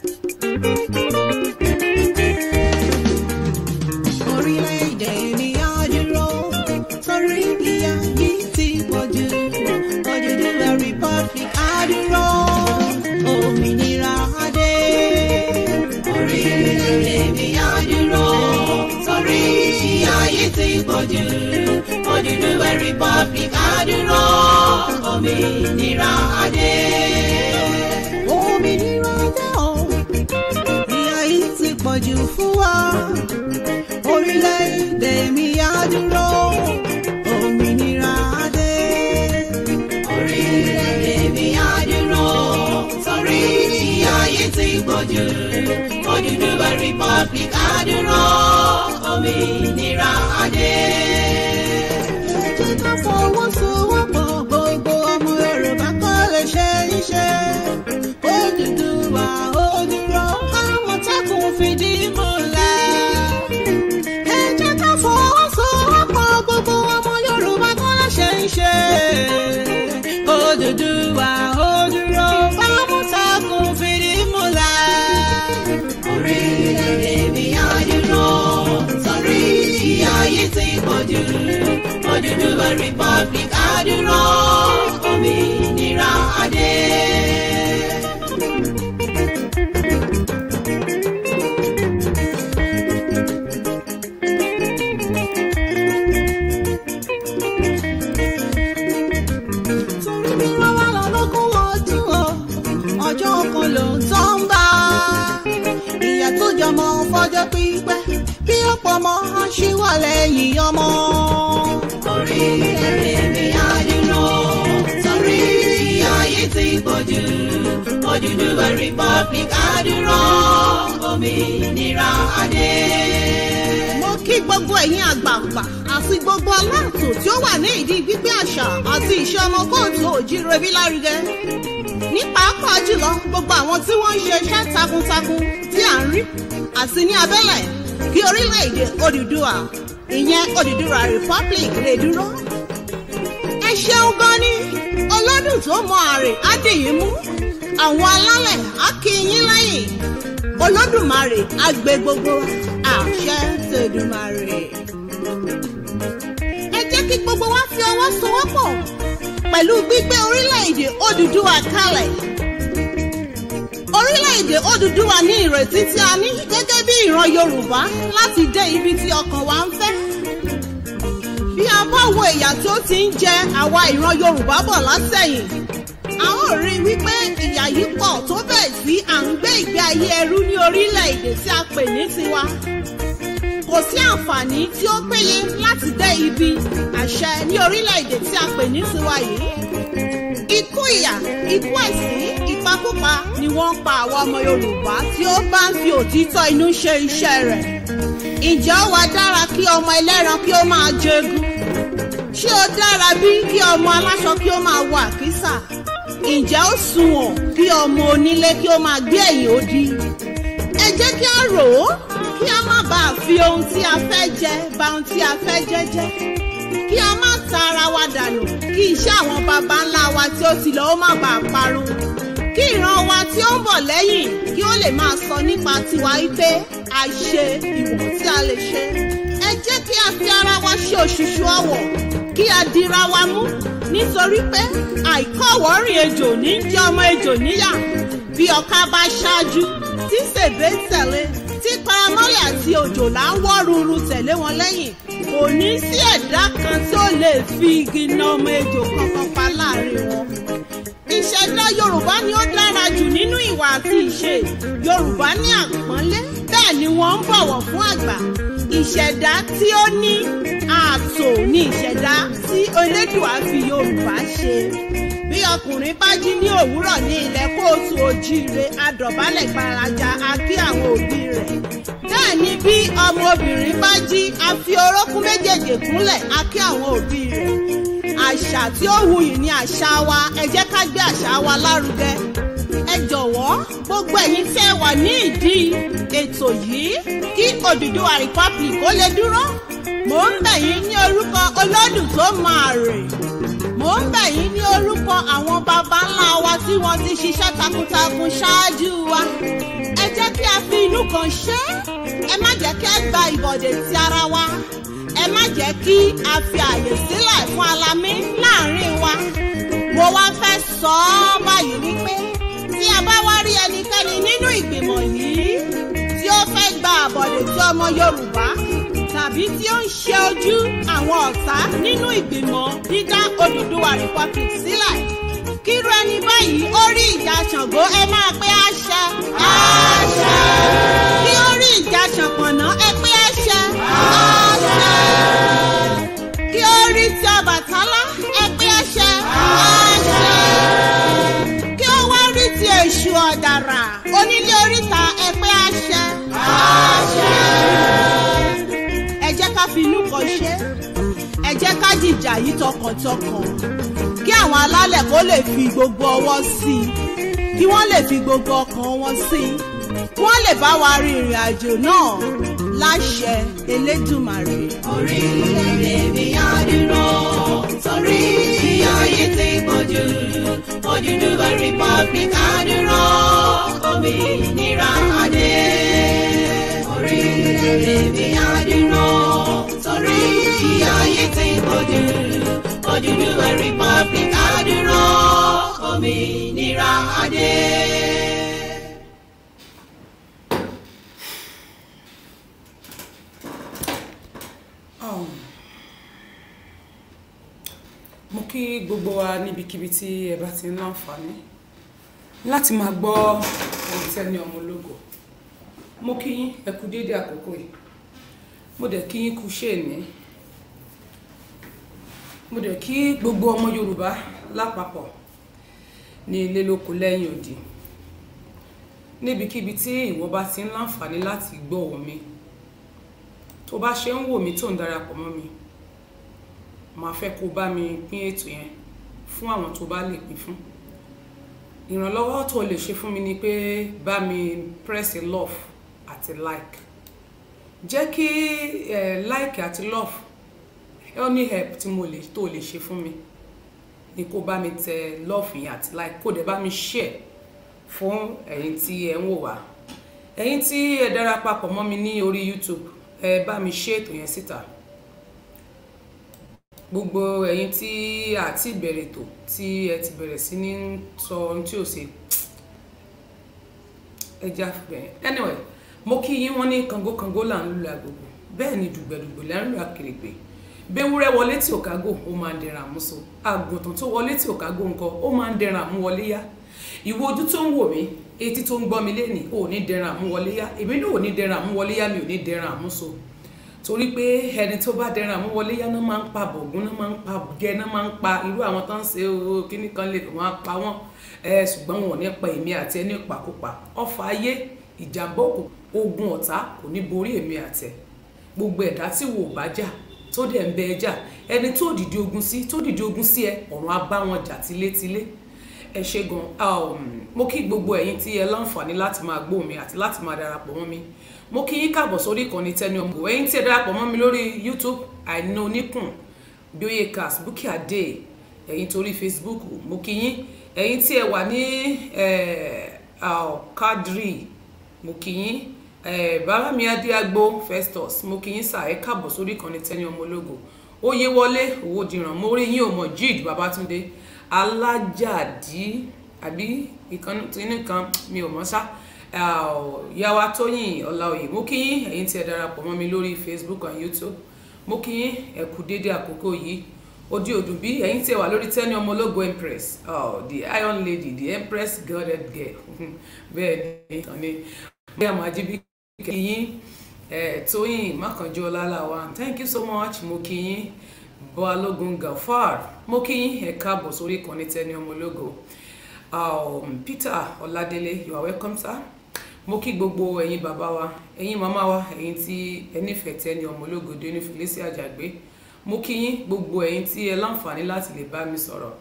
do, very Republic adúró òmìnira adé. àpọ̀jù fún wa orílẹ̀-èdè mi á dúró òmìnira á dé. orílẹ̀-èdè mi á dúró torí ìyà ayé ti gbòjú Odùduwà republic á dúró òmìnira á dé. ẹ jẹ́ ká fọwọ́ sọ. Odùduwà Republic adúró òmìnira adé. ọjọ́ kan ló ń tọ́ ń bá ìyá tó jọmọ fọjọ́ pípẹ́ bí ọ̀pọ̀ ọmọ aṣọ alẹ́yìn ọmọ. orílẹ̀-èdè mi á dúró sórí ayé ti pọ̀jù Odùduwà republic á dúró òmìnira adé. mo kí gbogbo ẹ̀yin àgbààgbà àti gbogbo aláàtò tí ó wà ní ìdí gbígbé àṣà àti ìṣe ọmọ kóòtù òjìrè bí lárugẹ ní pàápàá jùlọ gbogbo àwọn tí wọ́n ń ṣe iṣẹ́ takuntakun tí à ń rí àti ní abẹ́lẹ̀ kí orílẹ̀-èdè Odùduwà ìyẹn Odùduwà Republic lè dúró. ẹ ṣeun gan ni ọlọ́dún tó mọ àrè á dì yín mú àwọn alálẹ̀ á kí yín lẹ́yìn Olódùmarè á gbé gbogbo àṣẹ tèdùmarè. ẹ jẹ́ kí gbogbo wa fi ọwọ́ sowọ́pọ̀ pẹ̀lú gbígbé orílẹ̀-èdè Odùduwà kalẹ̀ orílẹ̀-èdè Odùduwà ní ìrètí tí a ní gẹ́gẹ́ bí ìran Yorùbá láti dé ibi tí ọkàn wa ń fẹ́ bá wo ìyà tí ó ti ń jẹ àwa ìran Yorùbá bọ̀ látẹ̀yìn a ó rí wípé ìyà yìí pọ̀ tó bẹ́ẹ̀ sí à ń gbé ìgbé ayé ẹrú ní orílẹ̀-èdè tí a pè ní tiwa kò sí àǹfààní tí ó péye láti dé ibi àṣẹ ní orílẹ̀-èdè tí a pè ní tiwa yìí ikú ìyà ikú ẹ̀sín ìpakúpa ni wọ́n ń pa àwa ọmọ Yorùbá tí ó bá ń fi òtítọ́ inú ṣe iṣẹ́ rẹ̀ ǹjẹ́ ó dára kí ọmọ ẹlẹ́ran kí ó máa jẹgun ṣé ó dára bí kí ọmọ aláṣọ kí ó máa wọ àkísà ǹjẹ́ ó sunwọ̀n kí ọmọ onílé kí ó máa gbé ẹ̀yìn odi ẹ jẹ́ kí a rò ó kí a má bàa fi ohun tí a fẹ́ jẹ bà ohun tí a fẹ́ jẹ jẹ́ kí a má ta ara wa dànù kí iṣẹ́ àwọn baba ńlá wa tí ó ti lọ ó má bàa parun kí ìran wa tí ó ń bọ̀ lẹ́yìn kí ó lè máa sọ nípa tiwa wípé a ṣe ìwọ̀n tí a lè ṣe ẹ jẹ́ kí a fi ara wa ṣe òṣùṣù ọwọ̀ kí a dira wa mú nítorí pé àìkọ́wọ́rìn ejò ní jẹ́ ọmọ ejò níyà bí ọ̀ka bá ṣáájú tí sèbé tẹ̀lé tí paramọ́lẹ̀ àti òjòlá ń wọ́ ruru tẹ̀lé wọn lẹ́yìn kò ní sí ẹ̀dá kan tí ó lè fi igi na ọmọ ejò kankan pa láàrin wọn. ìṣẹ̀dá yorùbá ni ó dára jù nínú ìwà àti ìṣe yorùbá ní àpọ́nlé bẹ́ẹ̀ ni wọ́n ń bọ̀wọ̀ fún àgbà ìṣẹ̀dá tí ó ní ààtò ni ìṣẹ̀dá tí Elédùà fi Yorùbá ṣe bí ọkùnrin bá jí ní òwúrọ̀ ní ilẹ̀ kóòtù òjíire adọ̀bálẹ̀ gbaraja a kí àwọn òbí rẹ̀ bẹ́ẹ̀ ni bí ọmọbìnrin bá jí a fi orókún méjèèjì kúnlẹ̀ a àwọn òbí rẹ̀ àṣà tí ó wuyì ni àṣà wa ẹ jẹ́ ká gbé àṣà wa lárugẹ àmọ́ gbogbo ẹ̀yin tẹ́ wà ní ìdí ètò yìí kí Odùduwà Republic ó lè dúró mò ń bẹ̀ yín ní orúkọ Olódùn tó máa rè mò ń bẹ̀ yín ní orúkọ àwọn baba ńlá wa tí wọ́n ti ṣiṣẹ́ takuntakun ṣáájú wa ẹ jẹ́ kí a fi inú kan ṣe ẹ má jẹ́ kí a gba ìbọ̀dè ti ara wa ẹ má jẹ́ kí a fi àyè sílẹ̀ fún alamí láàrin wa mo wá fẹ́ sọ ọ́ báyìí wípé tí a bá wá rí ẹnikẹ́ni nínú ìgbìmọ̀ yìí tí ó fẹ́ gba àbọ̀dè tí ọmọ Yorùbá tàbí tí ó ń ṣe ojú àwọn ọ̀tá nínú ìgbìmọ̀ dídá Odùduwà Republic sílẹ̀ kírú ẹni báyìí ó rí ìjà Ṣàngó ẹ máa pé àṣẹ àṣẹ kí ó rí ìjà Ṣànpọ̀nná ẹ nǹkan ṣe ẹ jẹ́ ká jìjà yìí tọkàntọkàn kí àwọn alálẹ̀ kó lè fi gbogbo ọwọ́ sí i kí wọ́n lè fi gbogbo ọkàn wọn sí i kí wọ́n lè bá wa rin ìrìn àjò náà láṣẹ Elédùmarè. orílẹ̀-èdè mi á dúró torí ìyá ayé ti pọ̀jù Odùduwà republic á dúró òmìnira adé. orílẹ̀-èdè mi á dúró rí tí ayé ti gbòdì Odùduwà republic adúró òmìnira adé. Um, mo kí gbogbo wa níbikíbi tí ẹ bá ti ń láǹfààní láti máa gbọ́ ohun tẹ́ni mo kí ẹ kú déédéé àkókò yìí mo dẹ̀ kí yín kú ṣèní mo dẹ̀ kí gbogbo ọmọ Yorùbá lápapọ̀ ní ilé lóko lẹ́yìn odi níbikíbi tí ìwọ bá ti ń láǹfààní láti gbọ́ ọ̀wọ́ mi tó bá ṣe ń wò mí tó ń darapọ̀ mọ́ mi màá fẹ́ kó bá mi pín ètò yẹn fún àwọn tó bá lè pín fún ìrànlọ́wọ́ tó lè ṣe fún mi ni pé bá mi press love àti like jẹ́ kí like àti love any help tí mo lè tó lè ṣe fún mi ni kó bá mi tẹ love yẹn àti like kó dẹ̀ bá mi share fún ẹ̀yin tí ẹ ń wò wá ẹ̀yin tí ẹ dára papọ̀ mọ́ mi ní orí YouTube ẹ bá mi share ètò yẹn síta gbogbo ẹ̀yin tí àti ìbẹ̀rẹ̀ tó tí ẹ ti bẹ̀rẹ̀ sí ní sọ ohun tí ò ṣe ẹ já anyway mo kí yín wọ́n ní kàngókàngó là ń lùlù àgògò bẹ́ẹ̀ ni dùgbẹ̀dùgbẹ̀ là ń lù àkèrègbè bewúrẹ́ wọlé tí òkágò ó máa ń dẹran àmúso àgùntàn tó wọlé tí òkágò ńkọ ó máa ń dẹran àmúwọlé yá ìwo ojú tó ń wò mí etí tó ń gbọ́ mi léni ò ní dẹran àmúwọlé yá èmi náà ò ní dẹran àmúwọlé yá mi ò ní dẹran àmúso torí pé ẹni tó bá dẹran àmúwọlé yá náà máa ń pa bọ̀gún náà máa ń pa gẹ náà máa ń pa irú àwọn tó ń ṣe kíní kan lè wọ́n pa wọ́n ṣùgbọ́n wọn ò ní pa èmi àti ẹni pàkópa ọfà ayé ìjàmbá òkùnkùn ogun ọ̀tá kò ní borí èmi àtẹ gbogbo ẹ̀dá tí wò bá jà tó dẹ̀ ń bẹ ẹ jà ẹni tó dìde ogun sí tó dìde ogun sí ẹ ọ̀run á bá wọn jà tilétilé ẹ ṣe gan um, mo kí gbogbo ẹ̀yin tí ẹ láǹfààní láti máa gbọ́ mi àti láti máa darapọ̀ mọ́ mi mo kí yín kàbọ̀ sórí ìkànnì Tenny Ọmọ Igbo tí ẹ darapọ̀ mọ́ mi lórí YouTube Àìná Oníkùn Bioyecast Bukky Adé ẹ̀yin torí Facebook mo kí yín ẹ̀yin tí ẹ wà ní Kadri mo kí yín bàrámi adéagbó Festus mo kí yín sà ẹ káàbọ̀ sórí ìkànnì Tenny ọmọ ológo oyè wọlé owó dìran mo rí yín o Mojeed Babátúndé alájàdí àbí ìkànnì kan mi ò mọ̀ ṣá yàwá tóyìn ọláòyè mo kí yín ẹ̀yin tí ẹ darapọ̀ mọ́ mi lórí Facebook and YouTube mo kí yín ẹ kú dédé àkókò yìí odi odù bí ẹ̀yin tí ẹ wà lórí Tenny ọmọ empress oh, the iron lady the empress godhead girl bẹ́ẹ̀ ni ìkànnì bóyá màá jí bí kìyìn tóyìn mákànjú ọláláwa thank you so much mo kìyìn balógun gafar mo kìyìn ẹ káàbọ̀ sórí ìkànnì tẹni ọmọlógo um, peter ọládélé you are welcome sir mo kí gbogbo ẹ̀yin bàbá wa ẹ̀yin màmá wa ẹ̀yin tí ẹ nífẹ̀ẹ́ tẹni ọmọlógo dé ní fèlésì àjàgbé mo kí gbogbo ẹ̀yin tí ẹ láǹfààní láti lè bá mi sọ̀rọ̀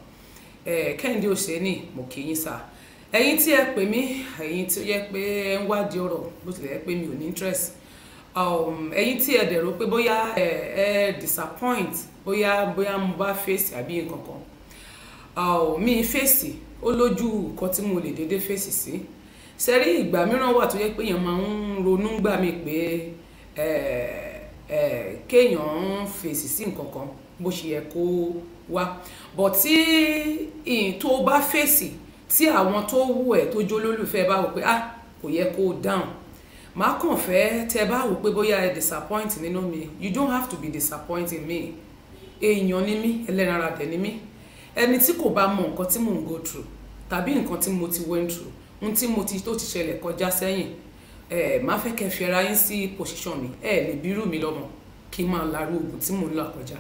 kẹ́hìndé òṣèlú mo kí yín ẹ̀yin tí ẹ pè mí ẹ̀yin tí ó yẹ pé ẹ ń wádìí ọ̀rọ̀ bó tilẹ̀ pé mi ò ní interest um, ẹ̀yin tí ẹ dẹ̀rọ pé bóyá ẹ ẹ disappoint bóyá bóyá mo bá fèsì àbí nǹkan kan um, mi fèsì ó lójú nǹkan tí mo lè déédéé fèsì sí sẹ́rí ìgbà mìíràn wà tó yẹ pé èèyàn máa ń ronú gbà mí pé kéèyàn ń fèsì sí nǹkan kan bó ṣe yẹ kó wá bọ̀ tí tó bá fèsì tí àwọn tó wù ẹ́ tó jó lólùfẹ́ bá wò pé ah kò yẹ kó o down màá kàn fẹ́ tẹ bá wò pé bóyá ẹ disappoint nínú mi you don't have to be disappointing me èèyàn ni mí ẹlẹ́ran ara dẹ̀ ni mí ẹni tí kò bá mọ nǹkan tí mò ń go through tàbí nǹkan tí mo ti went through ohun tí mo ti tó ti ṣẹlẹ̀ kọjá sẹ́yìn ẹ máa fẹ́ kẹ́ fi ara yín sí position mi ẹ lè bírú mi lọ́mọ kí n máa larú oògùn tí mò ń là kọjá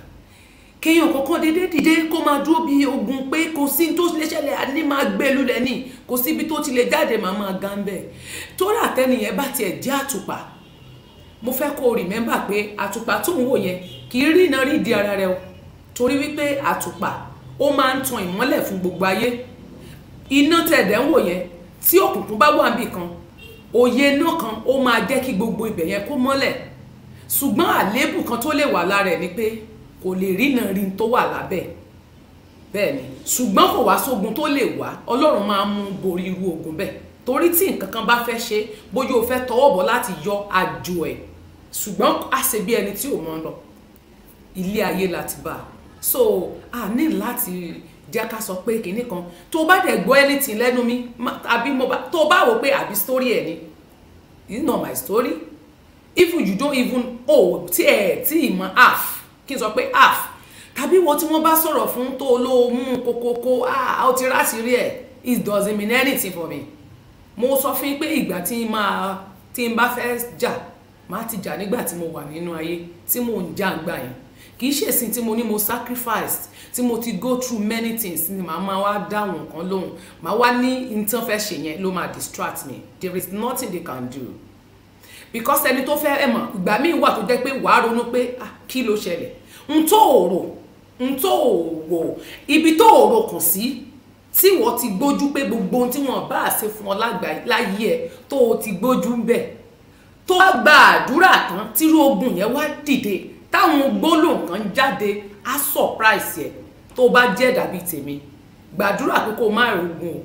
kéèyàn kọ́kọ́ dédé dìde kó máa dúró bí ogun pé kò sí tó lè ṣẹlẹ̀ àní máa gbẹ́lu lẹ̀ ní kò síbi tó ti lè jáde màá máa gan bẹ́ẹ̀ torí àtẹnìyẹn bá tiẹ̀ jẹ́ àtùpà mo fẹ́ kó o rìmẹ́mbà pé àtùpà tó ń wò yẹn kì í rí iná rí di ara rẹ o torí wípé àtùpà ó máa ń tan ìmọ́lẹ̀ fún gbogbo ayé iná tẹ̀dẹ̀ ń wò yẹn tí òkùnkùn bá wà níbì kan òye náà kan ó máa jẹ́ kí gbogbo ibẹ̀ yẹn kó mọ́lẹ̀ ṣùgbọ́n àléébù kan tó lè wà lára ẹ̀ ni pé kò lè rí náà rí tó wà lábẹ́ bẹ́ẹ̀ ni ṣùgbọ́n kò wá sógun tó lè wá ọlọ́run máa mú borí irú ogun bẹ́ẹ̀ torí tí nǹkan kan bá fẹ́ ṣe bóyá o fẹ́ tọwọ́ bọ̀ láti yọ àjò ẹ̀ ṣùgbọ́n a ṣe bí ẹni tí ò mọ̀ lọ ilé ayé láti bá so a ní láti jẹ́ ká sọ pé kinní kan tó bá dẹ̀ gbọ́ anything lẹ́nu mi àbí mo bá tó bá wò pé àbí story ẹ̀ ni you know my story if you don't even oh tí ẹ̀ tí ì mọ half ah, kí n sọ pé half ah, tàbí wo tí wọ́n bá sọ̀rọ̀ fún tó olówó kókókó ah ó ti ráṣìírí ẹ̀ it doesn't mean anything for me mo sọ fún yín pé ìgbà tí n máa tí n bá fẹ́ jà máa ti jà nígbà tí mo wà nínú ayé tí mo ń jà àgbà yẹn kì í ṣèsìn tí mo ní mo sacrificed tí mo ti go through many things ni màá máa wá dáhùn nǹkan lóhùn màá wá ní nǹkan fẹ́ ṣe yẹn ló máa distract me there is nothing they can do because ẹni tó fẹ́ ẹ̀ mọ̀ ìgbà míì wà tó jẹ́ pé wàá ronú pé ah, kí ló ṣẹlẹ̀ n tó òrò n tó òwò ibi tó òrò kàn sí tí wọ́n ti gbójú pé gbogbo ohun tí wọ́n bá ṣe fún ọ láyé ẹ tó o ti gbójú ń bẹ̀ tó bá gba àdúrà tán tírú ogun yẹn wá dìde táwọn gbólóhùn kan jáde á surprise ẹ tó bá jẹ́ dàbí tèmi gbàdúrà pé kó má rogun o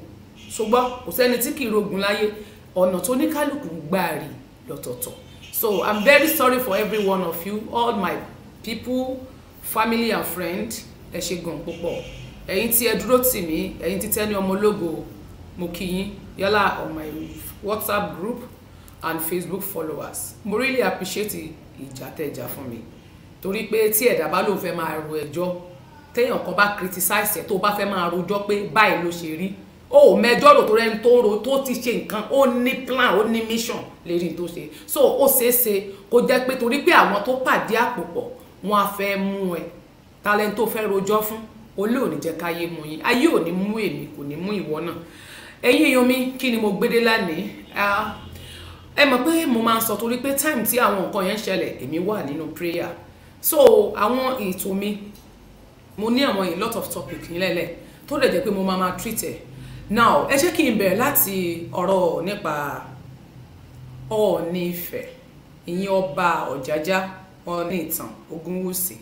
ṣùgbọ́n kò sẹ́ni tí kì í rogun láyé ọ̀nà tó ní kálukú gbà rí lọ́tọ̀ọ̀tọ̀ so i'm very sorry for every one of you all my people family and friend ẹ ṣe gan púpọ̀ ẹ̀yin tí ẹ dúró tì mí ẹ̀yin tí Tenny ọmọ ológo mo kí yín yálà on my whatsapp group and facebook followers mo really appreciate ìjà tẹ̀jà fún mi torí pé tí ẹ̀dá bá lóun fẹ́ máa ro ẹjọ́ téèyàn kan bá criticize ẹ̀ tó bá fẹ́ máa rojọ́ pé báyìí ló ṣe rí o ò mẹjọ́ rò tó rẹni tó ro tó ti ṣe nǹkan ó ní plan ó ní mission lérí tó ṣe so ó ṣeé ṣe kó jẹ́ pé torí pé àwọn tó pàdé àpò pọ̀ wọ́n á fẹ́ mú ẹ talẹ́ńtò fẹ́ rojọ́ fún olè ò ní jẹ́ káyé mú yín ayé ò ní mú èmi kò ní mú ìwọ náà ẹ̀yin èèyàn mi kí ni mo gbédé lánìí ẹ mọ̀ pé mo máa sọ torí pé time tí àwọn nǹkan yẹn ń ṣẹlẹ̀ èmi wà nínú prayer so àwọn ètò mi mo ní àwọn a lot of topic nílẹ̀lẹ̀ tó lè jẹ́ pé mo máa máa treat ẹ̀ now ẹ jẹ́ kí n bẹ̀rẹ̀ láti ọ̀rọ̀ nípa Ọọ̀ni ìyẹn ọba Ọ̀jájá. Ọ̀nìtàn Ògúnwùsì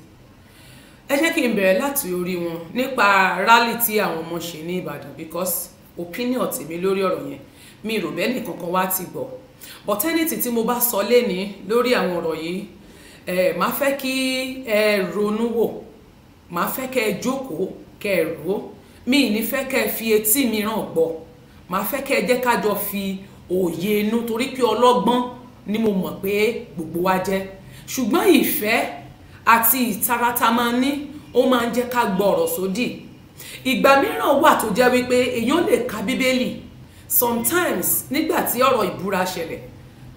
ẹ jẹ́ kí n bẹ̀rẹ̀ láti orí wọn nípa rálì tí àwọn ọmọ ṣe ní Ìbàdàn because opinion tèmi lórí ọ̀rọ̀ yẹn mi rò bẹ́ẹ̀ nìkankan wá ti gbọ́ but anything tí mo bá sọ lẹ́ni lórí àwọn ọ̀rọ̀ yìí ẹ máa fẹ́ kí ẹ ronú wò máa fẹ́ kẹ́ ẹ jókòó kẹ́ ẹ rò ó mi ì ní fẹ́ kẹ́ ẹ fi etí mìíràn gbọ́ máa fẹ́ kẹ́ ẹ jẹ́ kájọ fi òye inú torí pé ọlọ́gbọ́n ni mo mọ̀ pé gbogbo wa jẹ́ ṣùgbọ́n ìfẹ́ àti ìtara tá máa ní ó máa ń jẹ́ ká gbọ́ ọ̀rọ̀ sódì ìgbà mìíràn wà tó jẹ́ wípé èèyàn lè ka bíbélì sometimes nígbà tí ọ̀rọ̀ ìbúra ṣẹlẹ̀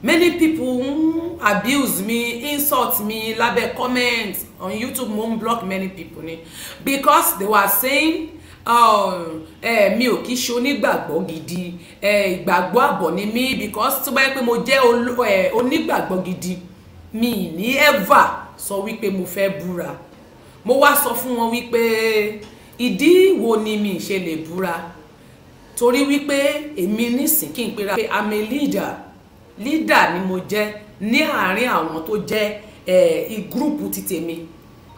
many people mm, abuse me insult me lábẹ́ comment on YouTube mo ń block many people ni because they were saying oh, eh, mi ò kí ṣe onígbàgbọ́ gidi eh, ìgbàgbọ́ àbọ̀ ni mí because tó bá yẹ pé mo jẹ́ eh, onígbàgbọ́ gidi. Uh, mi ní ever sọ wípé mo fẹ́ búra mo wá sọ fún wọn wípé ìdí wo ni mi ṣe lè búra torí wípé èmi nísìn kí n pera pé i'm a leader leader ni mo jẹ́ ní àárín àwọn tó jẹ́ eh, group ti tèmi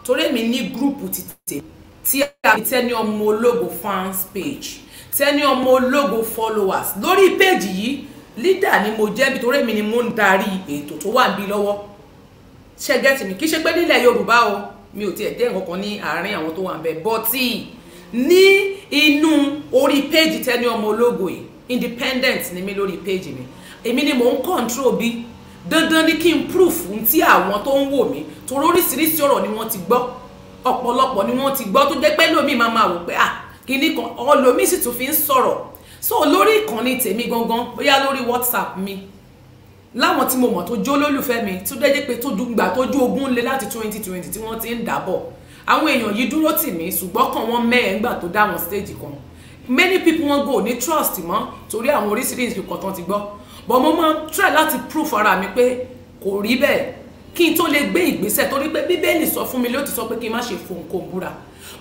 torí èmi ní gúrùpù ti tèmi tí a fi tẹ́ni ọmọ ológo fans page tẹ́ni ọmọ ológo followers lórí péjì yìí leader ni mo jẹ́ nítorí èmi ni mo ń darí ètò tó wà níbí lọ́wọ́ ṣe gẹ́tì mi kì í ṣe pé nílẹ̀ yorùbá o mi ò tiẹ̀ dé nǹkan kan ní àárín àwọn tó wà ń bẹ̀ bọ́tì ní inú orí péjì tẹ́ni ọmọ ológo yìí independent ni mí lórí péjì mi èmi ni mò ń control bí dandan ni kí n proof ti àwọn tó ń wò mí torí oríṣiríṣi ọ̀rọ̀ ni wọ́n ti gbọ́ ọ̀pọ̀lọpọ̀ ni wọ́n ti gbọ́ tó jẹ́ pé lómi máa máa wò pé ah kìíní kan ọlọ́mí sì tún fi ń sọ̀rọ̀ so lórí ìkànnì tèmi gangan bóyá lórí whatsapp mi láwọn tí mo mọ̀ tó jó lólùfẹ́ mi tó dédé pé tó dùgbà tó ju ogún lé láti twenty twenty tí wọ́n ti ń dàbọ̀ àwọn èèyàn yìí dúró tì mí ṣùgbọ́n kàn wọ́n mẹ́ẹ̀ ńgbà tó dá wọn stage kan many people wọn go ní trust mọ́ torí àwọn oríṣiríṣi nǹkan tán ti gbọ́ but mo máa try láti proof ara mi pé kò rí bẹ́ẹ̀ kí n tó lè gbé ìgbésẹ̀ torí pé bíbélì sọ fún mi ló ti sọ pé kí n má ṣe fòǹkòǹ búra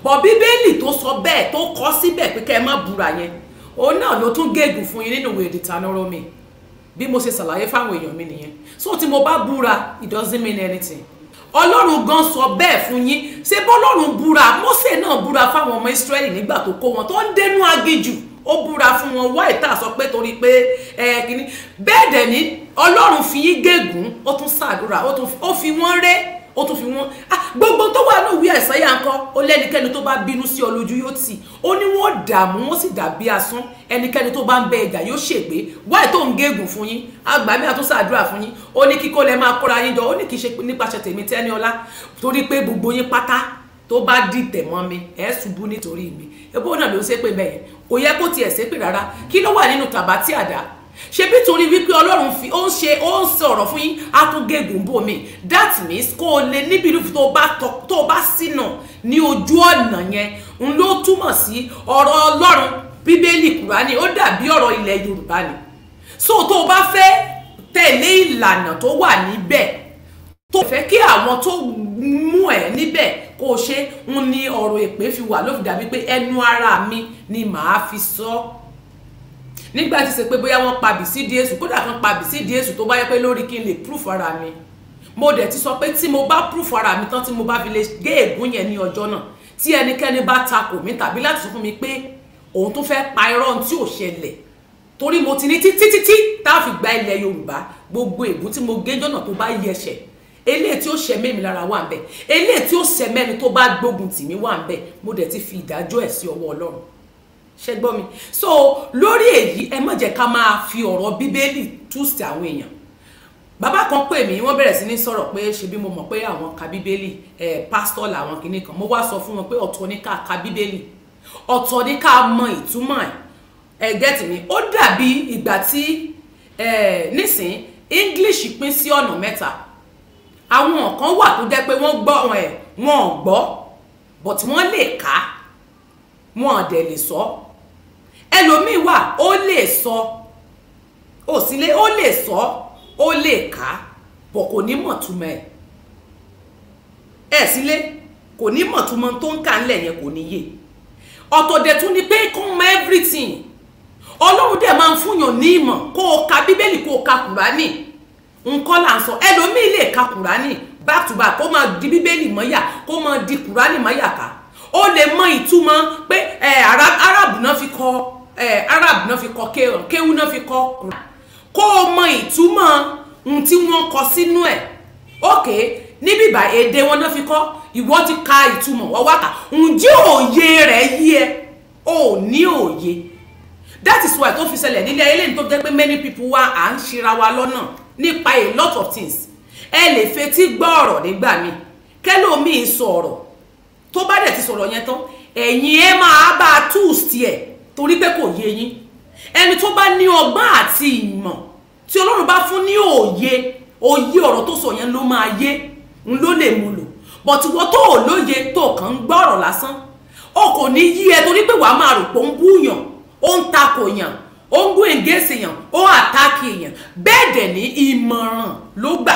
but bíbélì tó sọ bẹ́ẹ̀ tó kọ síbẹ̀ pé kẹ́ ẹ má búra yẹn òun náà ló tún gégùn fún yín nínú ìwé ìdìtànọ́rọ́ mi bí mo ṣe ṣàlàyé fáwọn èèyàn mi nìyẹn so tí mo bá búra it doesn't mean anything ọlọ́run gan sọ bẹ́ẹ̀ fún yín ṣé bọ́lọ́run búra Mósè náà búra fáwọn ọmọ Ísírẹ́lì nígbà tó kó wọn tó ń dénú aginjù ó búra fún wọn wá ìta sọ pé torí pé ẹ kìíní bẹ́ẹ̀ dẹ̀ ni ọlọ́run fi yín gégùn ó tún ṣàdúrà ó fi wọ́n ré ó tún fi wọ́n ah, gbogbo tó wà ní ìwé ẹ̀sán yà ń kọ́ ó lẹ́nikẹ́ni tó bá bínú sí ọ lójú yóò tì ó ní wọ́n dààmú wọ́n sì dàbí asán ẹnikẹ́ni tó bá ń bẹ ẹ̀jà yóò ṣègbé wáyé tó ń gégùn fún yín àgbàmí àtúnṣàdúrà fún yín ó ní kíkó lẹ máa kóra yín jọ ó ní kì í ṣe nípasẹ̀ tèmi tẹ́ni ọlá torí pé gbogbo yín pátá tó bá dìtẹ̀ mọ́ mi ẹ̀ ṣubú nítorí mi ebó náà ló ń ṣépè bẹ́ẹ̀ kò yẹ kó tiẹ̀ ṣépè rárá kí ló wà nínú tàbátì àdá ṣebí torí wípé ọlọ́run fi ó ń ṣe ó ń ṣe ọ̀rọ̀ fún yín á tún gégùn bò mí that means kó o lè níbi irúfẹ́ tó bá tó o bá ṣìnà ní ojú ọ̀nà yẹn n ló túmọ̀ sí ọ̀rọ̀ ọlọ́run bíbélì kùránì ó dàbí ọ̀rọ̀ ilẹ̀ yorùbá ni so tó o bá fẹ́ tẹ̀lé ìlànà tó wà níbẹ̀ tó fẹ́ kí àwọn tó mú ẹ níbẹ̀ kó o ṣe ń ní ọ̀rọ̀ èpè fi wà ló fi dàbí pé ẹnu ara mi ni màá fi sọ ọ́ nígbà tí ṣe pé bóyá wọ́n pa Bísí Èṣù kódà kan pa Bísí Èṣù tó bá yẹ pé lórí kí n lè proof ara mi mo dẹ̀ ti sọ pé tí mo bá proof ara mi tán tí mo bá fi lè gé ègún yẹn ní ọjọ́ náà tí ẹnikẹ́ni bá takò mí tàbí láti sọ fún mi pé òun tó fẹ́ pa irọ́ tí ò ṣẹlẹ̀ torí mo ti ní títí títí tá a fi gba ilẹ̀ Yorùbá gbogbo ègún tí mo gé jọ̀nà tó bá yẹsẹ̀ eléyìí tí ó ṣẹ mẹ́mi lára wà ń eléyìí tí ó ṣẹ mẹ́ni tó bá gbógun tì mí wà ń mo dẹ̀ ti fi ìdájọ́ ẹ̀ sí ọwọ́ Ọlọ́run ṣe gbọ́ mi so lórí èyí ẹ má ká máa fi ọ̀rọ̀ bíbélì túùsì àwọn èèyàn bàbá kan pè mí wọ́n bẹ̀rẹ̀ sí ní sọ̀rọ̀ pé ṣebí mo mọ̀ pé àwọn ka bíbélì ẹ pásítọ̀ làwọn kìíní kan mo wá sọ fún wọn pé ọ̀tọ̀ ni ká ka bíbélì ọ̀tọ̀ ni ká mọ ìtumọ̀ ẹ gẹ́tì mi ó dàbí ìgbà tí ẹ nísìn english pín sí ọ̀nà mẹ́ta àwọn kan wà tó jẹ́ pé wọ́n gbọ́ ẹ̀ wọn gbọ́ but wọ́n lè kà wọ́n dẹ̀ lè sọ ẹlòmíì wà ó lè sọ ó sì lè ó lè sọ ó lè kà bọ̀ kò ní mọ̀túmọ̀ ẹ̀ ẹ̀ sílé kò ní mọ̀túmọ̀ tó ń kà ńlẹ̀ yẹn kò ní yé ọ̀tọ̀ dẹ̀ tún ni pé kó mọ everything ọlọ́run dẹ̀ máa ń fúnyàn ní ìmọ̀ kó o ka bíbélì kó o ka kùránì nǹkan là ń sọ ẹlòmíì lè ka kùránì back to back kó máa di bíbélì mọ́yà kó máa di kùránì mọ́yà ká o lè mọ ìtumọ̀ pé ẹ̀ eh, arab náà fi kọ́ ọ Eh, arab náà fi kọ kéwú náà fi kọ kó o mọ ìtumọ̀ ohun tí wọ́n kọ sínú ẹ̀ ókè níbí ìbà èdè wọn náà fi kọ ìwọ ti ka ìtumọ̀ wọ́n kà ǹjẹ́ òye rẹ̀ yí ẹ ò ní òye that is why tó fi ṣẹlẹ̀ nílé ayé lẹ́yìn tó jẹ́ pé many people wá à ń ṣira wa lọ́nà nípa a lot of things ẹ lè fetí gbọ́ ọ̀rọ̀ nígbà míì kẹ́lòmíì sọ̀rọ̀ tó bá dẹ̀ ti sọ̀rọ̀ yẹn tán ẹ̀yin ẹ máa bá tools tiẹ̀ torí pé kò yé yín ẹni tó bá ní ọgbọ́n àti ìmọ̀ tí Ọlọ́run bá fún ní òye òye ọ̀rọ̀ tó sọ yẹn ló máa yé n ló lè mú lò but wọ́n tó ò lóye tó kàn ń gbọ́ ọ̀rọ̀ lásán o kò ní yí ẹ torí pé wàá máa rò pé ó ń búyàn ó ń takò yàn ó ń gún ègéṣe yàn ó àtáàkì èèyàn bẹ́ẹ̀ dẹ̀ ní ìmọ̀ràn ló gbà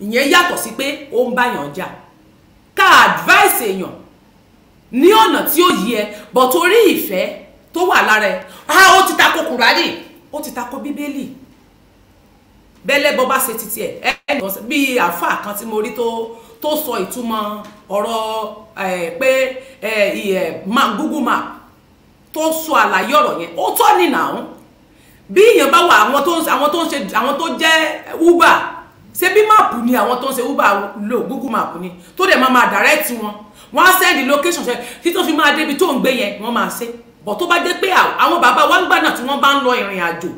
ìyẹn yàtọ̀ sí pé ó ń báyàn jà ká advice èèyàn ní ọ̀nà tí ó yẹ but torí ìfẹ́ tó wà lára ẹ̀ ah ó ti tako kùránì ó ti tako bíbélì bẹ́lẹ́ bọ́ bá ṣe titi ẹ̀ ẹ̀ bí àáfàá kan tí mo rí tó tó sọ ìtumọ̀ ọ̀rọ̀ pé Google map tó sọ àlàyé ọ̀rọ̀ yẹn ó tọ́ ni nà ń bí èèyàn bá wà àwọn tó àwọn tó ń ṣe àwọn tó jẹ́ uber ṣé bí máàpù ni àwọn tó ń ṣe uber lo Google map ni tó dẹ̀ máa máa direct wọn wọ́n á send location ṣe tí tó fi máa débi tó ń gbé yẹn wọ́n máa ṣe é bọ̀ tó bá jẹ́ pé àwọn bàbá wa ń gbà náà tí wọ́n bá ń lọ ìrìn àjò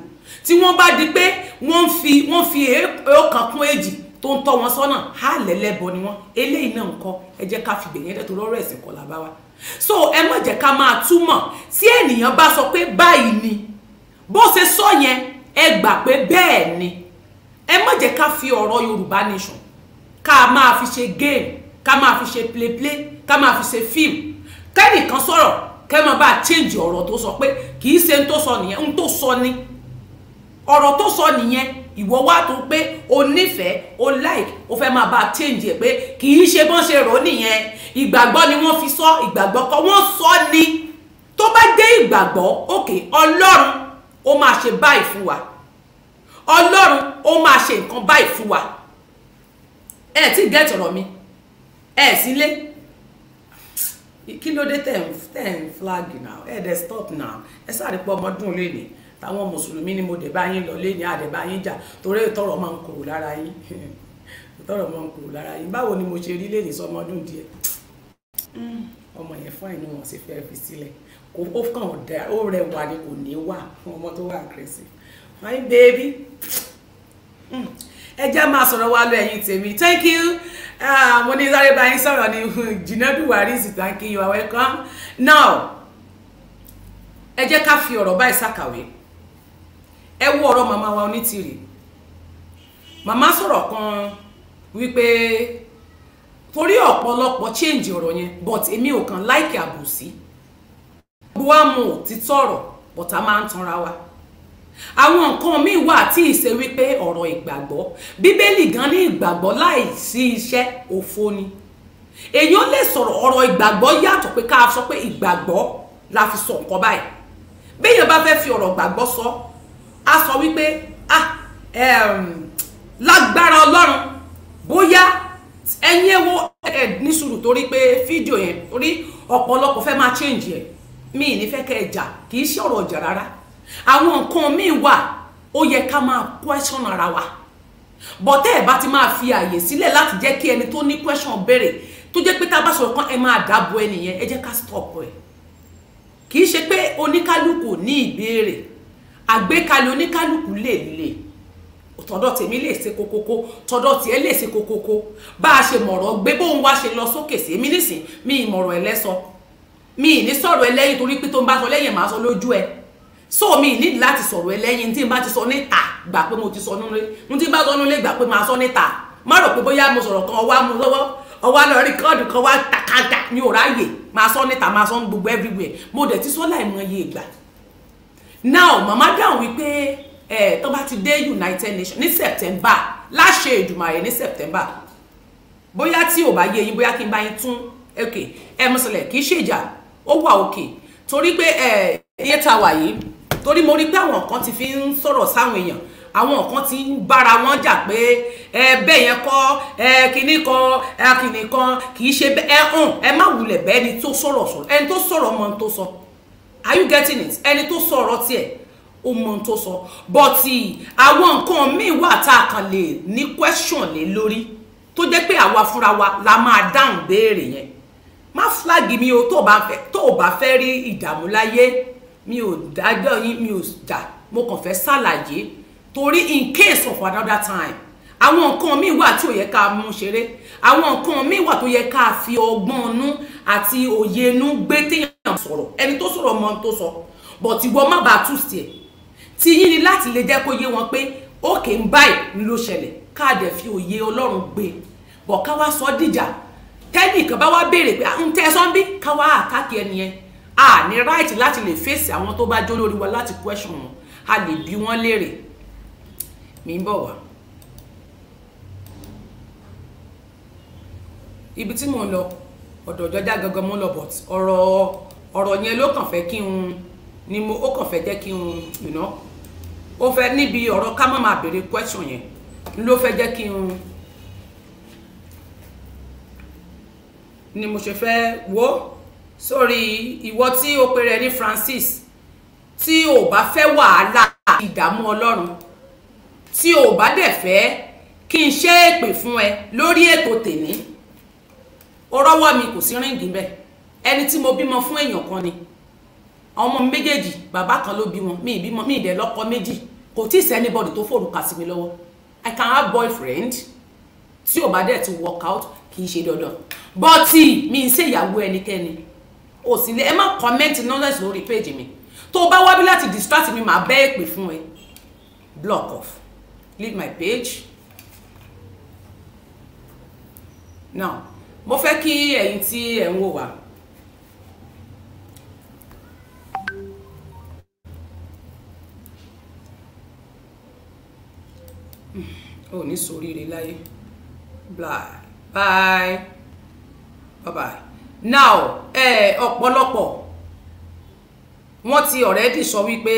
tí wọ́n bá di pé wọ́n fi wọ́n fi ọkàn kún èjì tó ń tọ́ wọn sọ́nà á lẹ́lẹ́bọ ni wọ́n eléyìí náà ń kọ́ ẹ jẹ́ ká fi gbẹ̀yìn ẹ̀dẹ̀ tó lọ́rọ̀ ẹ̀sìn kọ́ làbá wa so ẹ má jẹ́ ká máa túmọ̀ tí ènìyàn bá sọ pé báyìí ni bó ṣe sọ yẹn ẹ gbà pé bẹ́ẹ̀ ni ẹ má jẹ́ ká fi ọ̀rọ̀ Yorùbá nation ká máa fi ṣe game ká máa fi ṣe play play ká máa fi ṣe film kẹ́nìkan sọ̀rọ̀ kẹ́mọ́ bá change ọ̀rọ̀ tó sọ pé kì í ṣe ń tó sọ nìyẹn ń tó sọ ni ọ̀rọ̀ tó sọ nìyẹn ìwọ wá tó pé o nífẹ̀ẹ́ o like o fẹ́ máa bá change ẹ̀ pé kì í ṣe bọ́n ṣe rò nìyẹn ìgbàgbọ́ ni wọ́n fi sọ ìgbàgbọ́ kan wọ́n sọ ni tó bá dé ìgbàgbọ́ òkè ọlọ́run ó máa ṣe báyìí fún wa ọlọ́run ó máa ṣe nǹkan báyìí fún wa ẹ ti gẹ́tọ̀rọ̀ mi ẹ sílé kí ló dé tẹ̀ ń tẹ̀ ń flag now ẹ̀ dẹ̀ stop now ẹ sáré pọ̀ ọmọdún lé ní táwọn mùsùlùmí ni mo dẹ̀ bá yín lọ lé ní àdẹ̀ bá yín jà torí tọrọ máa ń kúrò lára yín tọrọ máa ń kúrò lára yín báwo ni mo ṣe rí lé ní sọmọdún díẹ̀ ọmọ yẹn fún àìní wọn sì fẹ́ fi sílẹ̀ kò ó kàn dá ó rẹwà ni kò ní wà fún ọmọ tó wà aggressive my baby. Hmm ẹ jẹ́ máa sọ̀rọ̀ wá lọ ẹ̀yin tèmi thank you ah, mo ní sáré báyìí sọ̀rọ̀ ní hmm, Jìnàdù Warris thank you you are welcome now ẹ jẹ́ ká fi ọ̀rọ̀ báyìí ṣàkàwé ẹ wo ọ̀rọ̀ màmá wa Onítìrì màmá sọ̀rọ̀ kan wípé torí ọ̀pọ̀lọpọ̀ change ọ̀rọ̀ yẹn but èmi ò kàn láìkè àbòsí gbogbo wa mọ̀ òtítọ́ but a máa ń tanra wa àwọn nǹkan míì wà tí ìṣe wípé ọ̀rọ̀ ìgbàgbọ́ bíbélì gan ní ìgbàgbọ́ láì sí iṣẹ́ òfo ni èèyàn lè sọ̀rọ̀ ọ̀rọ̀ ìgbàgbọ́ yàtọ̀ pé ká sọ pé ìgbàgbọ́ la fi sọ nǹkan báyìí béèyàn bá fẹ́ fi ọ̀rọ̀ gbàgbọ́ sọ á sọ wípé ah lágbára ọlọ́run bóyá ẹ̀yin ẹ wo ẹ̀ ní sùúrù torí pé fídíò yẹn torí ọ̀pọ̀lọpọ̀ fẹ́ máa change ẹ̀ mi ì ní fẹ́ kẹ́ ẹ jà kì í ṣe ọ̀rọ̀ ọ̀jà rárá àwọn nǹkan míì wà ó yẹ ká máa question ara wa bọ́tẹ́ ẹ̀ bá ti máa fi àyè sílẹ̀ láti jẹ́ kí ẹni tó ní question béèrè tó jẹ́ pé tá a bá sọ̀rọ̀ kan ẹ máa dáàbò ẹnìyẹn ẹ jẹ́ ká stop ẹ̀ kì í ṣe pé oníkálukú ní ìbéèrè àgbékalẹ̀ oníkálukú lè le tọ́dọ̀ tèmi lè ṣe kokoko tọ́dọ̀ tiẹ̀ lè ṣe kokoko bá a ṣe mọ̀rọ̀ gbé bóun wá ṣe lọ sókè sí mi nísìn mi ìmọ̀ràn ẹlẹ́sọ mi ìní sọ̀rọ̀ ẹlẹ́yìn torí pé tó ń bá sọ lẹ́yìn màá sọ lójú ẹ̀ so mi need láti sọ̀rọ̀ ẹlẹ́yin tí n bá ti sọ níta gbà pé mo ti sọ nílé n tí n bá sọ nílé gbà pé màá sọ níta má rò pé bóyá mo sọ̀rọ̀ kan ọwá mu lọ́wọ́ ọwá lọ rí kọ́ọ̀dù kan wá takada ní òráyè màá sọ níta màá sọ gbogbo everywhere mo dẹ̀ ti sọ láìmọye ìgbà now màmá dáhùn wípé ẹ tó bá ti dé United Nations ní September láṣẹ Èdùmàrè ní September bóyá tí ò bá yé yín bóyá kí n bá yín tún ẹ mọ̀ sílẹ̀ kì í ṣèjà ó wà òkè torí pé ẹ iye tá a wà yìí torí mo rí pé àwọn kan ti fi ń sọ̀rọ̀ sáwọn èèyàn àwọn kan ti ń bára wọn jà pé ẹ bẹ́ẹ̀ yẹn kọ́ ẹ kìíní kan ẹ kìíní kan kìí ṣe ẹ hàn ẹ má wulẹ̀ bẹ́ẹ̀ ni tó sọ̀rọ̀ sọ̀rọ̀ ẹni tó sọ̀rọ̀ mọ tó sọ are you getting it ẹni tó sọ̀rọ̀ tiẹ̀ ó mọ tó sọ bọ́tì àwọn nǹkan míì wà tá a kàn lè ní question lé lórí tó jẹ́ pé àwa fúnra wa la máa dáhùn béèrè yẹn má flag mi o tó o bá fẹ́ rí ìdààmú láyé mi ò dájọ́ yín mi ò jà mo kàn fẹ́ ṣàlàyé torí in case of another time àwọn nǹkan míì wà tí ò yẹ ká mú ṣeré àwọn nǹkan míì wà tó yẹ ká fi ọgbọ́n inú àti òye inú gbé téèyàn sọ̀rọ̀ ẹni tó sọ̀rọ̀ mọ tó sọ bọ̀tì wọ́n má bàa tù sí ẹ̀ tí yín ni láti lè jẹ́ kó yé wọn pé òkè ń báyìí ni ló ṣẹlẹ̀ káàdẹ fi òye Ọlọ́run gbé bọ̀ ká wá sọ dìjà tẹ́nì kan bá wá béèrè pé ah, ń tẹ́ sọ́ńbí ká wá àtàkì ẹni yẹn a ní right láti lè fèsì àwọn tó bá jó lórí wa láti question wọn a lè bí wọ́n léèrè mi ń bọ̀ wá. ibi tí mo lọ ọ̀dọ̀ ìjọdá gangan mo lọ but ọ̀rọ̀ ọ̀rọ̀ yẹn ló kàn fẹ́ kí n ni mo ó kàn fẹ́ jẹ́ kí n you know ó fẹ́ níbi ọ̀rọ̀ ká má máa béèrè question yẹn ló fẹ́ jẹ́ kí n ni mo ṣe fẹ́ wò sórí ìwọ tí o pèrè ní Francis tí o bá fẹ́ wàhálà ìdààmú ọlọ́run tí o bá dẹ̀ fẹ́ kí n ṣe èpè fún ẹ lórí ètò tèmi o rọ́wọ́ mi kò sí ríǹgì bẹ́ẹ̀ ẹni tí mo bímọ fún èèyàn kan ni ọmọ mi méjèèjì bàbá kan ló bí wọn mi ìbímọ mi ìdẹ lọ́kọ méjì kò tí ì sí anybody tó fòrùka sí mi lọ́wọ́ I can have boyfriend tí ò bá dẹ̀ ti work out kì í ṣe dandan bọ́tì mi ń ṣèyàwó ẹnikẹ́ni o sì lè ẹ má kọ́mẹ́ǹtì nonsense lórí péjì mi tó o bá wá láti distract mi màá bẹ́ èpè fún ẹ block off leave my page now mo fẹ́ kí ẹ̀yin tí ẹ̀ ń wò wá hmm, ò ní sóríire láyé bye bye bye bye now ọ̀pọ̀lọpọ̀ wọ́n ti already sọ wípé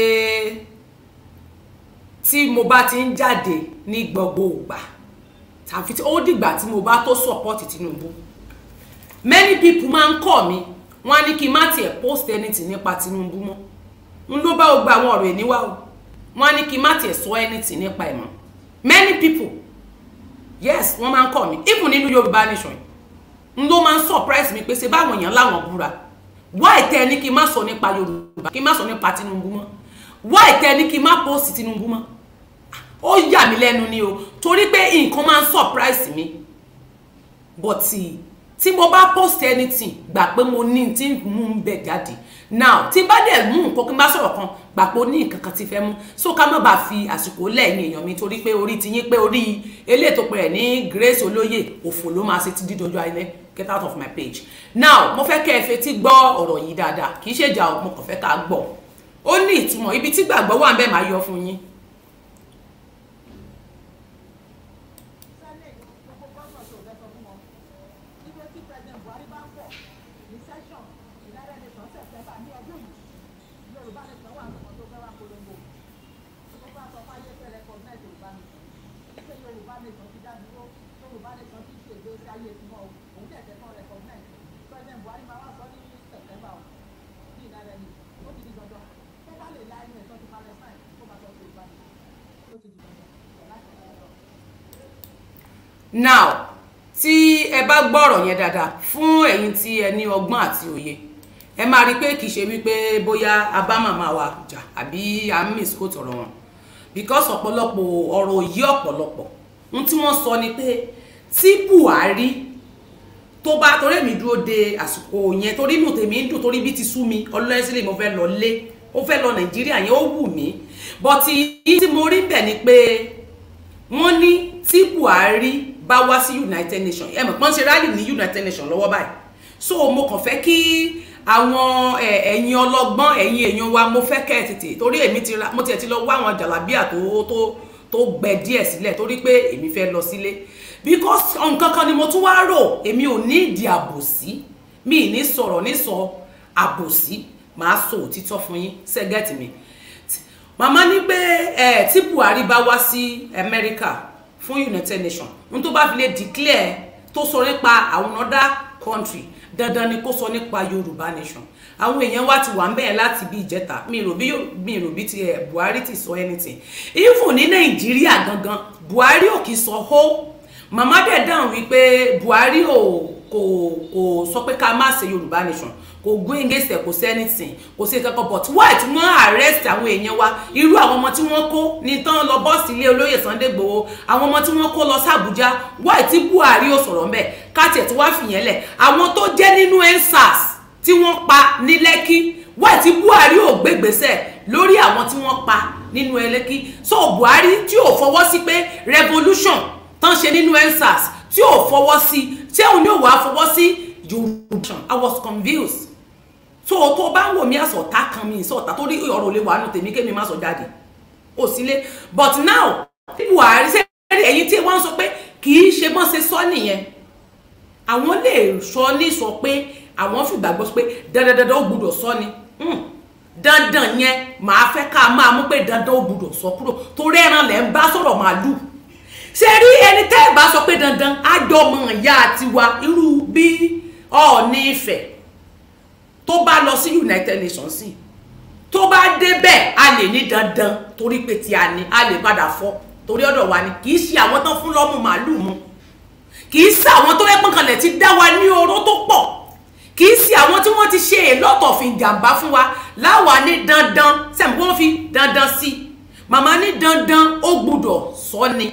tí mo bá ti ń jáde ní gbogbo ìgbà tàbí ó dìgbà tí mo bá tó support Tinubu many people máa ń kọ̀ mi wọ́n á ní kí n má tiẹ̀ post anything nípa Tinubu mọ́ n ló bá gba àwọn ọ̀rọ̀ èníwá o wọ́n á ní kí n má tiẹ̀ sọ anything nípa ẹ̀ mọ́ many people yes wọ́n máa ń kọ̀ mi even nínú Yorùbá nation yìí n ló máa ń surprise mi pé ṣe báwọn èèyàn láwọn búra why tẹ ní kí n má sọ nípa Yorùbá kí n má sọ nípa Tinubu mọ́ why tẹ ní kí n má post Tinubu mọ́ ó yà mí lẹ́nu ni o torí pé nǹkan máa ń surprise mi but tí mo bá post anything gbà pé mo ní tí mú ń bẹ̀ jáde now tí bá dẹ̀ mú nǹkan kí n bá sọ̀rọ̀ kan gbà pé ó ní nǹkan kan ti fẹ́ mú so ká má bàa fi àsìkò lẹ́yìn èèyàn mi torí pé orí ti yín pé orí eléètò pẹ̀rẹ̀ ní Grace Olóyè òfò ló máa ṣe ti dídọjọ́ alẹ́ get out of my page now mo fẹ́ kẹ́ ẹ fetí gbọ́ ọ̀rọ̀ yìí dáadáa kì í ṣèjà mo kàn fẹ́ ká gbọ́ ó ní ìtumọ̀ ibi tí gbàgbọ́ wà ń bẹ́ẹ̀ máa yọ fún yín now tí ẹ bá gbọ́rọ̀ yẹn dáadáa fún ẹ̀yin tí ẹ ní ọgbọ́n àti òye ẹ máa rí i pé kì í ṣe wípé bóyá abámàmá wa jà àbí amis kò tọ̀rọ̀ wọn because ọ̀pọ̀lọpọ̀ ọ̀rọ̀ òye ọ̀pọ̀lọpọ̀ ohun tí wọ́n sọ ni pé tí Buhari tó bá torí èmi dúró de àsìkò yẹn torí inú tèmi ń dùn torí bí ti sú mi ọlọ́yẹ́sílẹ̀ mo fẹ́ lọ lé ó fẹ́ lọ Nàìjíríà yẹn ó wù mí bọ́tí yìí tí mo rí bẹ̀ ni pé wọ́n ní tí Buhari bá wá sí united Nation. ẹ mọ̀ pọ́n ṣe rally ní united Nation. lọ́wọ́ báyìí so mo kàn fẹ́ kí àwọn ẹ̀yin ọlọ́gbọ́n ẹ̀yin èèyàn wa mo fẹ́ kẹ́ ẹ̀ tètè torí èmi ti ra mo tiẹ̀ ti lọ wá àwọn jàlábíà tó tó tó gbẹ díẹ̀ sílẹ̀ torí pé èmi fẹ́ lọ sílé because nǹkan kan ni mo tún wá rò èmi ò ní ìdí àbòsí mi ì ní sọ̀rọ̀ ní sọ àbòsí màá sọ òtítọ́ fún yín ṣẹ́gẹ́tì mi màmá ní pé ẹ̀ tí Buhari bá wá sí Amẹ́ríkà fún united nations n tó bá fi lè declare tó sọ nípa àwọn other country dandan ni kó sọ nípa yorùbá nation àwọn èèyàn wa ti wà ń bẹ̀rẹ̀ láti bí ìjẹta mi ò bí mi ò bí ti ẹ̀ eh, buhari ti sọ anything even ní nàìjíríà gangan buhari ò kì í sọ ho màmá dẹ̀ dáhùn wípé buhari ò kò kò sọ pé ká má ṣe yorùbá nation kò gún ìgbésẹ̀ kò sẹ́nìtìn kò sí kankan but why tí wọ́n arrest àwọn èèyàn wa irú àwọn ọmọ tí wọ́n kó ní tán lọ bọ́ọ̀sì ilé olóyè Sunday Igboho àwọn ọmọ tí wọ́n kó lọ sàbújá why tí Buhari ò sọ̀rọ̀ mbẹ́ káàtì tí wọ́n fìyẹn lẹ̀ àwọn tó jẹ́ nínú ensars tí wọ́n pa ní Lẹ́kí why tí Buhari ò gbégbèsẹ̀ lórí àwọn tí wọ́n pa nínú Lẹ́kí so Buhari tí ò fọwọ́ sí pé revolution tán ṣe nínú ensars tí ò fọwọ́ sí tí òun ní òwò àfọwọ́ sí yorùbá I was confused so tó bá ń wò mí àsọ̀tá kan mi ìsọ̀tá torí ọ̀rọ̀ ò lè wà nù tèmi kémi má sọ jáde ò sílé but now people are sẹ́ẹ̀rì ẹ̀yìn tí wọ́n sọ pé kì í ṣe mọ́ ṣe sọ nìyẹn àwọn lè sọ ní sọ pé àwọn fìgbà gbọ́ pé dandandandan ó gbúdọ̀ sọ ni hmm. dandan yẹn Ma fẹ́ ká máa mú pé dandan ó gbúdọ̀ sọ kúrò torí ẹran lẹ́ ń bá sọ̀rọ̀ màálù ṣe rí ẹni tẹ́ ẹ̀ bá sọ pé dandan á jọ mọ̀ ìyá àtiwá irú bí Ọọ̀ni Ifẹ̀ tó bá lọ sí United Nations sí tó bá débẹ̀ a lè ní dandan torí pé tí a ní a lè padà fọ́ torí ọ̀dọ̀ wa ni kì í ṣe àwọn tán fún lọ́mú màálù mu kì í ṣe àwọn tó rẹ́pọ̀n kanlẹ̀ ti dá wa ní oró tó pọ̀ kì í ṣe àwọn tí wọ́n ti ṣe èlọ́tọ̀ fi jàǹbá fún wa láwa ní dandan sẹ́mi wọ́n fi dandan sí i màmá ní dandan ó gbúdọ̀ sọ ni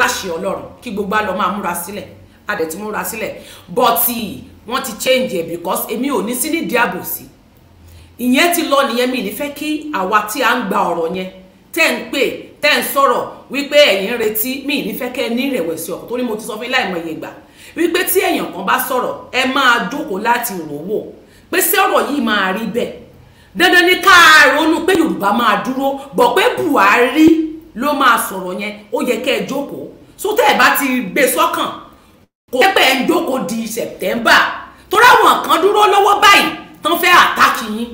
láṣẹ Ọlọ́run kí gbogbo àlọ́ máa múra sílẹ̀ adẹ̀ tí múra sílẹ̀ bọ́tì wọ́n ti change ẹ̀ because èmi ò ní sí ní diabo sí ìyẹn ti lọ nìyẹn mi ní fẹ́ kí àwa tí a ń gba ọ̀rọ̀ yẹn tẹ́ ń pè tẹ́ ń sọ̀rọ̀ wípé ẹ̀yin retí mi ní fẹ́ kẹ́ ní ìrẹ̀wẹ̀sì ọkàn torí mo ti sọ fún láìmọye ìgbà wípé tí èèyàn kan bá sọ̀rọ̀ ẹ máa jókòó láti rò wò pé sí ọ̀rọ̀ yìí máa rí bẹ́ẹ̀ dandan ni ká ronú pé Yorùbá máa dúró gbọ́ pé Buhari ló máa sọ̀rọ̀ yẹn ó yẹ kẹ́ ẹ jókòó sótẹ́ ẹ̀ bá ti gbé sọ́kàn kò pẹ́ ń jókòó di September torí àwọn kan dúró lọ́wọ́ báyìí tán fẹ́ àtàkì yín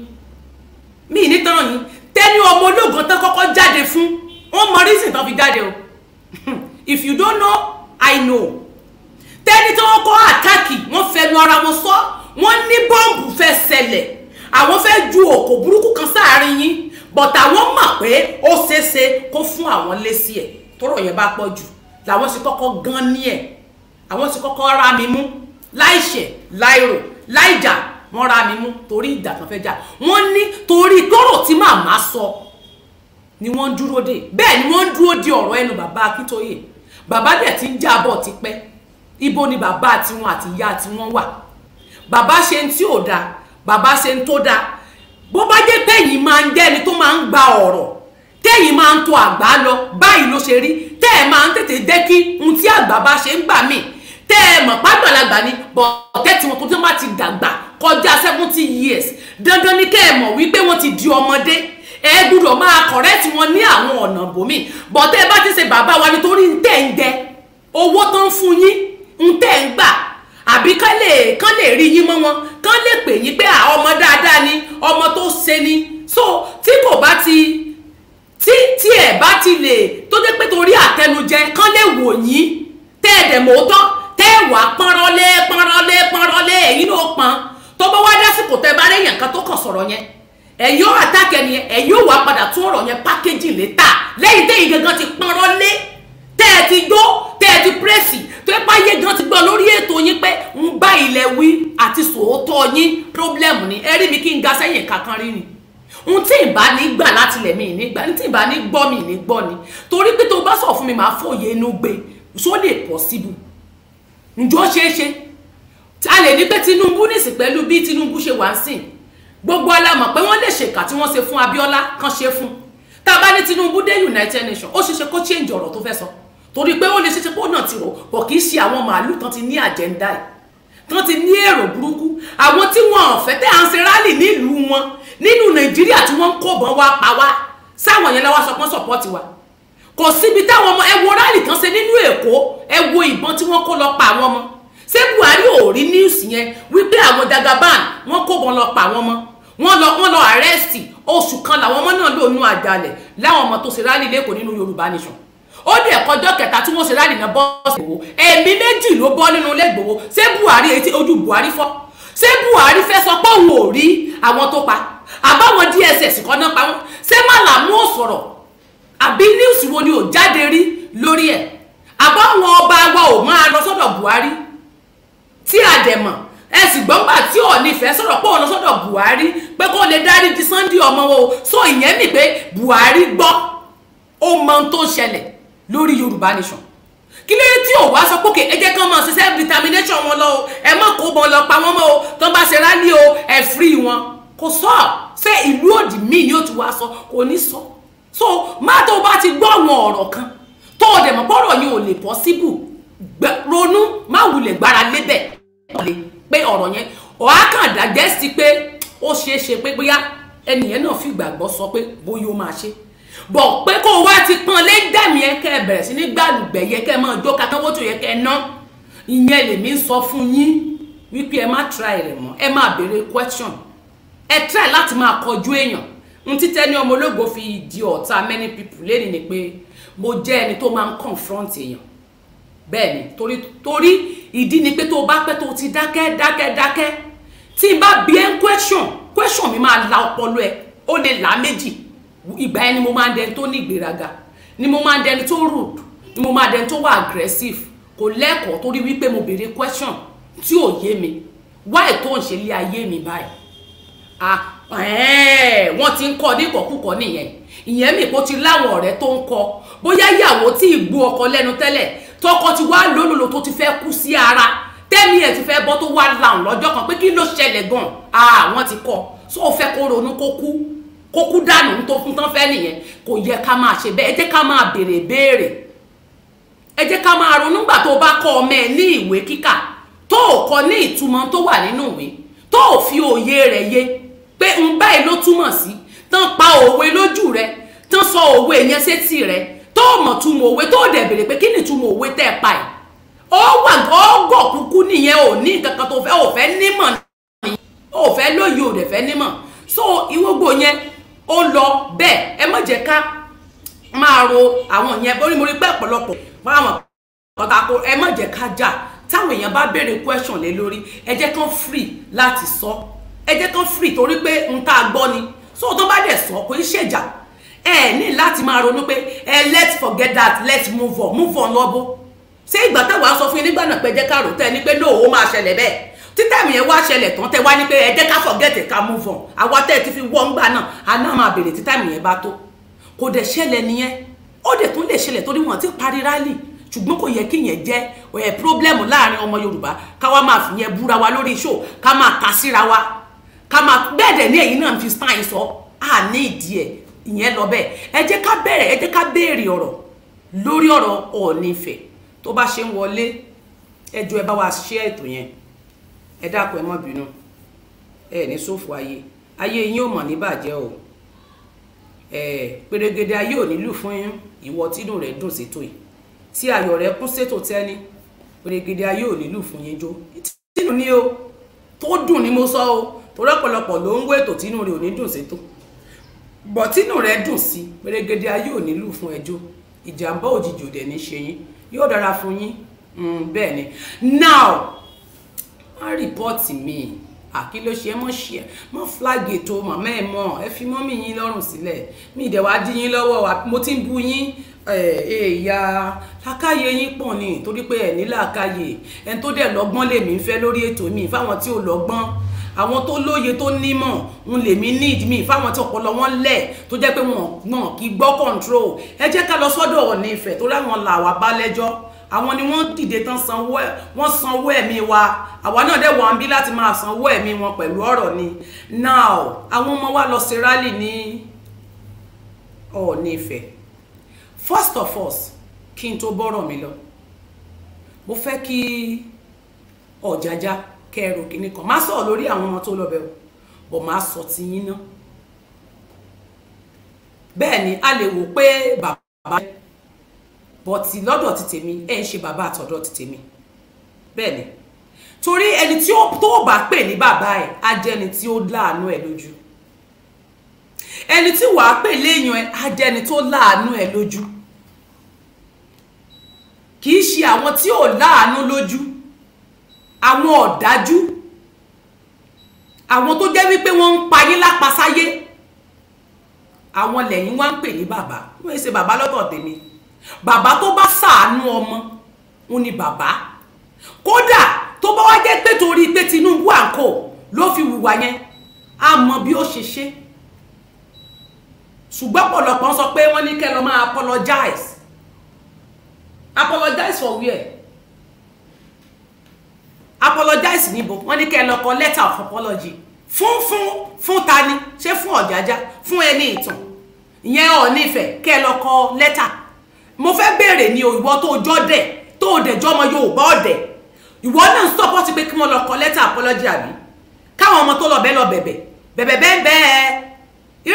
míì nítan yín tẹ́ni ọmọ ológun tán kọ́kọ́ jáde fún wọ́n mọ reason tán fi jáde o if you don't know i know tẹ́ni tí wọ́n kọ́ àtàkì wọ́n fẹnu ara wọn sọ wọ́n ní bọ́ǹbù fẹ́ ṣẹlẹ̀ àwọn fẹ́ ju òkò burúkú kan sáàrin yín but àwọn mọ̀ pé ó ṣeéṣe kó fún àwọn lésì ẹ̀ tọ́rọ̀ yẹn bá pọ̀ jù làwọn sì kọ́kọ́ gan ní ẹ̀ àwọn sì kọ́kọ́ rá mi mú láìṣẹ̀ láìrò láìjà wọ́n ra mi mú torí ìjà kan fẹ́ jà wọ́n ní torí gbọ́rọ̀ tí màmá sọ ni wọ́n dúró dè bẹ́ẹ̀ ni wọ́n dúró de ọ̀rọ̀ ẹnu bàbá Akíntóyè bàbá dẹ̀ ti ń jábọ̀ tipẹ́ ibo ni bàbá tiwọn àti ìyá tiwọn wà bàbá ṣe ń tí ò dáa bàbá ṣe ń tó dáa bó bá jẹ́ tẹ̀yìn máa ń jẹ́ ẹni tó máa ń gba ọ̀rọ̀ tẹ́yìn máa ń to àgbà lọ báyìí ló ṣe rí tẹ́ ẹ̀ máa ń tètè dẹ́kí ohun tí àgbà bá ṣe ń gbà míì tẹ́ ẹ mọ̀ pàgbàlagbà ni bọ̀tẹ́ tí wọn kò tó má ti dàgbà kọjá seventy years dandan ni kẹ́ ẹ mọ̀ wípé wọ́n ti di ọmọdé ẹ gbúdọ̀ máa correct wọn ní àwọn ọ̀nà bòmí bọ̀tẹ́ ẹ bá ti ṣe bàbá wa nítorí ń tẹ̀ ń jẹ owó tó ń fún yín ń tẹ̀ ń gbà àbí kán lè kán lè rí yín mọ́ wọn kán lè pè yín pé ọmọ dáadáa ni ọmọ tó ṣe ni so tí kò bá ti tí tí ẹ̀ bá ti lè tó dé pé torí àtẹnujẹ kán lè wò yín tẹ́ ẹ̀dẹ̀ mọ́tọ́ tẹ́ wà pọ́nrọ́lé pọ́nrọ́lé pọ́nrọ́lé èyí ló pọn tó bá wá dásìkò tẹ́ bá réyàn kan tó kàn sọ̀rọ̀ yẹn ẹ̀yin ó àtàkẹ́ ni ẹ̀yin ó wà padà tún ọ̀rọ̀ yẹn pákéjì létà lẹ́yìn tẹ́yìn gangan ti pọ́nrọ́lé tẹ́ ẹ ti gbó tẹ́ ẹ ti pírẹ́sì tó ẹ bá yé gan ti gbọ́ lórí ètò yín pé ń bá ilẹ̀ wí àti sòótọ́ yín pírọ́blẹ́mù ni ẹ rí mi kí n ga sẹ́yìn kankan rí ni n tí ì bá ní gbà láti lẹ̀ mí ní gbà n tí ì bá ní gbọ́ mi ní gbọ́ ni torí pé tó bá sọ fún mi màá fòye inú gbé so lè possible ǹjọ́ ó ṣeé ṣe a lè ní pé Tinubu nìsín pẹ̀lú bí Tinubu ṣe wà ń sìn gbogbo alamọ̀ pé wọ́n lè ṣèkà tí wọ́n ṣe fún Abiola kan ṣe fún tá a bá ní Tinubu dé United Nations ó ṣeé ṣe kó change ọ̀rọ̀ tó fẹ́ sọ torí pé ó lè ṣeéṣe kó náà ti rò kò kì í ṣe àwọn màálù tán ti ní àjẹ́ńdá ẹ̀ tán ti ní èrò burúkú àwọn tí wọn ò fẹ́ tẹ́ à ń ṣe rálì nílùú wọn nínú Nàìjíríà tí wọ́n ń kó bọ́n wá pa wá sáwọn yẹn lọ́wọ́ sọ pé wọ́n sọ̀pọ́ọ̀tì wa kò síbi táwọn ọmọ ẹ wo rálì kan ṣe nínú èkó ẹ wo ìbọn tí wọ́n kó lọ pa àwọn ọmọ ṣé buhari ò rí news yẹn wípé àwọn dagaban wọ́n kó wọn lọ pa àwọn ọmọ wọ́n lọ wọ́n lọ àrẹ́sì oṣù kan làwọn ọmọ náà lò nú àjálẹ̀ láwọn ọmọ tó ṣe rálì lẹ́kọ̀ọ́ nínú yorùbá nation ó dẹ̀ kọjọ́ kẹta tí wọ́n ṣe rálì náà bọ́ọ̀sì ìgbòho ẹ̀mí méjì ló bọ́ nínú ilé ìgbòho ṣé buhari etí ojú buhari fọ́ ṣé buhari fẹ́ sọ pé òun ò rí àwọn tó pa àbáwọn dss kan náà pa wọn ṣé màlàmú ò sọ̀rọ̀ àbí news wo ni ò jáde rí lórí ẹ̀ àbọ̀ àwọn ọba wa ò máa lọ sọ́dọ̀ Buhari tí a dẹ̀ mọ̀ ẹ sì gbọ́ngbà tí Ọọ̀ni Ìfẹ́ sọ̀rọ̀ pé òun lọ sọ́dọ̀ Buhari pé kó lè dárí di Sunday ọmọ wo so ìyẹn mi pé Buhari gbọ́ ó mọ ohun tó ń ṣẹlẹ̀ lórí Yorùbá nation kí ló dé tí ò wá sọ pé kè é jẹ́ kán máa ṣe self determination wọn lọ o ẹ má kó bọ́n lọ pa wọ́n mọ́ o tó bá ṣe rálí o ẹ free wọn kò sọ ṣé ìlú òdì míì yóò ti wá sọ kò ní sọ. So so má tó bá ti gbọ́ àwọn ọ̀rọ̀ kan tó o dẹ̀ mọ̀ pọ́rọ̀ yìí ò lè pọ́síbù ronú má wulẹ̀ gbára lébẹ̀ pé ọ̀rọ̀ yẹn ọ̀há kàn dàjẹ́ sí pé ó ṣeé ṣe pé bóyá ẹnìyẹn náà fi gbàgbọ́ sọ pé bóyá ó máa ṣe bọ̀ pé kó o wá ti pọ́n lé dẹ̀mí yẹn kẹ́ ẹ bẹ̀rẹ̀ sí ní gbàlùgbẹ̀ yẹ kẹ́ ẹ máa jó kakánwó tó yẹ kẹ́ ẹ ná ìyẹn lèmi ń sọ fún yín wípé ẹ má try rẹ̀ mọ́ ẹ má béèrè question ẹ try láti máa kọjú èèyàn n títẹ́ ni ọmọ ológo fi di ọ̀tá many people lẹ́ni ni pé mo jẹ́ ẹni tó máa ń confront èèyàn bẹ́ẹ̀ ni torí torí ìdí ni pé tó o bá pẹ́ tó o ti dákẹ́ dákẹ́ dákẹ́ tí n bá bí ẹ́ ń question question mi máa la ọpọlọ ẹ ó lè là á méjì ìgbà ẹni mo máa ń dẹni tó ní ìgbéraga ni mo máa ń dẹni tó rude ni mo máa dẹni tó wà aggressive kò lẹ́kọ̀ọ́ torí wípé mo béèrè question tí ò yé mi wá ètò òǹṣẹ́lẹ̀ ayé mi báyìí ah wọ́n ti ń kọ́ ní ìkọ̀kúkọ̀ nìyẹn ìyẹn mi kò ti láwọn ọ̀rẹ́ tó ń kọ bóyá ìyàwó tí ìgbó ọkọ lẹ́nu tẹ́lẹ̀ tọkọ ti wá lólòlò tó ti fẹ́ kú sí ara tẹ́mi ẹ̀ ti fẹ́ bọ́ tó wá làwọn lọ́jọ́ kan pé kí ló ṣẹlẹ̀ gan-an wọ́n ti kọ́ so ó fẹ́ kó ronú kó kú kó kú dànù tó fún tán fẹ́ nìyẹn kò yẹ ká máa ṣe bẹ́ẹ̀ ẹ jẹ́ ká máa béèrè béèrè ẹ jẹ́ ká máa ronú gbà tó bá kọ́ ọmọ ẹ ní ìwé kíkà tó kọ́ ní ìtumọ̀ tó wà nínú ìwé tó fi òye rẹ̀ yé pé ń báyìí ló túmọ̀ sí tán pa òwe lójú rẹ tán sọ òwe yẹn sétí rẹ tó mọ̀ túmọ̀ òwe tó dẹ̀ béèrè pé kí ni túmọ̀ òwe tẹ́ ẹ pa ẹ̀ ó wà gọ́gọ́ kúkú nìyẹn ò ní nǹkan kan tó fẹ́ ò fẹ́ nímọ̀ ò fẹ́ lóye ò dẹ̀ fẹ́ nímọ̀ so ìwọ́gbò yẹn ó lọ bẹ́ẹ̀ ẹ má jẹ́ ká máa ro àwọn yẹn bórí mo rí pé ọ̀pọ̀lọpọ̀ wọ́n àwọn ọ̀tàkùn ẹ má jẹ́ ká jà táwọn èèyàn bá béèrè question lé lórí ẹ jẹ́ kán free láti sọ ẹ jẹ́ free torí pé n tá a ni so tó bá dẹ̀ sọ kò í ṣèjà ẹ ní láti máa ronú pé ẹ let's forget that let's move on move on lọ́bọ̀ ṣé ìgbà táwa sọ fún yín nígbà náà pé jẹ́ ká rò tẹ́ ni pé lóòó máa ṣẹlẹ̀ bẹ́ẹ̀ títẹ̀mù yẹn wá ṣẹlẹ̀ tán tẹ wá ní pé ẹ ká forget it ká move on àwa tẹ́ ẹ ti fi wọ́n gbà náà àná máa bèrè títẹ̀mù yẹn bá tó kò dẹ̀ ṣẹlẹ̀ nìyẹn ó dẹ̀ tún lè ṣẹlẹ̀ torí wọn ti parí rally ṣùgbọ́n kò yẹ kí yẹn jẹ́ ẹ̀ problem láàrin ọmọ Yorùbá ká wá máa fi yẹn búra wa lórí show ká máa ta síra wa ká máa bẹ́ẹ̀ dẹ̀ ní ẹ̀yin náà fi stein sọ á ní ìdí ẹ̀ ìyẹn lọ bẹ́ẹ̀ ẹ jẹ́ ká bẹ̀rẹ̀ ẹ jẹ́ ká béèrè ọ̀rọ̀ lórí ọ̀rọ̀ Ọọ̀ni Ifẹ̀ tó bá ṣe ń wọlé ẹ jọ̀ọ́ ẹ bá wa ṣe ètò yẹn ẹ dákun ẹ má bínú ẹ ní ṣòfò ayé ayé yín ò mọ̀ ní bàjẹ́ o pèrègèdè ayé ò nílù fún yín ìwọ tínú rẹ dùn sétò yìí tí ayọ̀ rẹ kún sétò tẹ́ni pèrègèdè ayé ò nílù fún yín jó tínú ni o tó dùn ni mo sọ o torí ọ̀pọ̀lọpọ̀ ló ń wé ètò tínú rẹ̀ ò ní dùn sétò bọ̀ tínú rẹ̀ dùn sí pérégede ayé ò nílù fún ẹjọ́ ìjàmbá òjijì òdẹ̀ ní ṣe yín yóò dára fún yín hmm, bẹ́ẹ̀ ni now má rìpọ́ọ̀tì mi àkí ló ṣe mọ́ ṣe mọ́ flag ètò màmá ẹ̀ mọ́ ẹ fi mọ́mì yín lọ́rùn sílẹ̀ mi ìdẹ̀ wá dí yín lọ́wọ́ mo ti ń bu yín ẹ̀ẹ́yà làkàyè yín pọ̀ ni torí pé ẹ̀ ní làkàyè ẹni tó dẹ̀ lọ́gbọ́n lèmi ń fẹ́ lórí ètò mi fáwọn tí ò lọ́gbọ́n àwọn tó lóye tó nímọ̀ ń lè mí need me fáwọn tí ọpọlọ wọn lẹ̀ tó jẹ́ pé wọn gbọ̀n kí gbọ́ control ẹ jẹ́ ká lọ sọ́dọ̀ Ọọ̀ni Ifẹ̀ tó láwọn là wá bá lẹ́jọ́ àwọn ni wọ́n dìde tán sanwó ẹ̀ wọ́n sanwó ẹ̀mí wa àwa náà dẹ̀ wà ń bí láti máa sanwó ẹ̀mí wọn pẹ̀lú ọ̀rọ̀ ni now àwọn ọmọ wa lọ sí rally ní Ọọ̀ni Ifẹ̀ first of all kí n tó bọ́rọ̀ mi lọ mo fẹ́ kí Ọ̀jájá. Oh, kẹrò kìíní kan má sọ̀rọ̀ lórí àwọn ọmọ tó lọ́bẹ̀ o bọ̀ má sọ ti yín ná bẹ́ẹ̀ ni a lè wò pé bàbá jẹ́ bọ̀tì lọ́dọ̀ ti tèmi ẹ̀ ń ṣe bàbá àtọ̀dọ̀ ti tèmi bẹ́ẹ̀ ni torí ẹni tí ó tó bá pè ní bàbá ẹ̀ á jẹ́ ẹni tí ó láàánú ẹ̀ lójú ẹni tí wàá pè léèyàn ẹ̀ á jẹ́ ẹni tó láàánú ẹ̀ lójú kì í ṣe àwọn tí ò láàánú lójú àwọn ọ̀dájú àwọn tó jẹ́ wípé wọ́n ń payé lápasáyé àwọn lẹ́yìn wá ń pè ní bàbá wọ́n ṣe bàbá lọ́dọ̀ tèmi bàbá tó bá ṣàánú ọmọ òun ni bàbá kódà tó bá wá jẹ́ pé torí pé Tinubu àǹkó ló fi hùwà yẹn á mọ bí ó ṣe ṣe ṣùgbọ́n pọ̀lọpọ̀ sọ pé wọ́n ní kẹ́ lọ máa apologize apologize for where apologize níbo wọ́n ní kẹ́ ẹ lọ kọ letter of apology fun fun fun, tani ṣé fun ojaja fun ẹni ìtàn ìyẹn ọ̀ nífẹ̀ẹ́ kẹ́ ẹ lọ kọ letter mo fẹ́ béèrè ní ìwọ tó jọ́ dẹ̀ tó dẹ̀ jọ́ ọmọ Yorùbá ọ̀dẹ̀ ìwọ náà ń sọ́pọ̀ ti pé kí wọ́n letter apology àbí káwọn ọmọ tó lọ bẹ́ẹ̀ lọ bẹ̀bẹ̀ bẹ̀bẹ̀ bẹ́ẹ̀ bẹ́ẹ̀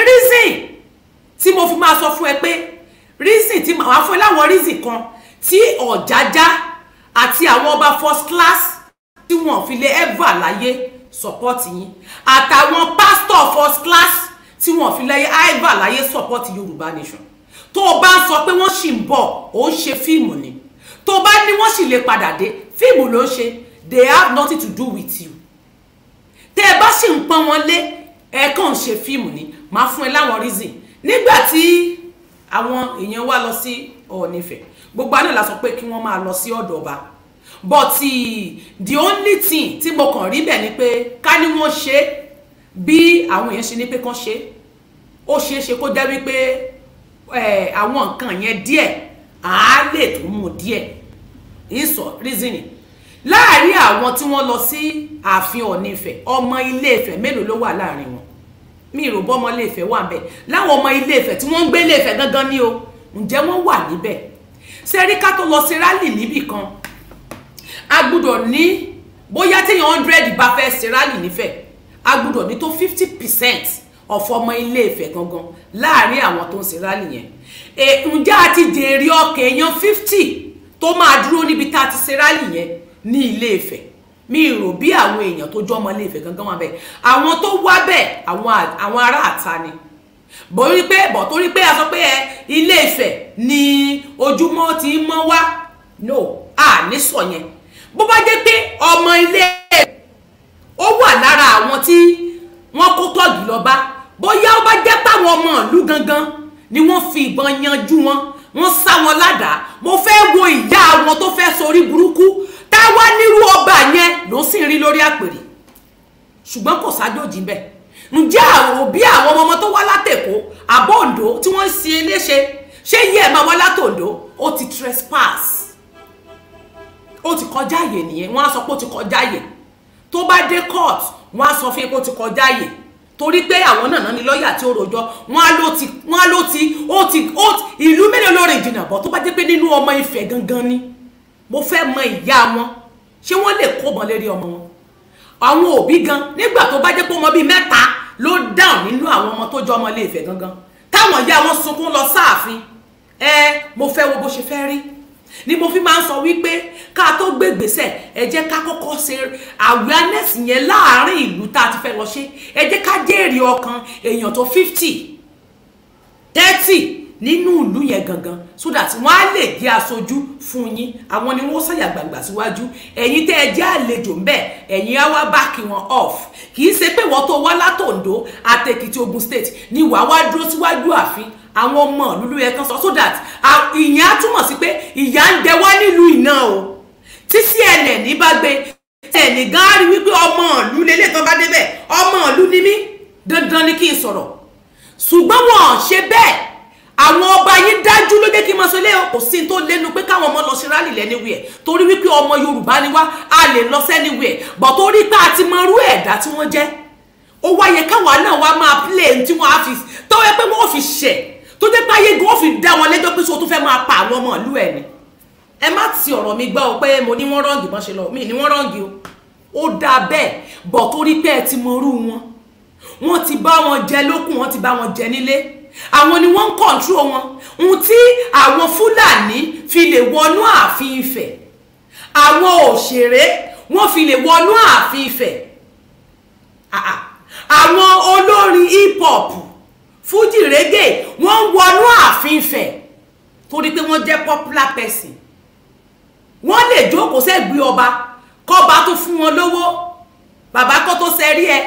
reason tí mo fi máa sọ fún ẹ pé reason tí màá fún ẹ láwọn reason kan tí ọ̀jájá àti àwọn ọba first class tí wọn fi lè ever láyé support yín àtàwọn pastor first class tí wọn fi lè ever láyé support yorùbá nation tó o bá ń sọ pé wọ́n sì ń bọ̀ ó ń ṣe fíìmù ni tó o bá ní wọ́n sì lè padà dé fíìmù ló ń ṣe they have nothing to do with you tẹ́ ẹ bá sì ń pọ́n wọn lé ẹ kàn ń ṣe fíìmù ni màá fún ẹ láwọn reason nígbà tí àwọn èèyàn wá lọ sí ọ̀ọ́nìfẹ̀ gbogbo àná la sọ pé kí wọ́n máa lọ sí ọ̀dọ̀ ọba but the only thing tí mo kàn rí bẹ́ẹ̀ ni pé ká ní wọ́n ṣe bí àwọn èèyàn ṣe ní pé kán ṣe ó ṣeé ṣe kó jẹ́ wípé àwọn nǹkan yẹn díẹ̀ àá lè tó mú díẹ̀ ìsọ reasoning láàárín àwọn tí wọ́n lọ sí ààfin ọ̀ọ̀ni Ifẹ̀ ọmọ ilé Ifẹ̀ mélòó ló wà láàárín wọn mi ì rò bọ́ ọmọ ilé Ifẹ̀ wà bẹ́ẹ̀ láwọn ọmọ ilé Ifẹ̀ tí wọ́n ń gbé ilé Ifẹ̀ gangan ni o ǹjẹ́ wọ́n wà níbẹ̀ ṣe rí ká tó lọ sí rálì níbì kan a gbúdọ̀ ní bóyá téèyàn hundred bá fẹ́ ṣe rally nífẹ̀ẹ́ a gbúdọ̀ ní tó fifty percent ọ̀fọ̀ ọmọ ilé ìfẹ́ gangan láàrin àwọn tó ń ṣe rally yẹn ǹjẹ́ a ti jèrè ọkàn èèyàn fifty tó máa dúró níbi tá a ti ṣe rally yẹn ní ilé ìfẹ́ mi rò bí àwọn èèyàn tó jọmọ ilé ìfẹ́ gangan wà bẹ́ẹ̀ àwọn tó wá bẹ́ẹ̀ àwọn ará àta ni borí pé bọ̀ torí pé a sọ pé ẹ ilé ìfẹ́ ni ojúmọ́ ti mọ́ wá no a ní sọ yẹn bó bá jẹ́ pé ọmọ ilé ẹ̀ ó wà lára àwọn tí wọ́n kó tọ́ọ̀gì lọ bá bóyá ó bá jẹ́ páwọn ọmọ ìlú gangan ni wọ́n fi ìbọn yanjú wọn wọ́n sá wọn ládàá mo fẹ́ wo ìyá àwọn tó fẹ́ sorí burúkú táwa nírú ọba yẹn ló sì rí lórí àpèrè ṣùgbọ́n kò sájòjì bẹ́ẹ̀ ǹjẹ́ àrò bí àwọn ọmọ tó wá látẹ̀kọ́ àbọ̀ òǹdó tí wọ́n ń sin eléṣe ṣé yí ẹ̀ máa wá látòǹdó ó ti trespass ó ti kọjá àyè nìyẹn wọ́n á sọ pé ó ti kọjá àyè tó bá dé court wọ́n á sọ fún yín pé ó ti kọjá àyè torí pé àwọn náà ní lọ́ọ̀yà tí ó rojọ́ wọ́n á ló ti wọ́n á ló ti ó ti ó ìlú mélòó ló rìn jìnnà bọ̀ tó bá jẹ́ pé nínú ọmọ Ifẹ̀ gangan ni mo fẹ́ mọ ìyá wọn ṣé wọ́n lè kó bọ̀ lérí ọmọ wọn àwọn òbí gan nígbà tó bá jẹ́ pé ọmọ bíi mẹ́ta ló dáhùn nínú àwọn ọmọ tó jọ ọmọ ilé Ifẹ̀ gangan táwọn ìyá wọn sunkún lọ sáàfin ẹ mo fẹ́ wo bó ṣe fẹ́ rí ni mo fi máa ń sọ wípé ká tó gbé gbèsè ẹ jẹ́ ká kọ́kọ́ ṣe awareness yẹn láàárín ìlú tá a ti fẹ́ lọ ṣe ẹ jẹ́ ká jèrè ọkàn èèyàn tó fifty thirty nínú ìlú yẹn gangan so that wọ́n á lè jẹ́ aṣojú fún yín àwọn ni wọ́n ṣàyà gbàgbà síwájú ẹ̀yin tẹ́ ẹ jẹ́ àlejò ń bẹ̀ ẹ̀yin á wá báàkì wọn off kì í ṣe pé wọ́n tó wá látòǹdó àtèkìtì Ògùn state ni wàá wá dúró síwájú ààfin àwọn ọmọ lulu yẹn kan sọ so that ìyẹn á túmọ̀ sí pé ìyá ń jẹ wá nílùú iná o tí cnn ní bá gbé cnn gan á rí wípé ọmọ ìlú lélẹ̀ tó bá débẹ̀ ọmọ ìlú ni mí dandan ni kí n sọ̀rọ̀ ṣùgbọ́n wọn ṣe bẹ́ẹ̀ àwọn ọba yín dájú ló jẹ́ kí n máa sọ léyìn kò sí tó lẹ́nu pé káwọn ọmọ lọ sí rálì lẹ́niwẹ̀ẹ́ torí wípé ọmọ yorùbá ni wá a lè lọ sẹ́niwẹ̀ẹ́ bọ̀ torí pé a ti mọ irú ẹ̀dá tí wọ́n jẹ́ ó wáyé káwa náà wá máa pílẹ̀ tí wọ́n á fi tọ́wọ́ pé wọ́n fi ṣẹ̀ tó jẹ́ pé ayé gan ó fi dá wọn lẹ́jọ́ pé so tó fẹ́ máa pa àwọn ọmọ ìlú ẹ̀ ni ẹ má ti ọ̀rọ̀ mi gbọ́ o pé mo ní wọ́n rọ́ǹgì bọ́n ṣe lọ mi ní wọ́n rọ́ǹgì o ó dáa bẹ́ẹ̀ bọ̀ torí pé ẹ ti mọrú wọn wọn ti bá wọn jẹ lókun wọn ti bá wọn jẹ nílé àwọn ni wọ́n ń kọ̀ǹtró wọn ohun tí àwọn fúlàní fi lè wọnú ààfin Ifẹ̀ àwọn òṣèré wọ́n fi lè wọnú ààfin Ifẹ̀ àwọn olórin hip hop fújì régè wọ́n ń wọnú ààfin Ifẹ̀ torí pé wọ́n jẹ́ popular person wọ́n lè jókòó sẹ́gbẹ́ ọba kọ́ba tó fún wọn lówó bàbá kó tó sẹ́rí ẹ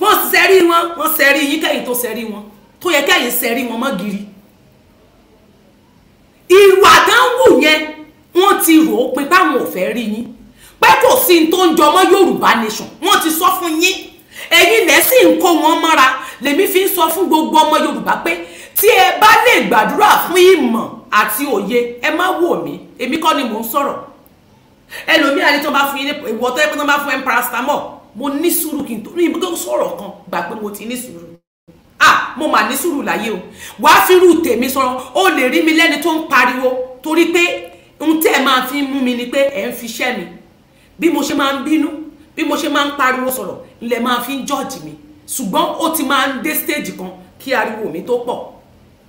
wọ́n sẹ́rí wọn wọ́n sẹ́rí yín kẹ́yìn tó sẹ́rí wọn tó yẹ kẹ́yìn sẹ́rí wọn mọ́ gírí ìwà tán wù yẹn wọ́n ti rò ó pé báwọn ò fẹ́ rí yín pé kò sí ní tó ń jọmọ́ Yorùbá nation wọ́n ti sọ fún yín ẹ̀yin lẹ sì ń kó wọn mọ́ra lèmi fi ń sọ fún gbogbo ọmọ Yorùbá pé tí ẹ bá lè gbàdúrà fún ìmọ̀ àti òye ẹ má wò mí èmi kọ́ ni mò ń sọ̀rọ̀ ẹlòmíà ní tí wọ́n bá fún yín ní ìwọ tó yẹ pé tí wọ́n bá fún ẹ paracetamol mo ní sùúrù kí n tó ní ibi tó sọ̀rọ̀ kan gbà pé mo ti ní sùúrù ah mo mà ní sùúrù láyé o wàá fi rú tèmi sọ̀rọ̀ ó lè rí mi lẹ́ni tó ń pariwo torí pé ohun tẹ́ ẹ máa fi mú mi ni pé ẹ̀ ń fiṣẹ́ mi bí mo ṣe máa ń bínú bí mo ṣe máa ń pariwo sọ̀rọ̀ ilẹ̀ máa fi ń jọ́ọ̀jì mi ṣùgbọ́n ó ti máa ń dé stage kan kí ariwo mi tó pọ̀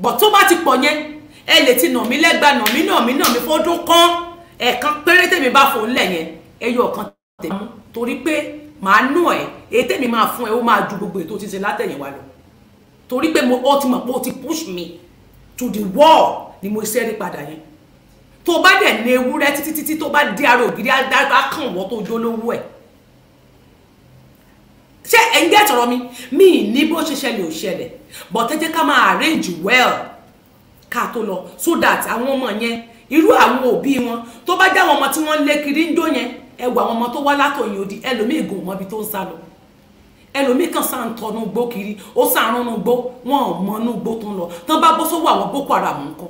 bọ̀ tó bá ti pọ̀ yẹn ẹ lè ti nà mí lẹ́gba nà mí nà mí nà mí fọ́dún kan ẹ̀ẹ̀kan péré tèmi bá fò ńlẹ̀ yẹn ẹyọ kan tèmi torí pé màá nù ẹ̀ èyí tèmi máa fún ẹ ó máa ju gbogbo ètò títí látẹ̀yìnwá lọ torí pé mo ó ti mọ̀ pé ó ti push me to the wall ni mo ṣe rí padà yẹn tó bá dẹ̀ ní ewúrẹ́ títí títí tó bá dé ara ògiri á kàn wọ́n tó jó lówó ẹ̀ ṣé ẹ ń gẹ́ tọ̀rọ̀ mi mi ní bó ṣe ṣẹlẹ̀ ò ṣẹlẹ̀ but ẹ jẹ́ ká máa arrange well ká tó lọ so that àwọn ọmọ yẹn irú àwọn òbí wọn tó bá jáwọn ọmọ tí wọ́n ń lé kiri ń jó yẹn ẹ wọ àwọn ọmọ tó wá látọ̀yìn odi ẹlòmíì gùn mọ́bi tó ń sá lọ ẹlòmíì kan sáà ń tọnu gbó kiri ó sáà ń rúnnu gbó wọn ò mọnú gbó tó ń lọ tán bá bọ́ sọ́wọ́ àwọn boko haram nǹkan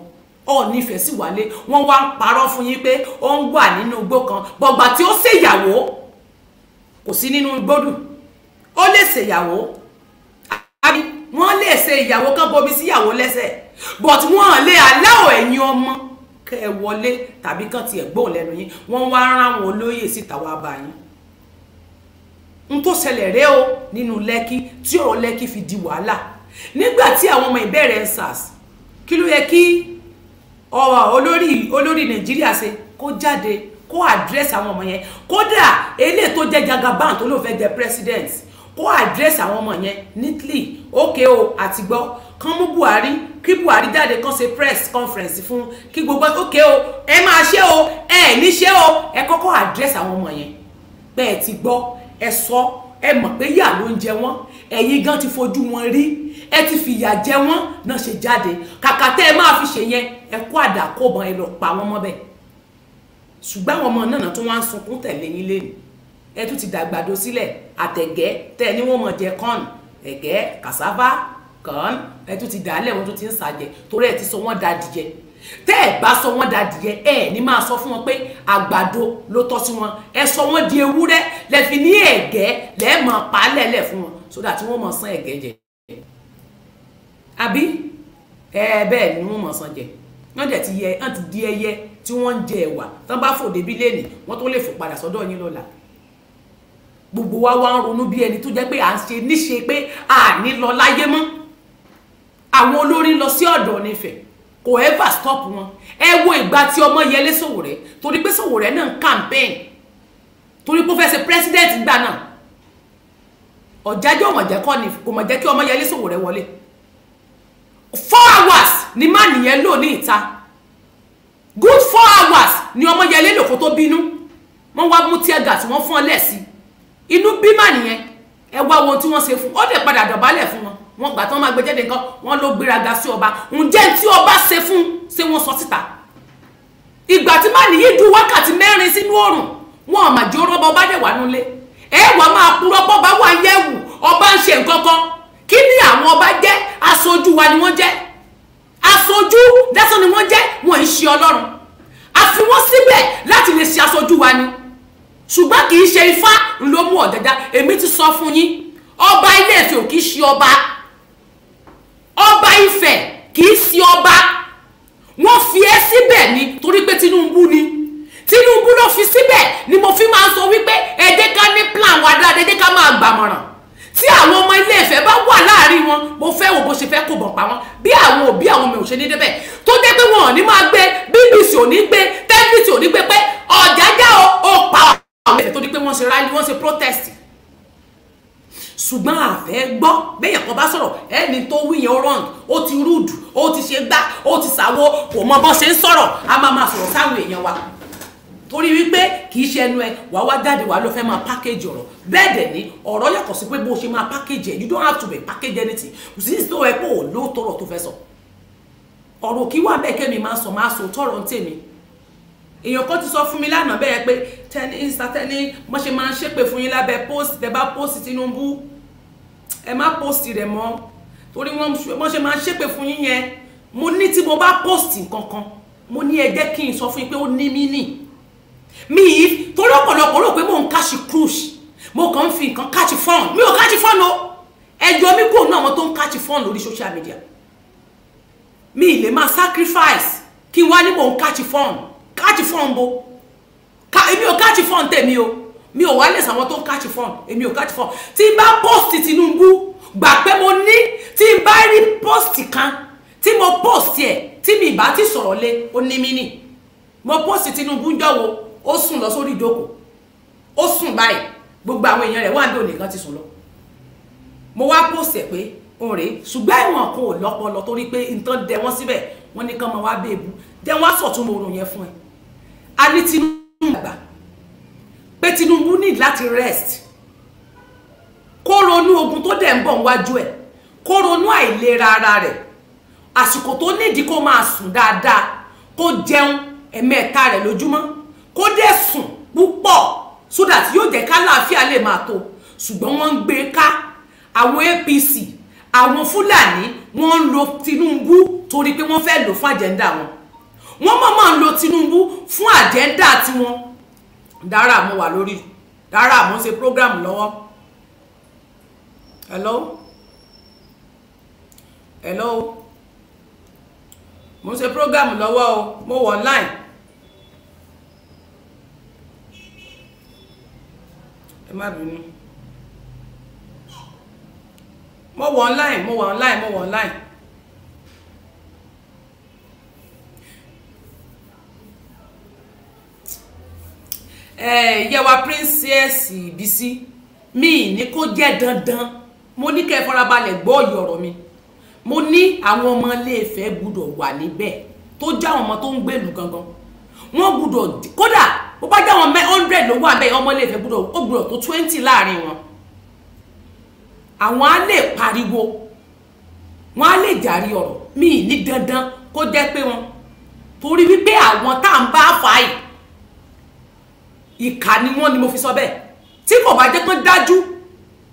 ọ nífẹ̀ẹ́ sí wálé wọ́n wá ń parọ́ fún yín pé ó ń wà nínú igbó kan bọ̀gbà tí ó ṣèyàwó kò sí nínú igbódùn ó lè ṣèyàwó àbí wọ́n lè ṣe ìyàwó kan bomi síyàwó lẹ́sẹ̀ but wọ́n lè aláwọ̀ ẹ̀yin ọmọ kẹ́ ẹ wọlé tàbí kàn tiẹ̀ gbóhùn lẹ́nu yín wọ́n wá ráwọn olóyè síta wá bá yín n tó ṣẹlẹ̀ rèé o nínú lẹ́kí tí ọ̀rọ̀ lẹ́kí fi di wàhálà nígbà tí àwọn ọmọ ìbẹ̀rẹ̀ sars kí ló yẹ kí ọwà olórí olórí nàìjíríà ṣe kó jáde kó àdírẹ́sì àwọn ọmọ yẹn kódà eléyìí tó jẹ́ jagaban tó jẹ́ president kó àdírẹ́sì àwọn ọmọ yẹn neatly ókè o àti gbọ́ kán mú Buhari kí Buhari jáde kán ṣe press conference fún kí gbogbo ókè o ẹ máa ṣe o ẹ ní ṣe o ẹ kọ́kọ́ àdírẹ́sì àwọn ọmọ yẹn pé ẹ ti gbọ́ ẹ sọ ẹ mọ̀ pé yà ló ń jẹ wọ́n ẹ̀yin gan ti fojú wọn rí ẹ ti fìyà jẹ wọ́n náà ṣe jáde kàkà tẹ́ ẹ máa fi ṣe yẹn ẹ kó àdàkóbọn ẹ lọ pa wọ́n mọ́bẹ̀ ṣùgbọ́n àwọn ọmọ náà tó wá ń sunkún tẹ̀lé yín lẹ́nu ẹ tún ti dàgbàdo sílẹ̀ àtẹ̀gẹ́ tẹ́ ẹ ní wọ́n mọ̀ jẹ corn ẹ̀gẹ́ cassava corn ẹ tún ti dàálẹ̀ wọ́n tún ti ń sàjẹ́ torí ẹ ti sọ wọ́n dadìyẹ tẹ́ ẹ bá sọ wọ́n dadìyẹ ẹ ní máa sọ fún wọn pé àgbàdo ló tọ́ sí wọn ẹ sọ wọ́n di ewúrẹ́ lẹ fi ní ẹ̀gẹ́ lẹ́ẹ̀ mọ̀ pa lẹ́lẹ̀ fún wọn sódà tí wọ́n mọ̀ san ẹ̀gẹ́ jẹ àbí ẹ bẹ́ẹ̀ ni wọ́n mọ̀ san jẹ wọ́n dẹ̀ ti yẹ ẹ̀ ti di ẹyẹ tí wọ́n ń jẹ ẹ̀wà tán bá fò débi lẹ́nìí wọ́n tó lè fò padà sọ́dọ̀ yín lọ́la gbogbo wa wá ń ronú bí ẹni tó jẹ́ pé à ń ṣe níṣe pé a ní lọ láyé mọ́ àwọn olórin lọ sí ọ̀dọ̀ nífẹ̀ kò ever stop wọn ẹ wo ìgbà tí ọmọ yẹlé Sowore torí pé Sowore náà ń campaign torí pé ó fẹ́ ṣe president gbà náà ọ̀jájọ́ ọ̀mọ̀jẹ́ kọ́ ni kò mọ̀ jẹ́ kí ọmọ yẹlé Sowore wọlé four hours ni má nìyẹn lò ní ìta good four hours ni ọmọ yẹlé lòkó tó bínú wọ́n wá mú tear gas wọ́n fún ọ lẹ́sìn inú bímà nìyẹn ẹ wá ohun tí wọ́n ṣe fún ó dẹ̀ padà dọ̀bálẹ̀ fún wọn wọn gbà tán máa gbé jẹ́dẹ̀ nǹkan wọn ló gbéraga sí ọba ǹjẹ́ tí ọba ṣe fún ṣé wọ́n sọ síta ìgbà tí máa nìyí du wákàtí mẹ́rin sínú oòrùn wọn àmà jẹ́ ọ̀rọ̀ ọba dẹ̀ wà nílé ẹ wàá máa purọ́ bọ́ba wà yẹ̀wù ọba ń ṣe nǹkan kan kí ni àwọn ọba jẹ́ aṣojú wa ni wọ́n jẹ́ aṣojú dásán ni wọ́n jẹ́ wọ́n ń ṣe ọlọ́run a fi wọ́n síbẹ̀ láti lè ṣe aṣojú wa ni ṣùgbọ́n kì í ṣe ifá ló mú ọ̀dẹ́dá èmi ti sọ fún yín ọba ilé Ifẹ̀ ò kì í ṣe ọba ọba Ifẹ̀ kì í ṣe ọba wọ́n fi ẹ́ síbẹ̀ ni torí pé Tinubu ni Tinubu ló fi síbẹ̀ ni mo fi máa ń sọ wípé ẹ ká ní plan wa dáadáa ẹ jẹ́ ká máa gbàmọ̀ràn tí àwọn ọmọ ilé Ifẹ̀ bá wà láàrin wọn mo fẹ́ wo bó ṣe fẹ́ kó bọ̀ pa wọn bí àwọn òbí àwọn ọmọ òṣèlú débẹ̀ tó jẹ́ pé wọn ò ní máa gbé BBC ò ní gbé tẹ́lifíṣì ò ní gbé pé ọ̀jájá o ò pa ọ̀ àwọn ẹ̀fẹ̀ tó di pé wọ́n ṣe rally wọ́n ṣe protest ṣùgbọ́n àfẹ́ gbọ́ bẹ́yàn kan bá sọ̀rọ̀ ẹni tó wí yẹn wrong ó ti rúdù ó ti ṣe gbá ó ti ṣàwo kò mọ bọ́n ṣe ń sọ̀rọ̀ a máa máa sọ̀rọ̀ sáwọn èèyàn wa torí wípé kì í ṣe ẹnu ẹ wà wá jáde wà ló fẹ́ máa package ọ̀rọ̀ bẹ́ẹ̀ dẹ̀ ni ọ̀rọ̀ yàtọ̀ sí pé bó ṣe máa package ẹ̀ you don't have to be package anything kò sí ìṣó ẹ pé ò ló tọrọ tó fẹ́ sọ ọ̀rọ̀ kí wà bẹ́ẹ̀ kẹ́mi máa sọ máa sọ tọrọ ń tèmi èèyàn kan ti sọ fún mi lánàá bẹ́ẹ̀ pé tẹni insta tẹni wọ́n ṣe máa ń ṣépè fún yín lábẹ́ post tẹ bá post Tinubu ẹ má post rẹ̀ mọ́ torí wọ́n ṣe máa ń ṣépè fún yín yẹn mo ní tí mo bá post nǹkan kan mo ní ẹ jẹ́ kí n sọ fún yín pé ó ní mí nì mí yìí torí ọ̀pọ̀lọpọ̀ rò pé mò ń káṣí cruise mo kàn ń fi nǹkan káṣí fọ́ọ̀n mi ò káṣí fọ́ọ̀n o ẹjọ́ mi kò ní àwọn tó ń káṣí fọ́ọ̀n lórí social media mi ì lè máa sacrifice kí n wá ní mò ń káṣí fọ́ọ̀n káàtì fọ́ọ̀n bo èmi ò káàtì fọ́ọ̀n tèmi o mi ò wá lè sàwọn tó ń káàtì fọ́ọ̀n èmi ò káàtì fọ́ọ̀n tí n bá post Tinubu gbà pé mo ní tí n bá rí post kan tí mo post ẹ̀ tí mi ìbá ti sọ̀rọ̀ lé ó ní mí nì mo post Tinubu ń jọ̀wọ́ ó sùn lọ sórí ìjókòó ó sùn báyìí gbogbo àwọn èèyàn rẹ̀ wà ní òní kan ti sùn lọ mo wá post ẹ̀ pé òun rèé ṣùgbọ́n ìwọ̀n kò lọ́pọ̀lọ́ torí pé nǹkan dẹ wọ́n síbẹ̀ wọ́n ní kán máa wá bẹ́ẹ̀ bu dẹ wọ́n á sọ̀tún mo rò yẹn fún ẹ a rí Tinubu gbà pé Tinubu need láti rest kó ronú ogun tó dẹ̀ ń bọ̀ níwájú ẹ̀ kó ronú àìlera ara rẹ̀ àsìkò tó nídìí kó máa sùn dáadáa kó jẹun ẹ̀mẹ́ta rẹ̀ lójúmọ́ kó dẹ̀ sùn púpọ̀ so that yóò jẹ́ ká láàfíà lè máa tó ṣùgbọ́n wọ́n ń gbé ká àwọn APC àwọn Fúlàní wọ́n ń lo Tinubu torí pé wọ́n fẹ́ lò fún àjẹ́ńdà wọn wọ́n mọ̀mọ́ ń lo Tinubu fún àjẹ́ndà tiwọn dára mo wà lórí dára mo ṣe program lọ́wọ́ hello hello mo ń ṣe program lọ́wọ́ o mo wọ̀ online ẹ má bínú mo wọ̀ online mo wọ̀ online mo wọ̀ online. Eh, yẹwa princess Bísí mi ní kó jẹ́ dandan mo ní kẹ́ farabalẹ̀ gbọ́ òye ọ̀rọ̀ mi mo ní àwọn ọmọ Ilé-Ifẹ̀ gbúdọ̀ wà níbẹ̀ tó já àwọn ọmọ tó ń gbèlú gangan wọ́n gbúdọ̀ kódà bó bá já àwọn hundred ló wà bẹ́ẹ̀ ọmọ Ilé-Ifẹ̀ ó gbúdọ̀ tó twenty láàrin wọn àwọn á lè pariwo wọn á lè jàrí ọ̀rọ̀ mi ní dandan kó jẹ́ pé wọn torí wípé àwọn tá à ń bá fà ìkà ni wọ́n ni mo fi sọ bẹ́ẹ̀ tí kò bá jẹ́ pọ́n dájú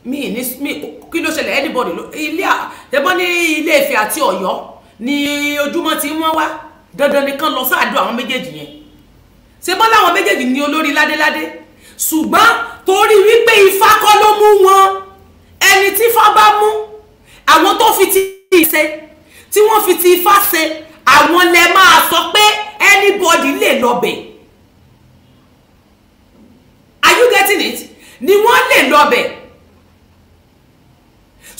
mi ní mi kí ló ṣẹlẹ̀ anybody ló ilé àtẹ́gbọ́n ní ilé Ifẹ̀ àti Ọ̀yọ́ ni ojúmọ́ ti wọ́n wá dandan nìkan lọ sáàdó àwọn méjèèjì yẹn ṣe bọ́ láwọn méjèèjì ni olórí ládéládé ṣùgbọ́n torí wípé ifá kọ́ ló mú wọn ẹni tí ifá bá mú àwọn tó fi ti ṣe tí wọ́n fi ti ifá ṣe àwọn lè máa sọ pé anybody lè lọ bẹ̀ẹ́ are you getting it ni wọ́n lè lọ bẹ̀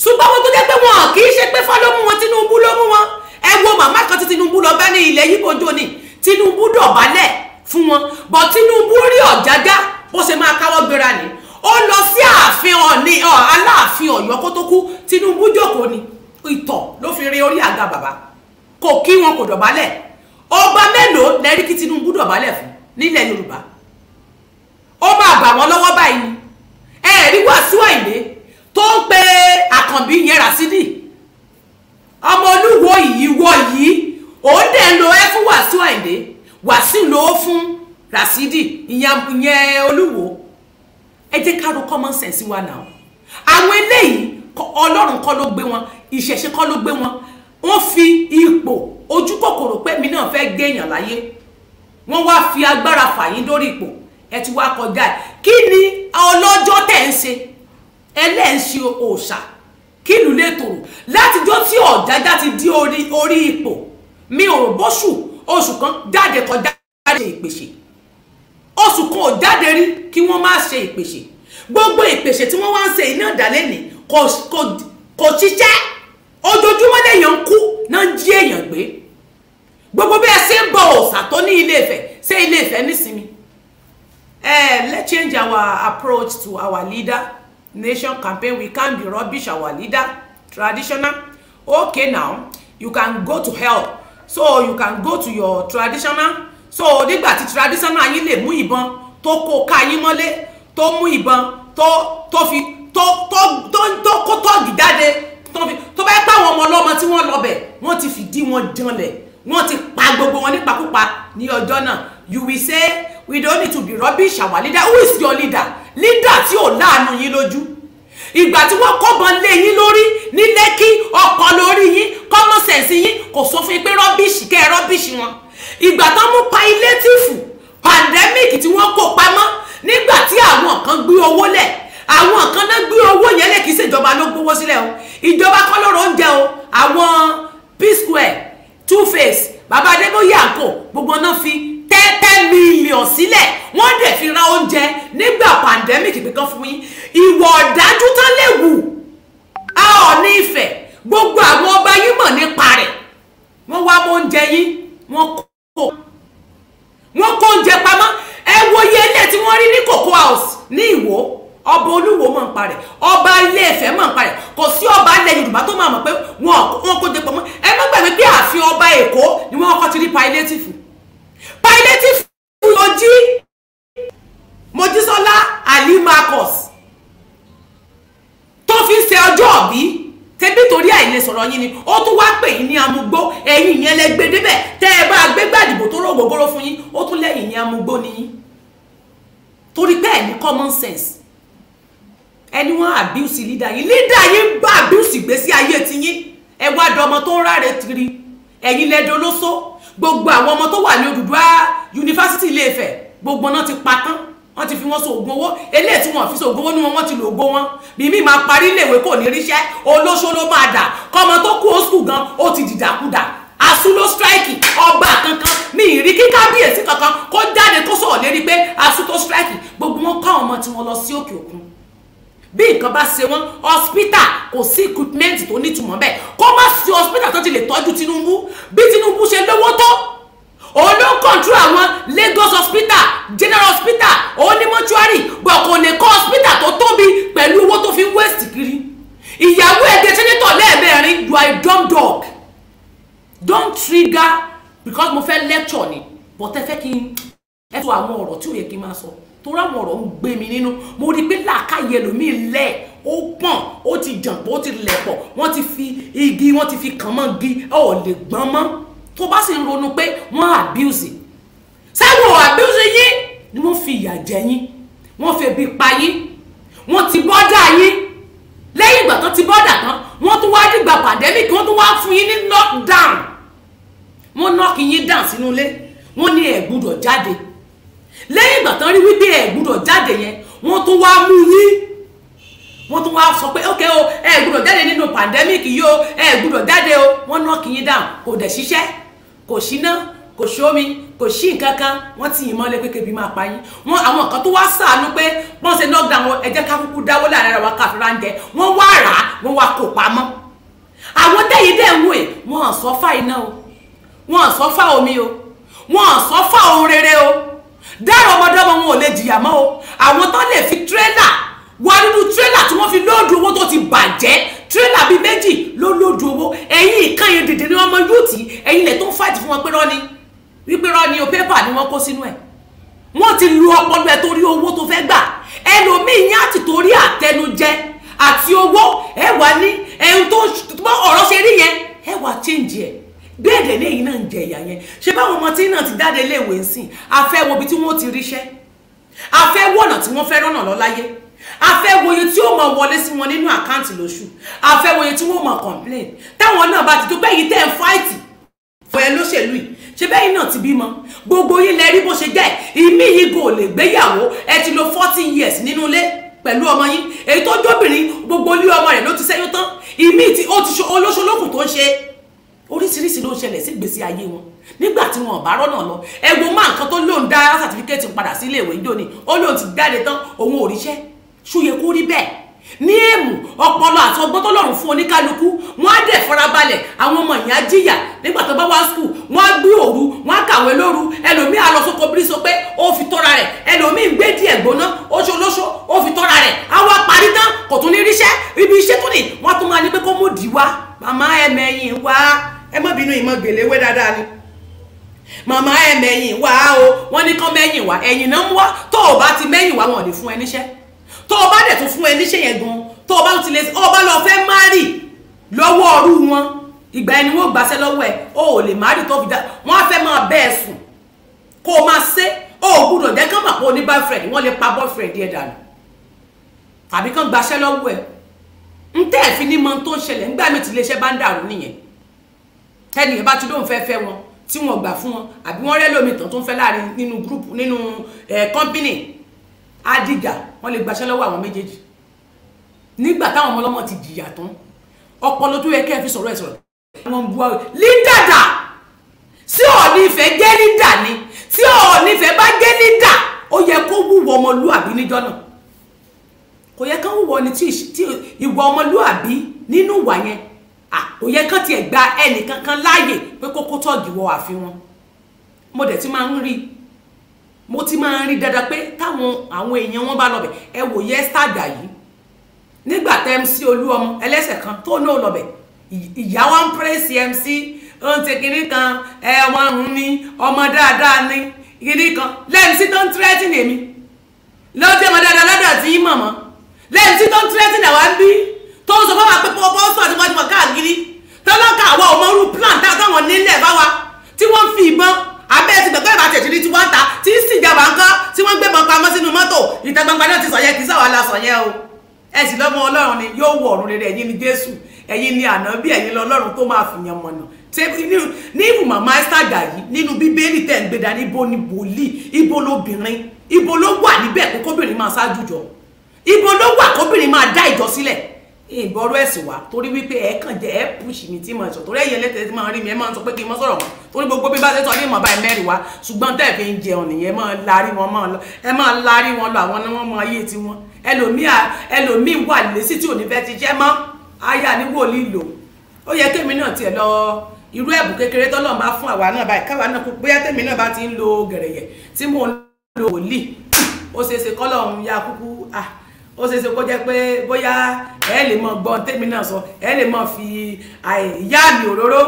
ṣùgbọ́n wọn tó jẹ́ pé wọn kì í ṣe pé fọ́ ló mú wọn Tinubu ló mú wọn ẹ wo màmá kan tí Tinubu lọ bá ní ilẹ̀ yìí bójú ni Tinubu dọ̀bálẹ̀ fún wọn bọ̀ Tinubu rí ọ̀jágá bó ṣe máa káwọ́ gbéra ni ó lọ sí ààfin ọ̀ni aláàfin ọ̀yọ́ kó tó kú Tinubu jókòó ni ìtọ̀ ló fi rin orí àga bàbá kò kí wọn kò dọ̀bálẹ̀ ọba mélòó lẹ́rí kí Tinubu dọ̀bálẹ̀ fún nílẹ̀ Yorùbá wọ́n lọ́wọ́ báyìí ni ẹ̀ẹ́dí Wàsíù Àyìndé tó ń pe Àkànbí yẹn Ràsídì ọmọ olúwo yìí wọ yìí òun dẹ̀ ń lo ẹ́ fún Wàsíù Àyìndé Wàsíù ló fún Ràsídì ìyẹn olúwo ẹ jẹ́ ká ro common sense wa náà àwọn eléyìí ọlọ́run kọ́ ló gbé wọn ìṣẹ̀ṣe kọ́ ló gbé wọn wọ́n fi ipò ojú kòkòrò pé mi náà fẹ́ gbé èèyàn láyé wọ́n wá fi agbára fàyín dórí ipò ẹ ti wá kọjá kí ni ọlọ́jọ́ tẹ̀ ń ṣe ẹlẹ́ǹṣe òòṣà kí ìlú lè tòrò látijọ́ tí ọ̀jájá ti di orí ipò mi ò bóṣù oṣù kan jáde kọjá ṣe ìpèsè oṣù kan ò jáde rí kí wọ́n má ṣe ìpèsè gbogbo ìpèsè tí wọ́n wá ń ṣe iná ìdálẹ́ ni kò ṣiṣẹ́ ojoojúmọ́ lèèyàn ń kú náà ń jí èèyàn gbé gbogbo bí ẹ ṣe ń bọ òòṣà tó ní Ilé Ifẹ̀ ṣé Ilé Ifẹ̀ nísinmi eh, let's change our approach to our leader nation campaign we can't be rubbish our leader traditional okay now you can go to hell so you can go to your traditional so nígbà tí traditional yín lè mú ìbọn tó kó ká yín mọ́lé tó to to to tó to tó tó tó tó kó tọ́ọ̀gì jáde tó fi tó bá pa àwọn ọmọ ọlọ́mọ tí wọ́n lọ bẹ̀ wọ́n ti fìdí wọn janlẹ̀ wọ́n ti pa gbogbo wọn nípakúpa ní ọjọ́ náà you will say we don't need to be rubbish our leader who is your leader leader tí ò láàánú yín lójú ìgbà tí wọ́n kọ́bọ̀n lé yín lórí ní lẹ́kí ọkọ̀ lórí yín common sense yín kò sọ fún yín pé rọ́bìṣì kẹ́ ẹ rọ́bìṣì wọn ìgbà tó mú pailétífù pandemic tí wọ́n kó pamọ́ nígbà tí àwọn kan gbé owó lẹ̀ àwọn kan náà gbé owó yẹn lẹ̀ kì í ṣèjọba ló gbówó sílẹ̀ o ìjọba kọ́ lọ́rọ̀ oúnjẹ o àwọn p square two face baba adébóyè àkó gbogbo náà fi tẹ́tẹ́ mílíọ̀n sílẹ̀ wọ́n dẹ̀ fi ra oúnjẹ nígbà pandemic pínkan fún yín ìwà ọ̀dájú tán lè wù á Ọọ̀ni Ifẹ̀ gbogbo àwọn ọba yín mọ̀ nípa rẹ̀ wọ́n wá mọ oúnjẹ yín wọ́n kó wọ́n kó oúnjẹ pamọ́ ẹ wo iye ilé tí wọ́n rí ní Cocoa House ní Ìwó ọba Olúwo mọ̀ nípa rẹ̀ ọba ilé Ifẹ̀ mọ̀ nípa rẹ̀ kò sí ọba ilẹ̀ Yorùbá tó máa mọ̀ pé wọ́n kó jẹ pamọ́ ẹ má gbàgbé pé ààfin ọba Èkó ni wọ́n kọ́ ti rí pa ilé tìfù palliative mo jí Mojísọ́lá Ali Marcus tó fi ṣe ọjọ́ ọ̀bí tẹ́bí torí àìlè sọ̀rọ̀ yín ni ó tún wá pè yín ní amúgbó ẹ̀yìn yẹn lẹ gbé débẹ̀ tẹ́ ẹ bá gbé gbàdìbò tó rọ̀ gògóró fún yín ó tún lẹ́yìn ní amúgbó ni yín torí bẹ́ẹ̀ ní common sense ẹni wọ́n abuse leader yín leader yín bá abuse ìgbésí ayé tiyín ẹ wá dọmọ tó ń ráre tiri ẹ̀yin lẹ́dọ̀ lóso gbogbo àwọn ọmọ tó wà ní Odùduwà yunifásitì Ilé-Ifẹ̀ gbogbo náà ti pa tán wọ́n ti fi wọ́n sògùn owó eléyìí tí wọ́n fi sògùn owó ní wọn wọ́n ti lògbó wọn mímí máa parí iléèwé kò ní ríṣẹ́ olóṣó ló máa dà kọ́mọ tó kú oṣù gan ó ti dìdàkudà asú ló strike ọba kankan mi ìrí kí kábíyèsí kankan kó jáde kó sọ̀rọ̀ lérí pé asú tó strike gbogbo wọn kọ́ àwọn ọmọ tí wọ́n lọ sí òkè òkun bí nǹkan bá ṣe wọ́n hospital kò sí equipment tó nítumọ̀ bẹ́ẹ̀ kó má sí hospital tó ti lè tọ́jú Tinubu bí Tinubu ṣe lówó tó òun ló ń kọ̀ntró àwọn Lagos hospital general hospital òun ní mọ́ṣúárì bọ̀ kò lè kọ́ hospital tó tóbi pẹ̀lú owó tó fi waste kiri ìyàwó ẹ̀dẹ̀ sẹ́nitọ̀ lẹ́ẹ̀mẹ́rin you are a dog don't trigger because mo fẹ́ lecture ni but ẹ fẹ́ kí n ẹ sọ àwọn ọ̀rọ̀ tí ò yẹ kí n máa sọ. So torí àwọn ọ̀rọ̀ ń gbé mi nínú mo rí i pé làákàyè ẹlòmíì lẹ̀ ó pọ̀n ó ti jàǹpọ̀ ó ti lẹ̀pọ̀ wọ́n ti fi igi wọ́n ti fi kàn mọ́ igi ọ̀ lè gbọ́n mọ́ tó bá sì ń ronú pé wọ́n abuse sẹ́wọ̀n abuse yín ni wọ́n fi ìyà jẹ yín wọ́n fi ebi pa yín wọ́n ti bọ́dà yín lẹ́yìn ìgbà tó ti bọ́dà tán wọ́n tún wá dìgbà pandemic wọ́n tún wá fún yín ní knockdown wọ́n knock yín down sínú ilé wọ́n ní ẹ̀ gbúdọ̀ jáde lẹ́yìn ìgbà tán rí wípé ẹ gbúdọ̀ jáde yẹn wọ́n tún wá mú yín wọ́n tún wá sọ pé ok o ẹ gbúdọ̀ jáde nínú pandemic yìí o ẹ gbúdọ̀ jáde o wọ́n ná kìyìn dáhùn kò dẹ̀ ṣiṣẹ́ kò ṣiná kò ṣómi kò sí nǹkan kan wọ́n ti yìnbọn lé pé kébi máa pa yín wọ́n àwọn nǹkan tó wá sàánú pé wọ́n ṣe lockdown wọn ẹ jẹ́ ká kúkú dáwọ́ láàrin ara wa káfí ráńjẹ wọ́n wá rà á wọ́n wá kó pamọ́ àwọn dẹ́yìn dẹ́ ń wò ẹ́ wọ́n sọ fá iná o wọ́n sọ fá omi o wọ́n sọ fá ohun rere o dáhùn ọmọdọ́mọ wọn ò lè jìyà mọ́ o àwọn tán lè fi tírélà wà nínú tírélà tí wọ́n fi lóòdù owó tó ti bàjẹ́ tírélà bíi méjì ló lóòdù owó ẹ̀yin ìkan yẹn dèdè ní ọmọ yúùtì ẹ̀yin lè tó ń fàìtì fún wọn pé rọ́ni wípé rọ́ni o pépà ni wọ́n kó sínú ẹ̀ wọ́n ti lu ọpọlọ ẹ̀ torí owó tó fẹ́ gbà ẹlòmíì yẹn àti torí àtẹnujẹ àti owó ẹ̀ wà ní ẹ̀hún tó ọ̀rọ̀ ṣe rí yẹn ẹ̀ wà change yẹn bẹ́ẹ̀ dẹ̀ lẹ́yìn náà ń jẹ ìyà yẹn ṣé báwọn ọmọ tí náà ti jáde léèwé ń sìn afẹ́ wo ibi tí wọ́n ti ríṣẹ́ afẹ́ wọ̀nà tí wọ́n fẹ́ rọ́nà lọ láyé afẹ́ woye tí ó máa wọlé sí wọn nínú àkáǹtì lóṣù afẹ́ woye tí wọ́n máa complain táwọn náà bá ti tó pẹ́yì tẹ́ ẹ̀ fáìtì fún ẹ lóṣèlú yìí ṣe bẹ́yìn náà ti bímọ gbogbo yín lẹ rí bó ṣe jẹ́ ìmí yìí kò lè gbéyàwó ẹ ti lo fourteen years nínú ilé pẹ̀lú ọmọ yín èyí tó jóbìnrin gbogbo ilé ọmọ rẹ̀ ló ti ṣẹ́yún tán ìmí ti ó ti ṣe olóṣolókùn tó ń ṣe oríṣiríṣi ló ń ṣẹlẹ̀ sí ìgbésí ayé wọn nígbà tí wọn bá rọ́nà lọ ẹ̀gbọ́n máa nǹkan tó lóun dá sàtífíkẹ́ẹ̀tì padà sí iléèwé ìjọ ni ó lóun ti jáde tán òun ò ríṣẹ́ ṣúyẹ kó rí bẹ́ẹ̀ ní èèmù ọpọlọ àti ọgbọ́n tọ́lọ́run fún oníkálukú wọn á dẹ̀ farabalẹ̀ àwọn ọmọ ìyá jìyà nígbà tó bá wá skul wọn á gbé òru wọn á kàwé lóru ẹlòmíì á lọ sóko bí so pé ó fi tọ́ra rẹ̀ ẹlòmíì gbé díẹ̀ gbóná oṣù olóṣù ó fi tọ́ra rẹ̀ á wá parí tán kò tún ní ríṣẹ́ ibi iṣẹ́ tó ní wọ́n tún máa ní pé kó mú dì màmá ẹ̀mẹ́yìn wá ẹ má bínú ìmọ̀ gbèlè wé dáadáa ni màmá ẹ mẹ́yìn wá o wọ́n ní kán mẹ́yìn wá ẹ̀yìn náà ń wá tó o bá ti mẹ́yìn wá wọn ò ní fún ẹ níṣẹ́ tó o bá dẹ̀ tún fún ẹ níṣẹ́ yẹn gan tó o bá ti lè ọ bá lọ fẹ́ márì lọ́wọ́ ọrú wọn ìgbà ẹni wọn gbàṣẹ lọ́wọ́ ẹ o ò lè márì tó fi dá wọn á fẹ́ máa bẹ́ẹ̀ sùn kó o máa ṣe o ò gbúdọ̀ jẹ́ kán mà pé ní boyfriend wọ́n lè pa boyfriend yẹn dànù tàbí kán gbàṣẹ lọ́wọ́ ẹ ń tẹ́ ẹ̀ fi ní mọ tó ń ṣẹlẹ̀ ńgbà mi ti lè ṣe bá ń dàrú nìyẹn tẹ́ni ẹ̀ bá ti lóun fẹ́ fẹ́ wọn tí wọ́n gbà fún wọn àbí wọ́n rẹ́ lómi tán tó ń fẹ́ láàrin nínú group nínú company adiga wọ́n lè gbaṣẹ́ lọ́wọ́ àwọn méjèèjì nígbà táwọn ọmọlọ́mọ ti jìyà tán ọpọlọ tó yẹ kẹ́ ẹ fi sọ̀rọ̀ ẹ̀ sọ̀rọ̀ wọ́n bu àwọn lídàdà tí ọ̀ọ́nì ìfẹ́ jẹ́ lídà ni tí ọ̀ọ́nì ìfẹ́ bá jẹ́ lídà ó yẹ kó wúwo ọmọlúàbí níjọ́ náà kò yẹ kó wúwo ni tí ìwọ ọmọlúàbí nínú ìwà yẹn kò yẹ kán tiẹ̀ gba ẹnì kankan láàyè pé kókó tọ́ọ̀gì wọ àfi wọn mo dẹ̀ ti máa ń rí mo ti máa ń rí dáadáa pé táwọn àwọn èèyàn wọn bá lọbẹ̀ ẹ wò yẹ sàgbà yìí nígbà tẹ MC Olúọmọ ẹlẹ́sẹ̀ kan tó náà lọbẹ̀ ìyá wa ń pírẹ́sì MC ó ń ṣe kinní kan ẹ wọn ń ní ọmọ dáadáa ní kinní kan lẹ́yìn tí tó ń tírẹ́tì nèmi lọ́jọ́ ọmọ dáadáa lọ́dọ̀ tí yín mọ̀mọ́ lẹ́yìn tí tó ń tírẹ́tì náà ń bí tó ń sọ fún wa pé pọ́pọ́ sọ ní wọ́n káàkiri tọ́lọ́kà àwa ọmọ orú plan táwọn nílẹ̀ bá wa tí wọ́n fi ìbọn abẹ́ ti gbẹ̀gbẹ́ ìbàtẹ̀ ìṣirí tí wọ́n ń ta tí sì jàmbá ń kọ́ tí wọ́n ń gbẹ̀bọn pamọ́ sínú mọ́tò ìta gbangba náà ti sọ yẹn kì í sọ wàhálà sọ yẹn o ẹ sì lọ́mọ ọlọ́run ni yóò wọ ọ̀run rere ẹ̀yin ni jésù ẹ̀yin ni ànábì ẹ̀yin lọ́lọ́run tó máa fìyàn mọ̀nà ní ìwù màmá Esther Àjàyí nínú bíbélì tẹ̀ ń gbé dání ibo ni wòlíì ibo lobìnrin ibo ló wà níbẹ̀ kó kóbìnrin máa ṣáájú jọ ibo ló wà kóbìnrin máa dá ìjọ sílẹ̀ ìbọ̀rọ̀ ẹ̀sìn wá torí wípé ẹ kàn jẹ́ ẹ push mi tí mà sọ torí ẹ̀yẹ lẹ́tẹ̀ẹ́ tí máa rí mi ẹ máa sọ pé kí n mọ́ sọ̀rọ̀ wọn torí gbogbo bí bá ṣe sọ ní ìmọ̀ báyìí mẹ́rin wá ṣùgbọ́n tẹ́ ẹ̀ fi ń jẹun nìyẹn máa larí wọn máa lọ ẹ máa larí wọn lọ àwọn ni wọ́n mọ ayé tiwọn ẹlòmíì wà lésì tí ò ní fẹ́ ti jẹ́ mọ́ aya ní wòlíì lò ó yẹ kémi náà tiẹ̀ lọ irú ẹ̀bùn kékeré tọ́lọ́run bá fún àwa náà báyìí káwa náà kú bóyá tèmi náà bá ti ń lo gẹ̀rẹ̀yẹ̀ tí mò ń lo wòlíì ó ṣeéṣe kọ́lọ́run ya kúkú ah ó ṣeéṣe kó jẹ́ pé bóyá ẹ lè mọ gbọ́n tèmi náà sọ ẹ lè mọ fi ìyá àmì òróró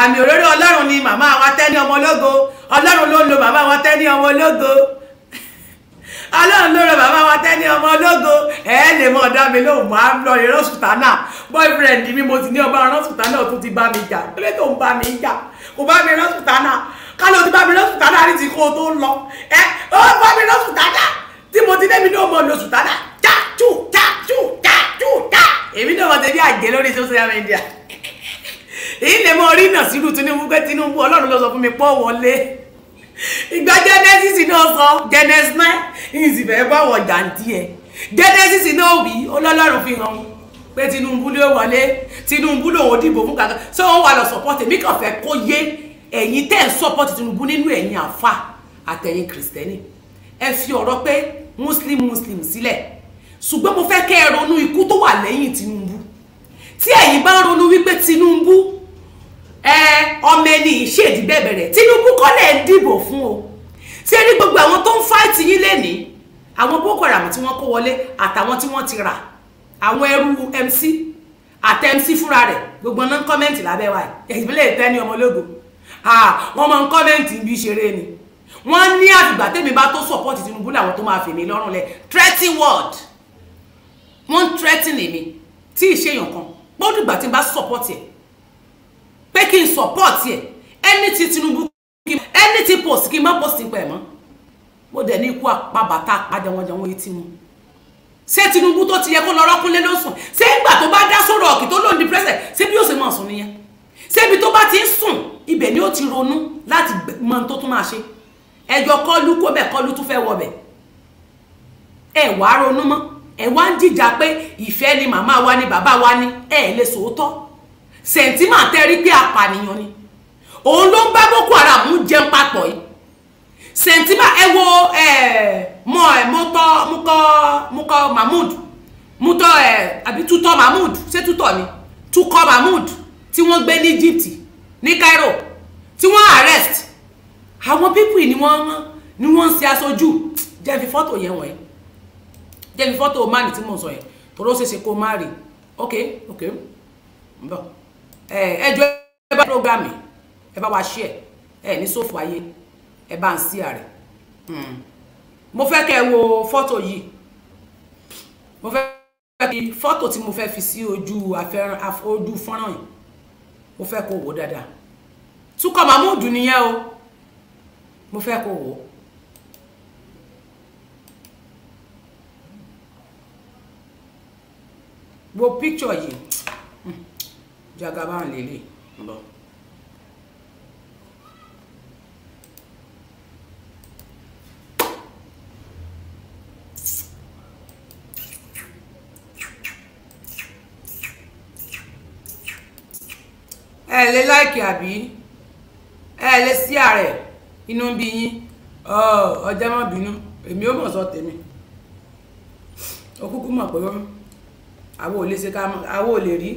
àmì òróró ọlọ́run ni màmá wa tẹ́ni ọmọ ológo ọlọ́run ló ń lo màmá wa tẹ́ni ọmọ ológo ọlọ́run ló ń lo màmá wa tẹ́ni ọmọ ológo ẹ lè mọ ọ̀dọ́ mi lóhùn máa ń lọ ìran sùtánà boyfriend mi mo ti ní ọba ìran sùtánà tó ti bá mi jà kílé tó ń bá mi jà kò bá mi ìran sùtánà kálọ̀ ti bá mi ìran sùtánà ní ti kó o tó lọ ẹ ó bá mi sùtánà tí mo ti débi ní ọmọ lóṣù tánà jájú jájú jájú já èmi náà wọ́n ti rí àjẹ́ lórí social media èyí lè mọ orí náà sírú Tinubu pé Tinubu Ọlọ́run ló sọ fún mi pọ́ wọlé ìgbà Genesis náà sọ Genesis nine ìsìnfẹ́ bá wọ̀ jàǹtí ẹ̀ Genesis náà wí Ọlọ́run fi hàn wọn pé Tinubu ló wọlé Tinubu lòun dìbò fún kankan ṣé wọn wà lọ support èmi kàn fẹ́ kó yé ẹ̀yin tẹ́ ẹ support Tinubu nínú ẹ̀yin àfa àtẹ̀yin kìrìsìtẹ́nì ẹ fi ọ̀rọ̀ pé muslim muslim sílẹ̀ ṣùgbọ́n mo fẹ́ kẹ́ ẹ ronú ikú tó wà lẹ́yìn Tinubu tí ẹ̀yin bá ń ronú wípé Tinubu ẹ ọmọ ẹni ìṣèdí bẹ̀bẹ̀rẹ̀ Tinubu kọ́ lẹ̀ ń dìbò fún o ṣé ní gbogbo àwọn tó ń fáìtì yín lénìí àwọn Boko Haram tí wọ́n kó wọlé àtàwọn tí wọ́n ti rà àwọn ẹrú MC àtẹ̀mísí fúnra rẹ̀ gbogbo náà ń kọ́mẹ́ǹtì lábẹ́ wa ìpínlẹ̀ ìtẹ́ni ọmọlógo wọ́n máa ń kọ́mẹ́ǹtì ibi ìṣeré ni wọ́n ní àfìgbà tèmi bá tó support Tinubu làwọn tó máa fèmí lọ́rùn lẹ̀ threatening word wọ́n ń threatening èmi tí ìṣèyàn kan gbọ́dọ̀ ìgbà tí n bá support ẹ̀ pé kí n support ẹ̀ ẹni tí Tinubu ẹni tí post kí n má post nípa ẹ̀ mọ́ mo dẹ̀ ní ikú àpabàtà àpàdé wọn jẹun etí mu ṣé Tinubu tó ti yẹ kó lọ rọ́kúnlé ló sùn ṣé ìgbà tó bá dá sọ̀rọ̀ ọ̀kì tó lòdì president ṣé bí ó ṣe máa sùn nìyẹn ṣé ibi tó bá ti ń sùn ibẹ̀ ni ó ti ronú láti mọ ohun tó tún máa ṣe ẹjọ́ kọ́lú kó bẹ̀ kọ́lú tún fẹ́ wọbẹ̀ ẹ wàá ronú mọ́ ẹ wá ń jìjà pé ìfẹ́ ni màmá wa ni bàbá wa ni ẹ lè sòótọ́ sẹ̀ǹtìmà tẹ́rí pé apànìyàn ni òun ló ń bá boko haram jẹun papọ̀ yìí sẹ̀ǹtìmà ẹ wo ẹ mọ ẹ mọtọ mukọ mukọ mahmood mutọ ẹ àbí tutọ mahmood ṣé tutọ ni tukọ mahmood tí wọ́n gbé ní Egypt ní Cairo tí wọ́n arrest àwọn pípì ni wọ́n ni wọ́n ń ṣe aṣojú jẹ́ fi fọ́tò yẹn wọ̀nyí jẹ́ fi fọ́tò máàlì tí mò ń sọ yẹn tòró ṣeṣe kó má rè ok ok bọ ẹ ẹ jọ ẹ bá programme ẹ bá wa ṣe ẹ ní sófò ayé ẹ bá ń sí ààrẹ hmm. mo fẹ́ kẹ́ ẹ wo fọ́tò yìí mo fẹ́ fi fọ́tò tí mo fẹ́ fi sí ojú ojú fọ́nrán yìí mo fẹ́ kó wò dáadáa túkọ̀ mahmood nìyẹn o mo fẹ́ kó wò ó. wo píkṣọ yìí hmm. jagaba ń lélẹ̀ lọ. ẹ lè láìkì àbí ẹ lè sí ààrẹ inú ń bí yín ọjà má bínú èmi ò mọ̀ sọ tèmi òkúkú mọ̀ pé àwọn ò lè ṣe ká àwọn ò lè rí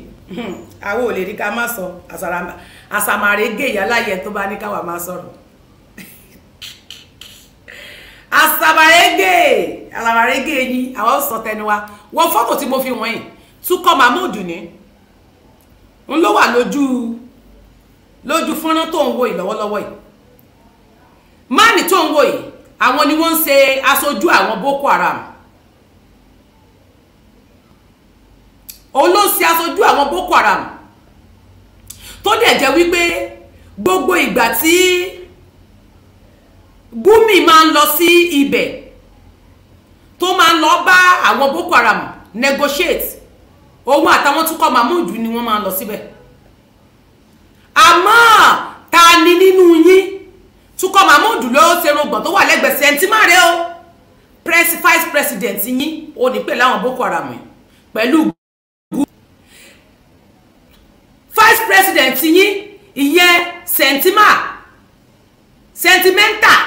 àwọn ò lè rí ká má sọ àsàmàrè gèyà láyẹ tó bá ní káwa má sọ̀rọ̀ àsàmàrègè àsàmàrègè yín àwọn sọ tẹnu wa wọn fọ́tò tí mo fi wọ̀nyí túkọ̀ mahmood ní n ló wà lójú lójú fọ́nrán tó ń wo ìlọ́wọ́lọ́wọ́ yìí máàni tó ń wò yìí àwọn ni wọ́n ń ṣe aṣojú àwọn Boko Haram òun ló ń ṣe aṣojú àwọn Boko Haram tó dẹ̀ jẹ́ wípé gbogbo ìgbà tí Bùnmi máa ń lọ sí ibẹ̀ tó máa ń lọ bá àwọn Boko Haram negotiate òun àtàwọn tún kọ́ Mahmood ni wọ́n máa ń lọ síbẹ̀ àmọ́ ta ni nínú yín Túkọ̀ Mahmood ló ṣerungbọ̀n tó wà lẹ́gbẹ̀ẹ́ sẹ́ńtì má rẹ o press vice president yín ò ní pè láwọn Boko Haram yìí pẹ̀lú gú vice president yín ìyẹn sẹ́ńtìmá sentimental.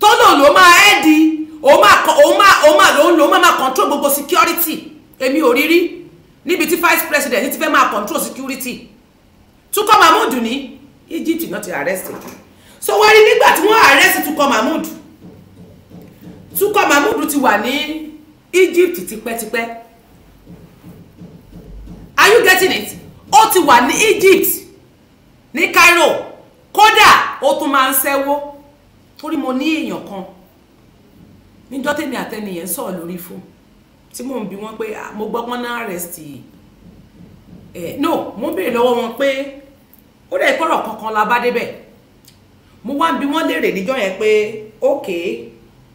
tó lò ló máa ẹ́ di òun máa òun máa òun máa lòun lòun máa control gbogbo security èmi ò rí níbi tí vice president ti fẹ́ máa control security Túkọ̀ Mahmood ní Egypt náà ti arrest him so wọ́n rí nígbà tí wọ́n arrest Tukọ̀ Mahmood Tukọ̀ Mahmood ti wà ní Egypt tipẹ́tipẹ́ are you getting it ó ti wà ní Egypt ní Cairo kódà ó tún máa ń ṣẹ́wó torí mo ní èèyàn kan níjọ́ tèmi àtẹnìyẹn sọ̀rọ̀ lórí fún tí mò ń bi wọ́n pé mo gbọ́ pọ́n náà arrest yìí no mo béèrè lọ́wọ́ wọn pé ó dẹ̀ ìpọ̀rọ̀ kankan la bá débẹ̀ mo wá bí wọ́n léèrè níjọ́ yẹn pé ókè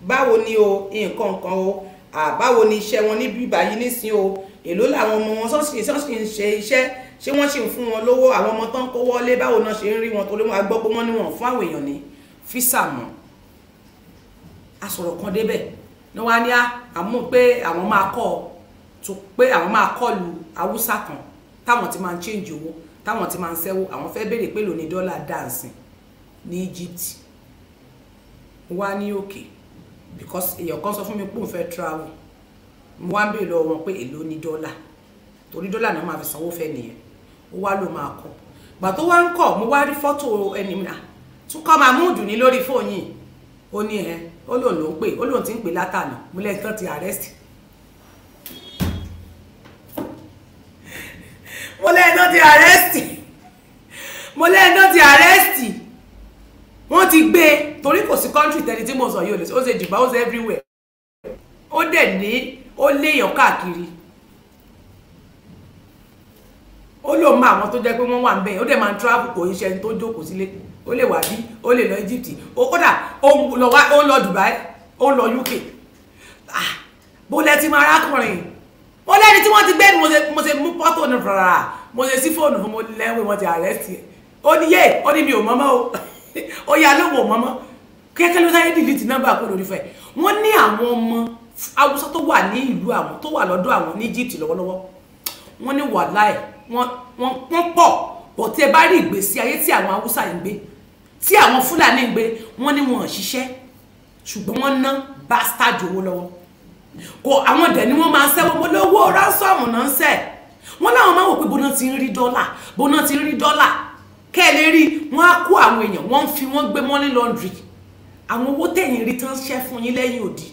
báwo ni o nǹkan kan o àbáwo ni iṣẹ́ wọn ní bíbá yìí nísìn o èló làwọn ọmọ wọn sọ́sìn sọ́sìn ṣe iṣẹ́ ṣé wọ́n ṣì ń fún wọn lówó àwọn ọmọ tán kó wọlé báwo náà ṣe ń rí wọn torí wọn gbọ́ pé wọ́n ní wọn fún àwọn èèyàn ní físà mọ́ àsọ̀rọ̀ kan débẹ̀ ni wọ́n á ní àmú pé àwọn máa kọ́ ọ tó pé àwọn máa kọlu haúsá kan táwọn ti máa ń change owó táwọn ti máa ń sẹ́wó àwọn fẹ́ béèrè pé lóní dọ́là dáǹsìn n'Egypt nwaa ni oke because eyan kan sọ fun mi pé fe travel mo wá ń bèèrè lọ́wọ́ wọn pé ni dọ́là torí ma fi sanwó fẹ́ ni ó wá ló máa kọ́ gbà tó wa ń mo wá ah, ni lori o ni ẹ o lo lo ti mo ti arrest mo wọ́n ti gbé e torí kò sí country tẹni tí mo sọ yìí ò lè ṣe ó ṣe jùbá ó ṣe everywhere ó dẹ̀ ní ó léèyàn káàkiri ó lò mọ àwọn tó jẹ́ pé wọ́n wà ń bẹ̀ ó dẹ̀ máa ń travel kò iṣẹ́ ẹni tó jókòó sílé ó lè wà bí ó lè lọ Egypt ó kódà ó ń lọ Dubai ó ń lọ UK ah, bó lẹ ti máa rákùnrin mo lẹ́ni tí wọ́n ti gbé mo ṣe mú pọ́tò nù rárá mo ṣe sí fóònù fún mo lẹ́wọ̀n wọn ti àrẹ́sì ẹ̀ ó ní yé ó ní mi ò mọ́mọ́ o ó yà lówó mọ́mọ́ kẹ́kẹ́ ló sáyé dìlítì nọ́mbà kó lórí fẹ́ wọ́n ní àwọn ọmọ haúsá tó wà ní ìlú àwọn tó wà lọ́dọ̀ àwọn ní Egypt lọ́wọ́lọ́wọ́ wọ́n ní wàláì wọ́n pọ̀ bọ̀ tẹ́ bá rí ìgbésí ayé tí àwọn haúsá ń gbé tí àwọn fúlàní ń gbé wọ́n ní wọn ò ṣiṣẹ́ ṣùgbọ́n wọ́n ná bastard owó lọ́wọ́ kò àwọn dẹ̀ ni wọ́n máa ń sẹ́ wọ́n lówó ransom náà ń sẹ́ wọ́n láwọn máa wò pé bóná ti ń rí dọ́là bóná ti ń rí dọ́là kẹ́ ẹ lè rí wọ́n á kó àwọn èèyàn wọ́n ń fi wọ́n gbé money laundry àwọn owó tẹ̀yìn rí tán ṣẹ́ fún yín lẹ́yìn òdì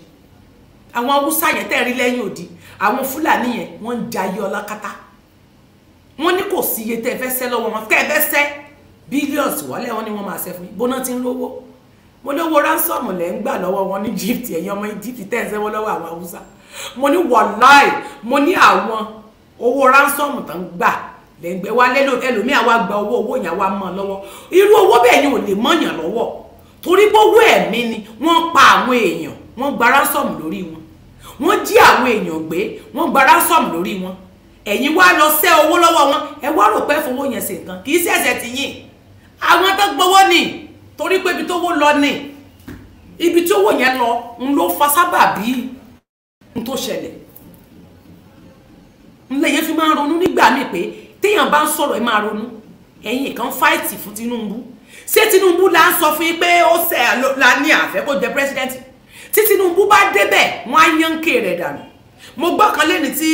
àwọn haúsá yẹn tẹ̀ rí lẹ́yìn òdì àwọn fúlàní yẹn wọ́n ń jayé ọlákátá wọ́n ní kò sí iye tẹ́ fẹ́ sẹ́ lọ́wọ́ wọn kẹ́ fẹ́ sẹ́ billions wọ́lẹ̀ wọn ni wọ́n máa sẹ́ fún yín bóná ti ń lówó mo lówó ransom lẹ́ ń gbà lọ́wọ́ wọn ní Egypt ẹ̀yin ọmọ Egypt tẹ́ sẹ́wọ́ lọ́wọ́ àwọn haúsá mo ní wàláì mo ní àwọn owó ransom tán gbà lẹ́gbẹ́ wa lẹ́lò ẹlòmíà wa gba owó owó yẹn wa mọ́ lọ́wọ́ irú owó bẹ́ẹ̀ yẹn ò lè mọ́yàn lọ́wọ́ torí gbówó ẹ̀mí ni wọ́n pa àwọn èèyàn wọ́n gba ransom lórí wọn wọ́n jí àwọn èèyàn gbé wọ́n gba ransom lórí wọn ẹ̀yin wá lọ sẹ́ owó lọ́wọ́ wọn ẹ wá rò pé fowó yẹn ṣe nǹkan kì í ṣẹ̀ṣẹ̀ ti yìn àwọn tó gbowó ni torí pé ibi tó wó lọ ni ibi tí owó yẹn lọ ń ló fa sábàbí ń tó ṣẹlẹ̀ ńlẹ̀ yẹn fi máa ń ronú nígbà míì pé téèyàn bá ń sọ̀rọ̀ ẹ máa ronú ẹ̀yin kan fáìtì fún Tinubu ṣé Tinubu la ń sọ fún yín pé ó ṣe la ní àfẹ́ kó jẹ pírẹsidẹ́ǹtì tí Tinubu bá débẹ̀ wọ́n á yànké rẹ̀ dànù mo gbọ́ kan lẹ́ni tí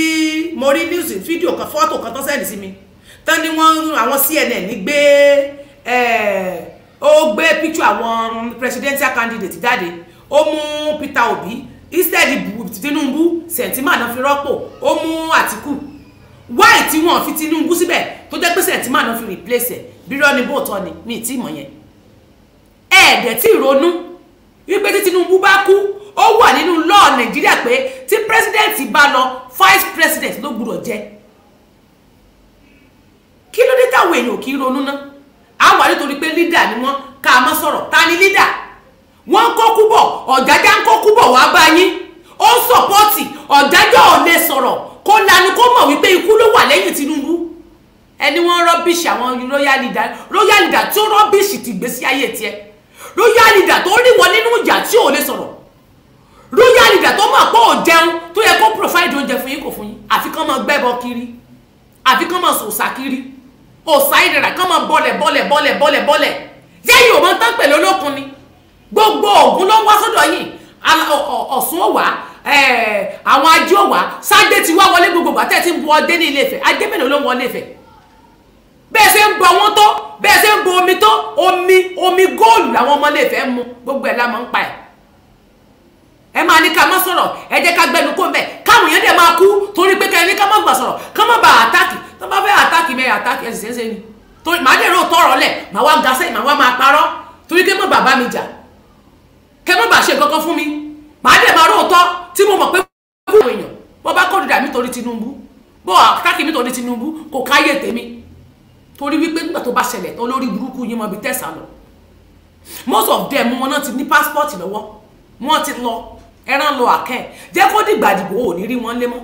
mo rí news fídíò kan fọ́tò kan tó sẹ́ni sí mi tán ni wọ́n àwọn CNN gbé ó gbé picture àwọn presidential candidate jáde ó mú Peter Obi instead Tinubu sentiment náà fi rọ́pò ó mú Àtíkù why tí wọ́n fi Tinubu síbẹ̀ tó jẹ́ pé sẹ̀tìmá náà fi replace ẹ̀ bírọ́ ni bóòtọ́ ni mi ì tí mọ̀ yẹn ẹ̀ẹ́dẹ̀ tí ronú wípé tí Tinubu bá kú ó wà nínú lọ́ọ̀ Nàìjíríà pé tí pírẹsidẹ́ǹtì bá lọ vice president ló gbúdọ̀ jẹ́ kí ló dé táwọn èèyàn kì í ronú ná àwọn àdé torí pé lídà ni wọ́n ká a má sọ̀rọ̀ ta ni lídà wọ́n ń kókú bọ̀ ọ̀dájà ń kókú bọ̀ wá bá yín ó ń sọ̀pọ́ọ̀tì ọ̀dájà ò lè sọ̀rọ̀ kó lanu kó mọ̀ wípé ikú ló wà lẹ́yìn Tinubu ẹni wọ́n rọ́bìṣì àwọn royal leader royal leader tó rọ́bìṣì ti gbésí ayé tiẹ̀ royal leader tó rí wọn nínú ìjà tí ò lè sọ̀rọ̀ royal leader tó mọ̀ pé ò jẹun tó yẹ kó provide oúnjẹ fún yín kò fún yín àfi kán máa gbẹ́bọ kiri àfi kán máa sòsà kiri òsà ìrẹ̀rà kán máa bọ́lẹ̀ bọ́lẹ̀ bọ́lẹ̀ bọ́lẹ̀ bọ́lẹ̀ yẹ́yìn ò máa tán pẹ̀lú olókun ni gbogbo ògùn ló ń wá sọ́dọ̀ yìí Ọ̀ṣun ò wá Eh, àwọn ajé òwà sáde ti wá wọlé gbogbo ìgbà tẹ́ ti ń bu ọdẹ ní ilé Ifẹ̀ ajé mélòó ló ń wọlé Ifẹ̀ bẹ́ẹ̀ ṣe ń bọ wọn tó bẹ́ẹ̀ ṣe ń bọ omi tó omi omi góòlù làwọn ọmọ ilé Ifẹ̀ mu gbogbo ẹ̀ la máa ń pa ẹ̀ ẹ máa ní ká má sọ̀rọ̀ ẹ jẹ́ ká gbẹnu kó mbẹ̀ káwọn èèyàn dẹ̀ máa kú torí pé kẹ́ni ká má gbà sọ̀rọ̀ ká má ba àtàkì tó bá fẹ́ àtàkì mẹ́rin àtàkì ẹ̀ sì ṣe é ṣe ni torí màá dẹ̀ rò tọrọ lẹ̀ màá wá ga sẹ́yìn màá wá máa parọ́ torí kẹ́ mọ́ bàbá mi jà kẹ́ mọ́ bà ṣe kankan fún mi màá dẹ̀ máa rò tọ́ tí mo mọ̀ pé kúrò èèyàn bó bá kọ́ dídà mi torí Tinubu bó àtàkì mi torí Tinubu kò káyè tèmi torí wípé nígbà tó bá ṣẹlẹ̀ tán lórí burúkú yín mọ̀ bí tẹ̀sán lọ most of them wọn náà ti ní passport lọ́wọ́ wọn ti lọ ẹran lọ àkẹ́ jẹ́ kó dìgbà dìbò ò ní rí wọn lé mọ́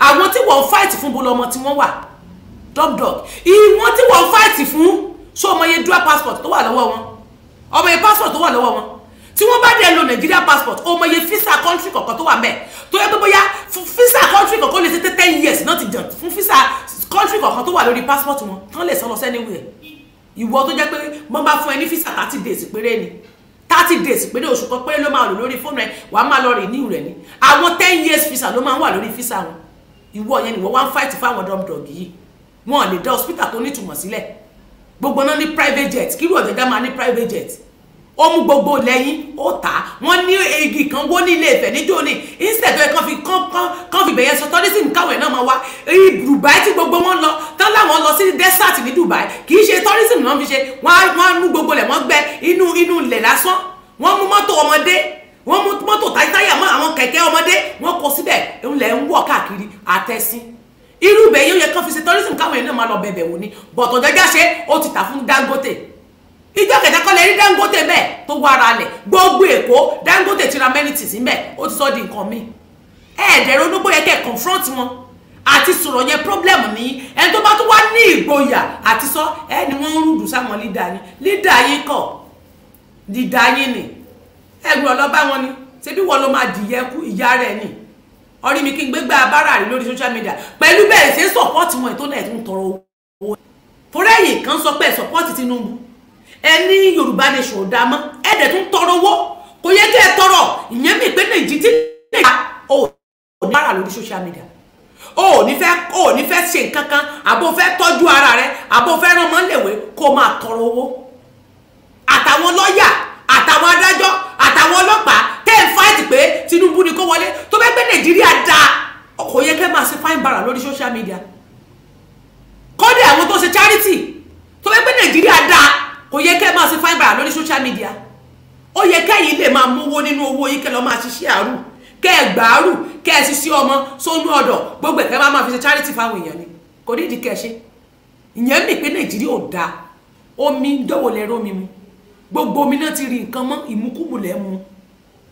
àwọn tí wọ́n fight fún bolo ọmọ tí wọ́n wà dogdog ìwọ̀n tí wọ́n fight fún so ọmọ yẹn dual passport tó wà lọ́wọ́ wọn ọmọ yẹn passport tó wà lọ́wọ́ wọn tí wọ́n bá dẹ̀ lo Nigeria passport o mọye visa country kọ̀ọ̀kan tó wà mẹ́ tó yẹ pé bóyá visa country kọ̀ọ̀kan lè ṣe ten years náà ti jàn fún visa country kọ̀ọ̀kan tó wà lórí passport wọn tán lè sọ lọ sẹ́niwẹ̀ ìwọ tó jẹ́ pé wọ́n bá fún ẹ ní visa thirty days péré ni thirty days péré oṣù kan péré ló máa lò lórí fóònù rẹ wàá máa lọ renew rẹ ni àwọn ten years visa ló máa ń wà lórí visa wọn ìwọ yẹn ni wọ́n wá ń fight fáwọn dọ́mdọ́gì yìí wọn lè dá hospital tó nítumọ̀ sílẹ̀ gbogbo náà ní private jet kí lóòjọ́ dá máa ní private jet ó mú gbogbo lẹ́yìn ó tà á wọ́n ní igi kan wó ní ilé Ifẹ̀ níjó ni instead tó yẹ kán fi kán fi bẹ̀yẹ sọ tourism káwọn ẹ̀ náà máa wá Dubai tí gbogbo wọn lọ tán láwọn lọ sí desert ní Dubai kì í ṣe tourism náà fi ṣe wọ́n á mú gbogbo lẹ̀ wọ́n gbẹ inú inú ilẹ̀ lásán wọ́n mú mọ́tò ọmọdé wọ́n mú mọ́tò táyà mọ́ àwọn kẹ̀kẹ́ ọmọdé wọ́n kó síbẹ̀ ńlẹ̀ ń wọ̀ káàkiri àtẹ̀sí irú ibẹ̀ yóò yẹ kán fi ṣe tourism káwọn ẹ̀ náà máa lọ bẹ̀bẹ̀ wò ni bọ̀tọ̀ jẹ́jà ṣe ó ti tà fún Dangote ìjọ kẹta kọ́lẹ̀ rí Dangote bẹ́ẹ̀ tó wá ara lẹ̀ gbogbo Èkó Dangote ti ra amenities ń bẹ̀ ó ti sọ di nǹkan mi ẹ̀ẹ́dẹ̀rẹ̀ ológbó yẹ kẹ́ confront wọn àti sọ̀rọ̀ yẹn problem ní ẹni tó bá tún wá ní ìgboyà àti sọ ẹni wọ́n ń rúdù sáwọn lídà yín lídà yín kọ̀ dídà yín ni ẹgbẹ́ ọlọ́ba wọn ni ṣebí wọn ló máa dìyẹ kú ìyá rẹ̀ ni orí mi kí n gbégbá abára rí lórí social media pẹ̀lú bẹ́ẹ̀ ṣe support wọn ètò náà ẹ̀ tún tọrọ owó. forẹ́yìn kan sọ pé support Tinubu ẹ ní yorùbá nation ọ̀dà mọ́ ẹ dẹ̀ tún tọrọ owó kò yẹ kí ẹ tọrọ ìyẹn mi pé nàìjí tí nàìjíríà ò ní bára lórí social media ò ní fẹ́ ò ní fẹ́ ṣe nǹkan kan àbò fẹ́ tọ́jú ara rẹ àbò fẹ́ rán mọ́lẹ̀wé kó máa tọrọ owó àtàwọn lọ́ọ̀yà àtàwọn adájọ́ àtàwọn ọlọ́pàá tẹ́ ẹ̀ fáìtì pé Tinubu ni kó wọlé tó bẹ́ẹ̀ pé nàìjíríà dáa kò yẹ kẹ́ máa ṣe fáìn bára lórí social media ṣí àrù kẹ́ ẹ gbàárù kẹ́ ẹ ṣiṣẹ́ ọmọ sónú ọ̀dọ̀ gbogbo ẹ̀kẹ́ máa fi ṣe charity fáwọn èèyàn ni kò ní ìdíkẹ́ ṣe ìyẹn mi pé nàìjíríà ò dáa omi dọ́wọ́ lẹ́rọ omi mu gbogbo omi náà ti rí nǹkan mọ́ ìmúkúmù lẹ́ mu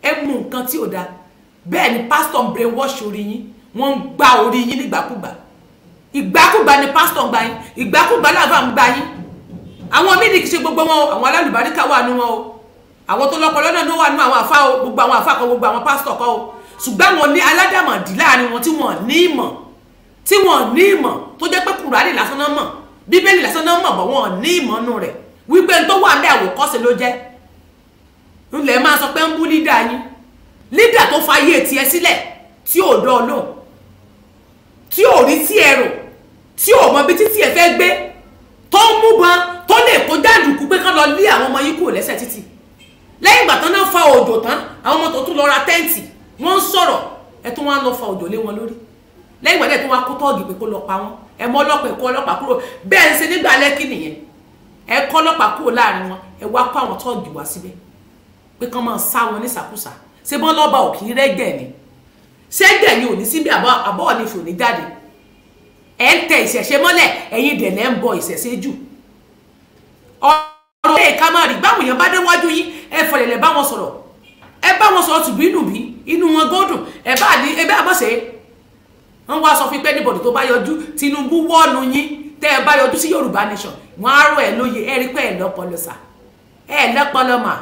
ẹ mu nǹkan tí ò dáa bẹ́ẹ̀ ni pásítọ̀ ń brainwash orí yín wọ́n ń gba orí yín nígbàkúgbà ìgbàkúgbà ni pásítọ̀ ń gba yín ìgbàkúgbà làwọn ń gba yín àwọn mídìí kì í ṣe gbogbo wọn o àwọn alálùbáríkà wà nú wọn o àwọn tó lọ́pọlọ náà ló wà nínú àwọn àfa o gbogbo àwọn àfa kan gbogbo àwọn pásítọ̀ kan o ṣùgbọ́n àwọn ní aládàmọ̀dì láàrin wọn tí wọ́n ní ìmọ̀ tí wọ́n ní ìmọ̀ tó jẹ́ pé kùràrí lásán náà mọ̀ bíbélì lásán náà mọ̀ bọ̀ wọ́n ní ìmọ̀ nù rẹ̀ wípé n tó wà ń bẹ́ àwòkọ́ṣe ló jẹ́ ńlẹ̀ máa sọ pé ń bú lídà yín lídà tó fa ayé tiẹ̀ sílẹ̀ tí ò dán lò tí ò rí sí ẹrù tí ò mọ bí títí ẹ fẹ́ gbé tó ń mú ban tó lè kó jáàdùkú pé kán lọ lé àwọn ọmọ yín kúrò lẹ́sẹ̀ títì lẹ́yìn ìgbà tán náà fa òjò tán àwọn ọmọ tó tún lọ ra tẹ́ǹtì wọ́n ń sọ̀rọ̀ ẹ tún wá lọ fa òjò lé wọn lórí lẹ́yìn ìgbà tó wá kó tọ́ọ̀gì pé kó lọ pa wọ́n ẹ mọ ọlọ́pàá ẹ̀kọ́ ọlọ́pàá kúrò bẹ́ẹ̀ ń ṣe nígbà lẹ́kì nìyẹn ẹ kọ́ ọlọ́pàá kúrò láàrin wọn ẹ wá kó àwọn tọ́ọ̀gì wá síbẹ̀ pé kán máa sá wọn nísàkúsà ṣé bọ́n lọ́ba ò kì í rẹ́gẹ̀ ni ṣẹ́gẹ̀ ni ò ní síbi àbọ̀ ọ̀nìfò ní jáde ẹ ń tẹ ìṣẹ̀ṣe mọ́lẹ̀ ẹ̀yin dẹ̀ lẹ́ ń bọ ìṣẹ̀ṣe jù ọ̀rọ̀ ẹ̀ ká máa rí báwọn èèyàn bá dé wájú yín ẹ fọ̀lẹ̀lẹ̀ bá wọn sọ̀rọ̀ ẹ bá wọn sọ̀rọ̀ tùbí inú bí inú wọn gọ́dùn ẹ bá ní ẹ bá àbọ̀sẹ̀ wọn wá sọ fún pé níbọ̀dù tó bá yọjú Tinubu wọ́ọ̀nù yín tẹ́ ẹ bá yọjú sí Yorùbá nation wọn á rọ ẹ lóye ẹ rí pé ẹ lọ́pọlọ sà ẹ lọ́pọlọ mà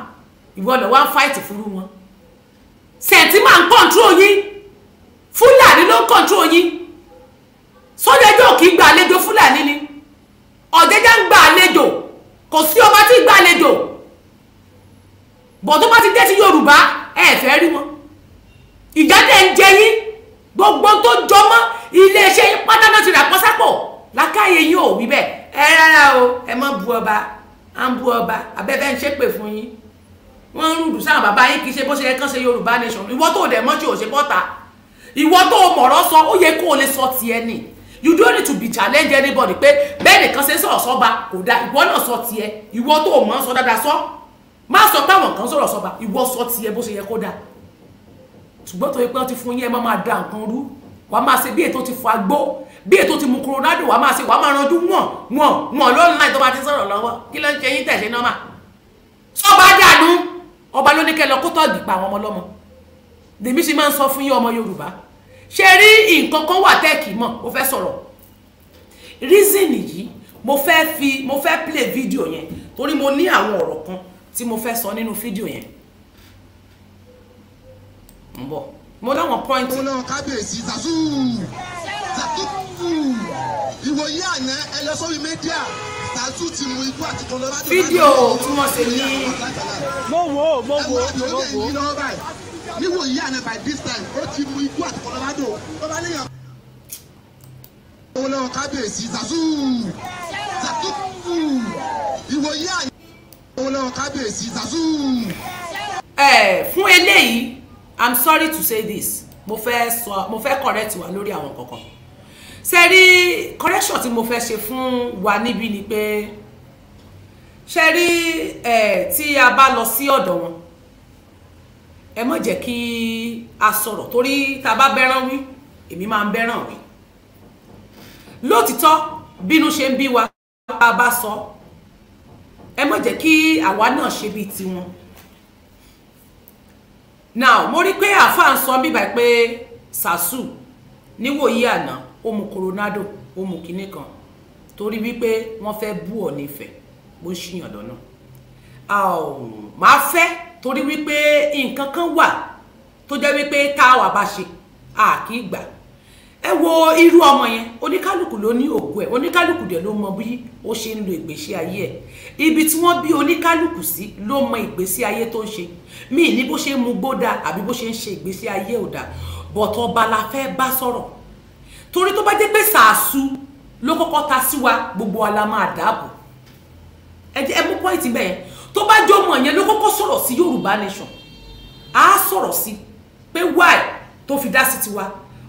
ìwọ lọ wá ń fáìtì fúru wọn sẹ̀ǹtì máa ń kọ́ńtró yín Fúlàní ló ń kọ́ńtró yín sọ́jọ́jọ́ kì í gba àlejò Fúlàní ni ọ̀jẹ̀jẹ̀ ń gba àlejò kò sí ọba tí gbàlejò bọ̀ tó bá ti dé sí yorùbá ẹ fẹ́ rí wọn ìjà dẹ̀ ń jẹ yín gbogbo tó jọmọ́ iléeṣẹ́ yín pátá náà ti rà pọ́sápọ̀ lákàyè yín ò wí bẹ́ẹ̀ ẹ rárá o ẹ má bu ọba à ń bu ọba abẹ́fẹ́ ń ṣépè fún yín wọ́n ń rúdù sáwọn bàbá yín kì í ṣe bó ṣe yẹ kán ṣe yorùbá nation ìwọ tó dẹ̀ mọ́ tí ò ṣe bọ́ta ìwọ tó mọ̀rọ̀ sọ ó yẹ kó o lè sọ tiẹ̀ nìyí you don't need to be challenge anybody pé bẹ́ẹ̀ nìkan ṣe sọ̀rọ̀ sọ́ba kò dáa ìwọ náà sọ tiẹ̀ ìwọ tó o mọ̀ ń sọ dáadáa sọ má sọ pé àwọn kan sọ̀rọ̀ sọ́ba ìwọ sọ tiẹ̀ bó ṣe yẹ kó dáa ṣùgbọ́n tó yẹ pé wọ́n ti fún yín ẹ má máa da nǹkan rú wàá máa ṣe bí ètò ti fọ agbó bí ètò ti mu coronado wàá máa ṣe wàá máa ranjú wọ̀n wọ̀n wọ̀n ló ń láì tó bá ti sọ̀rọ̀ lọ́wọ́ kí ló ń ṣe yín tẹ̀sẹ̀ nọ́mà sọ́ba dànù ọba ló ní kẹ́ lọ kó tọ́ọ̀gì pa àwọn ọmọ ọlọ́mọ lèmi ṣe máa ń sọ fún yín ọmọ Yorùbá ṣe rí nǹkan kan wà tẹ́ẹ̀kì mọ̀ mo fẹ́ sọ̀rọ̀ reason yìí mo fẹ́ fi mo fẹ́ play video yẹn torí mo ní àwọn ọ̀rọ̀ kan tí mo fẹ́ sọ nínú fídíò yẹn ń bọ̀ mo láwọn point. mo náà kábíyèsí Sàtúù Sàtúù ìwòye àná ẹ lọ sórí mídíà Sàtúù ti mú ikú àti kọlọ́rádì. fídíò tí wọ́n ṣe ní. mo wò ó mo wò ó mo wò ó níwò yìí àná by this time ó ti mú ikú àti kọlọ́bádò ó bá léyàn. owó kábíyèsí Zazuu Zazuu ìwò yìí àyè. kábíyèsí Zazuu. ẹ fún eléyìí i'm sorry to say this mo fẹ́ sọ mo fẹ́ correct wa lórí àwọn kankan ṣe rí correction tí mo fẹ́ ṣe fún wa níbí ni pé ṣe rí ẹ tí a bá lọ sí ọ̀dọ̀ wọn ẹ má jẹ́ kí a sọ̀rọ̀ torí tá a bá bẹ́ràn wí èmi máa ń bẹ́ràn wí lótìtọ́ bínú ṣe ń bí wa bá a bá sọ ẹ má jẹ́ kí àwa náà ṣe bíi tiwọn now mo rí pé àáfàá ń sọ bíbá pé sàṣù níwòyí àná ó mu coronado ó mu kinní kan torí wípé wọ́n fẹ́ bú ọ nífẹ̀ẹ́ bó ṣìyàn lọ́nà màá fẹ́ torí wípé nǹkan kan wà tó jẹ́ wípé tá a wà bá ṣe a kì ẹ wo irú ọmọ yẹn oníkálukú ló ní ògo ẹ oníkálukú dẹ̀ ló mọ bí ó ṣe ń lo ìgbésí ayé ẹ ibi tí wọ́n bí oníkálukú sí ló mọ ìgbésí ayé tó ń ṣe míì ní bó ṣe ń mu gbódà àbí bó ṣe ń ṣe ìgbésí ayé ọ̀dà bọ̀tọ̀ ọba la bá sọ̀rọ̀ torí tó bá jẹ́ pé sàásù ló kọ́kọ́ ta sí wa gbogbo wa la máa dáàbò ẹ mú pọ́ìntì bẹ́ẹ̀ tó bá jọ ọmọ yẹn ló kọ́kọ́ sọ̀rọ̀ sí yorùbá nation á sọ̀rọ̀ sí pé why tó fi dá sí tiwa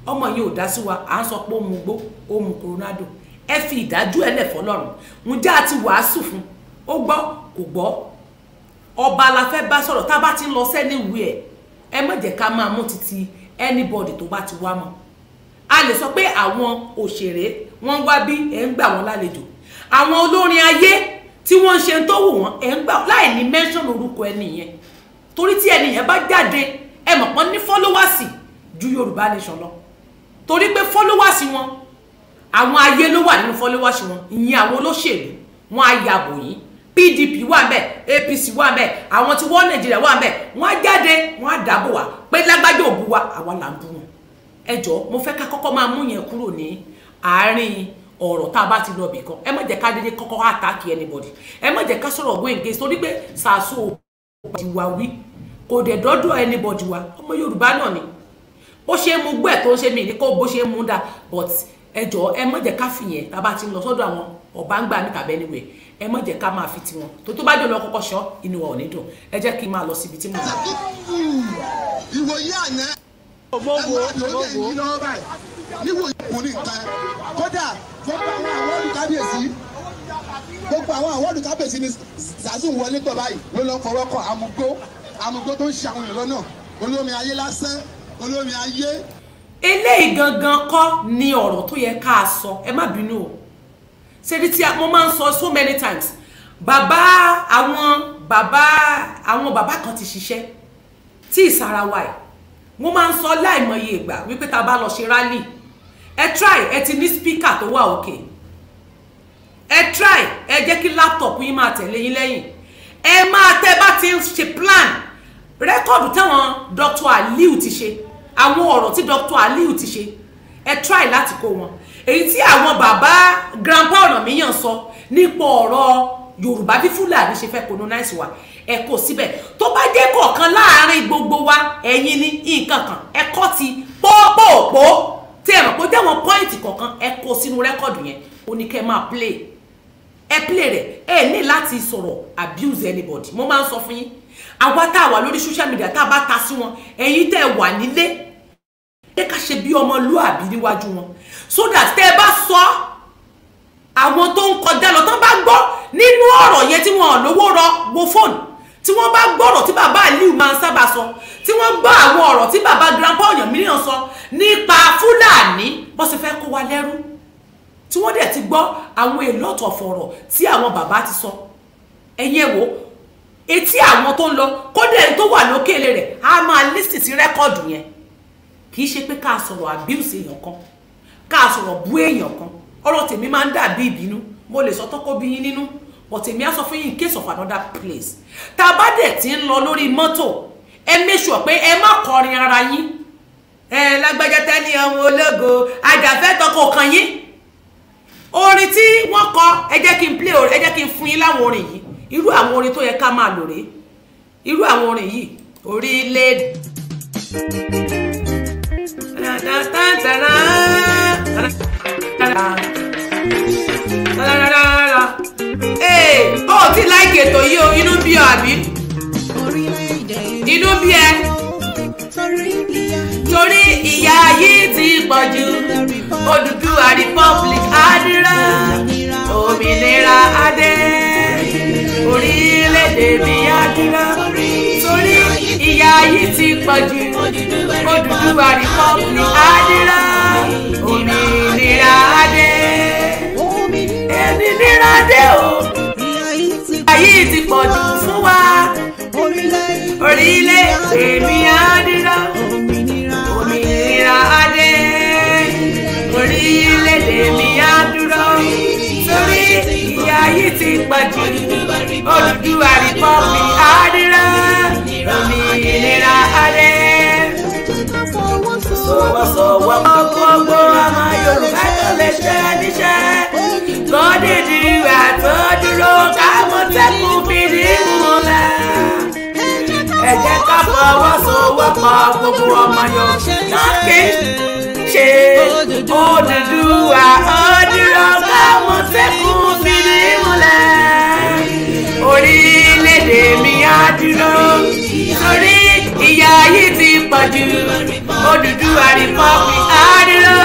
ọmọ yẹn ò dá sí wa à ń sọ pé ó mu gbó ó mu coronado ẹ fi ìdájú ẹ lẹ̀fọ́ lọ́rùn ǹjẹ́ àti wàásù fún ó gbọ́ kò gbọ́ ọba la fẹ́ bá sọ̀rọ̀ tá a bá ti lọ sẹ́niwì ẹ̀ ẹ má jẹ́ ká máa mú títí anybody tó bá ti wá mọ́ a lè sọ pé àwọn òṣèré wọ́n wá bí ẹ̀ ń gbà wọ́n lálejò àwọn olórin ayé tí wọ́n ń ṣe tó wù wọ́n ẹ̀ ń gbà láì ní mẹ́ńṣọ̀n orúkọ ẹni yẹn torí tí ẹni yẹn bá jáde ẹ mọ̀ pọ́n ní fọ́lọ́wàsì ju Yorùbá nation lọ torí pé fọ́lọ́wàsì wọn àwọn ayé ló wà nínú fọ́lọ́wàsì wọn ìyẹn àwọn olóṣèlú wọn á yàbò yìí PDP wà ń bẹ APC wà ń bẹ àwọn tí wọ́n Nàìjíríà wà ń bẹ wọ́n á jáde wọ́n á dàbò wá pé lágbájá òbu wa àwa là ń bú wọn ẹ jọ mo fẹ́ ká kọ́kọ́ máa mú yẹn kúrò ní àárín ọ̀rọ̀ tá a bá ti lọ bì kan ẹ má jẹ́ ká dédé kọ́kọ́ àtàkì anybody ẹ má jẹ́ ká sọ̀rọ̀ go against torí pé sàásù ìwà wí kò dẹ̀ dọ́dọ̀ anybody wa ọmọ yorùbá náà ni bó ṣe ń mu gbọ́ ẹ̀ tó ń ṣe mí ní kó bó ṣe ń mu but ẹ jọ ẹ má jẹ́ ká fìyẹn tá a bá ti lọ sọ́dọ̀ àwọn ọ̀bá ń gbà mí tàbí ẹniwẹ̀ ẹ má jẹ́ ká máa fi tiwọn tó tó bá dé lọ kọ́kọ́ ṣọ́ inú wa ò ní dùn ẹ jẹ́ kí n máa lọ síbi tí mo lọ. ìwòye àná ẹ máa lọ sí lọ́wọ́ báyìí níwòye kò ní nǹkan kódà gbogbo àwọn àwọ́dù kábíyèsí gbogbo àwọn àwọ́dù kábíyèsí ni zazu wọlé tọ́ báyìí ló lọ fọwọ́ kọ amugbó amugbó tó ń ṣe àwọn èèyàn lọ́nà olómi ayé lásán olómi ayé. eléyìí gangan kọ́ ni ọ̀rọ̀ tó yẹ ká sọ ẹ má bínú o ṣe ni mo máa ń sọ so many times bàbá àwọn bàbá àwọn bàbá kan ti ṣiṣẹ́ tí ìsarawa ẹ̀ mo máa ń sọ láìmọye ìgbà wípé tá a bá lọ ṣe rálì ẹ try ẹ ti ní speaker tó wà òkè ẹ try ẹ jẹ́ kí laptop yín máa tẹ̀lé yín lẹ́yìn ẹ máa tẹ bá ti ń ṣe plan Record táwọn Dr. Aliu ti ṣe àwọn ọ̀rọ̀ tí Dr. Aliu ti ṣe ẹ try láti kó wọn èyí tí àwọn bàbá grandpa Ọ̀nàmíyàn sọ nípa ọ̀rọ̀ Yorùbá bí Fúlàní ṣe fẹ́ colonize wa ẹ kó síbẹ̀ tó bá jẹ́ kọ̀ọ̀kan láàárín gbogbo wa ẹ̀yin ní nǹkan kan ẹ kọ́ ti pọ́pọ́pọ́ tí ẹ mọ̀ pé jẹ́wọ̀n pọ́ìntì kọ̀ọ̀kan ẹ kó sínú rẹ́kọ̀dù yẹn ó ní kẹ́ máa play ẹ play rẹ̀ ẹ ní láti sọ̀rọ̀ abuse anybody mo máa ń sọ fún yín àwa tá a wà lórí social media tá a bá ta sí wọn ẹ̀yin tẹ́ ẹ wà nílé ẹ ká ṣe bí ọmọlúàbí níwájú wọn so that tẹ́ ẹ bá sọ àwọn tó ń kọjá lọ tán bá gbọ́ nínú ọ̀rọ̀ yẹn tí wọn ò lówó rọ wo fóònù tí wọ́n bá gbọ́rọ̀ tí bàbá aliu máa ń sábà sọ tí wọ́n gbọ́ àwọn ọ̀rọ̀ tí bàbá grandpa ọ̀yàn mìíràn sọ nípa fúlàní bó ṣe fẹ́ kó wa lẹ́rú tí wọ́n dẹ̀ ti gbọ́ àwọn èlò ọ̀tọ̀fọ̀rọ̀ tí àwọn bàbá ti sọ ẹ̀yin ẹ̀ wò etí àwọn tó ń lọ kódà ẹni tó wà lókèlè rẹ̀ á máa lísì sí rẹ́kọ̀dù yẹn kì í ṣe pé ká sọ̀rọ̀ abuse èèyàn kan ká sọ̀rọ̀ bú èèyàn kan ọ̀rọ̀ tèmi máa ń dàbí ìbínú mo lè sọ tọ́kọ́ bí nínú but èmi á sọ fún yín in case of another place tá a bá dẹ̀ ti ń lọ lórí mọ́tò ẹ make sure pé ẹ má kọrin ara yín ẹ lágbájá tẹ́ni ọmọ ológo àjàfẹ́tọ̀ kò kàn yín orin tí wọ́n kọ ẹ jẹ́ kí n play ẹ jẹ́ kí n fún yín láwọn orin yìí irú àwọn orin tó yẹ ká máa lò rèé irú àwọn orin yìí orílẹ̀-èdè. Ta-da-da-da-da. Ta-da-da-da-da ó ti láìkè ètò yìí o inú bí ọ àbí inú bí ẹ torí ìyà yìí ti pọ̀ jù Odùduwà Republic àdìrà òmìnira adé orílẹ̀-èdè mi àdìrà torí ìyà yìí ti pọ̀ jù Odùduwà Republic àdìrà òmìnira adé òmìnira adé o yìí ti pọ̀ jù fún wa orílẹ̀ èmi àdìrà òmìnira adé orílẹ̀ èmi àdúrà torí ìyà yìí ti pọ̀ jù Odùduwà rìpọ́bì àdìrà òmìnira adé sọwọ́sọwọ́ gbogbo ọmọ Yorùbá tó lè ṣe níṣẹ́ tó dìdì wà tó dúró kámọ́tẹ́kùn fìdí múlẹ̀. ẹ jẹ́ ká fọwọ́sowọ́pọ̀ gbogbo ọmọ Yorùbá kì í ṣe Odùduwà ó dúró kámọ́tẹ́kùn fìdí múlẹ̀. orílẹ̀-èdè mi á dúró sórí ìyà yìí ti pọ̀ jù Odùduwà rìpọ́ọ̀kì á dúró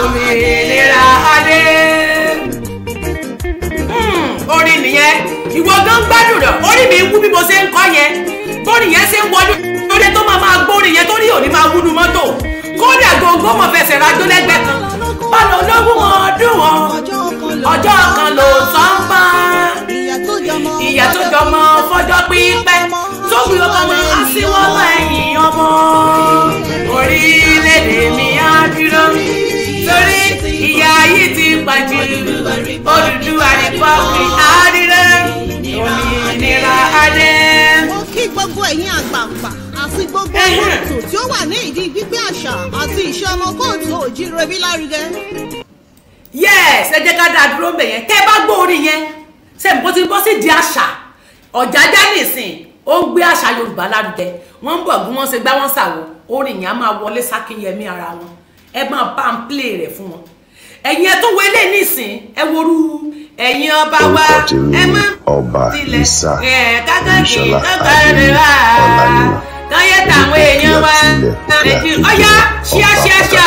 òmìnira adé. Hmm. orin nìyẹn ìwọ gan gbádùn rẹ orí mi wú bí mo ṣe ń kọ yẹn bórin yẹn ṣe ń wọlé lóde tó máa máa gbórin yẹn torí òní máa wúdu mọ́tò kódà gbogbo mọ̀ fẹsẹ̀ rajó lẹ́gbẹ̀ẹ́ kan bọ́lá ológun wọn dùn wọn ọjọ́ kan ló sàn pa ìyá tó jọmọ fọjọ́ pípẹ́ tó fi ọmọ aṣíwọ́mọ ẹ̀yìn ọmọ orílẹ̀-èdè mi á dúró torí ìyá yìí ti pàjì olùdókòwò àdìpọ́kì àdìrẹ́ òmìnira adé. ó kí gbogbo ẹ̀yin àgbààgbà àti gbogbo kóòtù tí ó wà ní ìdí gbígbé àṣà àti ìṣe ọmọ kóòtù òjìrò ẹbí lárugẹ. yes ẹ jẹ́ ká dáa dúró mbẹ̀ yẹn tẹ́ ẹ bá gbọ́ orin yẹn sẹ́mi bó ti bọ́ sí di àṣà ọ̀jájá nìsín ó ń gbé àṣà yorùbá lárugẹ wọ́n ń bọ̀ bí wọ́n ṣe gbá wọn ṣàwò orin yẹn á máa wọlé sákínyẹmí ara wọn ẹ máa bá ń plé rẹ̀ fún wọn ẹ̀yin ẹ tó wọlé nìsín ẹ worú ẹ̀yin ọba wa ẹ má tilẹ̀ ẹ̀ kákàkiri lọ́gbàrẹ̀ wa kọ́yẹ́ tàwọn èèyàn wa nàìjí ọ̀yá ṣíà ṣíà ṣíà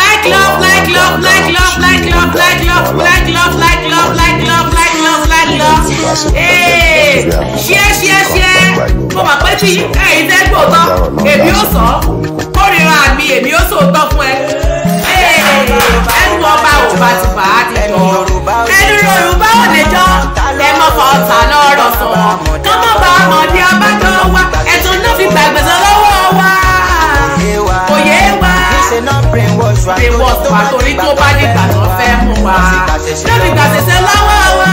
like love like love like love like love like love like love like love like love like love like love ṣíà ṣíà ṣíà mo mọ̀ pé tí ẹ̀yin fẹ́ gbòótọ́ èmi ò sọ kórìíra mi èmi ò sòótọ́ fún ẹ ẹnu ọba ò bá ti bá a ti jọ ẹnu yorùbá ò lè jọ ẹ mọ fọ ọ̀tá lọ́rọ̀ sọ kọmọ bá a mọ ní abájọ wa ẹtún náà fi gbàgbé sọ lọ́wọ́ wa òye wa brainwash wa torí tó bá dìgbà tó fẹ́ mú wa lórí gbàgbèsè lọ́wọ́ wa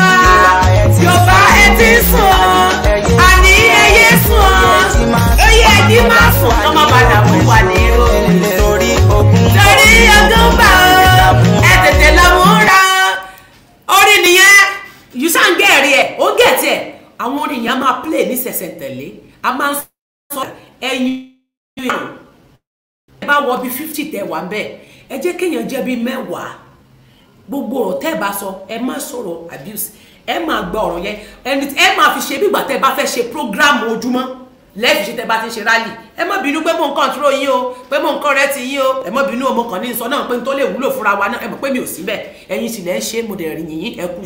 yorùbá ẹ ti sùn àní ẹyẹ sùn ẹyẹ ẹdí má sùn ọmọ bàdà mú wa ní irú torí ogún bá. náà ń gẹ̀ẹ́rì ẹ̀ ó gẹ̀ẹ́tì ẹ̀ àwọn orin yẹn a máa play ní sẹ̀sẹ̀ tẹ̀lé a máa ń sọ ẹyin ìyàn ẹ bá wọ bíi fifty tẹ wà ń bẹ̀ ẹ jẹ́ kéèyàn jẹ́ bíi mẹ́wàá gbogbo ọ̀rọ̀ tẹ́ ẹ bá sọ ẹ má sọ̀rọ̀ abuse ẹ máa gba ọ̀rọ̀ yẹn ẹni ẹ máa fi ṣe bí ìgbà tẹ́ ẹ bá fẹ́ ṣe program ojúmọ́ lẹ́ẹ̀fì ṣe tẹ́ bá ti ṣe rálì ẹ má bínú pé mò ń kọ́ńtúrò yín o pé mò ń kọ́ rẹ ti yín o ẹ má bínú ọmọ ní sọ náà pé n tó lè wúlò fúnra wa náà ẹ mọ̀ pé mi ò síbẹ̀ ẹ̀yin sì lẹ́ ń ṣe mo dẹ̀ rìn yín ẹ kú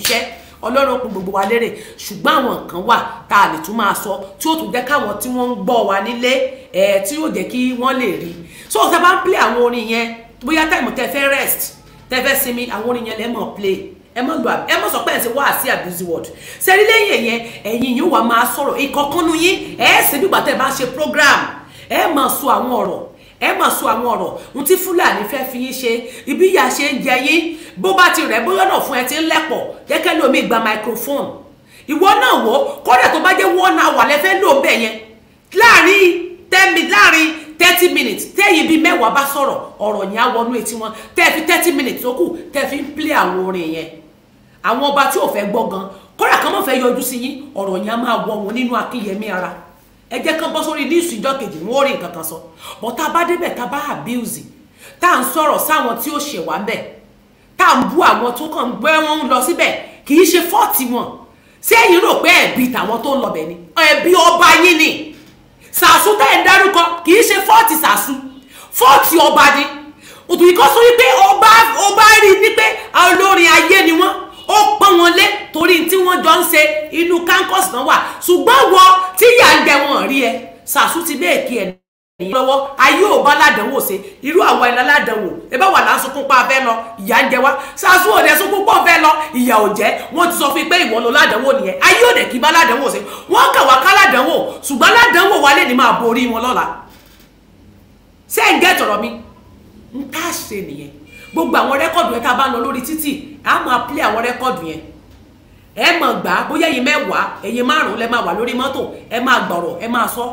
ọlọ́run kún gbogbo wa lérè ṣùgbọ́n àwọn nǹkan wà tá a lè tún máa sọ tí ó tún jẹ́ káwọn tí wọ́n ń gbọ́ wa nílé ẹ̀ tí yóò jẹ́ kí wọ́n lè rí so ọ̀sẹ̀ bá ń play àwọn orin yẹn bóyá táìmù tẹ fẹ́ rest tẹ fẹ́ sinmi àwọn orin yẹn lẹ́ mọ̀ play ẹ mọ̀ lọ ẹ mọ̀ sọ pé ẹ̀ ń ṣe wá sí abuse word sẹ́rí lẹ́yìn ẹ̀yẹn ẹ̀yin yóò wá máa sọ̀rọ̀ ìkọ̀kọ́nu yín ẹ̀ ẹ́ sì bí gbàtẹ́ bá ṣe program ẹ̀ máa sọ àwọn ọ̀rọ̀ ẹ mọ̀ sọ àwọn ọ̀rọ̀ ohun tí fúlàní fẹ́ fi yín ṣe ibi ìyá ṣe ń jẹ yín bó bá ti rẹ̀ bóyá náà fún ẹ ti ń lẹ́pọ̀ jẹ́kẹ́ lómi gba microphone ìwọ náà wò kódà tó bá jẹ́ one hour lẹ́fẹ́ lò bẹ́ẹ̀ yẹn láàrin ten minutes láàrin thirty minutes tẹ́yìn bíi mẹ́wàá bá sọ̀rọ̀ ọ̀rọ̀ yẹn á wọnú etí wọn tẹ́ fi thirty minutes tó kù tẹ́ fi ń play àwọn orin yẹn àwọn ọba tí ò fẹ́ gbọ́ gan kódà kan mọ̀ fẹ́ yọjú sí yín ọ̀rọ̀ yẹn á máa wọ wọn nínú akínyẹmí ara ẹ jẹ́ kán bọ́ sórí níìsì ìjọ kejì wọn ò rí nǹkan kan sọ but tá a bá débẹ̀ tá a bá abuse tá à ń sọ̀rọ̀ sáwọn tí ó ṣe wá ń bẹ̀ tá à ń bú àwọn tó kàn ń gbé wọn ń lọ síbẹ̀ kì í ṣe fọ́ọ̀tì wọn ṣé ẹ̀yin rò pé ẹ̀bi tàwọn tó ń lọ bẹ̀ ni ẹ̀bi ọba yín ni sàásù tẹ́ ẹ̀ ń dárúkọ kì í ṣe fọ́ọ̀tì sàásù fọ́ọ̀tì ọba ni òtún ìkọ́sọ́ wípé ọba rí i ní pé olórin ayé ni wọ́n ó pọ́n wọn lé torí tí wọ́n jọ ń ṣe inú campus náà wà ṣùgbọ́n wọ tí ìyá ń jẹ wọn rí ẹ ṣàṣù ti bẹ́ẹ̀ kí ẹ nìyẹn lọ́wọ́ ayé ò bá ládàánwò ṣe irú àwọn ẹ̀la ládàánwò ẹ bá wà lásùnkún pa fẹ́ lọ ìyá ń jẹ wá ṣàṣù ò dẹ̀ sunkún pọ̀ fẹ́ lọ ìyà ò jẹ́ wọ́n ti sọ fún pé ìwọ ló ládàánwò nìyẹn ayé ò dẹ̀ kí bá ládàánwò ṣe wọ́n kà wá ká ládàánwò ṣùgbọ́n ládàánwò wa lè ní máa borí wọn lọ́la ṣé ń gẹ́ tọ̀rọ̀ mi ń tá ṣe nìyẹn gbogbo àwọn rẹ́kọ̀dù yẹn tá a bá lọ lórí títì a máa play àwọn rẹ́kọ̀dù yẹn ẹ máa gbà á bóyá ẹ̀yin mẹ́wàá ẹ̀yin márùn-ún lẹ máa wà lórí mọ́tò ẹ máa gbọ̀rọ̀ ẹ máa sọ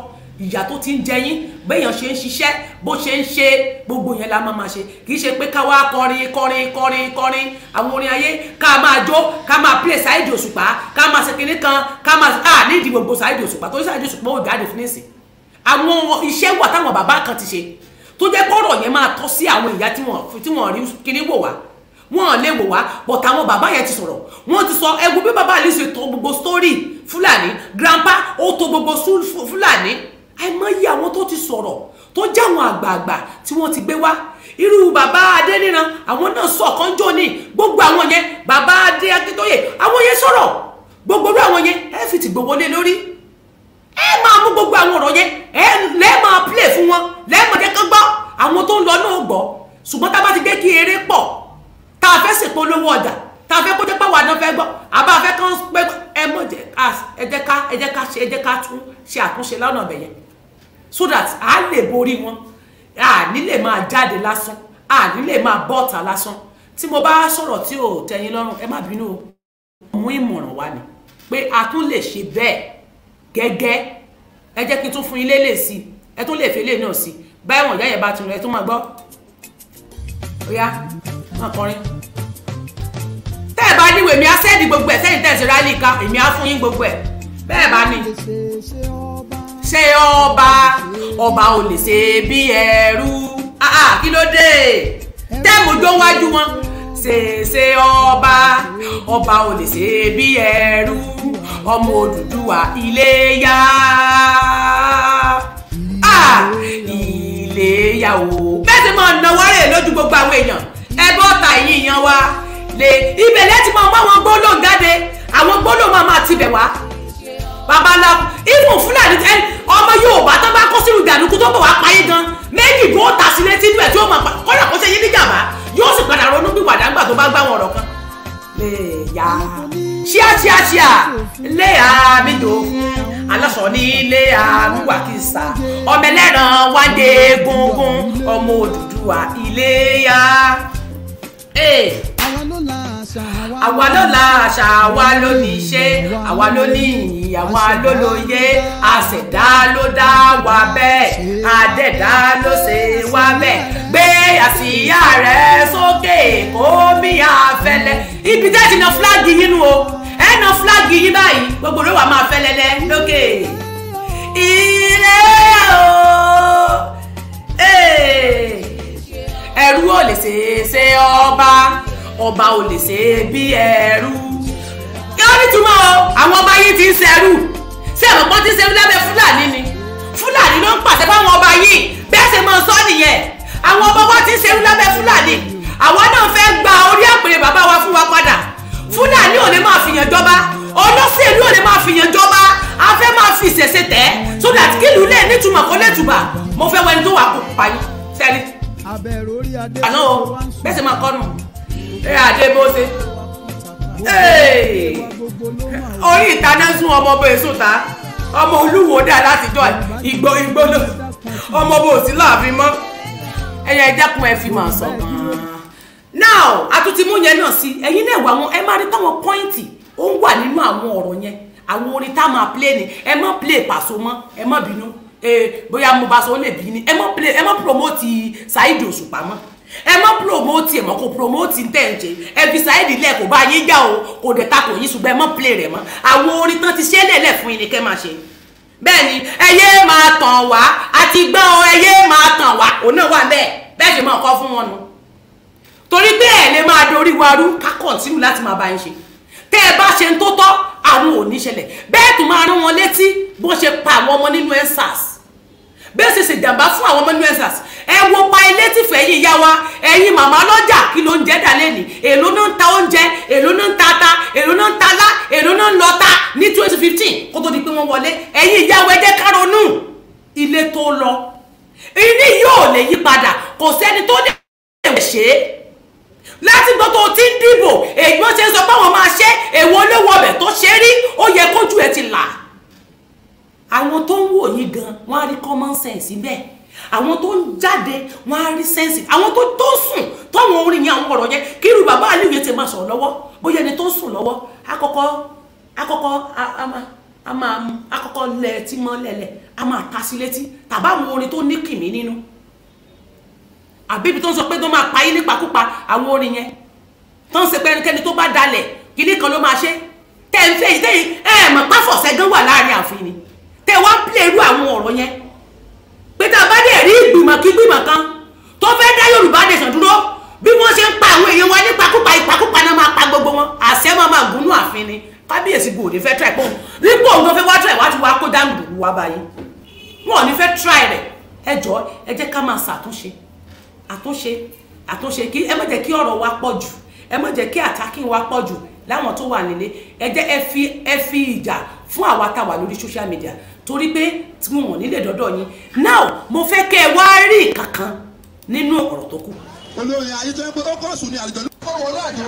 ìyà tó ti ń jẹ yín béèyàn ṣe ń ṣiṣẹ́ bó ṣe ń ṣe gbogbo yẹn la máa máa ṣe kì í ṣe pé ká wá kọrin kọrin kọrin kọrin àwọn orin ayé ká máa jó ká máa play Saheed Òṣùpá ká máa ṣe kinní kan ká máa à nídìí gbogbo Saheed Òṣùpá torí Saheed Òṣùpá ò jáde fún nísìn àwọn iṣẹ́ wà táwọn bàbá kan ti ṣe tó jẹ́ kọ́rọ̀ yẹn máa tọ́ sí àwọn ìyá tí wọ́n tí wọ́n rí kíní wò wá wọ́n lè wò wá but àwọn bàbá yẹn ti sọ̀rọ̀ wọ́n ti sọ ẹgbẹ́ bí bàbá àlè ṣe tó gbogbo story fúlàní grandpa ó tó gbogbo fúlàní àìmọye àwọn tó ti sọ̀rọ̀ tó jẹ́ àwọn àgbààgbà tí wọ́n ti gbé wá irú bàbá adéníran àwọn náà sọ ọ̀kan jọ ní gbogbo àwọn yẹn bàbá adé akíntóyè àwọn yẹn sọ̀rọ̀ gbogbo irú àwọn yẹn ẹ fi tìgbò wọlé lórí ẹ máa mú gbogbo àwọn ọ̀rọ̀ yẹn ẹ lẹ́ẹ̀ máa play fún wọn lẹ́gbọ̀dẹ́ kan gbọ́ àwọn tó ń lọ náà gbọ́ ṣùgbọ́n tá a bá ti gbé kí eré pọ̀ tá a fẹ́ ṣèpolówó ọjà tá a fẹ́ kó jẹ́ pé wà náà fẹ́ gbọ́ àbá a fẹ́ kán pé ẹ mọ̀ ẹ jẹ́ ká ẹ jẹ́ ká ṣe ẹ jẹ́ ká tún ṣe àtúnṣe lọ́nà ọ̀bẹ̀ yẹn so that a lè borí wọn a ní lè máa jáde lásán a ní lè máa bọ́ọ̀tà lásán tí mo bá sọ̀rọ̀ tí ò tẹ́yin lọ́rùn ẹ má bínú o mú ìmọ̀ràn wá ni pé a tún lè ṣe bẹ́ẹ̀ gẹ́gẹ́ ẹ jẹ́ kí n tún fún ilé lè sí i ẹ tún lè fèlè náà sí báyìí wọn ìyá yẹn bá tún lọ ẹ tún máa gbọ́ ọ̀yá máa kọrin tẹ́ ẹ bá níwèé mi á sẹ́ẹ̀dì gbogbo ẹ̀ sẹ́yìn tẹ̀sí rálì ká èmi á fún yín gbogbo ẹ̀ bẹ́ẹ̀ bá ní ṣe ọba ọba ò lè ṣe bí ẹrú kí ló dé tẹ́ẹ̀mù jó wájú wọn ṣèṣe ọba ọba ò lè ṣe bí ẹrú ọmọ Odùduwà Iléyá ìléyàwó bẹ́ẹ̀ ti máa náwó rẹ̀ lójú gbogbo àwọn èèyàn ẹgbẹ́ ọ̀tá ẹ̀yìn èèyàn wa lè ibẹ̀ lẹ́tì máa mú àwọn gbólóhùn jáde àwọn gbólóhùn máa máa tibẹ̀ wá babalá ibù fúlàní ẹ ọmọ Yorùbá tó bá kó sínú ìdàlùkù tó bọ̀ wá payé gan méjì bó ta sí létí inú ẹ̀ tí ó máa pa kọ́lá kó ṣe yé níjàmbá yóò sì padà ronú bí wàdà ńgbà tó bá gbá wọn ọ̀rọ̀ kan lè yá tíátíátíá ilé àmìdò fún alásọ ní ilé àmúwàkìsà ọmọ ẹlẹ́ran wáńdé gúngún ọmọ Odùduwà Iléyá àwa ló la àṣà àwa ló ní ìṣe àwa ló ní ìyìn àwa ló lóye àṣẹ̀dá ló dá wa bẹ́ẹ̀ àdẹ̀dá ló ṣe wa bẹ́ẹ̀ gbé àsíá rẹ̀ sókè kó mi àfẹlẹ̀ ibi tẹ́sí na fúláàgì yín nu o ẹ na flag yín báyìí gbogbo ló wà máa fẹ́lẹ́lẹ́ lókè ire o ẹrú ò lè ṣeéṣe ọba ọba ò lè ṣe bí ẹrú kí wọ́n ní túmọ̀ o àwọn ọba yìí ti ń ṣẹrú ṣé àwọn kan ti ń ṣerú lábẹ́ fúlàní ni fúlàní ló ń pàṣẹ fáwọn ọba yìí bẹ́ẹ̀ ṣe máa sọ nìyẹn àwọn ọba wa ti ń ṣerú lábẹ́ fúlàní àwọn náà fẹ́ gba orí àpèrè bàbá wa fún wa padà fúlàní ò lè máa fìyàn jọba ọlọ́sẹ̀lú ò lè máa fìyàn jọba a fẹ́ máa fi ìṣẹ̀ṣe tẹ̀ ẹ́ so that kí ìlú lè nítumọ̀ kó lè tùbà mo fẹ́ wẹni tó wà kó parí sẹ́ni. àná o bẹ́ẹ̀ sì máa kọ́ nù ẹ àdé bó ṣe orí ìta náà sún ọmọ bó èso ta ọmọ olúwo dà látijọ́ ìgbó ìgbó ọmọ bó sì láàfin mọ́ ẹ̀yà ẹ̀dẹ́kun ẹ̀ fi máa sọ gan-an now àtúntí mú yẹn náà sí ẹ̀yin náà wà wọn ẹ máa rí táwọn pọ́ìntì ó ń wà nínú àwọn ọ̀rọ̀ yẹn àwọn orin tá a máa play ni ẹ má play pàṣọ mọ́ ẹ má bínú bóyá mo bá sọ ó lè bí ni ẹ má play ẹ má promote Saheed Òṣùpá mọ́ ẹ má promote ẹ̀ mọ́ kó promote ń tẹ̀ ń ṣe ẹ fi Saheed lẹ̀ kó bá yín jà o kò dẹ̀ ta kò yín ṣùgbọ́n ẹ má play rẹ̀ mọ́ àwọn orin tán ti ṣe lẹ̀lẹ̀ fún yín ni kẹ́ máa ṣe bẹ́ẹ̀ ni ẹ yé máa tàn wá àti gbọ́n ẹ yé máa tàn wá òun náà wà bẹ́ẹ̀ bẹ́ẹ̀ sì máa kọ́ fún wọn nù torí bẹ́ẹ̀ lè máa dorí warú ká kọ̀ntínú láti máa bá yín ṣe tẹ́ ẹ bá ṣe ń tó tọ́ àwọn ò ní ṣẹlẹ̀ bẹ́ẹ̀ tún máa rán wọn létí bó ṣe pa àwọn ọmọ nínú ensars bẹ́ẹ̀ ṣe ṣèjàmbá fún àwọn ọmọ nínú ensars ẹ wo pa ilé tìfẹ́ yìí yá wa ẹ̀yin màmá lọ́jà kí ló ń jẹ́ dà lẹ́nì èló ló ń ta oúnjẹ èló ló ń ta ata èló ló ń ta lá èló ló ń lọ ta ní twenty fifteen kó tó di pé wọ́n wọlé ẹ̀yin ìyá wa ẹ jẹ́ ká ronú ilé tó lọ ilé yóò lè yí padà kò sẹ́ni tó lè ṣe é láti gbọ́ tó ti ń dìbò èyí wọ́n ṣe ń sọ pé àwọn máa ṣe èwo olówó ọbẹ̀ tó ṣe rí ó yẹ kójú ẹ ti là àwọn tó ń wò yín gan wọ́n á rí common sense bẹ́ẹ̀ àwọn tó ń jáde wọ́n á rí sense àwọn tó tó sùn tọ́wọ́n orin yẹn àwọn ọ̀rọ̀ yẹn kí irú bàbá àlùyẹ ti máa sọ̀rọ̀ lọ́wọ́ bóyá ẹni tó ń sùn lọ́wọ́ àkọ́kọ́ àkọ́kọ́ àmà àkọ́kọ́ lẹ́ẹ̀tì mọ́ lẹ́lẹ̀ àmà àtàsílétí tàbá àwọn orin tó ní kìmí nínú àbíbi tó ń sọ pé tó máa pa yín nípakúpa àwọn orin yẹn tó ń ṣe pé ẹnikẹ́ni tó bá dalẹ̀ kínní kan ló máa ṣe tẹ̀ ń fẹ́ ìdẹ́yìn ẹ̀ mọ̀ páfọ̀sẹ̀ gan wà láàrin àfin ni tẹ̀ wá ń pilẹ̀ irú àwọn ọ̀rọ̀ yẹn pé tá a bá dẹ̀ rí ìgbìmọ̀ kí gbìmọ̀ kan tó fẹ́ dá Yorùbá nation dúró bí wọ́n ṣe ń pa àwọn èèyàn wa nípakúpa ìpakúpa náà máa pa gbogbo wọn àṣẹ máa máa gúnnú àfin ni kábíyèsí gòdè fẹ́ tẹ̀ pọ́n nípò òun tó fẹ́ wá tẹ̀ wá ti wá kó dáńdùn wá báyìí wọn ò ní fẹ́ tẹ̀ rẹ̀ ẹ jọ ẹ jẹ́ ká máa ṣàtúnṣe àtúnṣe àtúnṣe kí ẹ má jẹ́ kí ọ̀rọ̀ wa pọ̀ jù ẹ má jẹ́ kí àtàkì wa pọ̀ jù láwọn tó wà nílé ẹ jẹ́ ẹ fi ẹ fi ìjà fún àwa tá a wà lórí social media torí pé tí wọn ò nílẹ̀ dọ́dọ̀ yín now mo fẹ́ kẹ́ ẹ wá rí kankan nínú ọ̀rọ̀ tó kù. olórin ayétọ́ ẹ pé ó kọ́ sùn ní àlejò ló kọ́ wọlé àjò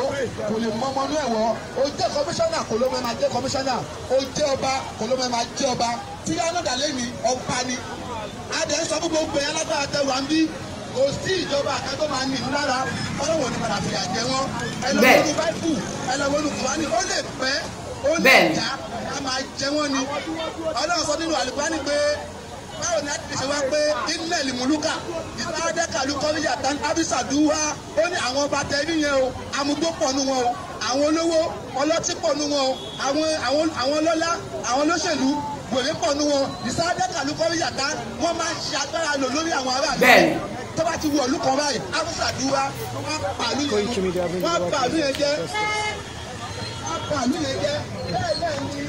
kò lè mọ ọmọ inú ẹ̀ wọ́ o jẹ́ kọmíṣánná kò ló máa jẹ́ kọmíṣánná o jẹ́ ọba kò ló máa jẹ́ ọba tí yánà dàlẹ́ mi ọba ni adẹ́ sọ fún gbogbo ẹ̀ lágbára tẹ wà ń bí kò sí ìjọba kan tó máa ní ìlú lára ọlọ́wọ́ ní padà fìyà jẹ wọn ẹlọ́wọ́nù báìbù ẹlọ́wọ́nù kùránì ó lè pẹ́ ó lè dá a máa jẹ wọn ni ọlọ́run sọ nínú àlùkùránì pé báwo ni a ṣe wá pé ilẹ̀ lìmúlùkà ìtàdẹ́kàlù kọ́líyà tán abisaduwa ó ní àwọn ọba tẹ́lí yẹn o amúgbópọ̀ nu wọn o àwọn olówó ọlọ́tí pọ̀ nu wọn o àwọn ọlọ́lá àwọn olóṣèlú gbòlé pọ̀ nu wọn ìtàdẹ́kàlù kọ́líyà tán wọ́n máa ń ṣe agbára lò lórí àwọn aráàlú tó bá ti wọ ìlú kan báyìí haúsá ni wá wọ́n pàlú yẹn wọ́n pàlú yẹn jẹ́ wọ́n pàlú yẹn jẹ́ bẹ́ẹ̀ bẹ́ẹ̀ ni.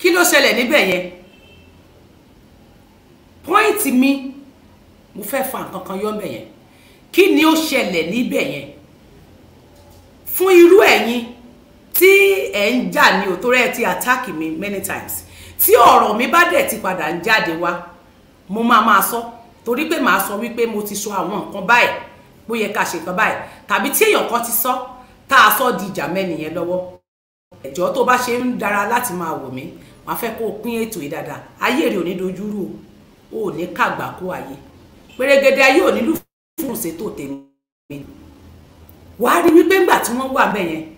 kí ló ṣẹlẹ̀ níbẹ̀ yẹn pọ́ìntì mi mo fẹ́ fa nǹkan kan yọ ńbẹ̀ yẹn kí ni ó ṣẹlẹ̀ níbẹ̀ yẹn fún irú ẹ̀yin tí ẹ̀ ń jà ní òtó rẹ̀ ti attack mi many times tí ọ̀rọ̀ mi bá dẹ̀ ti padà ń jáde wá mo máa máa sọ torí pé màá sọ wípé mo ti sọ àwọn nǹkan báyìí bó yẹ ká ṣe nǹkan báyìí tàbí tí èèyàn kan ti sọ tá a sọ di ìjà mẹ́nìyẹn lọ́wọ́ ẹ̀jọ́ tó bá ṣe ń dára láti máa wò mí màá fẹ́ kó o pín ètò yìí dáadáa ayé rẹ̀ ò ní dojúrú o ò ní kàgbà kó ayé pérégede ayé ò ní lù fún tèmi wàá rí wípé ńgbà tí wọ́n wà bẹ́yẹn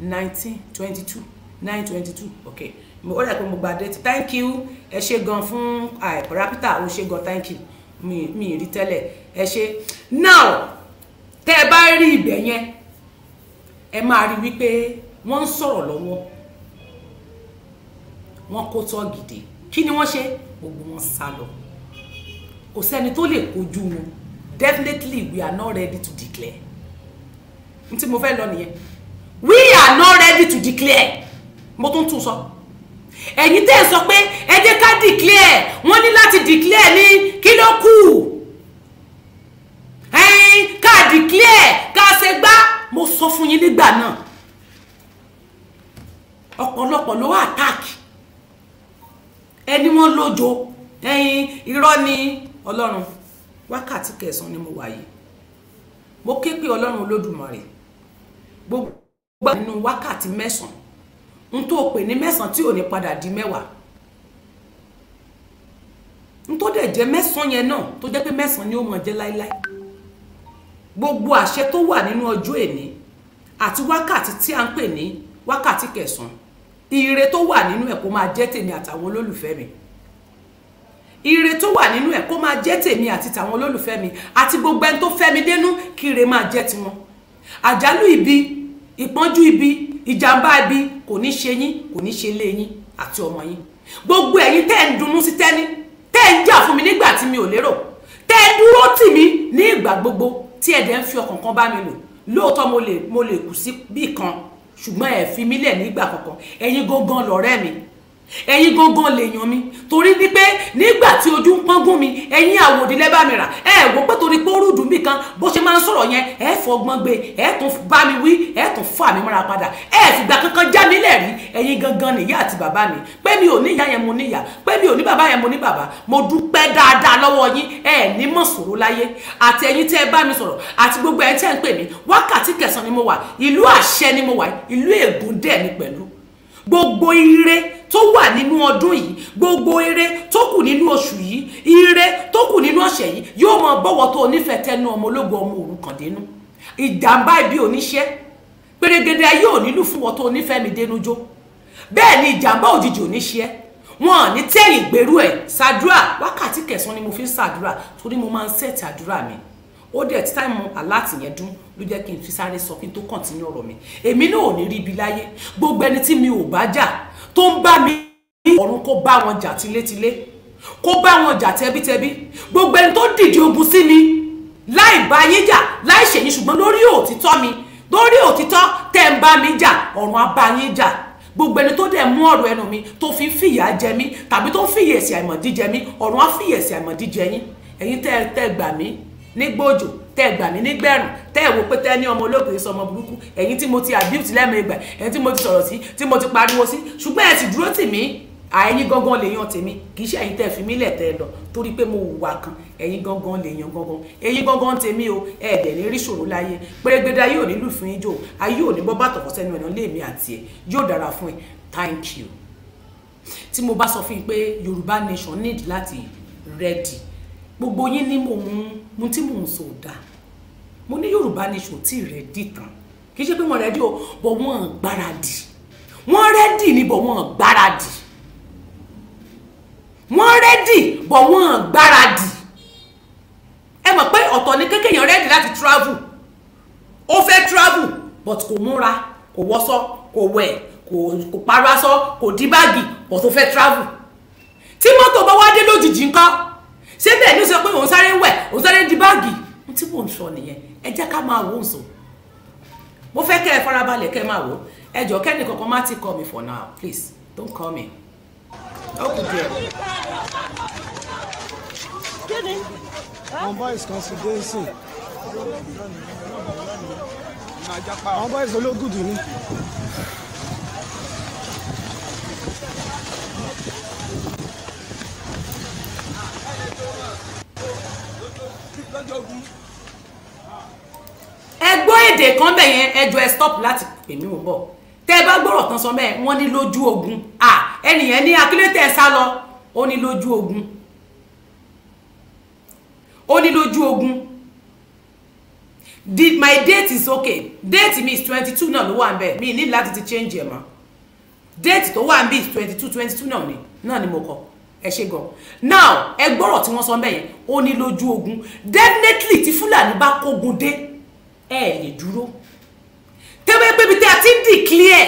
nineteen twenty two nine twenty two okay ó dà mo gba date thank you ẹ ṣe gan fún àìpọ̀rápítà ó ṣe gan thank you mi mi rí tẹ́lẹ̀ ẹ ṣe now tẹ́ ẹ bá rí ibẹ̀ yẹn ẹ máa rí wípé wọ́n ń sọ̀rọ̀ lọ́wọ́ wọ́n kó tọ́ gidi kí ni wọ́n ṣe gbogbo wọn sá lọ kò sẹ́ni tó lè kojú wọn definitely we are not ready to declare n tí mo fẹ́ lọ nìyẹn we are not ready to declare mo tún tún sọ ẹ̀yin tẹ́ ẹ sọ pé ẹ jẹ́ ká declare wọ́n ní láti declare ní kí ló kù ẹ̀yin ká declare ká ṣe gbá mo sọ fún yín nígbà náà ọ̀pọ̀lọpọ̀ ló wà attack ẹni wọ́n lójo ẹ̀yin irọ́ ni ọlọ́run wákàtí kẹsàn-án ni mo wà yìí mo ké pe ọlọ́run olódùmarè gbogbo gbà nínú wákàtí mẹ́sàn-án n tó pè ní mẹ́sàn-án tí ò ní padà di mẹ́wàá n tó dẹ̀ jẹ́ mẹ́sàn-án yẹn náà tó jẹ́ pé mẹ́sàn-án ni ó mọ̀ jẹ́ láíláí gbogbo àṣẹ tó wà nínú ọjọ́ èní àti wákàtí tí a ń pè ní wákàtí kẹsàn-án ire tó wà nínú ẹ̀ kó máa jẹ́ tèmi àtàwọn olólùfẹ́ mi ire tó wà nínú ẹ̀ kó máa jẹ́ tèmi àti tàwọn olólùfẹ́ mi àti gbogbo ẹni tó fẹ́ mi dénú kí ire máa jẹ́ tiwọn àjálù ibi ìpọ́njú ibi ìjàmbá ibi kò ní ṣe yín kò ní ṣe lé yín àti ọmọ yín gbogbo ẹ̀yin tẹ́ ń dunnú sí tẹ́ni tẹ́ ń jà fún mi nígbà tí mi ò lérò tẹ́ ń dúró tì mí ní ìgbà gbogbo tí ẹ̀dẹ̀ ń fi ọkàn kan bá mi lò lóòótọ́ mo lè mo lè kù sí bì kan ṣùgbọ́n ẹ fi mí lẹ̀ nígbà kankan ẹ̀yin gangan lọ̀rẹ́ mi ẹ̀yin gangan lèèyàn mi torí wípé nígbà tí ojú ń pọ́ngún mi ẹ̀yin àwòdì lẹ́bàá mi rà ẹ wò pé torí pé ó rúdùn mí kan bó ṣe máa ń sọ̀rọ̀ yẹn ẹ fọgbọ́n gbé ẹ tún bá mi wí ẹ tún fà mí mọ́ra padà ẹ fìgbà kankan já mi lẹ́rìí ẹ̀yin gangan nìyá àti bàbá mi pé mi ò ní ìyá yẹn mo ní ìyá pé mi ò ní bàbá yẹn mo ní bàbá mo dúpẹ́ dáadáa lọ́wọ́ yín ẹ ní mọ̀ sòrò láyé àti ẹ̀yin tẹ́ ẹ bá mi sọ̀rọ̀ àti gbogbo ẹ̀ gbogbo ire tó wà nínú ọdún yìí gbogbo ire tó kù nínú oṣù yìí ire tó kù nínú ọ̀sẹ̀ yìí yóò mọ bọ́wọ́ tó onífẹ̀ẹ́ tẹnu ọmọ ológo ọmọ òrukàn dénú ìjàmbá ibi oníṣẹ́ pérégede ayé ò nílù fún wọn tó onífẹ̀ẹ́ mi dénú jó bẹ́ẹ̀ ni ìjàmbá òjijì oníṣẹ́ wọn ní tẹ́yìn gbèrú ẹ̀ ṣàdúrà wákàtí kẹsàn-án ni mo fi ń ṣàdúrà torí mo máa ń sẹ́ẹ̀tì àdúrà mi ó dẹ̀ tí táìmù aláàtì yẹn dún ló jẹ́ kí n fi sáré sọ kí n tó kàn tí ní ọ̀rọ̀ mi èmi náà ò ní rí ibi láyé gbogbo ẹni tí mi ò bá jà tó ń bá mi ọ̀run kó bá wọn jà tilétilé kó bá wọn jà tẹbítẹbí gbogbo ẹni tó dìde ogun sí mi láì bá yín jà láì ṣèyí ṣùgbọ́n lórí òtítọ́ mi lórí òtítọ́ tẹ́ ń bá mi jà ọ̀run á bá yín jà gbogbo ẹni tó dẹ̀ mú ọ̀rọ̀ ẹnu mi tó fi ń fìyà jẹ mí tàbí tó ń fìyèsí àìmọ̀díjẹ mí ọ̀run á fìyèsí àìmọ̀díjẹ yín ẹ̀yin tẹ́ tẹ́ gbà mí nígbòjò tẹ gbà mí nígbẹ̀rùn tẹ wò pé tẹ ní ọmọ olóògbé sọmọ burúkú ẹ̀yin tí mo ti abuse lẹ́mìí gbà ẹ̀yin tí mo ti sọ̀rọ̀ sí tí mo ti pariwo sí ṣùgbọ́n ẹ ti dúró tì mí àyìn gangan lèèyàn tèmi kì í ṣe ẹ̀yin tẹ fi mí lẹ̀ tẹ lọ torí pé mo wùwà kan ẹ̀yin gangan lèèyàn gangan ẹ̀yin gangan tèmi o ẹ̀ẹ́dẹ̀ ní rí ṣòro láyé pérégedá yóò ní lùfín ijó ayé ò ní bọ́ bàtọ̀ kọ́ sẹ́nu ẹ̀nà léèmí àti ẹ̀ yóò dára fún ẹ thank you tí mo bá sọ fún yín pé Yorùbá nation need láti ready gbogbo yín ní mò ń mu tí mò ń sọ dà mo ní yorùbá nation tí rẹ̀ dì tán kì í ṣe pé wọ́n rẹ́dí o bọ̀ wọ́n gbáradì wọ́n rẹ́dì ni bọ̀ wọ́n gbáradì wọ́n rẹ́dì bọ̀ wọ́n gbáradì ẹ mọ̀ pé ọ̀tọ̀ ni kékèèyàn rẹ́dì láti travel ó fẹ́ travel but kò múra kò wọṣọ kò wẹ̀ kò para aṣọ kò dí báàgì but ó fẹ́ travel tí mọ́tò bá wá dé lójijì ńkọ́ ṣé bẹ́ẹ̀ ni ó sọ pé òun sáré wẹ̀ òun sáré di báàgì ohun tí mò ń sọ nìyẹn ẹ jẹ́ ká máa wò ó sọ mo fẹ́ kẹ́ ẹ farabalẹ̀ kẹ́ ẹ máa wò ó ẹ jọ kẹ́ni kankan má ti call me for now please don't call me ó kù díẹ̀. àwọn boys kan sì dé sí i àwọn boys ológùdù ni. ẹ gbọ́ èdè kan bẹ̀ yẹn ẹ jọ ẹ stop láti pè mí wọ́n bọ̀ tẹ́ ẹ bá gbọ́rọ̀ tán sọ bẹ́ẹ̀ wọ́n ní lójú ogun ẹnìyẹn ní akílétẹ̀ sá lọ ó ní lójú ogun ó ní lójú ogun did my date is okay date mi is twenty two náà ló wà nbẹ mi ní láti ti change ẹ mọ date tó wà nbí is twenty two twenty two náà ni náà ni mo kọ ẹ ṣe gan now ẹ gbọ́rọ̀ tí wọ́n sọ ń bẹ̀ yẹn ó ní lójú ogun definitely tí fúlàní bá kógun dé ẹ lè dúró tẹ́wẹ́ pébi tí a ti ń declare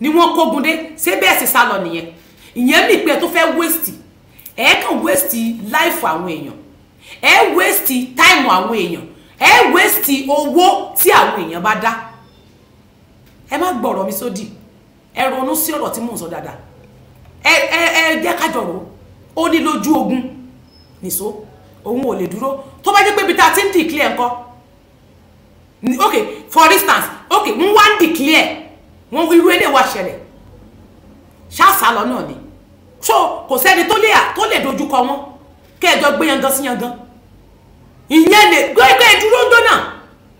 ni wọ́n kógun dé ṣé bẹ́ẹ̀ sì sá lọ nìyẹn ìyẹn mi pé tó fẹ́ waste ẹ kàn waste life àwọn èèyàn ẹ waste time àwọn èèyàn ẹ waste owó tí àwọn èèyàn bá dá ẹ má gbọ́rọ̀ mi sódì ẹ ronú sí ọ̀rọ̀ tí mò ń sọ dáadáa ẹ ẹ ẹ jẹ́ ká jọ̀rọ̀ ó ní lójú ogun nìṣó òun ò lè dúró tó bá jẹ́ pé ibi tá ti ń declare nǹkan ok for instance ok n wá ń declare wọn irú ilé wa ṣẹlẹ̀ ṣáàṣà lọ náà ni so kò sẹ́ni tó lè tó lè dojúkọ wọn kẹ́ẹ̀jọ gbé yangan sí yangan ìyẹn lè gbẹgbẹ dúró ń dọ́nà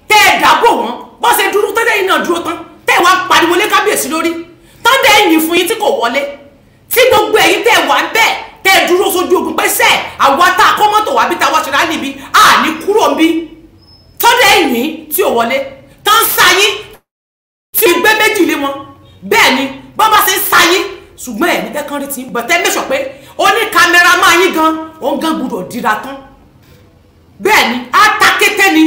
tẹ́ ẹ̀ dàbò wọn bọ́ ṣe dúró tẹ́tẹ́ yìí náà dúró tán tẹ́ ẹ̀ wá pariwo lé kábíyèsí lórí tán ẹ̀yìn fún yín tí kò wọlé tí gbogbo ẹ̀yin tẹ̀ wá ń bẹ̀ tẹ̀ dúró sójú ogun pé sẹ́ àwa tá a kọ́ mọ́tò wá bí táwa ṣe rá níbi à ní kúrò ń bí tọ́dẹ̀ ẹ̀yìn tí ò wọlé tán ń sayín tí gbé méjì lé wọn bẹ́ẹ̀ ni bọ́n bá ṣe ń sayín ṣùgbọ́n ẹ̀mí dẹ́kan rí ti ń bọ̀tẹ́ mẹ́sọ̀ pé ó ní kámẹ́rà máa yín gan òun gan gbúdọ̀ dira tán bẹ́ẹ̀ ni á ta kété ni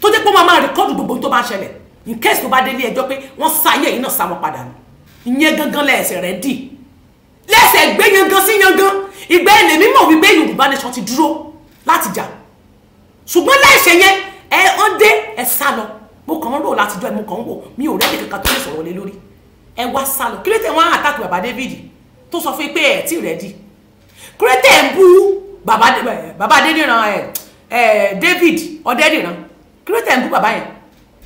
tó jẹ́ pé wọ́n máa rẹ́kọ́dù gbogbo tó bá ń ṣẹlẹ̀ in case tó bá délé ẹjọ́ pé wọ́n sáyé yìí náà sá wọn padà ni ìyẹn gangan lẹ́ẹ̀sẹ̀ rẹ̀ dì lẹ́sẹ̀ gbé yangan sí yangan ìgbẹ́ ilẹ̀ mímọ̀ wípé yorùbá nation ti dúró láti jà ṣùgbọ́n láìṣe yẹn ẹ ọ́n dé ẹ sá lọ mo kàn ń rò látijọ́ ẹ mo kàn ń wò mi ò rẹ́ẹ̀dì kankan tó lè sọ̀rọ̀ lé lórí ẹ wá sá lọ kírètè wọn àtàkì bàbá david tó sọ fún yín pé ẹ tí rẹ́ẹ̀dì kírètè ń bú bàbá bàbá adédìran ẹ ẹ david ọdẹdìran kírètè ń bú bàbá yẹn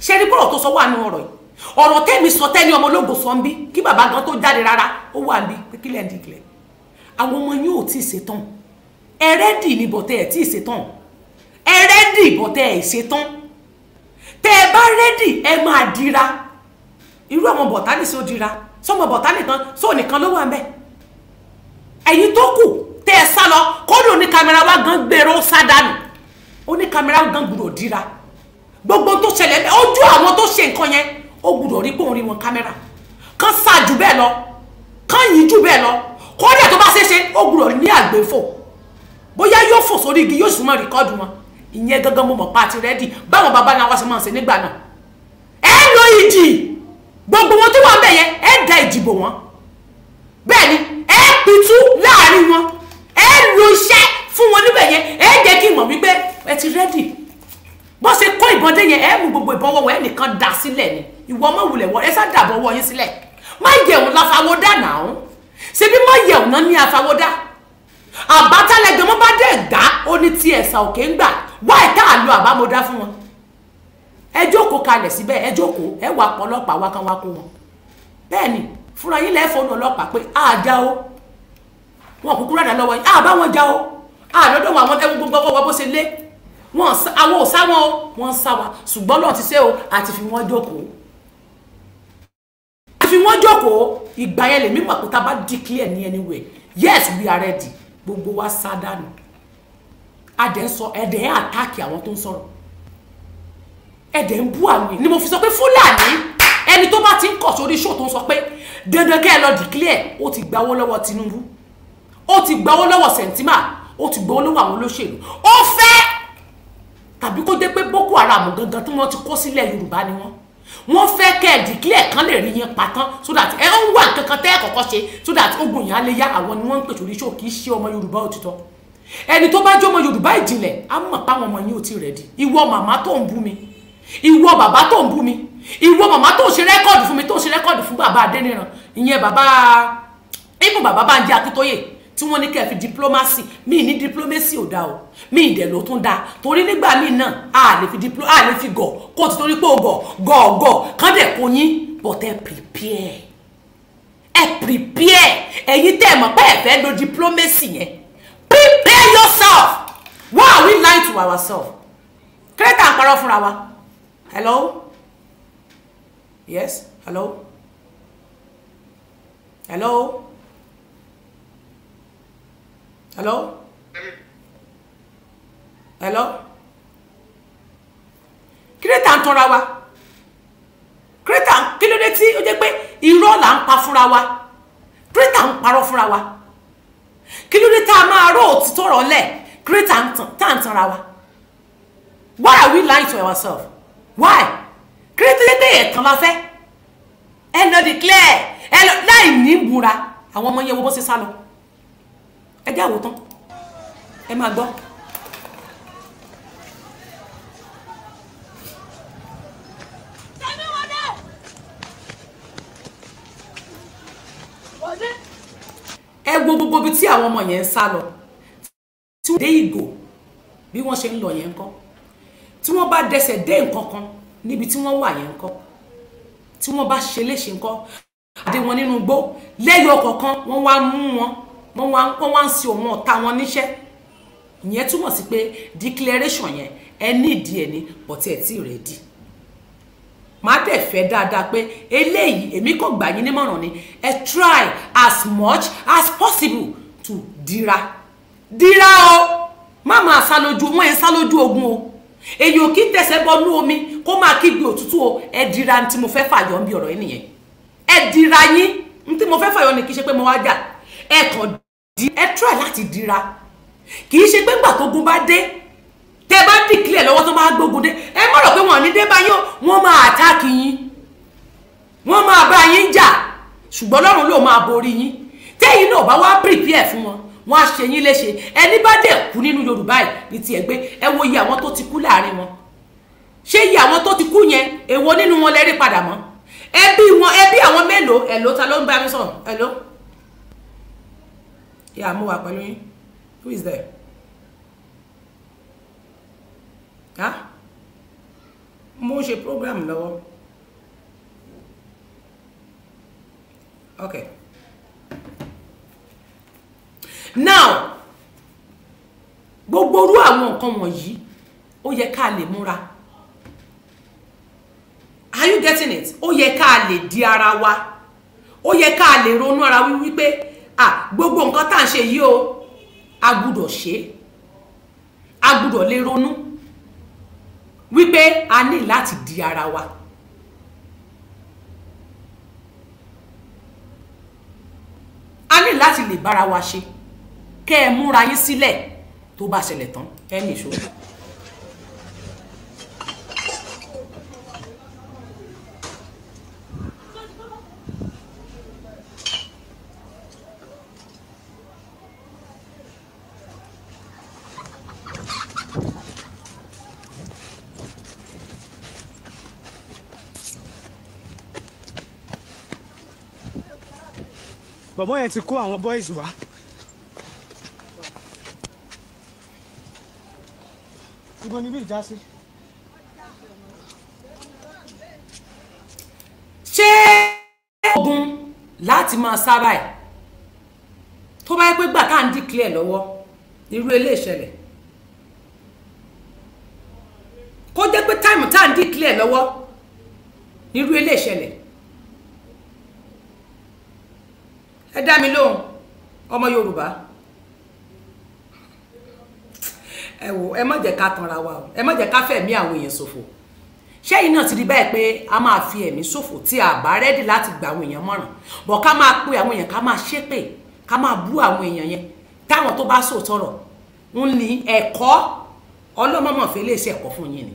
ṣe é ní kúrò tó sọ wà nínú ọ̀rọ̀ yìí ọ̀rọ̀ tẹ́mi sọ tẹ́ni ọmọ ológo sọ ń bí kí bàbá gan tó jáde rárá ó wà ń bí pé kílẹ̀ ń dìgbẹ́ àwọn ọmọ yín ò tí ì ṣetán ẹrẹ́dì ni bọ̀tẹ́ ẹ̀ tí ì ṣetán ẹrẹ́dì bọ̀tẹ́ ẹ̀ ṣetán tẹ́ ẹ bá rẹ́dì ẹ máa dira irú àwọn bọ̀tánì sọ dira sọmọ bọ̀tánì kan sọ nìkan ló wà ń bẹ̀ ẹ̀yin tó kù tẹ́ ẹ sá lọ kọ́ni oníkàmẹ́rà wa gan gbèrò sádànù oníkàmẹ́rà gan gbúdọ̀ dira gbogbo tó ṣẹlẹ̀ ojú àwọn tó ṣe nǹkan yẹn ó gbúdọ̀ rí pé òun rí wọn kámẹ́rà kán ṣáà jù bẹ́ẹ̀ lọ kán yìn jù bẹ́ẹ̀ lọ kọ́dẹ̀ tó bá ṣeéṣe ó gbúdọ̀ ní àgbéfò bóyá yóò fò sórí igi yóò súnmọ́ rìkọ́dù wọn ìyẹn gangan mo mọ̀ pa àti rẹ́dì báwọn bàbá náà wá sí máa ń ṣe nígbà náà ẹ lo ìjì gbogbo wọn tó wà ń bẹ̀ yẹn ẹ da ìjìbò wọn bẹ́ẹ̀ ni ẹ pitú láàrin wọn ẹ lo iṣẹ́ fún wọn níbẹ̀ yẹn ẹ jẹ́ kí n mọ̀ wípé ẹ ti rẹ́dì bó ṣe kó ìbọn dé yẹn ẹ mú gbogbo ìbọn wọ́wọ́ ẹ nìkan dà sílẹ̀ ni ìwọ ọmọ ìwulẹ̀ wọ ẹ sá dàbọ̀ ọwọ́ yín sílẹ̀ má yẹ̀wò la fawọ́dà náà ṣe bí má yẹ̀wò náà ní afawọ́dà àbátálẹ̀gbẹ̀ mọ́ bá dẹ̀ gbá ó ní tí ẹ̀sà òkè ń gbà wá ẹ̀ka àlọ́ àbámọ́dá fún wọn ẹ jókòó kalẹ̀ síbẹ̀ ẹ jókòó ẹ wà pọ̀ ọlọ́pàá wá kan wá kó wọn bẹ́ẹ̀ ni fúnra yín lẹ́ẹ̀fọ́nù ọlọ́pàá pé àjà o wọn kúkú rẹ̀ lọ́wọ́ yín àbá wọn já o àlọ́dọ̀ wọn àwọn ẹgbẹ́ gbogbo ọwọ́ bó ṣe lé àwọn ò sá wọn o wọn ń sá wa ṣùgbọ́n lọ́ọ̀ ti ṣe o àti fi wọn jókòó fi wọ́n jókòó ìgbà yẹn lèmi mọ̀ pé tá a bá declare ní anywhere yes we are ready gbogbo wa sá dànù adẹ̀ ń sọ ẹ̀dẹ̀ ń àtáàkì àwọn tó ń sọ̀rọ̀ ẹ̀dẹ̀ ń bú àwọn ni mo fi sọ pé fúlàní ẹni tó bá ti ń kọ̀ sórí ṣó tó ń sọ pé dandan kẹ́ ẹ lọ declare ó ti gbawó lọ́wọ́ Tinubu ó ti gbawó lọ́wọ́ Sẹ̀ǹtìmà ó ti gbawó lọ́wọ́ àwọn olóṣèlú ó fẹ́ tàbí kó dé pé Boko Haram gangan tí wọ́n ti kó sílẹ̀ Yorùbá ni wọ́n wọ́n fẹ́ kẹ́ ẹ̀ dìkílẹ̀ kan lè rí yẹn patán so that ẹ ń wà kankan tẹ́ ẹ kọ́kọ́ ṣe so that ogun yẹn á lè yá àwọn ni wọ́n ń pèsè oríṣi òkì í ṣe ọmọ Yorùbá òtítọ́ ẹni tó bá jẹ́ ọmọ Yorùbá ìjìnlẹ̀ á mọ̀ páwọn ọmọ yín ò tí ì rẹ̀dí ìwọ màmá tó ń bú mi ìwọ bàbá tó ń bú mi ìwọ màmá tó ń ṣe rẹ́kọ̀dù fún mi tó ń ṣe rẹ́kọ̀dù fún bàbá Adéníran ìyẹn bàbá ibùn bàbá Bánjí Akíntóyè tí wọ́n ní kẹ́ fi diplomacy míì ní diplomacy ò dáa o míì dẹ̀ ló tún dáa torí nígbà míì náà a lè fi diplo a lè fi gọ̀ kó o ti torí pé o gọ̀ gọ̀ gọ̀ kán dẹ̀ kó yín but ẹ prepare ẹ prepare ẹ̀yin tẹ́ ẹ mọ̀ pé ẹ fẹ́ lo diplomacy yẹn prepare yourself why are we lying to ourselves Create ń parọ́ fúnra wa hello yes hello hello. Hello? Hello? Kí ló tà ń tanra wa? Kí ló dé tí ó jẹ́ pé irọ́ là ń pa fúnra wa? Kírítà ń parọ́ fúnra wa? Kí ló dé tá a máa ró òtítọ́ rọ̀ lẹ̀? Kírítà ń tanra wa? Why are we lying to ourselves? Why? Kírítà yẹ pé ẹ̀tàn la fẹ́. Ẹ lọ declare ẹ lọ láì ní ìbúra àwọn ọmọ yẹn wo bó ṣe sá lọ ẹ jẹ́ àwòtán ẹ máa gbọ́. ẹ wo gbogbo ibi tí àwọn ọmọ yẹn ń sá lọ tí wọ́n dé ìgò bí wọ́n ṣe ń lọ yẹn ń kọ́ tí wọ́n bá dẹsẹ̀ dé nǹkan kan níbi tí wọ́n wà yẹn ń kọ́ tí wọ́n bá ṣe léṣe ń kọ́ àdéwọn nínú igbó lẹ́yọ kọ̀ọ̀kan wọ́n wá mú wọn wọ́n wá ń sin òun ọ̀tá wọn níṣẹ́ ìyẹn túmọ̀ sí pé declaration yẹn ẹ nídìí ẹ ní bọ̀tí ẹ̀ tí ì rẹ̀ dì máa dẹ̀ fẹ́ dáadáa pé eléyìí èmi kò gbà yín nímọ̀ràn ni ẹ try as much as possible to dira dira o má máa sá lójú wọn ẹ sá lójú ogun o èyí ò kí tẹsẹ̀ bọnú omi kó máa kígbe òtútù o ẹ dira ní tí mo fẹ́ fàyọ ń bí ọ̀rọ̀ yìí nìyẹn ẹ dira yín tí mo fẹ́ fàyọ ni kì í ṣe pé mo wá jà ẹ kàn di ẹ try láti dira kì í ṣe pé ńgbà tógun bá dé tẹ bá dìkílẹ̀ lọ́wọ́ tó máa gbógun dé ẹ má rò pé wọn ní dé báyìí wọn máa àtáàkì yín wọn máa bá yín jà ṣùgbọ́n Ọlọ́run ló máa borí yín tẹ́yìn náà bá wá prepare fún wọn wọn á ṣe yín léṣe ẹni bá dẹ̀ kú nínú Yorùbá yìí ní tiẹ̀ gbé ẹ wo iye àwọn tó ti kú láàrin wọn ṣé iye àwọn tó ti kú yẹn èwo nínú wọn lẹ́rí padà mọ́ ẹbí wọn ẹbí àwọn mélòó ẹ̀ ló ta ló ń bá mi sọ̀rọ̀ ẹ̀ ló yà mo wà pẹ̀lú yín who is there ha mo ṣe program lọ́wọ́ okay now gbogbo orú àwọn nǹkan wọ̀nyí ó yẹ ká lè múra are you getting it ó yẹ ká lè di ara wa ó yẹ ká lè ronú ara wí wípé Ah, gbogbo nǹkan tá à ń ṣe yìí o a gbúdọ̀ ṣe é a gbúdọ̀ lè ronú wípé a ní láti di ara wa. a ní láti lè bára wa ṣe kẹ́ ẹ múra yín sílẹ̀ tó bá ṣẹlẹ̀ tán ẹ nìṣó. bọ̀bọ́ yẹn ti kó àwọn boys wá. ibo ni bí ìjà sí. ṣé ogun láti máa sá báyìí tó bá yẹ pé gbà tá à ń dìklẹ̀ lọ́wọ́ irú ilé ìṣẹ̀lẹ̀ kó jẹ́ pé táìmù tá à ń dìklẹ̀ lọ́wọ́ irú ilé ìṣẹ̀lẹ̀ ẹ dá mi lóhùn ọmọ yorùbá ẹ wò ẹ má jẹ́ ká tanra wa o ẹ má jẹ́ ká fẹ̀mí àwọn èèyàn ṣòfò ṣẹ́yìn náà ti rí báyìí pé a máa fi ẹ̀mí ṣòfò tí a bá rẹ́dì láti gba àwọn èèyàn mọ̀ràn bọ̀ ká máa pe àwọn èèyàn ká máa ṣépè ká máa bú àwọn èèyàn yẹn táwọn tó bá sòótọ́ rọ̀ ń ní ẹ̀kọ́ ọlọ́mọmọ̀fẹ́ lè ṣe ẹ̀kọ́ fún yín ni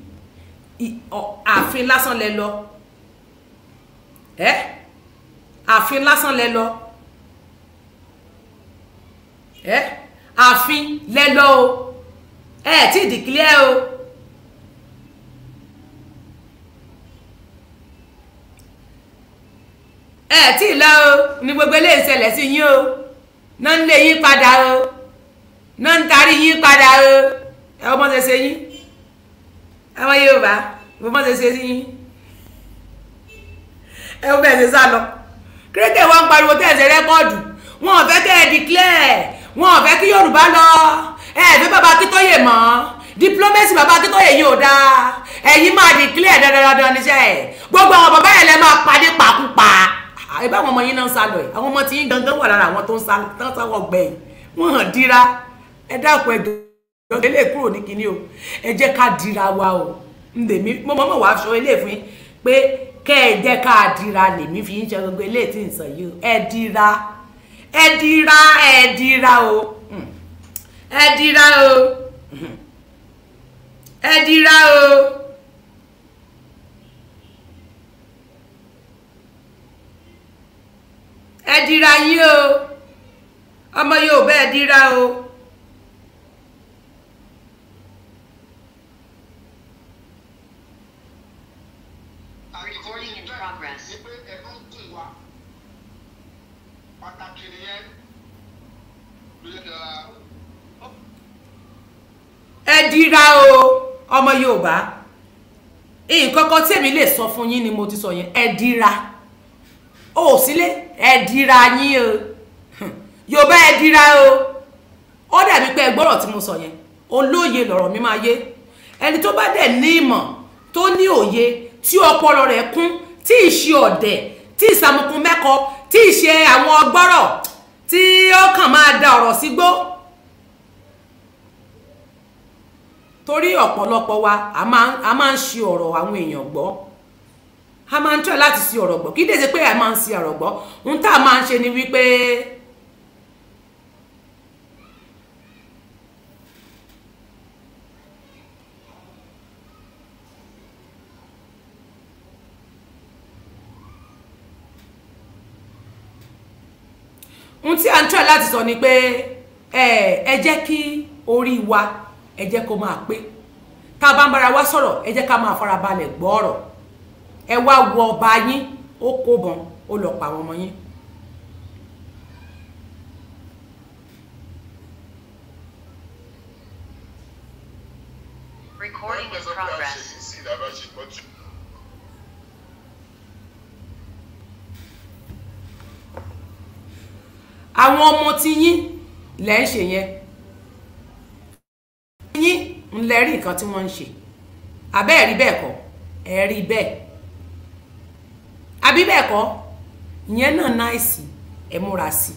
ààfin lásán lẹ lọ ẹ ààfin lásán lẹ lọ ẹ àfin lẹ́lọ́ o ẹ tí ì dìkílẹ̀ o ẹ tí ì lọ o ní gbogbo eléyìí ṣẹlẹ̀ sí yín o náà ń lé yín padà o náà ń tarí yín padà o ẹ ọmọ ṣẹṣẹ yín àwọn Yorùbá ọmọ ṣẹṣẹ yín ẹ ó bẹ̀rẹ̀ sá lọ kírẹ́tẹ̀ wa ń pariwo tẹ̀sẹ̀ rẹ́kọ́ọ̀dù wọn ò fẹ́ tẹ̀ ẹ́ declare. wọn ò kí yorùbá lọ ẹ ẹ fẹ́ bàbá akíntóyè diplomacy bàbá máa gbogbo àwọn bàbá yẹn lẹ máa náà ń sá àwọn ọmọ tí yín gangan wà lára àwọn tó ń sá tán kúrò ní o ẹ jẹ́ ká dira wa o mo ilé fún yín pé ẹ ká dira gbogbo ilé tí ẹ dira ẹ dira o hmm. ẹ dira o hmm. ẹ dira o. ẹ dira yín o ọmọ Yorùbá ẹ dira o. ẹ dira o ọmọ Yorùbá nǹkan kan tèmi lè sọ fún yín ni mo ti sọ yẹn ẹ dira o ò sílé ẹ dira yín o Yorùbá ẹ dira o ó dàbí pé ẹ gbọ́rọ̀ tí mo sọ yẹn olóye lọ̀rọ̀ mi máa yé ẹni tó bá dẹ̀ ní ìmọ̀ tó ní òye tí ọpọlọ rẹ̀ kún tí ì ṣe ọ̀dẹ̀ tí ì sàmùkún mẹ́kọ tí ì ṣe àwọn ọgbọ́rọ̀ tí ó kàn máa da ọ̀rọ̀ sígbó torí ọ̀pọ̀lọpọ̀ wa a máa ń ṣe ọ̀rọ̀ àwọn èèyàn gbọ́ a máa ń tọ́ láti ṣe ọ̀rọ̀ gbọ́ kí dèjé pé a máa ń ṣe ọ̀rọ̀ gbọ́ ohun tá a máa ń ṣe ni wípé ohun tí a ń tọ́ láti sọ ni pé ẹ jẹ́ kí orí wa ẹ jẹ́ kó máa pé tá a bá ń bára wa sọ̀rọ̀ ẹ jẹ́ ká máa farabalẹ̀ gbọ́ ọ̀rọ̀ ẹ wá wọ ọba yín ó kó bọn ó lọ pa àwọn ọmọ yín. àwọn ọmọ tí yín lẹ́ ń ṣe yẹn yín ń lẹ rí nǹkan tí wọ́n ń ṣe àbẹ́ ẹ̀rí bẹ́ẹ̀ kọ́ ẹ̀rí bẹ́ẹ̀ àbí bẹ́ẹ̀ kọ́ ìyẹn náà náìsì ẹ múra sí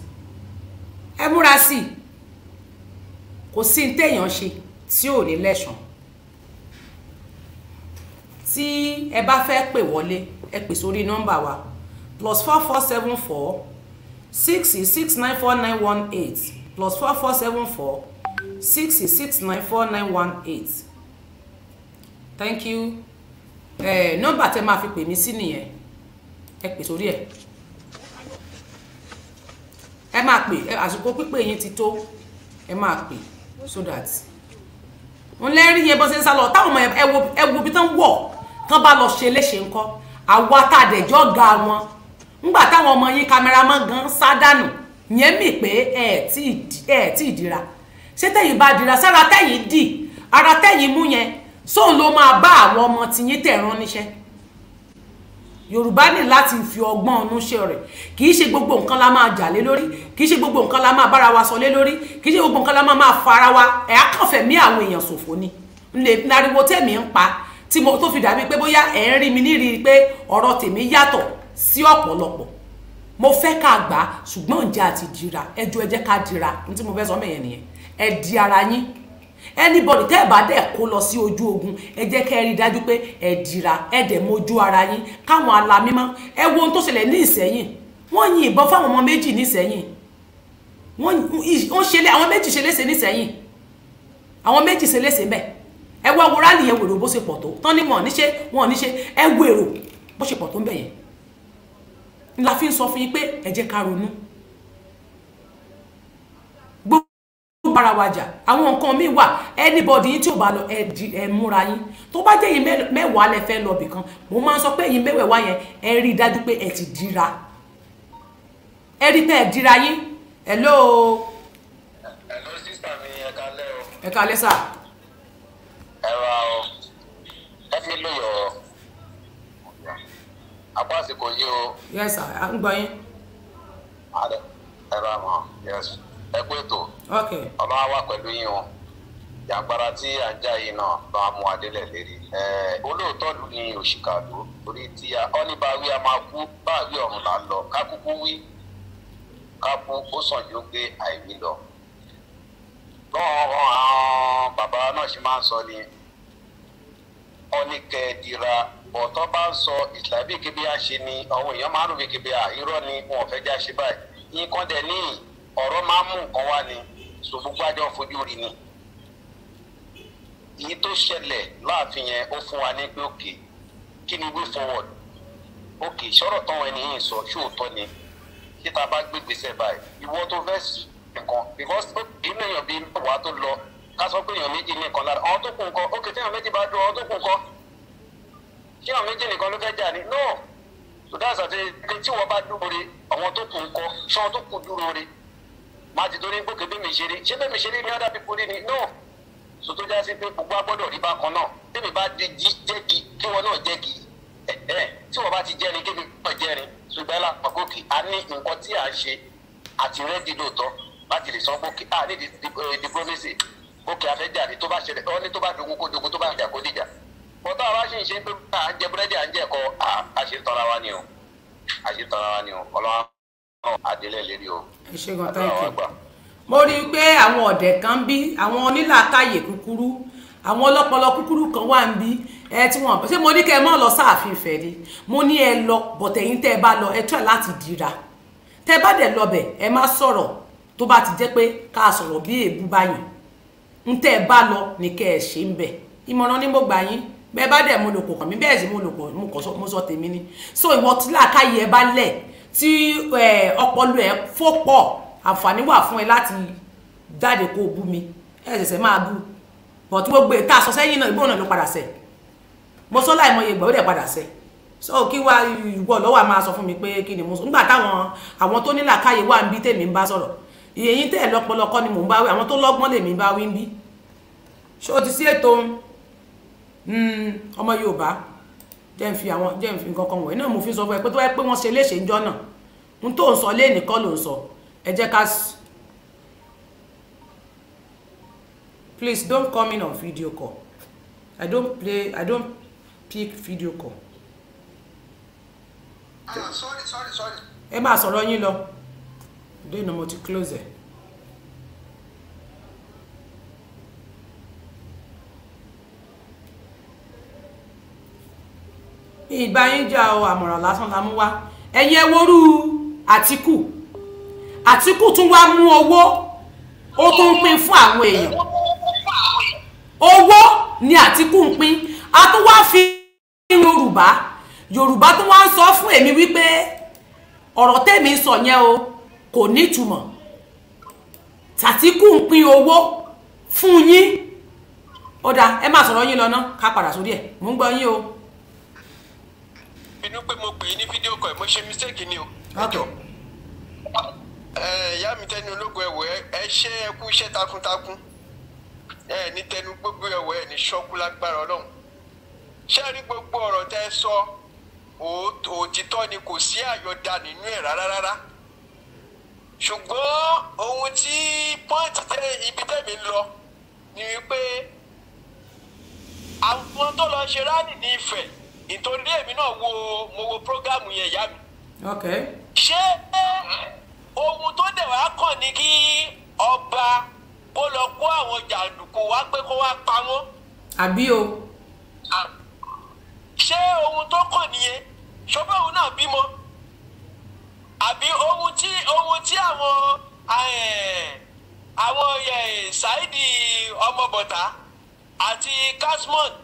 ẹ múra sí kò sí ní téèyàn ṣe tí ò ní lẹ́sàn tí ẹ bá fẹ́ pè wọlé ẹ pè sórí nọ́mbà wa plus four four seven four six six nine four nine one eight plus four four seven four six six nine four nine one eight thank you ẹ nọ́mbà tẹ máa fi pè mí sí nìyẹn ẹ pè sórí ẹ ẹ máa pè àsìkò pípé yín ti tó ẹ máa pè so that n lẹ́rí yẹn bọ́ sí ń sá lọ táwọn ọmọ ẹ wo ibi tán wọ̀ tán bá lọ ṣe léṣe ńkọ́ àwa tá a dẹ̀jọ́ ga wọn ńgbà táwọn ọmọ yín kámẹ́rámán gan sá dànù yẹn mì pé ẹ tí ì ṣé tẹ̀yin bá dira sára tẹ̀yin dì ara tẹ̀yin mú yẹn sóun ló máa bá àwọn ọmọ tìyín tẹ̀ràn níṣẹ́ yorùbá ní láti fi ọgbọ́n ọ̀nú ṣe rẹ̀ kì í ṣe gbogbo nǹkan la máa jà lé lórí kì í ṣe gbogbo nǹkan la máa bára wa sọ lé lórí kì í ṣe gbogbo nǹkan la máa máa fara wa ẹ̀ á kàn fẹ̀mí àwọn èèyàn ṣòfò ni lè nariwo tẹ̀mí ń pa tí mo tó fi dàbí pé bóyá ẹ̀ ń rí mi níri pé ọ̀rọ̀ tèmi yàtọ̀ sí ọ̀pọ̀lọpọ̀ mo fẹ́ ká gbà ṣùgbọ́n ǹjẹ́ àti dira ẹjọ́ ẹ jẹ́ ká dira ní tí mo fẹ́ sọ mẹ́yẹn nìyẹn ẹ di ara yín anybody tẹ́ ẹ̀ bá dẹ̀ kó lọ sí ojú ogun ẹ jẹ́ kẹ́ ẹ rí i dájú pé ẹ dìra ẹ dẹ̀ mójú ara yín káwọn alamímọ́ ẹ wo ohun tó ṣẹlẹ̀ ní ìsẹ́yìn wọ́n yin ìbọn fáwọn ọmọ méjì ní ìsẹ́yìn wọ́n ṣẹlẹ̀ àwọn méjì ṣe léṣe ní ìsẹ́yìn àwọn méjì ṣe léṣe bẹ́ẹ̀ ẹ wá wo rálì yẹn wèrò bó ṣe pọ̀ tó tán ní wọn níṣe wọn níṣe ẹ wèrò bó ṣe pọ̀ tó ń bẹ̀ yẹn la fi ń sọ fún yín pé ẹ jẹ́ ká ronú bára wa jà àwọn nǹkan míì wà anybody yín tí ò bá lọ ẹ di ẹ múra yín tó bá jẹ́ yín mẹ́wàá lẹ fẹ́ lọ bìkan mo máa ń sọ pé yín mẹ́wẹ̀ẹ́wá yẹn ẹ rí i dájú pé ẹ ti dira ẹ rí i pé ẹ dira yín hello. hello sísá mi ẹ kalẹ́ o. ẹ kalẹ́ sà. ẹ ra o ẹ fi lè yọ apá àsìkò yìí o. yes sir à ń gbọ́ yín. ẹ ra mọ yes. Ẹgbẹ́tò. Ọlọ́run wà pẹ̀lú yín o. tí a ń jà yìí náà lọ́ á lérí. Olóòótọ́ lù ní òṣìkà tí a bá wí a máa kú báàbí ọ̀run là ń lọ. Ká wí ká ó sàn yóò gbé àìwí lọ. Lọ́wọ́ àwọn bàbá náà ṣe máa ń ni ọ̀tọ́ bá ń sọ ṣe ni àwọn èèyàn máa ń irọ́ ni wọn ò báyìí. Yín ọ̀rọ̀ máa ń mú nǹkan wá ni so gbogbo àjọ fojú rí ni èyí tó ṣẹlẹ̀ láàfin yẹn ó fún wa ní pé òkè kí ni way forward òkè sọ̀rọ̀ táwọn ẹni yìí sọ ṣé òótọ́ ni kí ta bá gbé gbèsè báyìí ìwọ tó fẹ́ nǹkan because inú èèyàn bíi mẹ́wàá tó lọ ká sọ pé èèyàn méjì ní nǹkan lára àwọn tó kù nǹkan òkè tí èèyàn méjì bá dúró àwọn tó kù nǹkan kí èèyàn méjì nìkan ló fẹ́ jà ní no so that's àti tí wọ́n bá dúró re àwọn tó kù nǹkan ṣé àwọn tó kù dúró re má ti torí gòkè bí mi ṣe rí ṣé bí mi ṣe rí ni other people rí ni no so tó já sí pé gbogbo agbọ́dọ̀ rí bákan náà tèmi bá di jí jẹ́gi kí wọn náà jẹ́gi ẹ̀ ẹ̀ tí wọn bá ti jẹ́rin kí mi náà jẹ́rin ṣùgbọ́n lápapọ̀gòkè a ní nǹkan tí à ń ṣe àti rẹ́dí lóòótọ́ láti lè sọ gòkè a ní eh, diplomacy gòkè afẹ́jà ni tó bá ṣẹlẹ̀ ọ ní tó bá dogun kó dogun tó bá jà kó dìjà bọ́tà wa ṣì ń ṣe pé à ń jẹ búrẹ́dì à ń jẹ ẹ̀kọ́ àṣetọ́ra wa ni o àṣetọ́ra wa ni o ọlọ́wà àdélẹ̀ lérí o. ẹ ṣe mo rí i pé àwọn ọ̀dẹ̀ kan bí àwọn onílàákàyè kúkúrú àwọn ọlọ́pọlọ kúkúrú kan wà ń bí ẹ tí wọ́n ṣé mo ní kẹ́ ẹ mọ́ lọ sáàfin ìfẹ́ ni mo ní ẹ lọ bọ̀tẹ̀yìn tẹ́ ẹ bá lọ ẹ tọ́ ẹ láti dira tẹ́ ẹ bá dẹ̀ lọbẹ̀ ẹ má sọ̀rọ̀ tó bá ti jẹ́ pé ká sọ̀rọ̀ bí èébú báyìí ń tẹ́ ẹ bá lọ ní kẹ́ ẹ ṣe ń bẹ̀ ìmọ̀ràn ni mo gbà yín bẹ́ẹ̀ bá dẹ̀ mo lò pọ̀ kàn mí bẹ́ẹ̀ sì mo lò pọ̀ mo sọ tèmi ni so ìwọ tí làákàyè ẹ bá lẹ̀ tí ọpọlọ ẹ fọ́pọ̀ àǹfààní wà fún ẹ láti jáde kó o bú mi ẹ ṣẹ̀ṣẹ̀ máa bú bọ̀ tí gbogbo ètò àsọ sẹ́yìn náà ìbọn náà ló padà sẹ̀ mo sọ láì mọye ìgbà ó dẹ̀ padà sẹ̀ so kí wá ìwọ lọ́wọ́ a máa sọ fún mi pé kí ni mo sọ nígbà táwọn àwọn tó ní làákàyè wà ń bí tèmi ń bá sọ̀rọ̀ ìyẹyìn tẹ̀ lọ́pọ̀lọpọ̀ ni mò ń bá wí àwọn tó lọ́gbọ́n lèmi ń bá wí ń bí ṣé o ti sí ètò hmm, ọmọ Yorùbá jẹ́ n fi àwọn jẹ́ n fi nǹkan kan wọ̀nyí náà mo fi sọ fún ẹ pé tó wáyé pé wọ́n ṣe léṣe ńjọ́ náà n tó ń sọ léènì kọ́ ló ń sọ ẹ jẹ́ ká sí. please don't come in on video call i don't play i don't pick video call. Ah, ẹ máa sọ̀rọ̀ yín lọ dènà mo ti close ẹ̀. ìbá yín jà ọ àmọ̀ràn lásán la mú wá ẹ̀yin ẹ worú àtìkù àtìkù tún wá mú owó ó tún ń pín fún àwọn èèyàn owó ni àtìkù ń pín a tún wá fi yorùbá yorùbá tún wá ń sọ fún èmi wípé ọ̀rọ̀ tèmi sọ yẹn o kò nítumọ̀ tàtíkù ń pín owó fún yín ó dáa ẹ má sọ̀rọ̀ yín lọ ká padà sórí ẹ̀ mò ń gbọ́ yín o bínú pé mo pè é ní fídíò kọ̀ ẹ̀ mo ṣe mistake ni o. ẹjọ́ ìyá mi tẹnu ológun ẹ̀wọ̀ ẹ ṣe ẹ kú iṣẹ́ takuntakun ẹ ní tẹnu gbogbo ẹ̀wọ̀ ẹ ní ṣọ́kú lágbára ọlọ́run ṣé rí gbogbo ọ̀rọ̀ tẹ́ ẹ sọ òtítọ́ ni kò sí àyọ̀dá nínú ẹ̀ rárá ṣùgbọ́n ohun tí pọ́ǹtì tẹ ibi tẹ̀mí lọ ni wípé àwọn tó lọ ṣe rálì ní ìtòrí èmi náà wo mo wo prógámù yẹn ìyá mi. ṣé ohun tó dẹ̀ wá kàn ní kí ọba kó lọ kó àwọn jàǹdùkú wá pé kó wá pa wọ́n. àbí o. ṣé ohun tó kàn nìyẹn ṣọ́bẹ̀ òun náà bímọ àbí ohun tí ohun tí àwọn eh, àwọn ṣáìdì eh, ọmọ bọ̀tà àti casmond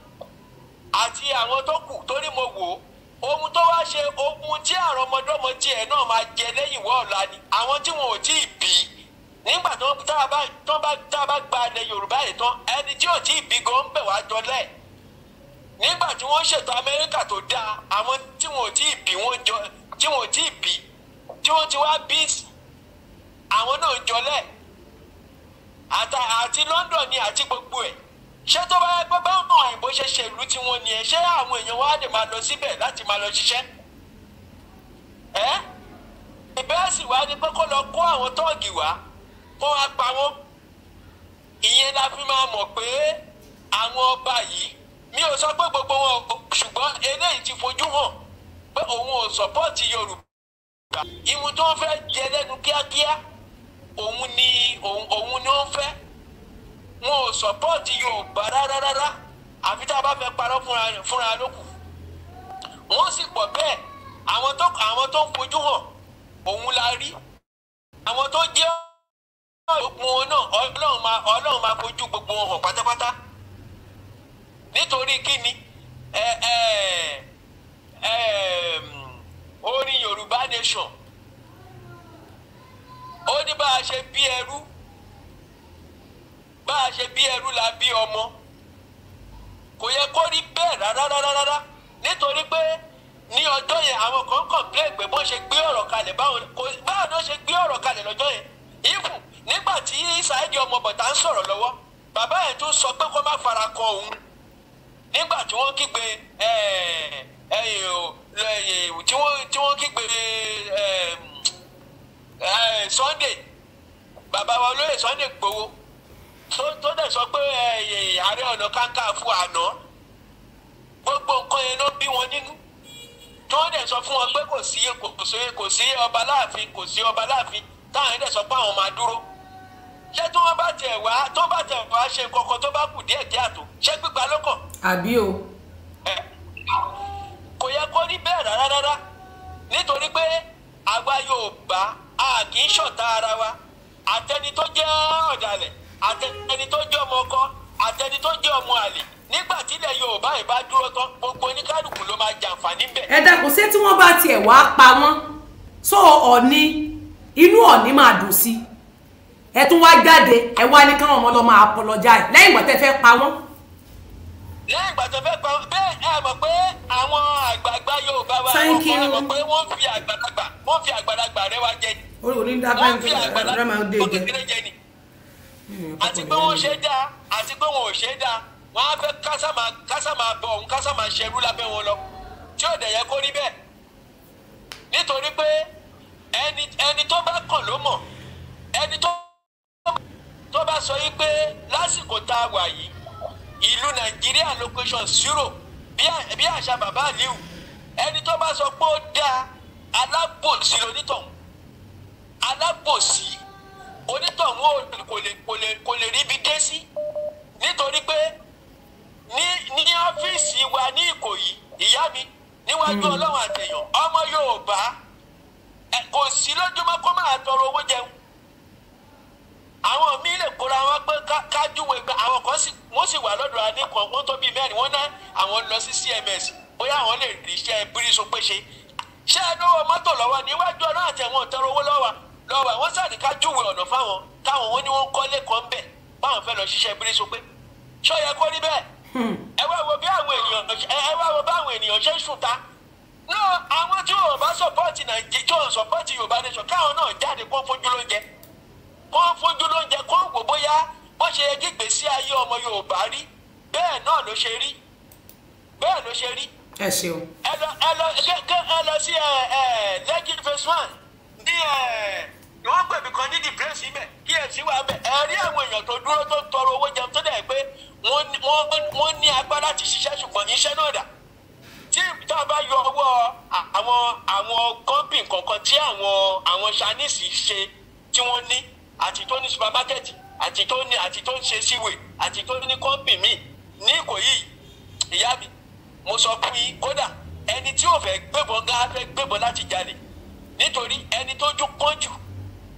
àti àwọn tó kù torí mo wò ó ohun tó wá ṣe ohun tí àwọn ọmọdọ́mọ tiẹ̀ náà máa jẹ lẹ́yìn wọ́ ọ̀la ni àwọn tí wọn ò tí ì bí nígbà tó tá a bá tá a bá gba ilẹ̀ Yorùbá yìí tán ẹni tí ò tí ì bí gan ń bẹ̀ wá jọlẹ̀ nígbà tí wọ́n ṣètò Amẹ́ríkà tó dáa àwọn tí wọn ò tí ì bí wọn jọ tí wọn ò tí ì bí tí wọ́n ti wá bí àwọn náà jọlẹ̀ àti London ni àti gbogbo ẹ̀ ṣé tó bá yẹ pé báwọn òyìnbó ṣe ṣe ìlú tiwọn nìyẹn ṣé àwọn èèyàn wa lè máa lọ síbẹ̀ láti máa lọ ṣiṣẹ́ ẹ́ ìbẹ́ẹ̀ sì wá ni pé kó lọ kó àwọn tóògì wá kó wá pa wọ́n ìyẹn la fi máa mọ̀ pé àwọn ọba yìí mi ò sọ pé gbogbo wọn ṣùgbọ́n eléyìí ti fojú hàn pé òun ò sọ́pọ́ọ̀tì Yorùbá ìwọ̀n tó ń fẹ́ jẹ lẹ́nu kíákíá òun ni òun ni ó ń fẹ́ wọn ò sọpọ́ọ̀tì Yorùbá rárá rárá àfi tá a bá fẹ́ parọ́ fúnra lókù wọ́n sì pọ̀ bẹ́ẹ̀ àwọn tó àwọn tó ń fojú hàn òun la rí àwọn tó jẹ́ ọ̀gbun wọn náà ọlọ́run máa ọlọ́run máa fojú gbogbo wọn hàn pátápátá nítorí kí ni ẹ ẹ ẹ orin Yorùbá nation ó ní bá a ṣe bí ẹrú bá a ṣe bí ẹrú la bí ọmọ kò yẹ kó rí bẹ́ẹ̀ rárá rárá rárá nítorí pé ní ọjọ́ yẹn àwọn kan complain pé bọ́n ṣe gbé ọ̀rọ̀ kalẹ̀ báwọn kò báwọn ló ṣe gbé ọ̀rọ̀ kalẹ̀ lọ́jọ́ yẹn even nígbà tí Saheed ọmọ bọ̀tà ń sọ̀rọ̀ lọ́wọ́ bàbá ẹ̀ tún sọ pé kó má fara kọ òun nígbà tí wọ́n kígbe tí wọ́n kígbe Sunday bàbá wa olóyè Sunday Igboho tó dẹ̀ sọ pé ààrẹ ọ̀nà fún àná gbogbo nǹkan yẹn ló bí wọn nínú tó dẹ̀ sọ fún wọn pé kò sí kò sí ọba láàfin kò sí ọba láàfin táwọn yẹn dẹ̀ sọ pé àwọn máa dúró ṣé tí wọ́n bá tẹ̀ wá tó bá tẹ̀ wá ṣe kọ̀kọ̀ tó bá kù díẹ̀ díẹ̀ tó ṣé gbígbà lọ́kàn. àbí o. kò yẹ kó rí bẹ́ẹ̀ rárá rárá nítorí pé àgbà yóò gbà á kì í ṣọ̀tá ara wa àtẹni tó jẹ́ ọ̀dàlẹ̀ àtẹni tó jẹ́ ọmọ ọkọ àtẹni tó jẹ́ ọmọ àlè nígbà tílẹ̀ Yorùbá ìbá dúró tán gbogbo oníkálukú ló máa jàǹfààní bẹ̀. ẹ dákun ṣé tí wọ́n bá tiẹ̀ wá pa wọ́n sọ ọ̀ni inú ọ̀ni máa dùn sí ẹ tún wá jáde ẹ wá ní káwọn ọmọ lọ máa apologize lẹ́yìn ìgbà tẹ́ fẹ́ pa wọ́n lẹ́yìn ìgbà tó fẹ́ pa bẹ́ẹ̀ ẹ mọ̀ pé àwọn àgbààgbà Yorùbá wa ọkọ ẹ mọ̀ pé wọ́n fi àgbàlagbà wọ́n fi àgbàlagbà rẹwà jẹ ni wọ́n fi àgbàlagbà tó kékeré jẹ ni àti pé wọ́n ṣe dáa àti pé wọ́n ò ṣe dáa wọ́n á fẹ́ kásàmà kásàmà bẹ òun kásàmà ṣerú lábẹ́ wọn lọ tí ò dẹ̀ yẹ kó rí bẹ́ẹ̀ nítorí pé ẹni ẹni tó bá kàn ló mọ̀ ẹni tó tó bá sọ yìí pé lásìkò tá a wà yìí ìlú nàìjíríà location zero bí àṣà bàbá àlíù ẹni tó bá sọ pé ó dáa alábòsí lónítọ̀hún alábòsí onítọ̀hún kò lè kò lè kò lè ríbi dé sí nítorí pé ní ní ọ́fíìsì wa ní Ìkòyí ìyá mi níwájú hmm. ọlọ́run àtẹ̀yàn ọmọ Yorùbá kò sí lójúmọ́ kó máa tọrọ owó jẹun àwọn míì lè kóra wọn pé kájúwe pé àwọn kan sì wọn sì wà lọ́dọ̀ adé kan wọn tó bíi mẹ́rin wọn ná àwọn lọ sí CMS bóyá àwọn lè rí iṣẹ́ bírísọ pé ṣe ṣé ẹ lówó mọ́tò lọ́wọ́ níwájú ọlọ́run àtẹ̀wọ̀n tọrọ owó lọ́wọ́ lọ́wọ́ àwọn sáà ní ká ọ̀nà fáwọn táwọn wọn ni wọ́n kọ́ lẹ́kọ̀ọ́ ń báwọn fẹ́ lọ ṣiṣẹ́ pé yẹ kó hmm. ẹ wá wo bí àwọn ènìyàn ẹ wá wo bí àwọn ènìyàn ṣe ń ṣùtá náà àwọn tí wọn bá sọpọ́ọ̀tì nàìjíríà tí wọn sọpọ́ọ̀tì yorùbá nation káwọn náà jáde kó fojú lóúnjẹ kó fojú lóúnjẹ kó wò bóyá bó ṣe yẹ ọmọ yorùbá rí bẹ́ẹ̀ náà ló ṣe rí bẹ́ẹ̀ ló wọ́n pè mí kan ní the brace ibẹ̀ kí ẹ̀ sí wa bẹ̀ ẹ̀ rí àwọn èèyàn tó dúró tó tọrọ owó jẹun tó dẹ̀ pé wọ́n ní agbára láti ṣiṣẹ́ ṣùgbọ́n iṣẹ́ náà dà tí tá a bá yọ ọwọ́ àwọn àwọn kọ́mpìn kọ̀ọ̀kan tí àwọn àwọn Chinese ṣe tí wọ́n ní àti tó ní supermarket àti tó ní àti tó ń ṣe síwèé àti tó ní kọ́mpìn míì ní Ìkòyí ìyá mi mo sọ fún yín kódà ẹni tí ò fẹ́ gbébọn gá fẹ́ gbébọn láti jalè nítorí ẹni tó jú pọ́njù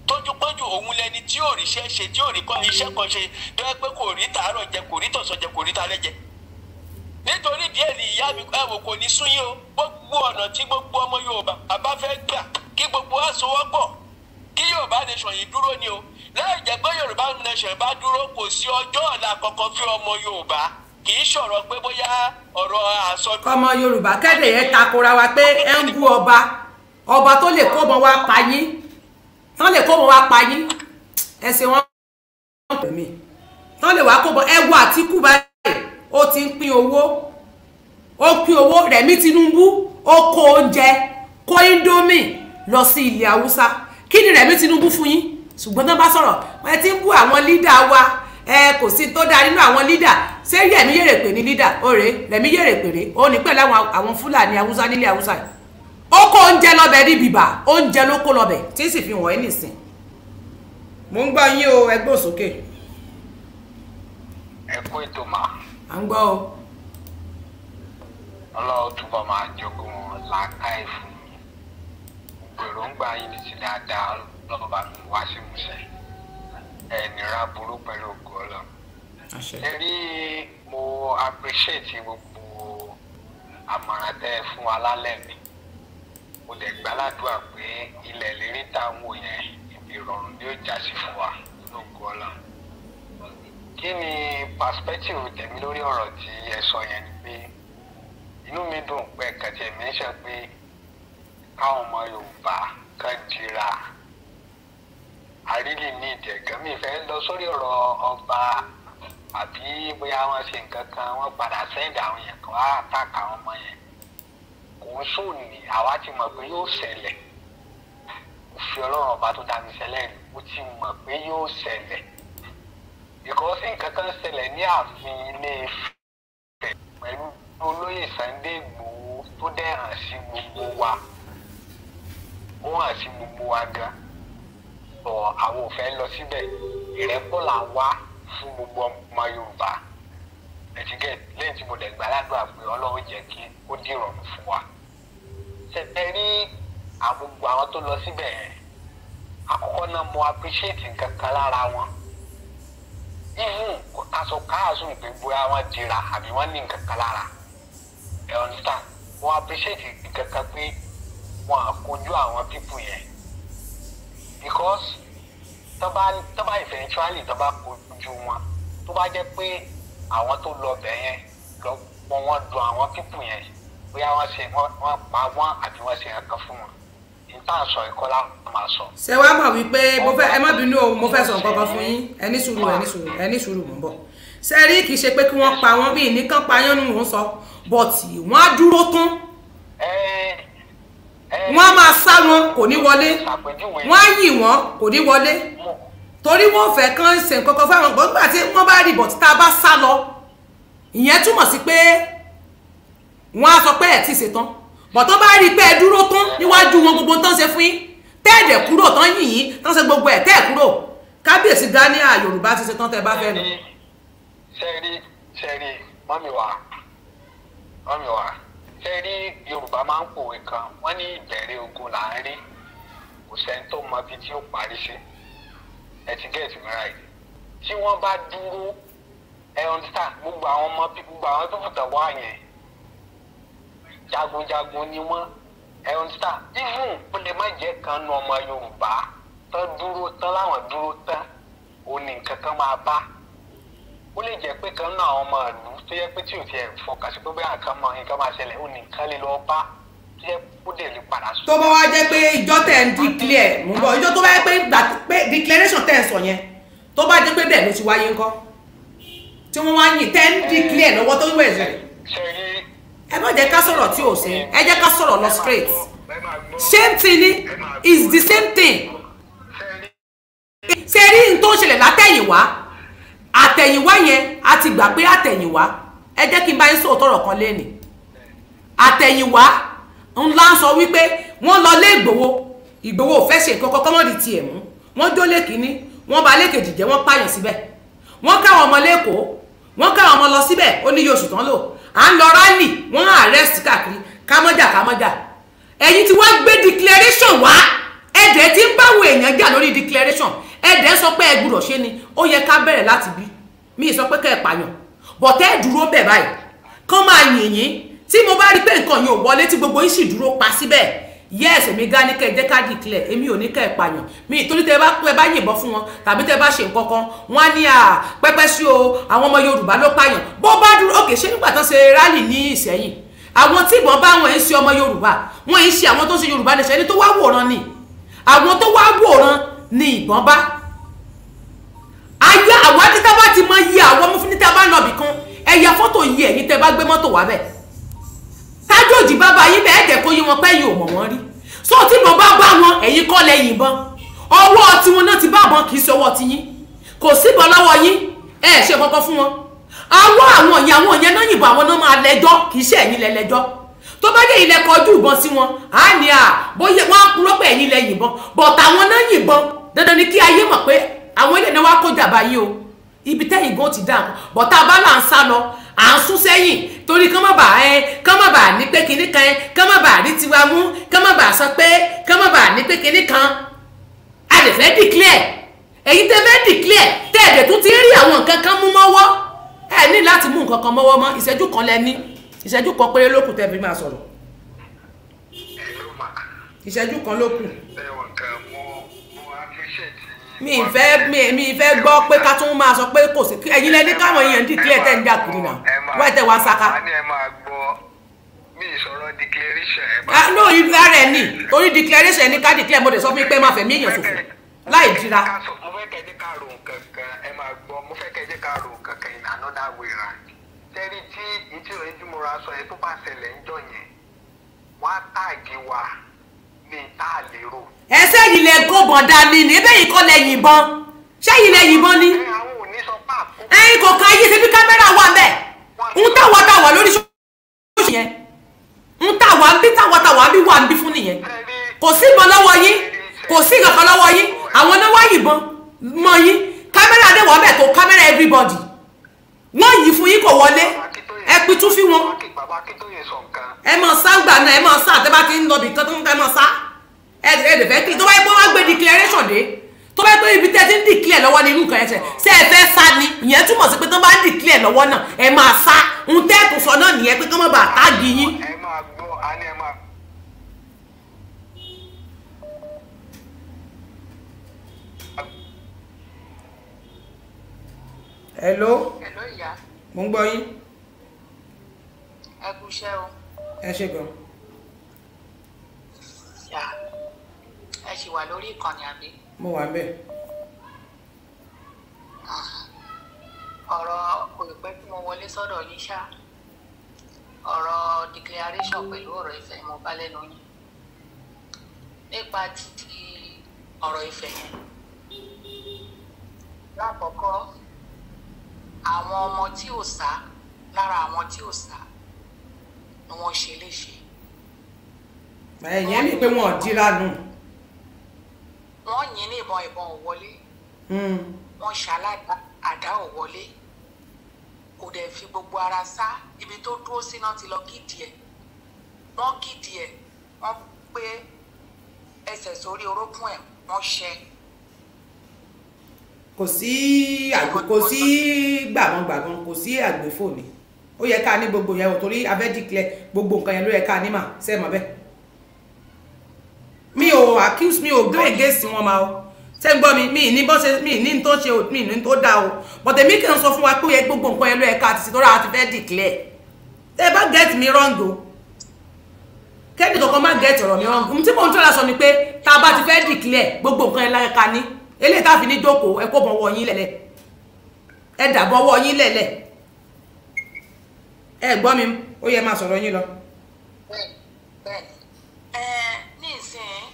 tójú péjú òun lẹni tí ò rí iṣẹ́ ṣe tí ò rí iṣẹ́ kan ṣe tó yẹ pé kò rí tàárọ̀ jẹ kò rí tọ̀sán jẹ kò rí talẹ́ jẹ nítorí díẹ̀ ni ìyá mi ẹ̀wò kò ní sún yín o gbogbo ọ̀nà tí gbogbo ọmọ Yorùbá bàbá fẹ́ gbà kí gbogbo àsowọ́pọ̀ kí Yorùbá nation yìí dúró ni o láì jẹ́ pé Yorùbá nation bá dúró kò sí ọjọ́ ọ̀la kankan fún ọmọ Yorùbá kì í sọ̀rọ̀ pé bóyá ọ̀rọ̀ àsọdún. ọmọ Yorùbá kéde yẹn takora wa pé ẹ ń bú ọba ọba tó lè kọ́ ọmọ wa pa yín tán lè kó wọn wá pa yín ẹsẹ̀ wọn pè mí tán lè wá kó bọ ẹwọ Àtíkù báyìí ó ti ń pín owó ó pín owó Rẹ̀mí Tinubu ó kó oúnjẹ kó indomie lọ sí ilẹ̀ Haúsá kí ni Rẹ̀mí Tinubu fún yín ṣùgbọ́n tán bá sọ̀rọ̀ ẹ ti ń bú àwọn lídà wa ẹ kò sí tó dáa nínú àwọn lídà ṣé Rẹ̀mí Yèrèpè ní lídà ó rèé Rẹ̀mí Yèrèpè rèé ó ní pẹ̀lú àwọn Fúlàní Haúsá nílẹ̀ Haúsá yìí ó kó oúnjẹ lọ́bẹ̀ ní bìbà oúnjẹ ló kó lọ́bẹ̀ tí sì fi wọ̀nyí nìsín. mo ń gbọ́ yín o ẹgbẹ́ òsókè. ẹ kú ètò mà. à ń gbọ́ o. ọlọ́run túbọ̀ máa jogún làákàyè fún mi èròǹgbà yín ní ti dáadáa lọ́wọ́ bá mi wá sí musẹ̀ ẹ̀nìra burú pẹ̀lú ògo ọlọ́run. ẹ̀rí mo appreciate gbogbo àmọ̀ràn tẹ́ ẹ fún wa mi mo dẹ̀ gbàládùá pé ilẹ̀ ìlérí tá à yẹn ibi ìrọ̀rùn ni ó já sí fún wa nínú ògùn ọlọ́run. kí ni perspective tèmi lórí ọ̀rọ̀ tí ẹ sọ yẹn ni pé inú mi dùn pé kàtí ẹ̀mí ṣe pé káwọn ọmọ yorùbá kan jìra àrílì ní ìjẹ̀gán mi fẹ́ lọ sórí ọ̀rọ̀ ọba àbí bóyá wọ́n ṣe nǹkan kan wọ́n padà sẹ́ńdà àwọn yẹn kan wá àtàkà àwọn ọmọ yẹn òun sóòní ni àwa ti mọ̀ pé yóò ṣẹlẹ̀ òfin ọlọ́run ọba tó dání ṣẹlẹ̀ rí ó ti mọ̀ pé yóò ṣẹlẹ̀ because nǹkan kan ṣẹlẹ̀ ní ààfin Ilé-Ifẹ̀ pẹ̀lú olóyè Sunday Ìgbòho tó dẹ̀ hàn sí gbogbo wa ó hàn sí gbogbo wa gan ọ̀ àwọn ò fẹ́ lọ síbẹ̀ ìrẹ́pọ̀ là ń wá fún gbogbo ọmọ Yorùbá ẹ̀tìgẹ̀ lẹ́yìn tí mo dẹ̀ gbà pé Ọlọ́run jẹ́ kí ó dìrọ̀rùn fún wa ṣẹ̀fẹ̀ rí àgbogbo àwọn tó lọ síbẹ̀ yẹn náà mo appreciate nǹkan kan lára wọn even ká sọ káàsù pé bóyá wọn dira àbí wọn ní nǹkan lára ẹ understand mo appreciate nǹkan kan pé wọn àkojú àwọn pípù yẹn because tó bá eventually tó bá kojú wọn tó bá jẹ́ pé àwọn tó lọ bẹ̀ yẹn lọ pọ̀ wọ́n du àwọn pípù yẹn bóyá wọ́n ṣe wọ́n pa wọ́n àbí wọ́n ṣe nǹkan fún wọn níta sọ ẹ̀kọ́ la máa sọ. ṣé wàá mọ̀ wípé mo fẹ́ ẹ má bínú o mo fẹ́ sọ nǹkan kan fún yín ẹ ní sùúrù ẹ ní sùúrù ẹ ní sùúrù mọ̀ bọ̀ ṣe rí kì í ṣe pé kí wọ́n pa wọ́n bí nìkan pa yán nù ń sọ bọ̀tì wọ́n á dúró tán wọ́n á máa sá wọn kò ní wọlé wọ́n á yìn wọ́n kò ní wọlé torí wọ́n fẹ́ kán ṣe nǹkan kan fáwọn gbọ́ngbà tí wọ́n bá rí bọ̀tì a bá sá lọ wọ́n á sọ pé ẹ̀ tí ì ṣetán bọ̀ tó bá rí i pé ẹ dúró tán níwájú wọn gbogbo tán ṣe fún yín tẹ́ẹ̀dẹ̀ kúrò tán yìn yín tán ṣe gbogbo ẹ̀ tẹ́ẹ̀ kúrò kábíyèsí dania yorùbá ti ṣetán tẹ́ bá fẹ́ lọ. sẹ́ẹ̀rí sẹ́ẹ̀rí mọ́mí wa mọ́mí wa sẹ́ẹ̀rí yorùbá máa ń pòwe kan wọ́n ní ìbẹ̀rẹ̀ ogun là ń rí kò sẹ́ni tó mọ ibi tí ó parí sí ẹ ti gẹ̀ẹ́sì mìíràn yìí tí wọ́n bá dúró ẹ̀ ọ́n jagunjagun ni wọ́n ẹ̀rọ títà ìfún ó lè má jẹ́ kan nu ọmọ Yorùbá tán dúró tán láwọn dúró tán òní nǹkan kan máa bá ó lè jẹ́ pé kan náà ọmọ ìlú tó yẹ pé tí ò tiẹ̀ fọkà sí pé bẹ́ẹ̀ kan mọ nǹkan máa ṣẹlẹ̀ òní nǹkan lè lọ bá tó yẹ kó dẹ̀ lè padà sùn. tó bá wá jẹ́ pé ìjọ tẹ̀ ń declare mú bọ̀ ìjọ tó bá yẹ pé gbà pé declaration tẹ̀ ń sọ yẹn tó bá jẹ́ pé bẹ́ẹ̀ ló ti wáyé ńkọ́ tí wọ́n wá yìn tẹ́ ń declare lọ́wọ́ tó wẹ̀ ṣẹlẹ̀ ẹ má jẹ́ ká sọ̀rọ̀ tí ò ṣe ẹ jẹ́ ká sọ̀rọ̀ lọ straight same thing ni is the same thing ṣe rí n tó ń ṣẹlẹ̀ látẹ̀yìnwá àtẹ̀yìnwá yẹn a ti gbà pé àtẹ̀yìnwá ẹ jẹ́ kí n bá yín sọ̀rọ̀ tọ̀rọ̀ kan lẹ́nìí àtẹ̀yìnwá ńlá ń sọ wípé wọ́n lọ lé Ìgbòho Ìgbòho ò fẹ́ ṣe nǹkan kọ́kọ́ mọ́dì tiẹ̀ mú wọ́n jó lẹ́kìnní wọ́n ba lẹ́kejì jẹ́ wọ́n pààyàn síbẹ̀ wọ́n káwọn ọmọ lẹ́kọ̀ọ́ wọ́n káwọn ọmọ lọ síbẹ̀ ó níye oṣù tán lò à ń lọ rálì wọ́n arrest káàkiri kámọ́jà kámọ́jà ẹ̀yin tí wọ́n gbé declaration wá ẹ̀dẹ̀ tí ń báwo èèyàn jà lórí declaration ẹ̀dẹ̀ sọ pé ẹ gbúdọ̀ ṣe ni ó yẹ ká bẹ̀rẹ̀ láti bí mi sọ pé kẹ́ ẹ pààyàn bọ̀tẹ́ ẹ dúró bẹ̀ báyìí kán máa yìnyín tí mo bá rí pé nǹkan yìí ò wọlé tí gbogbo yín sì dúró pa síbẹ̀ yes èmi gá ní kẹ́ ẹ jẹ́ ká declare èmi ò ní kẹ́ ẹ pààyàn mi torí tẹ́ ẹ bá kú ẹ bá yìnbọn fún wọn tàbí tẹ́ ẹ bá ṣe nǹkan kan wọ́n á ní à pẹ́pẹ́ sí o àwọn ọmọ yorùbá ló pààyàn bó bá dúró òkè ṣé nígbà tán ṣe rálì ní ìsẹ́yìn àwọn tí ìbọn bá wọn ń ṣe ọmọ yorùbá wọn ń ṣe àwọn tó ṣe yorùbá lè ṣe ẹni tó wá wòran ni àwọn tó wá wòran ni ìbọn bá ayé àwọn adítá bá ti mọ iye àwọn ọmọ fún ní tá a bá lọ bìkan ẹ̀yà fọ́tò yìí ẹ̀yìn tẹ́ bá gbé mọ́tò wá bẹ́ẹ̀ sájòjì bàbá yín bẹ́ẹ̀ jẹ́ kó yé wọn pé yìí ò mọ̀ wọ́n rí so tí mo bá bá wọn ẹ̀yin kọ́ lẹ yìnbọn ọwọ́ tiwọn náà ti bá wọn kì í ṣọwọ́ ti yín kò síbọn lọ́wọ́ yín ẹ ṣe kankan fún wọn àwọn àwọn ìyá àwọn yẹn náà yìnbọn àwọn náà máa lẹ́jọ́ kì í ṣe ẹ̀yin lẹ lẹ́jọ́ tó bá dé ilẹ̀ kọjú ìbọn sí wọn á ní à bóyá wọn á kúrò pé ẹ̀yin lẹ yìnbọn but àwọn náà yìnbọn dandan ni kí ayé mọ̀ pé àwọn ilé náà wá kó jàmbá yìí o ibi tẹ́yìnbọn ti dáhùn but tá a bá là ń sá lọ à ń sún sẹ́yìn torí kán má bà ẹ kán má bà ní pé kinní kan ẹ kán má bà ní tiwa mú kán má bà sọ pé kán má bà ní pé kinní kan a lè fẹ́ declare èyí tẹ́ fẹ́ declare tẹ́ ẹ̀dẹ̀ tó ti rí àwọn nǹkan kan mú mọ́wọ́ ẹ ní láti mú nǹkan kan mọ́wọ́ mọ́ ìṣẹ́jú kan lẹ ní ìṣẹ́jú kan péré ló kù tẹ́ fi máa sọ̀rọ̀ ìṣẹ́jú kan ló kù. ẹ wọ̀n kan mo mo appreciate mi ìfẹ́ mi ìfẹ́ gbọ́ pé ká tún máa sọ pé kò sí ẹ̀yin lẹ́ni káwọn èèyàn declare tẹ̀ ń dà kiri náà wọ́n tẹ̀ wá saka. Ah, no ìlera rẹ̀ ni orí declaration ni ká declare mo lè sọ fún yín pé máa fẹ̀mí èèyàn ṣòfò láì jìra. mo fẹ́ kẹ́ jẹ́ ká ro nǹkan ẹ máa gbọ́ mo fẹ́ kẹ́ jẹ́ ká ro nǹkan kan in another way round tẹ́rí tí ìtìrọ̀ ìdúmọ̀ra sọ yẹn tó bá ṣẹlẹ̀ ń jọ yẹn wá táàgì wa ní tá a lè rò. ẹsẹ yìí lè gbóbọn dání ni ebe yìí kọ́ lẹ yìnbọn ṣé yìí lè yìnbọn ni. ẹyin kò kan ayé ṣebí kámẹ́rà wà mẹ́ ń táwa táwa lórí ṣọ́ọ̀ṣì yẹn ń táwa ń bí táwa táwa ń bí wà ń bí fún nìyẹn kò sí ìbọn lọ́wọ́ yín kò sí ìkàkọ́ lọ́wọ́ yín àwọn náà wá yìnbọn mọ́ yín kámẹ́rà dé wà mẹ́ tó kámẹ́rà everybody wọ́n yìí fún yín kò wọlé ẹ pitú fí wọn ẹ mọ sáǹgbà náà ẹ mọ sáà tẹ bá ti ń lọ bìkan tó ń fẹ́ mọ sá ẹ lè fẹ́ kí tó bá yẹ pé wọ́n gbé declaration dé tó bá yẹ pé ibi tẹ́ ti ń declare lọ́wọ́ ní irú kan ẹ̀ṣẹ̀ ṣé ẹ fẹ́ sá ni ìyẹn túmọ̀ sí pé tó bá ń declare lọ́wọ́ náà ẹ máa sá ń tẹ́ẹ̀tù sọ náà nìyẹn pé kí wọ́n bá a tá yín. ẹ máa hello. hello ìyá. mo ń gbọ́ yín. ẹ kú iṣẹ́ o. ẹ ṣe gan. ìyá ẹ ṣì wà lórí ìkànnì àbí. mo wà ń bẹ̀. Ah, ọ̀rọ̀ kò pẹ́ tí mo wọlé sọ́dọ̀ yín ṣá ọ̀rọ̀ declaration pẹ̀lú ọ̀rọ̀ ìfẹ́ mo bá lẹ́nu yín nípa ti ọ̀rọ̀ ìfẹ́ yẹn lákọ̀ọ́kọ́ àwọn ọmọ tí ò sá lára àwọn tí ò sá ni wọ́n ṣe léṣe. ẹ̀yẹ́ mi pé wọ́n dira nù. wọ́n yìn ní ìbọn ìbọn ò wọlé. Hmm. wọ́n ṣalága àdá ò wọlé. kò dẹ̀ fi gbogbo ara sá ibi tó dúró sí náà ti lọ gidi ẹ̀. wọ́n gidi ẹ̀ wọ́n pé ẹsẹ̀ sórí orókùn ẹ̀ wọ́n ṣẹ́ ẹ̀ kò sí kò sí gbàgbọ́ngbàgbọ́n kò sí àgbéfò ni ó yẹ ká ní gbogbo yẹn o torí abẹ́ dìklẹ̀ gbogbo nǹkan yẹn ló yẹ ká ní mà sẹ́mọ̀ bẹ́ẹ̀ mi ò accuse mi ò gbé against wọn ma o ṣé ń gbọ́ mi mi ní bọ́ ṣe mi ní tó ṣe mi ní tó dá o but èmi kàn sọ fún wa pé ó yẹ gbogbo nǹkan yẹn ló yẹ ká ti ṣètò àti fẹ́ dìklẹ̀ ẹ bá get me wrong o kẹ́ni kankan má get ọ̀rọ̀ mi wrong tí mò ń tọ́ra sọ ni pé tá a bá ti fẹ́ dìklẹ̀ gbogbo nǹkan yẹn láyé ká ní ele tá a fi ní jókòó ẹ kó bọ̀ wọ yín lẹ̀lẹ̀ ẹ dàbọ̀ wọ yín lẹ̀lẹ̀ ẹ gbọ́ mi ó yẹ máa sọ̀rọ̀ yín lọ. ní ìsìn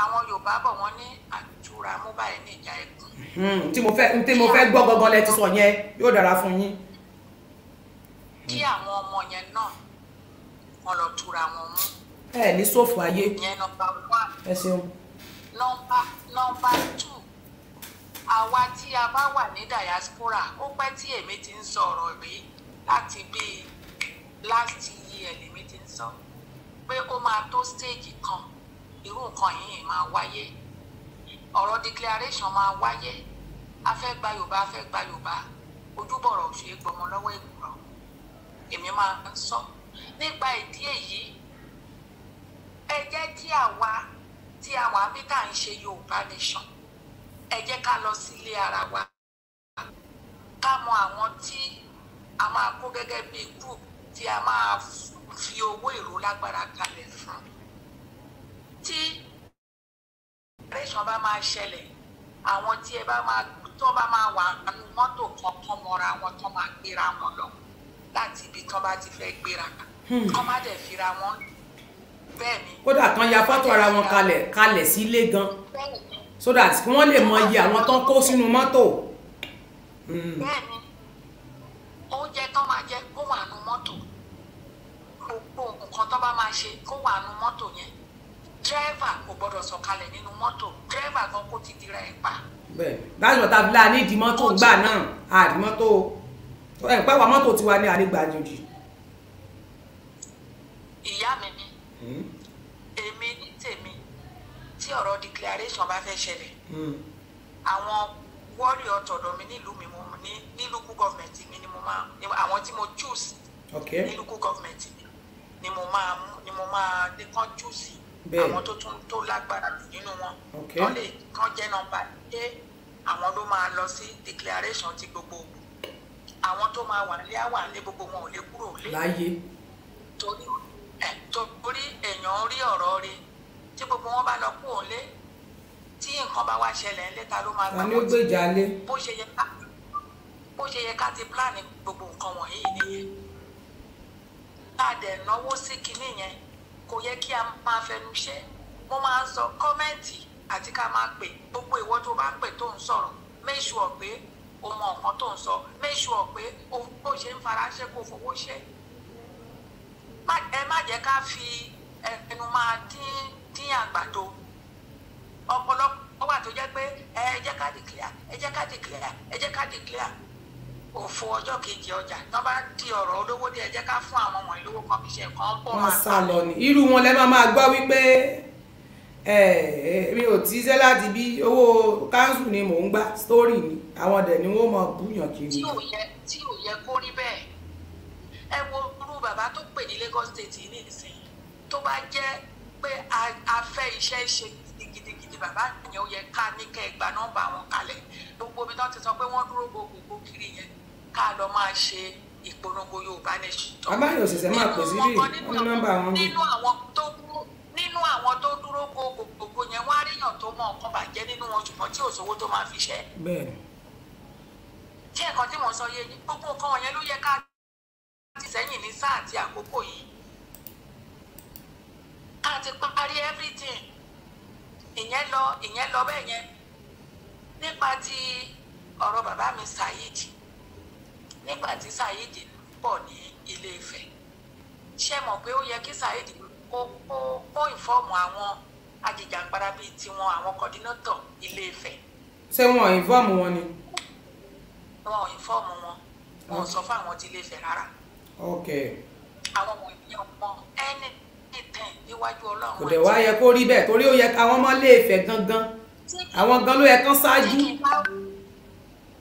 àwọn Yorùbá bọ̀ wọ́n ní àjùrà mú báyìí ní ìjà ẹkùn. Hmm, tí mo fẹ́ tí mo fẹ́ gbọ́ gangan lẹ ti sọ yẹn yóò dára fún yín. kí àwọn ọmọ yẹn náà wọn lọ tura wọn mú. ẹ ní sófò ayé. yẹn nọ́mbà wá. ẹ ṣeun nọ́mbà nọ́mbà two àwa tí a bá wà ní diaspora ó pẹ́ tí èmi ti ń sọ ọ̀rọ̀ rí láti bíi last year lèmi ti ń sọ pé ó máa tó stage kan irú nǹkan yìí máa wáyé ọ̀rọ̀ declaration máa wáyé a fẹ́ gba Yorùbá a fẹ́ gba Yorùbá ojúbọ̀rọ̀ ò ṣe é gbọmọ lọ́wọ́ èkùrọ̀ èmi máa ń sọ nípa ìdí èyí ẹ jẹ́ kí àwa tí a wà bí tá à ń ṣe Yorùbá nation ẹ jẹ́ ká lọ sílé ara wa ká mọ àwọn tí a máa kó gẹ́gẹ́ bí group tí a máa fi owó ìró lágbára kalẹ̀ fún tí generation bá máa ṣẹlẹ̀ àwọn tí ẹ bá máa tó bá máa wà nínú mọ́tò kankan mọ́ra wọn tó máa gbéra wọn lọ láti ibi tó bá ti fẹ́ gbéra kọ́ hmm. má dẹ̀ fira wọn lọ kódà kan ya fọ́tò ara wọn kalẹ̀ kalẹ̀ sílé gan so that kí wọ́n lè mọ iye àwọn tán kó sínú mọ́tò. Hmm. bẹ́ẹ̀ni oúnjẹ tán máa jẹ kó wà nù mọ́tò gbogbo nǹkan tán bá máa ṣe kó wà nù mọ́tò yẹn dírẹ́fà kò gbọ́dọ̀ sọ̀kalẹ̀ nínú mọ́tò dírẹ́fà gan kó ti dira ẹ̀ pa. bẹ́ẹ̀ that's what I've learned nídìí mọ́tò gbà náà àdìí mọ́tò ẹ̀ pẹ́ wa mọ́tò tiwa ní àrígbàjòjì. ìyá mi ni Hmm? èmi ní tèmi tí ọ̀rọ̀ declaration bá fẹ́ ṣẹlẹ̀ hmm. àwọn wọ́ọ̀rì ọ̀tọ̀dọ̀ mi nílùú mi ní lùkú gọ́ọ̀mẹ̀ntì mi ni mo máa àwọn tí mo choose ní lùkú gọ́ọ̀mẹ̀ntì mi ni mo máa ni mo máa ní kán choose àwọn tó tún tó lágbára jù nínú wọn tó lè kán jẹ́ nọ́mbà dé àwọn ló máa lọ sí declaration ti gbogbogbò àwọn tó máa wà nílé àwọn àlè gbogbo wọn ò lè kúrò lé torí torí èèyàn rí ọ̀rọ̀ rí tí gbogbo wọn bá lọ kú òun lé tí nǹkan bá wá ṣẹlẹ̀ ńlẹ́ ta ló máa gbà wọ́n ti bó ṣe yẹ ká bó ṣe yẹ ká ti pílánì gbogbo nǹkan wọ̀nyí nìyẹn tá a dẹ̀ náwó sí kinní yẹn kò yẹ kí a máa fẹnu ṣe mo máa ń sọ kọ́mẹ́ǹtì àti ká máa pè gbogbo ìwọ tó bá ń pè tó ń sọ̀rọ̀ make sure pé o mọ nǹkan tó ń sọ make sure o bó ṣe ń fara kó fowó ṣe ẹ má jẹ́ ká fi ẹnu máa dín dín àgbàdo ọ̀pọ̀lọpọ̀ wà tó jẹ́ pé ẹ jẹ́ ká dìkìlà ẹ jẹ́ ká dìkìlà ẹ jẹ́ ká dìkìlà òfò ọjọ́ kejì ọjà tó bá di ọ̀rọ̀ olówó dé ẹ jẹ́ ká fún àwọn ọmọ ìlówó kan fi ṣe nǹkan sá lọ ni irú wọn lẹ máa máa gbọ́ wípé mi ò tí iṣẹ́ láti bí owó káńsù ni mò ń gbà sítórì ni àwọn dẹ̀ ni wọ́n mọ̀ búyàn kiri. tí ò yẹ kó rí bẹ́ẹ̀ ẹ wo irú bàbá tó pè ní Lagos State yìí nìsín tó bá jẹ́ pé a fẹ́ iṣẹ́ ṣe gidigidigidi bàbá yẹn ó yẹ ká ní kẹ́ ẹ gba nọ́mbà wọn kalẹ̀ gbogbo omi tán ti sọ pé wọ́n dúró gbogbo kiri yẹn ká lọ máa ṣe ìpolongo Yorùbá Nation. abáyọ̀ ṣẹ̀ṣẹ̀ máa pè sí rèé wọ́n nọ́mbà wọn bí. nínú àwọn tó dúró nínú àwọn tó dúró gbogbo yẹn wọ́n á ríyàn tó mọ nǹkan bàjẹ́ nínú wọn ṣùgbọ́n tí òṣòwò tó máa fi ṣẹ́. bẹ́ẹ̀ ni. tí ẹ̀kan tí mo sọ yé gbogbo nǹkan wọ̀nyẹn ló yẹ ká ti sẹ́yìn ní sáà àti àkókò yìí a ti parí everything ìyẹn lọ ìyẹn lọ bẹ́ẹ̀ yẹn nípa ti ọ̀rọ̀ bàbá mi Saheed nígbà tí Saheed pọ̀ ní ilé Ifẹ̀ ṣe mọ̀ pé ó yẹ kí Saheed kó kó kó ìfọ́ọ̀mù àwọn ajìjàǹgbara bíi tiwọn àwọn kọ́dínátọ̀ ilé Ifẹ̀. ṣé wọn ìfọ́ọ̀mù wọn ni. wọn ìfọ́ọ̀mù wọn wọn sọ fún àwọn ti ilé Ifẹ̀ rárá okay. àwọn wòlíì ọmọ ẹni ìtàn níwájú ọlọ́run. kò dẹ̀ wá yẹ kó rí bẹ́ẹ̀ torí ó yẹ àwọn ọmọ lè fẹ́ gangan àwọn gan ló yẹ kán ṣáájú.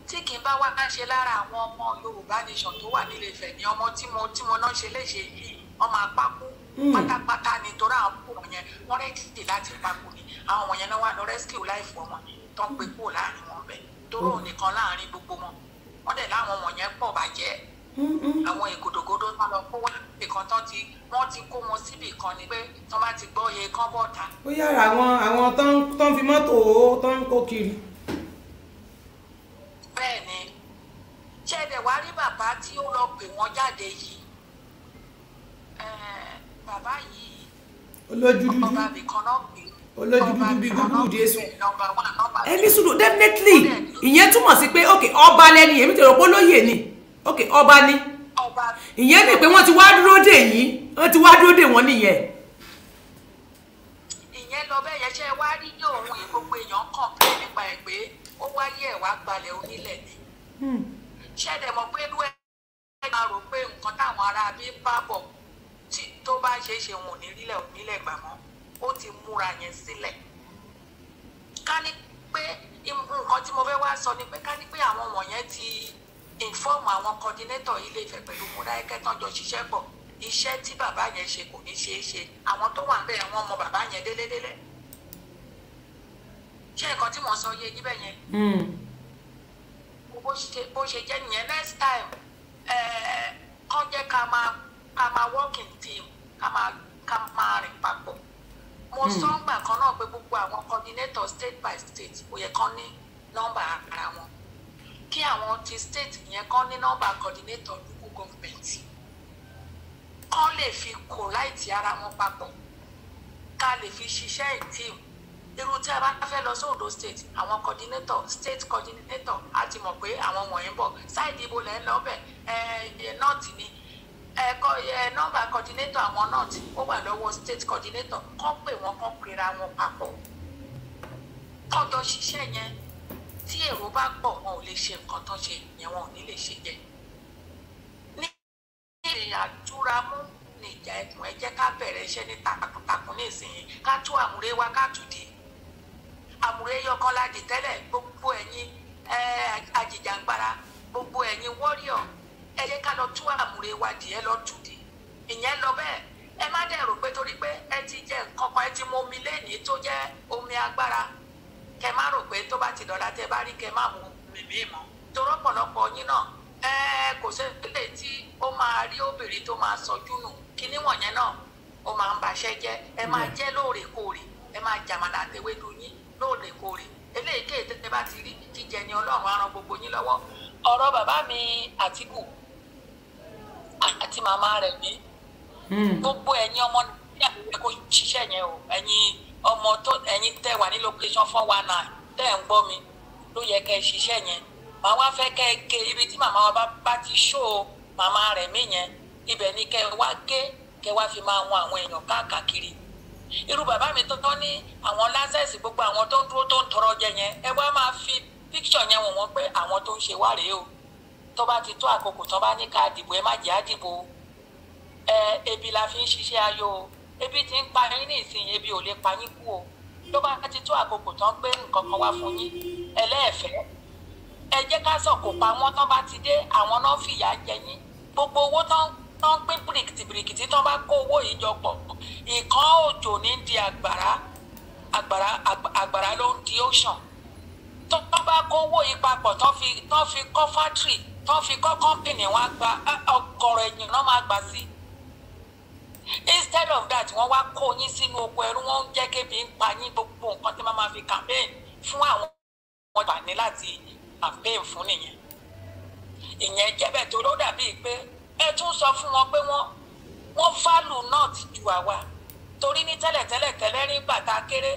tí kì í bá wá ṣe lára àwọn ọmọ yorùbá nation tó wà nílé Ifẹ̀ ni ọmọ tí mo tí mo náà ṣe léṣe yìí ọmọ apákó hmm. pátápátá ni torí àwọn ọmọ yẹn wọ́n rẹ́díìdì láti pákó ni àwọn ọmọ yẹn náà wà lọ rescue life ọmọ tó ń pe kúrò láàrin wọn bẹ́ẹ̀ tó rò hmm. nìkan láàrin gbogbo wọn wọ́n dẹ̀ láwọn ọmọ yẹn pọ̀ bàjẹ́ Mm-hmm. àwọn ìkòtòkòtò tó lọ kó wá nìkan tán ti wọ́n ti kó wọn síbì kan ni pé tán bá ti gbọ́ iye kán bọ̀ ta. ó yára àwọn àwọn tó ń fi mọ́tò tó ń kó kiri. bẹ́ẹ̀ ni ṣẹ̀dẹ̀ wá rí bàbá tí ó lọ pè wọ́n jáde yìí bàbá yìí olójú dúdú ọba mi kan náà pè é olójúdúdú bíi gúgúrú di èso. ẹni sùdù definitely ìyẹn túmọ̀ sí pé ok ọba lẹni èmi tẹ̀rọ pé olóyè ni ok ọba ni ìyẹn ni pé wọ́n ti wá dúró dè yín wọ́n ti wá dúró dè wọ́n nìyẹn. ìyẹn lọ bẹ́ẹ̀ yẹn ṣe wá rí ní òun yìí gbogbo èèyàn kàn pé nípa ẹ̀ pé ó wáyé ẹ̀ wá gbalẹ̀ onílẹ̀ ni. Hmm. ṣẹ́dẹ̀ mọ̀ pé inú ẹ̀ máa rò pé nǹkan táwọn ará bí ń bá bọ̀ tó bá ṣeé ṣe wọn ò ní rílẹ̀ onílẹ̀ gbà mọ́ ó ti múra yẹn sílẹ̀. ká ní pé nǹkan tí mo fẹ́ wá sọ ni pé ká ní pé àwọn wọ̀nyẹn ti ìfọ́ọ̀mù àwọn kọ́dínétọ̀ ilé Ifẹ̀ pẹ̀lú Modákẹ́kẹ́ tán jọ ṣiṣẹ́ pọ̀ iṣẹ́ tí bàbá yẹn ṣe kò ní ṣeé ṣe àwọn tó wà bẹ́ẹ̀ wọ́n mọ bàbá yẹn délédélé ṣé nǹkan tí mò ń sọ yé yín bẹ́ẹ̀ yẹn hmm. bó ṣe jẹ́ nìyẹn next time kọ́ jẹ́ ká máa ká máa working team ká máa ká máa rìn papọ̀ mo hmm. sọ ń gbà kan náà pé gbogbo àwọn coordinator state by state kò yẹ kán ní nọ́mbà ara wọn kí àwọn ti state yẹn kán ní nọ́mbà coordinator local government kán lè fi kò láìtì ara wọn papọ̀ ká lè fi ṣiṣẹ́ ìtìm irú tí a bá fẹ́ lọ sí Ondo state àwọn coordinator state coordinator á ti mọ̀ pé àwọn wọ̀nyí ń bọ̀ ṣáìdì ibo lẹ́ ń lọ bẹ̀ ẹ̀ nọ́ọ̀tì ni ẹ̀kọ́ nọ́mbà coordinator àwọn nọ́ọ̀tì ó wà lọ́wọ́ state coordinator kán pè wọ́n kán pera wọn papọ̀ kán jọ ṣiṣẹ́ yẹn tí èrò bá pọ̀ wọn ò lè ṣe nǹkan tó ṣe ìyẹn wọn ò ní lè ṣe jẹ. ní ìrìn àjúramú ní ìjà ẹkùn ẹ jẹ́ ká bẹ̀rẹ̀ iṣẹ́ ní takuntakun ní ìsinyìí ká tú àmúrè wa ká tù dé àmúrè yọkan láti tẹ́lẹ̀ gbogbo ẹ̀yin ajìjàngbara gbogbo ẹ̀yin wọ́ríọ̀ ẹ jẹ́ ká lọ tú àmúrè wa dì ẹ lọ tù dé ìyẹn lọ bẹ́ẹ̀ ẹ má dẹ̀ rò pé torí pé ẹ ti jẹ nǹkan kan ẹ ti mu omi lẹ́yìn tó jẹ́ omi agbára kẹ má rò pé tó bá ti dọ̀la tẹ bá rí kẹ má mú mèmí mọ́ torọ́ ọ̀pọ̀lọpọ̀ yín náà ẹ kò sẹ́lẹ̀ tí ó máa rí obìnrin tó máa sọjú nù kíní wọ̀nyẹn náà ó máa ń baṣẹ́ jẹ́ ẹ máa jẹ́ lóòrèkóòrè ẹ máa jàmàlà àtẹwédú yín lóòrèkóòrè eléyìíkéyìí tẹ́tẹ́ bá ti rí jíjẹ ni ọlọ́run á ran gbogbo yín lọ́wọ́ ọ̀rọ̀ bàbá mi àtìkù àti màmá rẹ̀ mi hmm. gbogbo ẹ̀yin ọmọ nàìjíríà kò ṣiṣẹ́ yẹn o ẹ̀yin ọmọ tó ẹ̀yin tẹ́ wà ní location four one nine tẹ́ ń gbọ́ mi ló yẹ kẹ́ ẹ ṣiṣẹ́ yẹn màá wá fẹ́ kẹ́ ẹ gé ibi tí màmá wa bá ti ṣó màmá rẹ̀ mí yẹn ibẹ̀ ni kẹ́ ẹ wá gé kẹ́ ẹ wá fi máa wọn àwọn èèyàn káàkiri irú bàbá mi tó tọ́ ní àwọn lásẹ̀sì gbogbo àwọn tó ń dúró tó ń tọrọ jẹ yẹn ẹ wá máa fi píkṣọ̀ yẹn wọ̀n wọ́n pé àwọn tó ń ṣe wá rèé o tó bá ti tó àkókò tán bá ní ká dìbò ẹ má jẹ́ àdìbò ẹ ebi la fi ń ṣiṣẹ́ ayọ̀ o ebi ti ń pa yín ní ìsìn ebi ò lè pa yín kú o ló bá ti tó àkókò tán gbé nǹkan kan wá fún yín ẹlẹ́ẹ̀fẹ́ ẹ jẹ́ ká sọ̀kò pamọ́ tán bá ti dé àwọn náà fìyà jẹ yín gbogbo owó tán tán pín bìrìkìtì bìrìkìtì tán bá kó owó yìí jọ pọ̀ ìkan òjò ní di àgbàrá àgbàrá àgbàrá ló ń di ocean tán bá kó owó yìí papọ̀ tán fi tán fi kọ́ fátìrì tán fi kọ́ kọ́ńpìnì wọn gba ọkọ̀rọ̀ ẹ̀yìn náà máa gbà sí i instead of that wọ́n wá kó yín sínú oko ẹrú wọ́n ń jẹ́ kébi ń pa yín gbogbo nǹkan tí wọ́n máa fi campaign fún àwọn wọn gbà ní láti campaign fún nìyẹn ìyẹn jẹ́bẹ̀ tó ló dàbíi pé ẹ tún sọ fún wọn pé wọ́n wọ́n fálù náà ti ju àwa torí ní tẹ́lẹ̀tẹ́lẹ̀ tẹ́lẹ̀ rí gbàtà kéré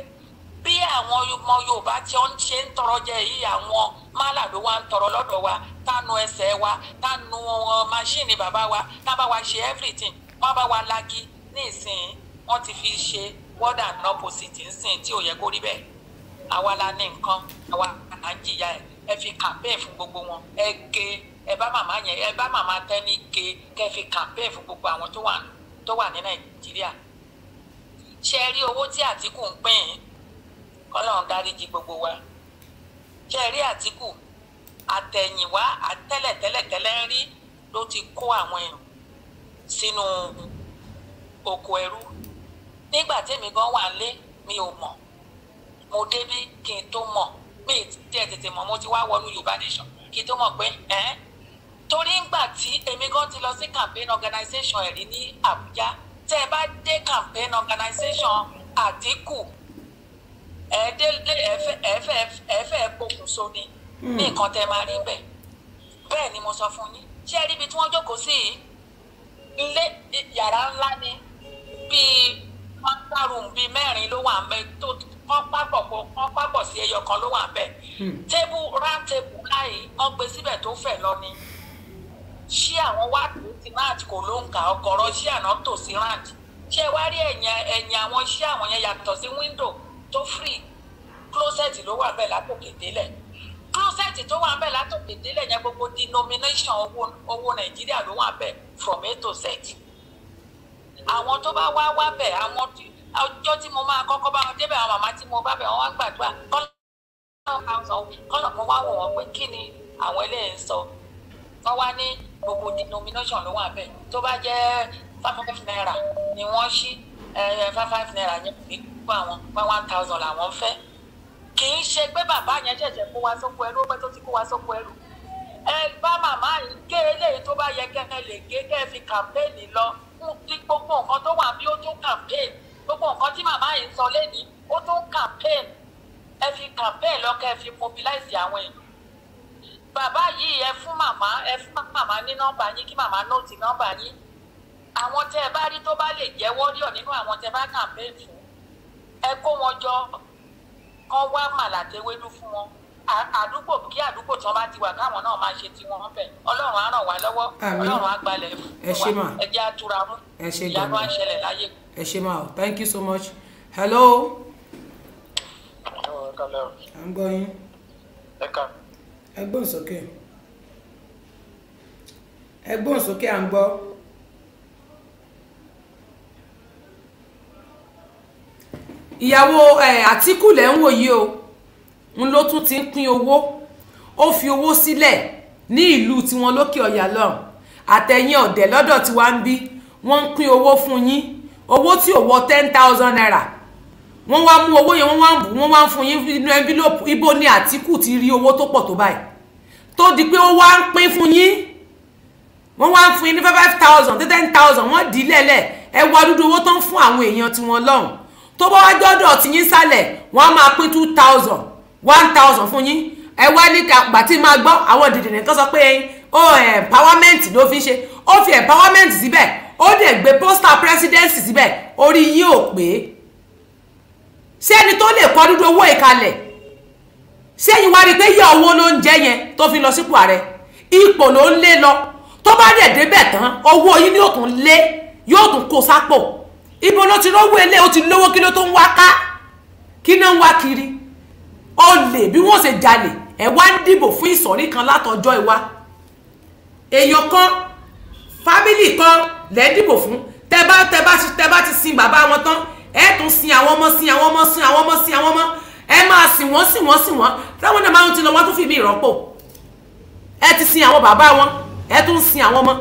bí àwọn ọmọ Yorùbá tí ó ń ṣe ń tọrọ jẹ yìí àwọn málà ló wá ń tọrọ lọ́dọ̀ wa tánu ẹsẹ̀ wa tánu uh, máṣíìnì bàbá wa tábà wa ṣe everything wọ́n bá wa lagi ní ìsìn wọ́n ti fi ṣe word and opposite nsìn tí ò yẹ kó rí bẹ́ẹ̀ àwa la ní nǹkan àwa à ń jìyà ẹ̀ ẹ fi campaign fún gbogbo wọn ẹ ge ẹ bá màmá yẹn ẹ bá màmá tẹ́ni ge kẹ́ fi campaign fún gbogbo àwọn tó wà tó wà ní nàìjíríà ṣe rí owó tí àtìkù ń pín in kọ́lọ́run gbogbo wa ṣe rí àtìkù àtẹ̀yìnwá àtẹ́lẹ̀tẹ́lẹ̀tẹ́lẹ̀ rí ló ti kó àwọn èèyàn sínú oko ẹrú nígbà tèmi gan wà lé mi ò mọ̀ mo débí kí n tó mọ̀ mi tẹ tètè mọ̀ mo ti wá wọnú Yorùbá nation kí n tó mọ̀ pé ẹ torí ngbà tí èmi gan ti lọ sí campaign organization ẹ̀rí ní Àbújá tẹ́ ẹ bá dé campaign organization Àtíkù ẹ̀ẹ́dẹ́lẹ́ ẹ̀fẹ́ ẹ̀fẹ́ pokùnso ni hmm. ní nǹkan tẹ́ máa rí bẹ́ẹ̀ bẹ́ẹ̀ ni mo sọ fún yín ṣé ẹ rí ibi tí wọ́n jókòó sí yìí ilé yàrá ńlá ni bíi master bíi mẹ́rin ló wà mẹ́ tó wọ́n pápọ̀ kó wọ́n pápọ̀ sí ẹyọ kan ló wà bẹ́ẹ̀ hmm. tébù round table láì wọ́n gbé síbẹ̀ tó fẹ̀ lọ ni ṣé àwọn wáàtí ti round kò ló ń kà ọ̀gọ̀rọ̀ ṣé àná tò sí round ṣé wá rí ẹ̀yìn ẹ̀yìn àwọn ṣé àwọn yẹn yàtọ̀ sí window tó free closet ló wà bẹ́ẹ̀ látòkè délẹ̀ closet tó wà bẹ́ẹ̀ látòkè délẹ̀ yẹn gbogbo denomination owó owó nàìjíríà ló wà bẹ́ẹ̀ from a to z àwọn tó bá wá wá bẹ̀ àwọn ọjọ́ tí mo máa kọ́kọ́ bá wọn débẹ̀ àwọn màmá tí mo bá bẹ̀ wọ́n wá gbàdúrà kọ́lọ̀ mo wá wọ̀ wọ́n pé kí ni àwọn eléyìí ń sọ wọ́n wá ní gbogbo denomination ló wà bẹ́ẹ̀ tó bá jẹ́ five five naira ni wọ́n ṣí eh, five five naira yẹn kò ní kó àwọn one thousand làwọn fẹ́ kì í ṣe pé bàbá yẹn ṣẹ̀ṣẹ̀ kó wa sóko ẹrú ó pẹ́ tó ti kó wa sóko ẹrú ẹ bá màmá yìí gé eléyìí tó bá yẹ kẹ́kẹ́ lè gé kẹ́ fi kàmpéènì lọ ní gbogbo nǹkan tó wà bí ó tún kàmpéènì gbogbo nǹkan tí màmá yìí ń sọ lẹ́ni ó tún kàmpéènì ẹ fi kàmpéènì lọ kẹ́ fi mobilize àwọn èèyàn bàbá yìí ẹ fún màmá ẹ fún màmá ní nọ́mbà yín kí màmá nóòtì nọ́mbà yín àwọn tẹ́ ẹ bá rí tó bá lè jẹ́ wọ́ríọ̀ nínú àwọn tẹ́ bá kàmpéènì fún ẹ kó wọn jọ kọ́ wá màlà tewédú fún wọn àdúgbò kí àdúgbò tí wọn bá ti wà káwọn náà máa ṣe tiwọn bẹ Ọlọ́run á ràn wá lọ́wọ́ Ọlọ́run á gbalẹ̀ fún wa ẹ jẹ́ àtúrà mú ìyanu á ṣẹlẹ̀ láyé. ẹ ṣe máa thank you so much hello. à ń gbọ́ yín. ẹ gbọ́n sókè ẹ gbọ́n sókè à ń gbọ́. ìyàwó Àtíkù lẹ́ ń wò yìí o ń ló tún ti ń pín owó ó fi owó sílẹ̀ ní ìlú tiwọn lókè ọ̀yà lọ́rùn àtẹ̀yìn ọ̀dẹ̀ lọ́dọ̀ tí wàá ń bí wọ́n ń pín owó fún yín owó tí ò wọ ten thousand naira wọ́n wá mú owó yẹn wọ́n wá ń bù wọ́n wá ń fún yín inú envelope ibo ni Àtíkù ti rí owó tó pọ̀ tó báyìí tó di pé ó wá ń pín fún yín wọ́n wá ń fún yín ní five thousand ten thousand wọ́n dì í lẹ́lẹ̀ ẹ wá dúdú owó tó ń fún àwọn èèyàn tiwọn lọ́hùn tó bá wá jọ́dọ̀ tí yín sálẹ̀ wọ́n á máa pín two thousand one thousand fún yín ẹ wá ní àgbà tí máa gbọ́ àwọn dìde nìkan sọ pé ó empowerment ló fi ṣe ó fi empowerment síbẹ̀ ó dẹ̀ gbé poster presidency síbẹ̀ orí yín ò pé ṣé ẹni tó lè kọ́ dúdú owó ìkalẹ̀ ṣé yín wá rí i pé yẹ owó ló ń jẹ yẹn tó fi lọ sípò ààrẹ ipò ló ń lé lọ tó bá dẹ̀ débẹ̀ tán owó yín yóò tún lé yóò tún kó sápò ibo ló ti rówó ilé ó ti lówó kí ló tó ń wá ká kí náà ń wá kiri olè bí wọ́n ṣe jalè ẹ wá ń dìbò fún ìsọ̀rí kan látọjọ́ ìwá èèyàn kan fámìlì kan lẹ́ dìbò fún tẹ bá tẹ bá ti tẹ bá ti sin bàbá wọn tán ẹ tún sin àwọn ọmọ sin àwọn ọmọ sin àwọn ọmọ sin àwọn ọmọ ẹ máa sìn wọ́n sìn wọ́n sìn wọ́n táwọn náà máa ń ti lọ wọ́n tún fi mí ìrọ́pò ẹ ti sin àwọn bàbá wọn ẹ tún sin àwọn ọmọ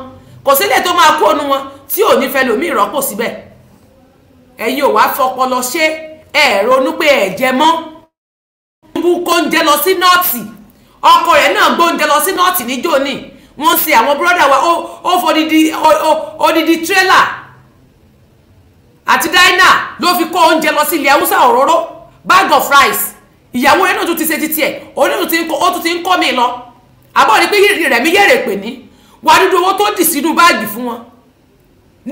kò sílẹ̀ tó máa kó onu wọn tí ò ní fẹ́ lòmí ìrọ́pò síbẹ̀ ẹ̀yin ò wá fọpọlọ ṣe ẹ̀ ronú pé ẹ̀ jẹ mọ́ bú kóúnjẹ lọ sí nọ́ọ̀tì ọkọ rẹ̀ náà gbóúnjẹ lọ sí nọ́ọ̀tì níjó ni wọ́n ṣe àwọn búrọ́dà wa ó fodidi odidi tírélà àti dáínà ló fi kó oúnjẹ lọ sí ilẹ̀ haúsá òróró bag of rice ìyàwó rẹ̀ náà tún ti ṣe ti tiẹ̀ ó tún ti ń kọ́ mi lọ àbọ̀ rí pé rẹ̀ mi yẹ̀rẹ̀ pè ní wàá dúdú owó tó dì sínú báàgì fún wọn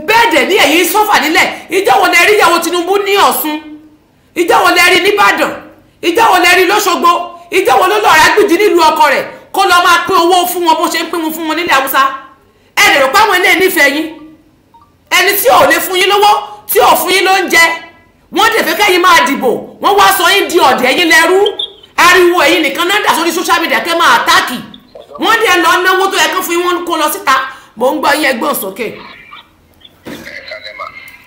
bẹ́ẹ̀ dẹ̀ ní ẹ̀yin sọ́fà nílẹ̀ ìjọ wo lẹ rí ìyàwó Tinubu ní Ọ̀ṣun ìjọ wo lẹ rí nìbàdàn ìjọ wo lẹ rí lọ́ṣogbo ìjọ wo ló lọ́ọ́ rágbìdì nílùú ọkọ rẹ̀ kó lọ́ọ́ máa pín owó fún wọn bó ṣe ń pín wọn fún wọn nílẹ̀ Haúsá ẹ lè rò pé àwọn ilé nífẹ̀ẹ́ yín ẹni tí ò lè fún yín lówó tí ò fún yín ló ń jẹ wọ́n dẹ̀ fẹ́ kẹ́yìn máa dìbò wọ́n wá sọ yín di ọ̀dẹ̀ yín lẹ́rú ariwo ẹ̀yin nìkan náà dà sórí social media kẹ́ máa àtáàkì wọ́n dẹ̀ lọ náwó tó yẹ kán fún yín wọ́n kó lọ síta mò ń gbọ́ yín ẹgbọ́n sókè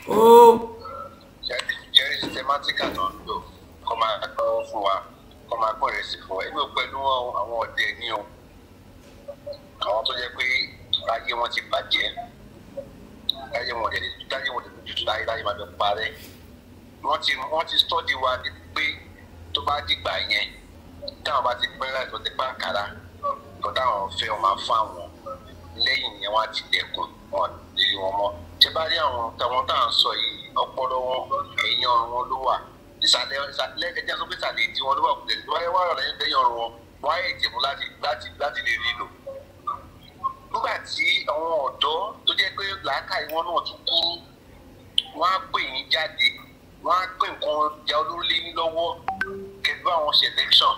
ó. jẹ́rí sísẹ́mátìkà tó ń lò kọ́ máa gbọ́ fún wa kọ́ máa gbọ́ rẹ̀ sí fún wa èmi ò àwọn ọdẹ ní o àwọn tó jẹ́ pé ayé wọn ti bàjẹ́ ayé wọn dẹ̀ dáyé wọn dẹ̀ tuntun láyé láyé máa bẹ parẹ́ wọ́n ti wọ́n ti stọ́dì wa ni pé tó bá dìgbà yẹn táwọn bá ti pín láì tó ti pa àkàrà tó táwọn wọn máa fún àwọn lẹ́yìn yẹn wọ́n á ti dẹ̀kun wọn nílé wọn mọ́ ṣé bá rí àwọn tàwọn tá à ń sọ yìí ọpọlọ wọn ẹ̀yìn ọrùn ló wà ìsàlẹ̀ ìsàlẹ̀ ẹ̀jẹ̀ sọ pé ìsàlẹ̀ ètí wọn ló wà kùtẹ̀ tó wáyé wàrà lẹ́yìn lẹ́yìn ọrùn wọn wáyé ìjẹ̀mú láti láti láti lè rí lò. nígbà tí àwọn ọ̀dọ́ tó jẹ́ pé làákàyè wọn náà tún kúrú wọ́n á pè yín jáde wọ́n á pè nǹkan ja olórí yín lọ́wọ́ kẹgbẹ́ àwọn selection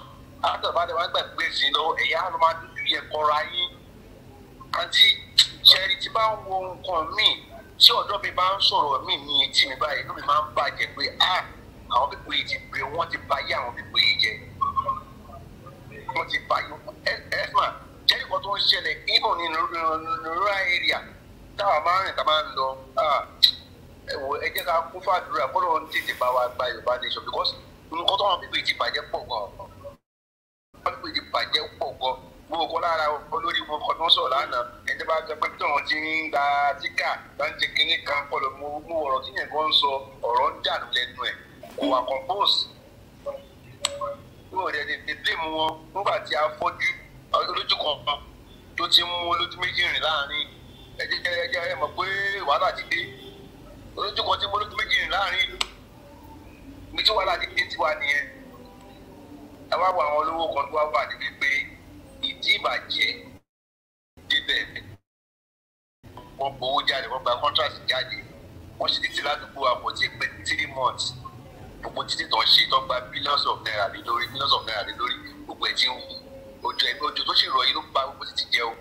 àtọ̀bálẹ̀ wọn gbàgbé sí lọ́wọ́ ẹ̀yà ló máa dúdú yẹ kọ́ra yín àti ṣẹ́rí tí bá ń wo nǹkan míì tí ọ̀dọ́ mi bá ń sọ̀rọ̀ mí ní etí mi báyìí ló mi máa ń bàjẹ́ pé ah, àwọn pípé yìí ti pé wọ́n ti ba yé àwọn pípé yìí jẹ́ wọ́n ti ba yé ẹ̀fà jẹ́rìí tó ń ṣẹlẹ̀ even ní rural area táwa máa ń rìn tá máa ń lọ ẹ̀wọ̀ ah, ẹ ká kún fàdúrà kọ́lọ́ ń tètè bá wa gba Yorùbá nation because nǹkan tó àwọn pípé yìí ti bàjẹ́ pọ̀ gan àwọn pípé yìí ti bàjẹ́ pọ̀ gan mo kọ lára olórí mo kọ tó ń sọ̀rọ̀ lánàá ẹni tó bá jẹ pé tó ń ti ń gba tíkà bá ń jẹ kínní kan pọlọ mo mú ọ̀rọ̀ tí yẹn kan ń sọ ọ̀rọ̀ ń dànù lẹ́nu ẹ̀ kò wà compose mo rẹ̀ tètè blame wọn nígbà tí a fọ́jú olójú kan tó ti mú olójú méjì rìn láàrin ẹ̀jẹ̀ ẹ̀jẹ̀ ẹ̀ mọ̀ pé wàhálà ti dé olójú kan ti mú olójú méjì rìn láàrin ìlú mi tí wàhálà ti dé tiwa nìyẹn ẹ wá wọ àwọn olówó kan tó wá wà níbi pé ìdí ìbàjẹ́ débẹ̀ wọ́n gbowó jáde wọ́n gba contract jáde wọ́n sì tètè ládùúgbò àpọ̀ tí pé three months gbogbo títí tó ń ṣe tó gba billions of naira lé lórí billions of naira lé lórí gbogbo ẹ̀ tí ń wù ojú ẹgbẹ́ ojú tó sì rọ yìí ló ba gbogbo títí jẹ o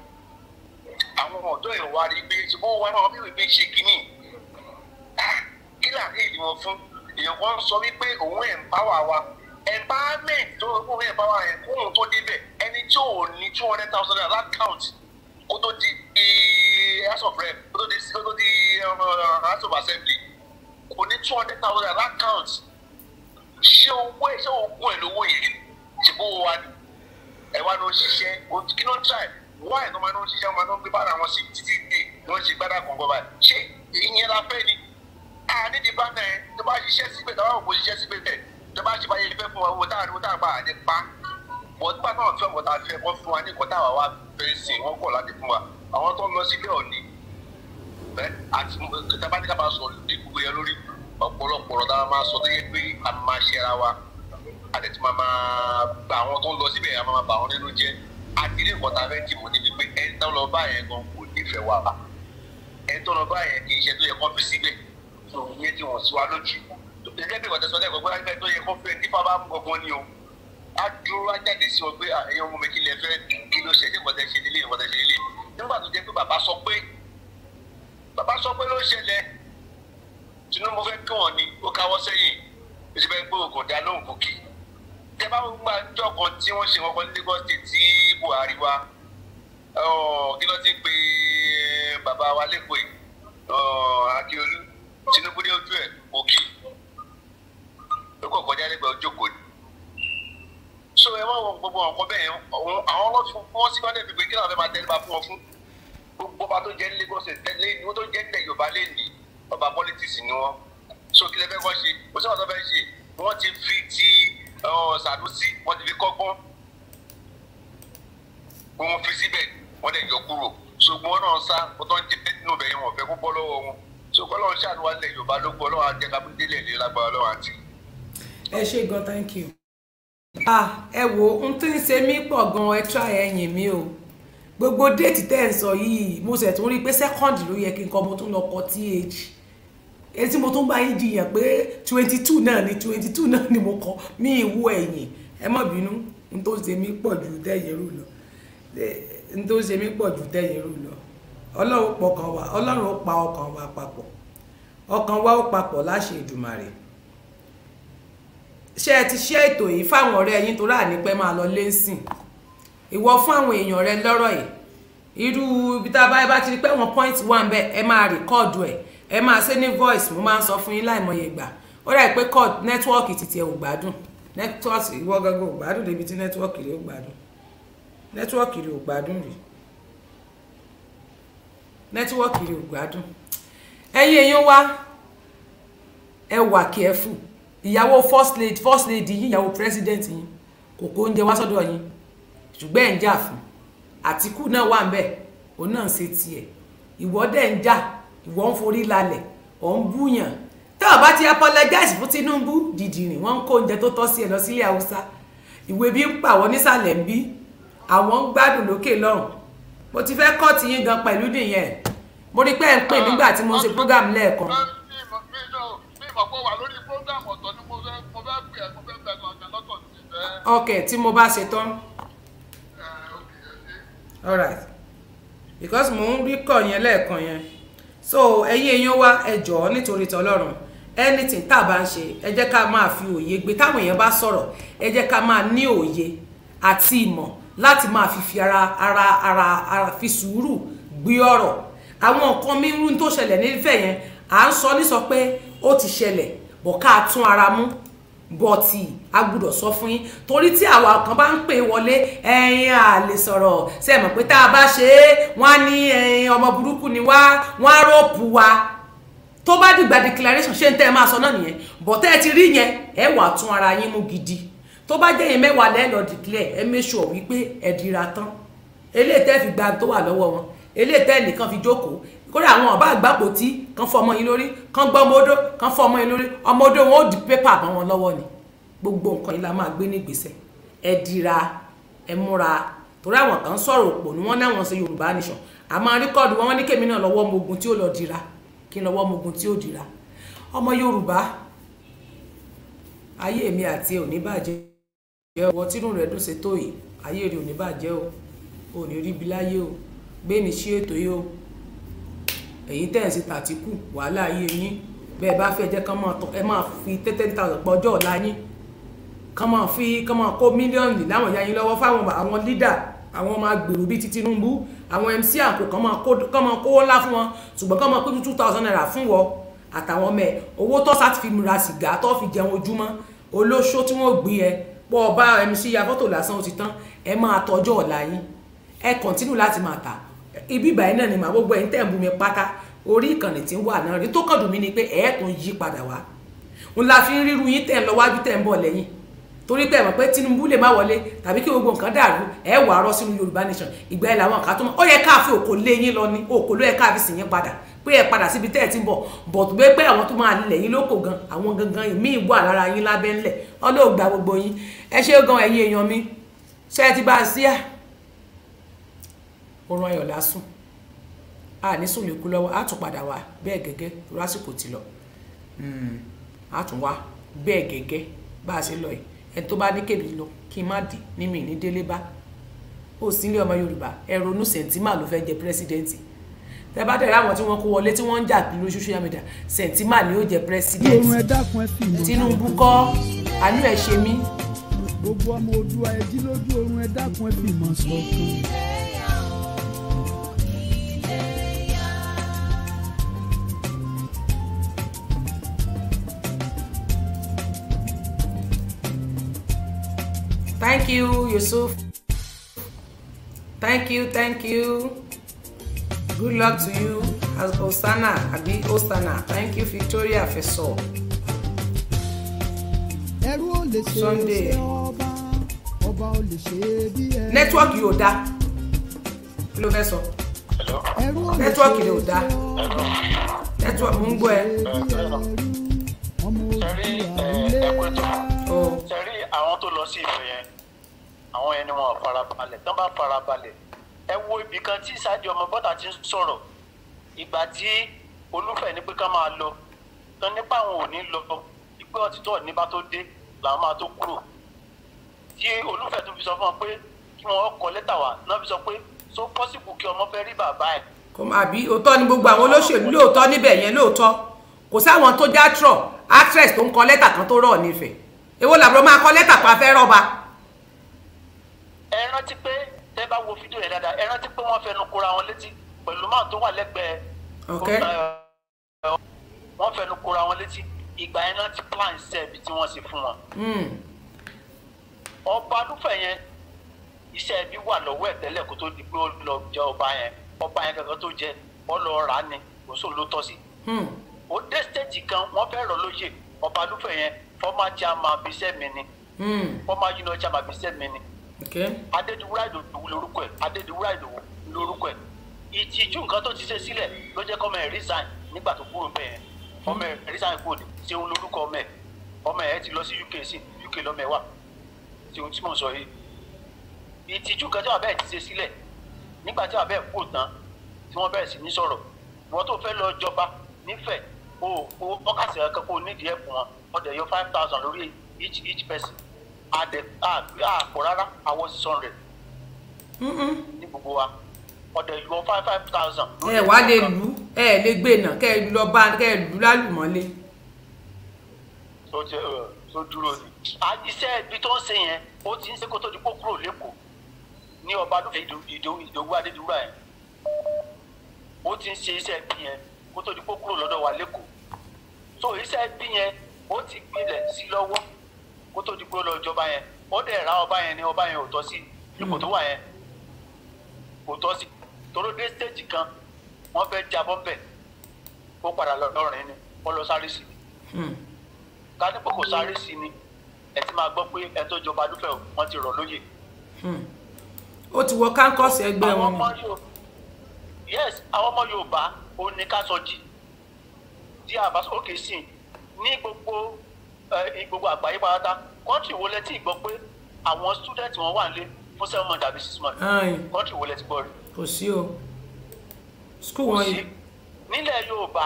àwọn ọ̀dọ́ ẹ̀ wá rí pé ṣùgbọ́n wà náà bí wípé ṣe kínní ah, kí làákè ìdí fún èèyàn kan sọ wípé òun empower wa empowerment tó kó fẹ́ empower ẹ̀ kóhun tó débẹ̀ ẹni tí ò ní two hundred thousand naira that count kó tó di house of rep kó tó di kó tó di um, uh, house of assembly kò ní two hundred thousand naira that count ṣé owó ẹ ṣé oògùn ẹ lówó yìí ṣe kó wa ni ẹ wá ní o ṣiṣẹ́ kí ló ń try why ló máa ń ṣiṣẹ́ máa ń gbé bára wọn sí títí dé ni wọ́n ṣe gbádà kan bọ́ba ṣé ìyẹn la fẹ́ ni àní di bá náà tó bá ṣiṣẹ́ síbẹ̀ táwọn kò ṣiṣẹ́ síbẹ̀ bẹ́ẹ̀ tẹ ṣe báyé fẹ́ fún wa owó tá à ń gbà ní wọ́n tí bàtà ọ̀fẹ́ ọ̀kọ̀tà fẹ́ wọ́n fún wa ní ìkọ́tà wa fẹ́ sìn wọ́n kọ̀ láti fún wa àwọn tó ń lọ sílé ọ̀ní àti tabaníkà máa sọ ní gbogbo yẹn lórí ọ̀pọ̀lọpọ̀ ọ̀rọ̀ máa sọ tó yẹ pé a máa ṣẹra wa a lè ti máa gba àwọn tó ń lọ síbẹ̀ a máa bà wọ́n nínú jẹ́ àti ilé ìkọ́tà fẹ́ dìbò níbi pé gẹ́gẹ́ bí wọ́n ti sọ lẹ́kọ̀ọ́ pé àgbẹ̀ tó yẹ kó fẹ́ nípa bá mú gbọ̀ngàn ni o á dúró a jáde sí ọ pé ah, ẹ̀yin ọmọ mi kí lẹ fẹ́ kí ló ṣe ṣé wọ́n ti ṣe nílé wọ́n ti ṣe nílé nígbà tó jẹ́ pé bàbá sọ pé bàbá sọ pé ló ṣẹlẹ̀ Tinubu fẹ́ kí wọ́n ni ó káwọ́ sẹ́yìn ó ti fẹ́ gbé oògùn dá lóhùn kòkè tẹ́ bá gbà jọ kan tí wọ́n ṣe wọ́pọ̀ ní Lagos state tí Buhari wa kí ló ti pe eh, bàbá wa lẹ́kọ̀ọ́ Tinubu dé ojú ẹ̀ òkè lókọ̀ kọjá lẹ́gbẹ̀ẹ́ ojókòó ni. so ẹ wá wọn gbogbo àwọn bẹ́ẹ̀ yẹn àwọn ọlọ́fun wọn sì bá dẹ̀bi pé kí làwọn fẹ́ máa tẹ́lẹ̀ máa fún wọn fún gbogbo ọba tó jẹ́ ní Lagos tẹ́lẹ̀ ní wọ́n tó jẹ́ nílẹ̀ Yorùbá lé ní ọba politics ni wọ́n so kí lẹ fẹ́ kọ́ ṣe kó sábà tó fẹ́ ṣe wọ́n ti fi ti Sanusi wọ́n ti fi kọ́gbọ́n wọ́n fi síbẹ̀ wọ́n dẹ̀ yọ kúrò ṣùgbọ́n náà sá wọ́n tó ń jẹ́ nínú bẹ̀yẹn wọ́n fẹ́ kó bọ́ lọ́wọ́ wọn ṣùgbọ́n lọ́wọ́ ṣàánú wa Yorùbá ló lọ́wọ́ àjẹkábídélẹ̀ ní lọ́wọ́ àti ẹ gan thank you. ah ẹ wo ohun tí gan ẹ try mi o gbogbo déètì tẹ́ ń sọ yìí mo ṣẹ̀ tún rí i pé sẹ́kọ̀ndì ló yẹ kí n kọ́ mo tún lọ kọ th etí mo tún bá yín jiyàn pé twenty two náà ni twenty náà ni mo kọ ní ìwú ẹ̀yìn ẹ bínú tó ṣe mí lọ pa ọkàn papọ̀ ọkàn papọ̀ láṣẹ ṣé ẹ ti ṣe ètò yìí fáwọn ọ̀rẹ́ yín torí ànípẹ́ máa lọ lẹ́sìn ìwọ fún àwọn èèyàn rẹ lọ́rọ̀ yìí irú ibi tá a bá yẹ bá ti rí pé wọn point one bẹ́ẹ̀ ẹ máa rìkọ́ọ̀dù ẹ̀ ẹ máa ṣe ní voice mo máa ń sọ fún yín láìmọye ìgbà ó dà pé cord nẹ́tíwọ́ọ̀kì títí ẹ ò gbádùn nẹ́tíwọ́ọ̀kì ìwọ gángan ò gbádùn débi tí nẹ́tíwọ́ọ̀kì rẹ ò gbádùn nẹ́tíwọ́ọ̀kì rẹ ò gbádùn rí nẹ́tíwọ́ọ̀kì rẹ ò gbádùn ẹ̀yin èèyàn wa ẹ wà kí ẹ fún un ìyàwó first lady first lady yìí ìyàwó president yìí kò kó oúnjẹ wá sọ́dọ̀ yín ṣùgbọ́n ẹ̀ ń jà fún àtìkù náà wà ń bẹ̀ òun náà ń ṣe tiẹ̀ ìwọ dẹ̀ ń jà ìwọ ń forí lálẹ̀ ọ̀ ń búyàn tá a bá ti apologize fún Tinubu dìdìrìn wọ́n ń kó oúnjẹ tó tọ́ sí ẹ lọ sílé haúsá ìwé bí ń pàwọ́ nísàlẹ̀ ń bí àwọn ń gbádùn lókè lọ́rùn mo ti fẹ́ kọ́ ti yín gan pẹ̀lú nìyẹn mo rí pé ẹ̀ ń pè nígbà tí mo ṣe program lẹ́ẹ̀kan. mi ò mọ̀ pé wà lórí program ọ̀tọ̀ ni mo fẹ́ mo fẹ́ pè ẹ́ mo fẹ́ bẹ̀rẹ̀ ọ̀gá lọ́tọ̀ ni fẹ́. ok tí mo bá ṣe tán. all right because mo ń rí kọ̀ yẹn lẹ́ẹ̀kan yẹn so ẹ̀yin èèyàn wa ẹ jọ̀ọ́ nítorí tọlọ́run anything tá a bá ń ṣe ẹ jẹ́ ká máa fi òye gbé táwọn èèyàn bá sọ̀rọ̀ ẹ jẹ́ ká máa ní òye àti ìmọ̀ láti máa fi fi ara ara ara ara fi sùúrù gbé ọ̀rọ̀ àwọn nǹkan mírú tó ṣẹlẹ̀ nífẹ̀ẹ́ yẹn à ń sọ ní sọ pé ó ti ṣẹlẹ̀ bọ̀ ká tún ara mú bọ́tì a gbúdọ̀ sọ fún yín torí tí àwa kan bá ń pè wọlé ẹ̀yin à lè sọ̀rọ̀ ṣe mọ̀ pé tá a bá ṣe é wọ́n á ní ọmọ burúkú ni wá wọ́n á rọ́ọ̀pù wa tó bá dìgbà declaration ṣé n tẹ́ ẹ máa sọ náà nìyẹn bọ̀tẹ́ ẹ ti rí yẹn ẹ wà tún ara yín mú gidi tó bá jẹ́ yẹn mẹ́wàá lẹ́lọ́ọ̀ declare ẹ make sure wípé ẹ dira tán eléyìí tẹ́ fi gba tó wà lọ́wọ́ wọn eléyìí tẹ́ nìkan fi jókòó kódà àwọn ọba àgbàpótí kan fọ ọmọ yín lórí kan gbọ́ ọmọ odó kan fọ ọmọ yín lórí ọmọ odó wọn ó di pépà bọ́ wọn lọ́wọ́ ni gbogbo nǹkan yìí la máa gbé nígbésẹ̀ ẹ dira ẹ múra torí àwọn kan sọ̀rọ̀ òpò ni wọ́n náwọn ṣe Yorùbá nation a máa rékọ́ọ̀dù wọn wọ́n ní kèmí náà lọ́wọ́ ọmọogun tí ó lọ dira kí n lọ́wọ́ ọmọogun tí ó dira ọmọ Yorùbá ayé mi àti òní bàjẹ́ ọwọ́ tírùn rẹ̀ dùn ṣètò yìí ayé rẹ̀ òní bàjẹ́ o òní rí bi láyé o gbé ní sí ètò yìí o ẹ̀yin tẹ́ ẹ̀ sí tàtíkù wàhálà ayé yín bẹ́ẹ̀ bá fẹ́ jẹ́ kán máa tọ́ ẹ máa fi ten thousand pọ̀ ọjọ́ ọ̀la yín kán máa fi kán máa kó mílíọ̀nù láwọn ìyá yín lọ́wọ́ fáwọn àwọn lídà àwọn ọmọ agbèrú bíi ti Tinubu àwọn MC àpò kán máa kówó ńlá fún wọn ṣùgbọ́n kán máa pín two thousand naira fún wọn àtàwọn ọmọ ẹ̀ owó tó sá ti fi ra sìgá tó fi jẹun ojúmọ́ olóṣó tí wọ́n gbé ẹ pọ̀ ọba MC ya fọ́tò lásán ó ti tán ẹ máa tọ́jọ́ ọ̀la yín ẹ kọ̀ntínú láti máa tà ibi ìbàyẹn náà ni màá gbogbo ẹ̀ ń tẹ̀ bú mi pátá orí ìkànnì tí ń wà náà rí tó kàn dùn mí ni pé ẹ̀ẹ́tùn yí padà wá n la fi ń ríru yín tẹ̀ ń lọ wájú tẹ̀ ń bọ̀ lẹ́yìn torí pé ẹ mọ̀ pé Tinubu lè má wọlé tàbí kí gbogbo nǹkan dàrú ẹ wà á rọ sínú Yorùbá nation ìgbà ẹ làwọn nǹkan tó mọ ó yẹ ká fi òkò lé yín lọ ní òkò ló yẹ ká fi sì yín padà pé ẹ padà síbi tẹ́ ẹ ti ń bọ̀ bọ̀tù pé pé àwọn tó máa lẹ̀ yín lóko gan àwọn gangan ìmí ìwọ àlára yín lábẹ́ ńlẹ̀ ọlọ́ọ̀gbà gbogbo yín ẹ ṣé gan ẹ̀yin èèyàn mi ṣé ẹ ti bá a sí à oorun ayọ̀ lásùn a ní sùn lè kú lọ́wọ́ a tún padà wá bẹ́ẹ̀ gẹ́gẹ́ lásìkò tí lọ hmm, a tún wá bẹ́ẹ̀ gẹ́gẹ́ bá a ṣe lọ yìí ẹni tó bá ní kébì lọ kí n má dì ní mi ní délé bá ó sì ń lé ọmọ yorùbá ẹ ronú sẹ̀ǹtìmà ló fẹ́ jẹ pírẹ́sídẹ́ǹtì tẹ bá tẹ̀lé àwọn tí wọ́n kó wọlé tí wọ́n ń jà lórí social media sẹ̀ǹtìmà ni ó jẹ pírẹ́sídẹ́ǹtì tinubu kọ́ àánú ẹ̀ ṣe mí. gbogbo ọmọ Oòduà ẹjí lójú oorun ẹ dákun ẹ fìmọ̀ sọ̀kan. Thank you, Yusuf. Thank you, thank you. Good luck to you. As Osana, Abi Osana. Thank you, Victoria Feso. Sunday. Network yoda. Hello, Feso. ló Network yoda. dá. Network ń Sorry, ẹ. Sẹ́rí ẹ̀ẹ́dẹ́gbẹ̀tọ̀. Sẹ́rí àwọn tó lọ sí ìfẹ́ yẹn àwọn yẹn ni wọn farabalẹ̀ tán bá farabalẹ̀ ẹ wo ibì kan tí Saheed ọmọ bọ́tà ti ń sọ̀rọ̀ ìgbà tí olúfẹ̀ ní pé ká máa lọ tán nípa àwọn ò ní lọ ìpè ọ̀títọ́ níbà tó dé làwọn máa tó kúrò tí olúfẹ̀ tó fi sọ fún wọn pé kí wọ́n kọ lẹ́tà wá náà fi sọ pé so possible kí ọmọ fẹ́ rí bàbá ẹ̀. àbí òótọ́ ni gbogbo àwọn olóṣèlú lóòótọ́ níbẹ̀ yẹn lóòótọ́ kò sáwọn tó já trọ̀ actress tó ń kọ lẹ́tà kan tó rọ̀ nífẹ̀ẹ́ èwo làbúrò máa kọ lẹ́tà pa fẹ́ rọ́ba ẹ rántí pé tẹ́ bá wo fídíò yẹn dáadáa ẹ rántí pé wọ́n fẹnu kora wọn létí pẹ̀lú máà tó wà lẹ́gbẹ̀ẹ́ wọ́n fẹnu kora wọn létí ìgbà yẹn náà ti plan sẹ́ẹ̀bì tí wọ́n sì fún wọn. Hmm. ọba adúfẹ́ yẹn iṣẹ́ ẹbí wà lọ́wọ́ ẹ̀ tẹ́lẹ̀ kó tó di pé ó lọ jẹ ọba yẹn ọba yẹn kankan tó jẹ ọ lọ rà á ni kò sóò ló tọ́ sí. Hmm. ó dé stéèjì kan wọ́n fẹ́ rọ̀ lóye ọba adúfẹ́ yẹn fọ́mà chairman bíṣẹ́ mi ni hmm. fọ́mà junior chairman bíṣẹ́ mi ni adédiwúrà ìdòwú lórúkọ ẹ̀ adédiwúrà ìdòwú lórúkọ ẹ̀ ìtìjú nǹkan tó ti ṣe sílẹ̀ ló jẹ́ kọ́mọ ẹ̀ resign nígbà tó kúrò bẹ́ẹ̀ ọmọ ẹ̀ resign kúrò ní ṣeun lórúkọ ọmọ ẹ̀ ọmọ ẹ̀ ti lọ sí UK sí UK lọ́mọ ẹ̀ wà ṣeun tí mò ń sọ yìí ìtìjú kan tí àbẹ́ẹ̀ ti ṣe sílẹ̀ nígbà tí àbẹ́ẹ̀ kúrò tán tí wọ́n bẹ̀rẹ̀ sí ní sọ̀rọ̀ wọ́n tó fẹ́ lọ jọba nífẹ̀ẹ́ o ọkàṣẹ̀ kankan kó nídìí ẹ̀kún wọn ọ̀dẹ̀ yọ five thousand lórí each each person àpò rárá àwọn six hundred ní gbogbo wa ọ̀dọ̀ ìlú wọn five five thousand. ẹ wá lè lù ú ẹ lè gbé náà kẹ ẹ lọ bá kẹ ẹ lù ú lálùmọ́lé. tó uh, dúró ni ah, iṣẹ́ ibi tó ń ṣe yẹn ó ti ń ṣe kó tó di kó kúrò lẹ́kọ̀ọ́ ní ọba lófin ìdòwú adédúrà yẹn ó ti ń ṣe iṣẹ́ ibi yẹn kó tó di kó kúrò lọ́dọ̀ wa lẹ́kọ̀ọ́ so iṣẹ́ ibi yẹn ó ti gbilẹ̀ sí lọ́wọ́ kó tó di pé ó lọ jọba yẹn ó dẹ̀ ra ọba yẹn ni ọba yẹn ò tọ́ sí ipò tó wà yẹn kò tọ́ sí toró dé stéèjì kan wọ́n fẹ́ jábọ́ bẹ̀ ó padà lọ lọ́rìn ni wọ́n lọ sáré sí i hmm. ká ní pé kò sáré sí i ni ẹ ti máa gbọ́ pé ẹ tó jọba lúfẹ̀ wọ́n ti rọ̀ lóyè. Hmm. ó ti wọ kánkọ́sì ẹgbẹ́ wọn. yes àwọn ọmọ Yorùbá ó ní ká sọ jì tí a bá sọ òkè sí ní gbogbo gbogbo àgbáyé pátá kọ́ńtì wo lẹ ti gbọ́ pé àwọn student wọn wà nílé fún seven months àbí six months kọ́ńtì wo lẹ ti gbọ́ rí. kò sí o school wọn yìí. nílẹ̀ yorùbá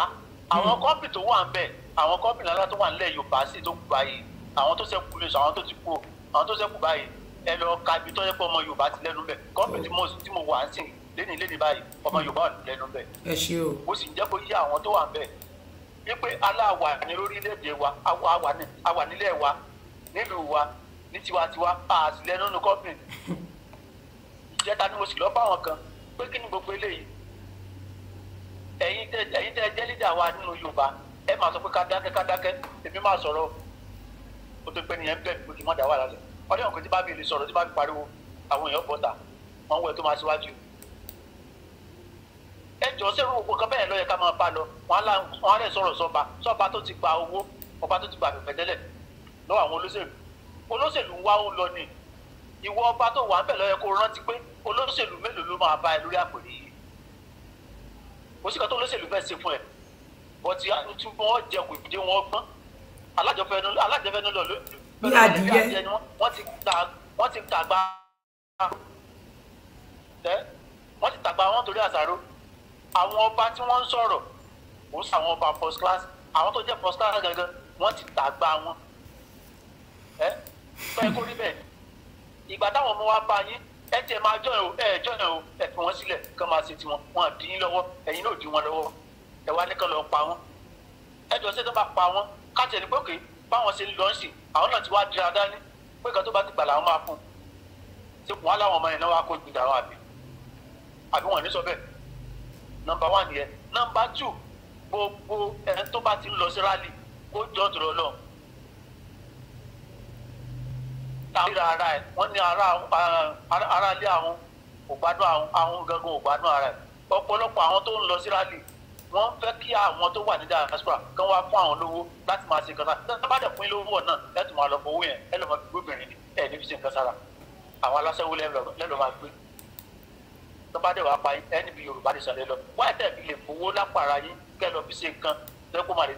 àwọn kọ́ńpì tó wà ń bẹ̀ àwọn kọ́ńpì lálá tó wà nílẹ̀ yorùbá sì tó kù báyìí àwọn tó ṣẹ́kù lóṣù àwọn tó ti kú àwọn tó ṣẹ́kù báyìí ẹ lọ ka ibi tó yẹ pé ọmọ yorùbá ti lẹ́nu bẹ̀ kọ́ńpì tí mo wà ń sìn léni léni báyìí ọmọ yorùbá ò lẹ́nu bẹ̀. ẹ ṣe o. mo sì jẹ́ kó yí àwọn tó wà ń wípé ala awa lórílẹ̀ ile wa awa nile wa ụwa ụwa ní tiwantiwa a nínú kọ́pìn ìjẹta ni mo sì lọ bá wọn kan pé kí ni wa nínú Yorùbá ẹ sọ pé èmi máa sọrọ o tó nìyẹn wà ọdún tí bá pariwo àwọn èèyàn wọn wọ ẹ tó máa ṣíwájú ẹ jọ sẹ́rù gbogbo kan bẹ́ẹ̀ lọ́yẹ ká máa bá lọ wọ́n á lẹ̀ sọ̀rọ̀ sọ́ba sọ́ba tó ti gba owó ọba tó ti gba àbẹ̀fẹ̀ tẹ́lẹ̀ lọ́wọ́ àwọn olóṣèlú olóṣèlú wa ó lọ ni ìwọ ọba tó wà ń bẹ̀ lọ́yẹ kó rántí pé olóṣèlú mélòó ló máa bá ẹ lórí àpèrè yìí kò sí kan tó olóṣèlú fẹ́ ṣe fún ẹ bọ́tí tí wọ́n jẹ kò dé wọn gbọ́n alájọfẹ́nu alájọfẹ́nu lọ ló bí adìyẹ wọ́n ti ta wọ́n ti tàgbà wọ́n ti tàgbà wọn torí àṣàrò àwọn ọba tí wọ́n ń sọ̀rọ̀ kò sí àwọn ọba first class àwọn tó jẹ́ first class gangan wọ́n ti tàgbà wọn ẹ fẹ́ kó rí bẹ́ẹ̀ ìgbà táwọn ọmọ wa bá yín ẹ tẹ máa jọ ẹ o ẹ jọ ẹ o ẹ fi wọn sílẹ̀ kán máa ṣe tiwọn wọn dín yín lọ́wọ́ ẹ̀yin náà dín wọn lọ́wọ́ ẹ wá ní kán lọ pa wọn ẹ jọ ṣe tó bá pa wọn káàtì ẹni pé òkè báwọn ṣe ń lọ sí àwọn náà ti wá dira dání pé kan tó bá ti gbà làwọn máa fún un ṣé wọn láwọn ọmọ yẹn náà wá kó gbìdà àbí àbí wọn ní sọ bẹ́ẹ̀ nọmba wán yẹn nọmba tù gbogbo ẹ tó bá ti ń lọ sí rálì ó jọ dúró lọ. táwọn ará ẹ wọn ní ará ilé àwọn kò gbádùn àwọn àwọn gangan kò gbádùn ara ẹ ọ̀pọ̀lọpọ̀ àwọn tó ń lọ sí rálì wọ́n fẹ́ kí àwọn tó wà ní diaspora kán wá fún àwọn lówó láti máa ṣe nǹkan sára tẹ́tẹ́ bá dẹ̀ fún ilé owó náà lẹ́tùmọ̀ àlọ́pọ̀ yẹn ẹ lọ́mọ fi gbóbìnrin ni ẹ̀ ní ṣe nǹkan sára àwọn aláṣẹ́wó lẹ́lọ́mọ gbé tó bá dẹ̀ wá pa yín ẹni bí yorùbá lè sọ̀rọ̀ lọ wá tẹ̀ fi lè fowó lápò ara yín kẹ́ lọ fi ṣe nǹkan tó kó má lè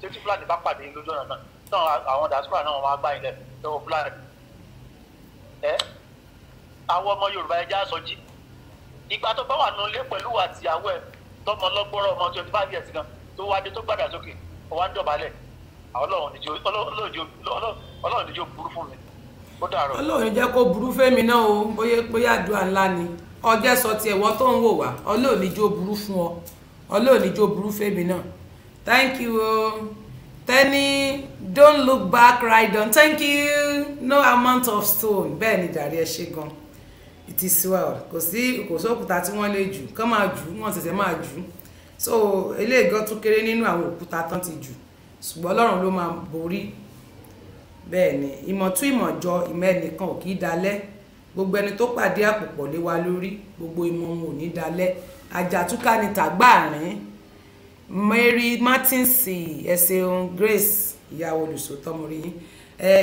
tí tí fúlàní bá pàdé lójú ọ̀nà náà tán àwọn diaspora náà wọ́n máa gbá yín lẹ̀ lọ́wọ́ fúlàní. ẹ àwọn ọmọ yorùbá ẹ já sọjí ìgbà tó bá wà nù pẹ̀lú àtìyàwó ẹ tọmọ lọ́gbọ́rọ̀ ọmọ twenty five years gan tó wá dé tó gbàdà sókè ọwá ń dọ̀bálẹ̀ burú fún mi náà o bóyá àdúrà ńlá ni ọjẹ́ sọ ti ẹ̀wọ́ tó ń wò wá ọlọ́ọ̀nijó burú fún ọ ọlọ́ọ̀nijó burú fèmí náà thank you o tẹ́ni don't look back right on thank you no amount of stone bẹ́ẹ̀ ni dàrí ẹ ṣe gan it is well kò sí kò sókúta tí wọ́n lè jù kán máa jù wọ́n ṣẹ̀ṣẹ̀ máa jù so eléyìí gan tún kéré nínú àwọn òkúta tán ti jù ṣùgbọ́n ọlọ́run ló máa borí bẹ́ẹ̀ ni ìmọ̀ tún ìmọ̀ jọ ìmọ̀ ẹnìkan ò kì í dalẹ́ gbogbo ẹni tó pàdé àpòpọ̀ lé wa lórí gbogbo ìmọ̀ wọn ò ní dalẹ̀ àjàtúkà ni tàgbàrín Mary Martins ẹ ṣeun Grace ìyàwó olùsòótọ́ mo rí yín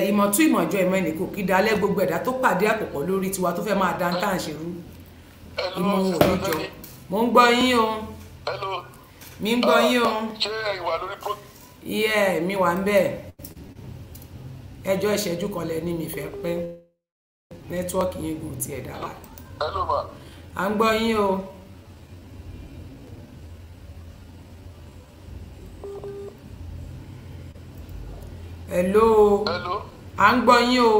ìmọ̀tún ìmọ̀jọ ìmọ̀ ẹnì kò kí dalẹ̀ gbogbo ẹ̀dá tó pàdé àpòpọ̀ lórí tiwa tó fẹ́ máa dá ń tàn ṣerú ìmọ̀ wọn ò ní jọ mo ń gbọ́ yín o mi ń gbọ́ yín o iye ah, mi wà ń bẹ̀ ẹjọ́ ìṣẹ́jú kan lẹ ní mi fẹ́ pẹ́ nẹ́tíwọ́ọ̀kì yẹn gùn tiẹ̀ dára. hello ma. à ń gbọ́ yín o. hello. hello. à ń gbọ́ yín o.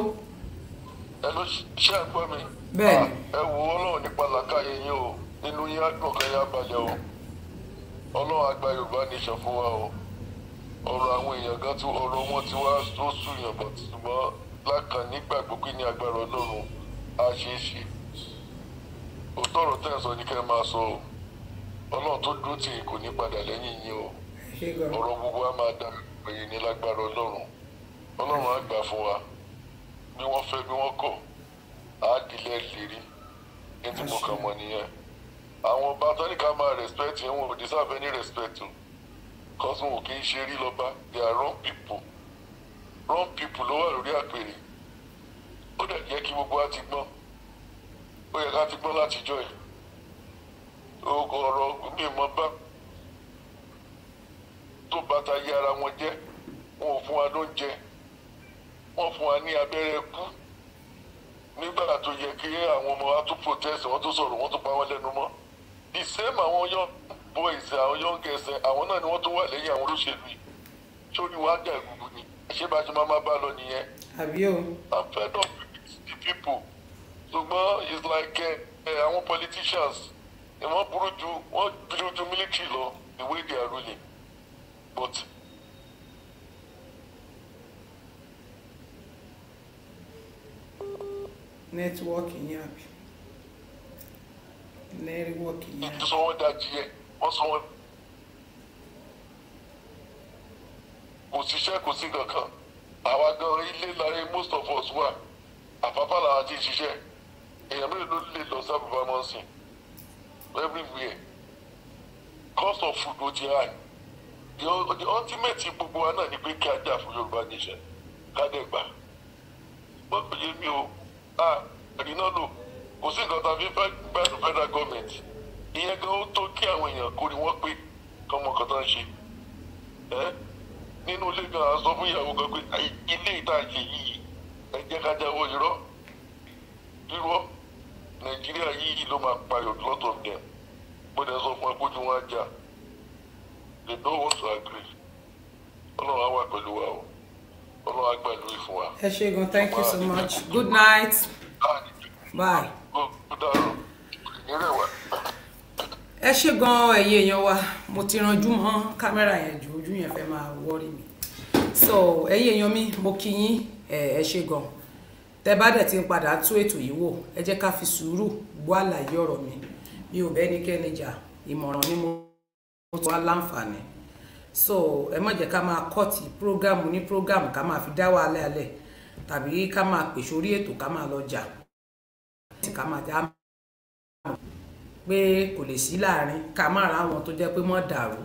hello ṣé ẹ gbọ́ mi. bẹ́ẹ̀ni. ẹ wo ọlọ́run nípa làákàyè yín o nínú yín á dùn kan o ọlọ́run àgbà yorùbá nation fún o ọ̀rọ̀ àwọn èèyàn gan tí ọ̀rọ̀ wọn ti wá tó sùn yàn bọ̀ tìṣùmọ́ lákàn nígbà gbogbo ní agbára ọlọ́run á ṣeé ṣe òótọ́ ọ̀rọ̀ tẹ́ ẹ̀ sọ ni kẹ́ ẹ máa sọ o ọlọ́run tó dúró tì kò ní padà lẹ́yìn yín o ọ̀rọ̀ gbogbo á máa dà èyí ní lágbára ọlọ́run ọlọ́run á gbà fún wa bí wọ́n fẹ́ bí wọ́n kọ̀ á dilẹ̀ lérí ní tí mo kàn mọ̀ nìyẹn àwọn ọba tọ́níkà máa respect yẹn wọn ò deserve any respect o cause wọn ò kì í ṣe rí lọ́ba they are wrong people wrong people ló wà lórí àpèrè ó dẹ̀ jẹ́ kí gbogbo wa ti gbọ́n ó yẹ ká ti gbọ́n látijọ́ yìí oògùn ọ̀rọ̀ mímọ́ bá tó bàtà yé ara wọn jẹ́ wọn ò fún wa lóúnjẹ wọ́n fún wa ní abẹ́rẹ́ kú nígbà tó yẹ kí àwọn ọmọ wa tún protest wọ́n tún sọ̀rọ̀ wọ́n tún pa wọ́n lẹ́nu mọ́ the same àwọn young boys àwọn young girls àwọn náà ni wọ́n tún wà lẹ́yìn àwọn olóṣèlú yìí sórí wa dàgbù ṣé bá ṣe máa máa bá lọ nìyẹn. àbí o. i'm fed up with the people ṣùgbọ́n it's like eh, eh, àwọn uh, politicians wọ́n burú ju wọ́n burú ju military lọ the way they are ruling but. nẹ́tíwọ́ọ̀kì yẹn àbí nẹ́tíwọ́ọ̀kì yẹn. wọ́n sọ wọ́n dájú yẹn wọ́n sọ wọ́n. kò kò sí kankan àwa gan ilé láyé most of us wà àfáfá làwa ti ṣiṣẹ́ èèyàn mélòó ló lè lọ sábàbà mọ́ sí everywhere cost of food ó ti high the, the ultimate gbogbo wa náà ni pé kí a jà fún Yorùbá nation ká dẹ̀ gbà gbọ́dọ̀ yé mi o a àdínà lò kò sí nǹkan tàbí gbádùn federal government ìyẹn gan ó tó kí àwọn èèyàn kórìí wọ́n pé kọ́mọ kan tó ń ṣe nínú ilé gan sọ fún ìyàwó gan pé ilé ìtajà yìí ẹ jẹ́ ká jáwọ́ irọ́ irọ́ nàìjíríà yìí ló máa payọ̀ lọ́tọ̀ dẹ̀ gbọ́dọ̀ sọ fún ẹ kójú wọn ajá they don't want to agree ọlọ́run á wà pẹ̀lú wa o ọlọ́run á gbàdúrà ìfún wa. ẹ ṣe gan thank you so much good night bye. bye ẹ ṣe gan ẹ̀yin èèyàn wa mo ti ranjú mọ́ kámẹ́rà yẹn ju ojú yẹn fẹ́ máa wọ́rí mi so ẹ̀yin èèyàn mi mo kí yín ẹ ṣe gan tẹ bá dẹ̀ ti ń padà tú ètò yìí wò ẹ jẹ́ ká fi sùúrù gbọ́ àlàyé ọ̀rọ̀ mi mi ò bẹ́ni kẹ́ni jà ìmọ̀ràn ni mo tó wá láǹfààní so ẹ má jẹ́ ká máa kọ́ọ̀tì prógámù ní prógámù ká máa fi dá wàhálà alẹ́ tàbí ká máa pèsè orí ètò ká máa lọ jà ká máa já mọ́ pé kò lè sí láàrin ká má ra àwọn tó jẹ́ pé mọ́ dàrú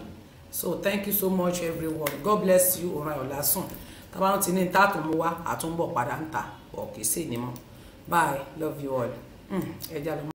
so thank you so much everyone god bless you ọ̀ràn ọ̀làsùn tábà wọn ti ní ta tó mú wá àtúnbọ̀ padà ń ta ọ̀kẹ́ sì ni mọ́ bye love you all hmm, ẹja lọ.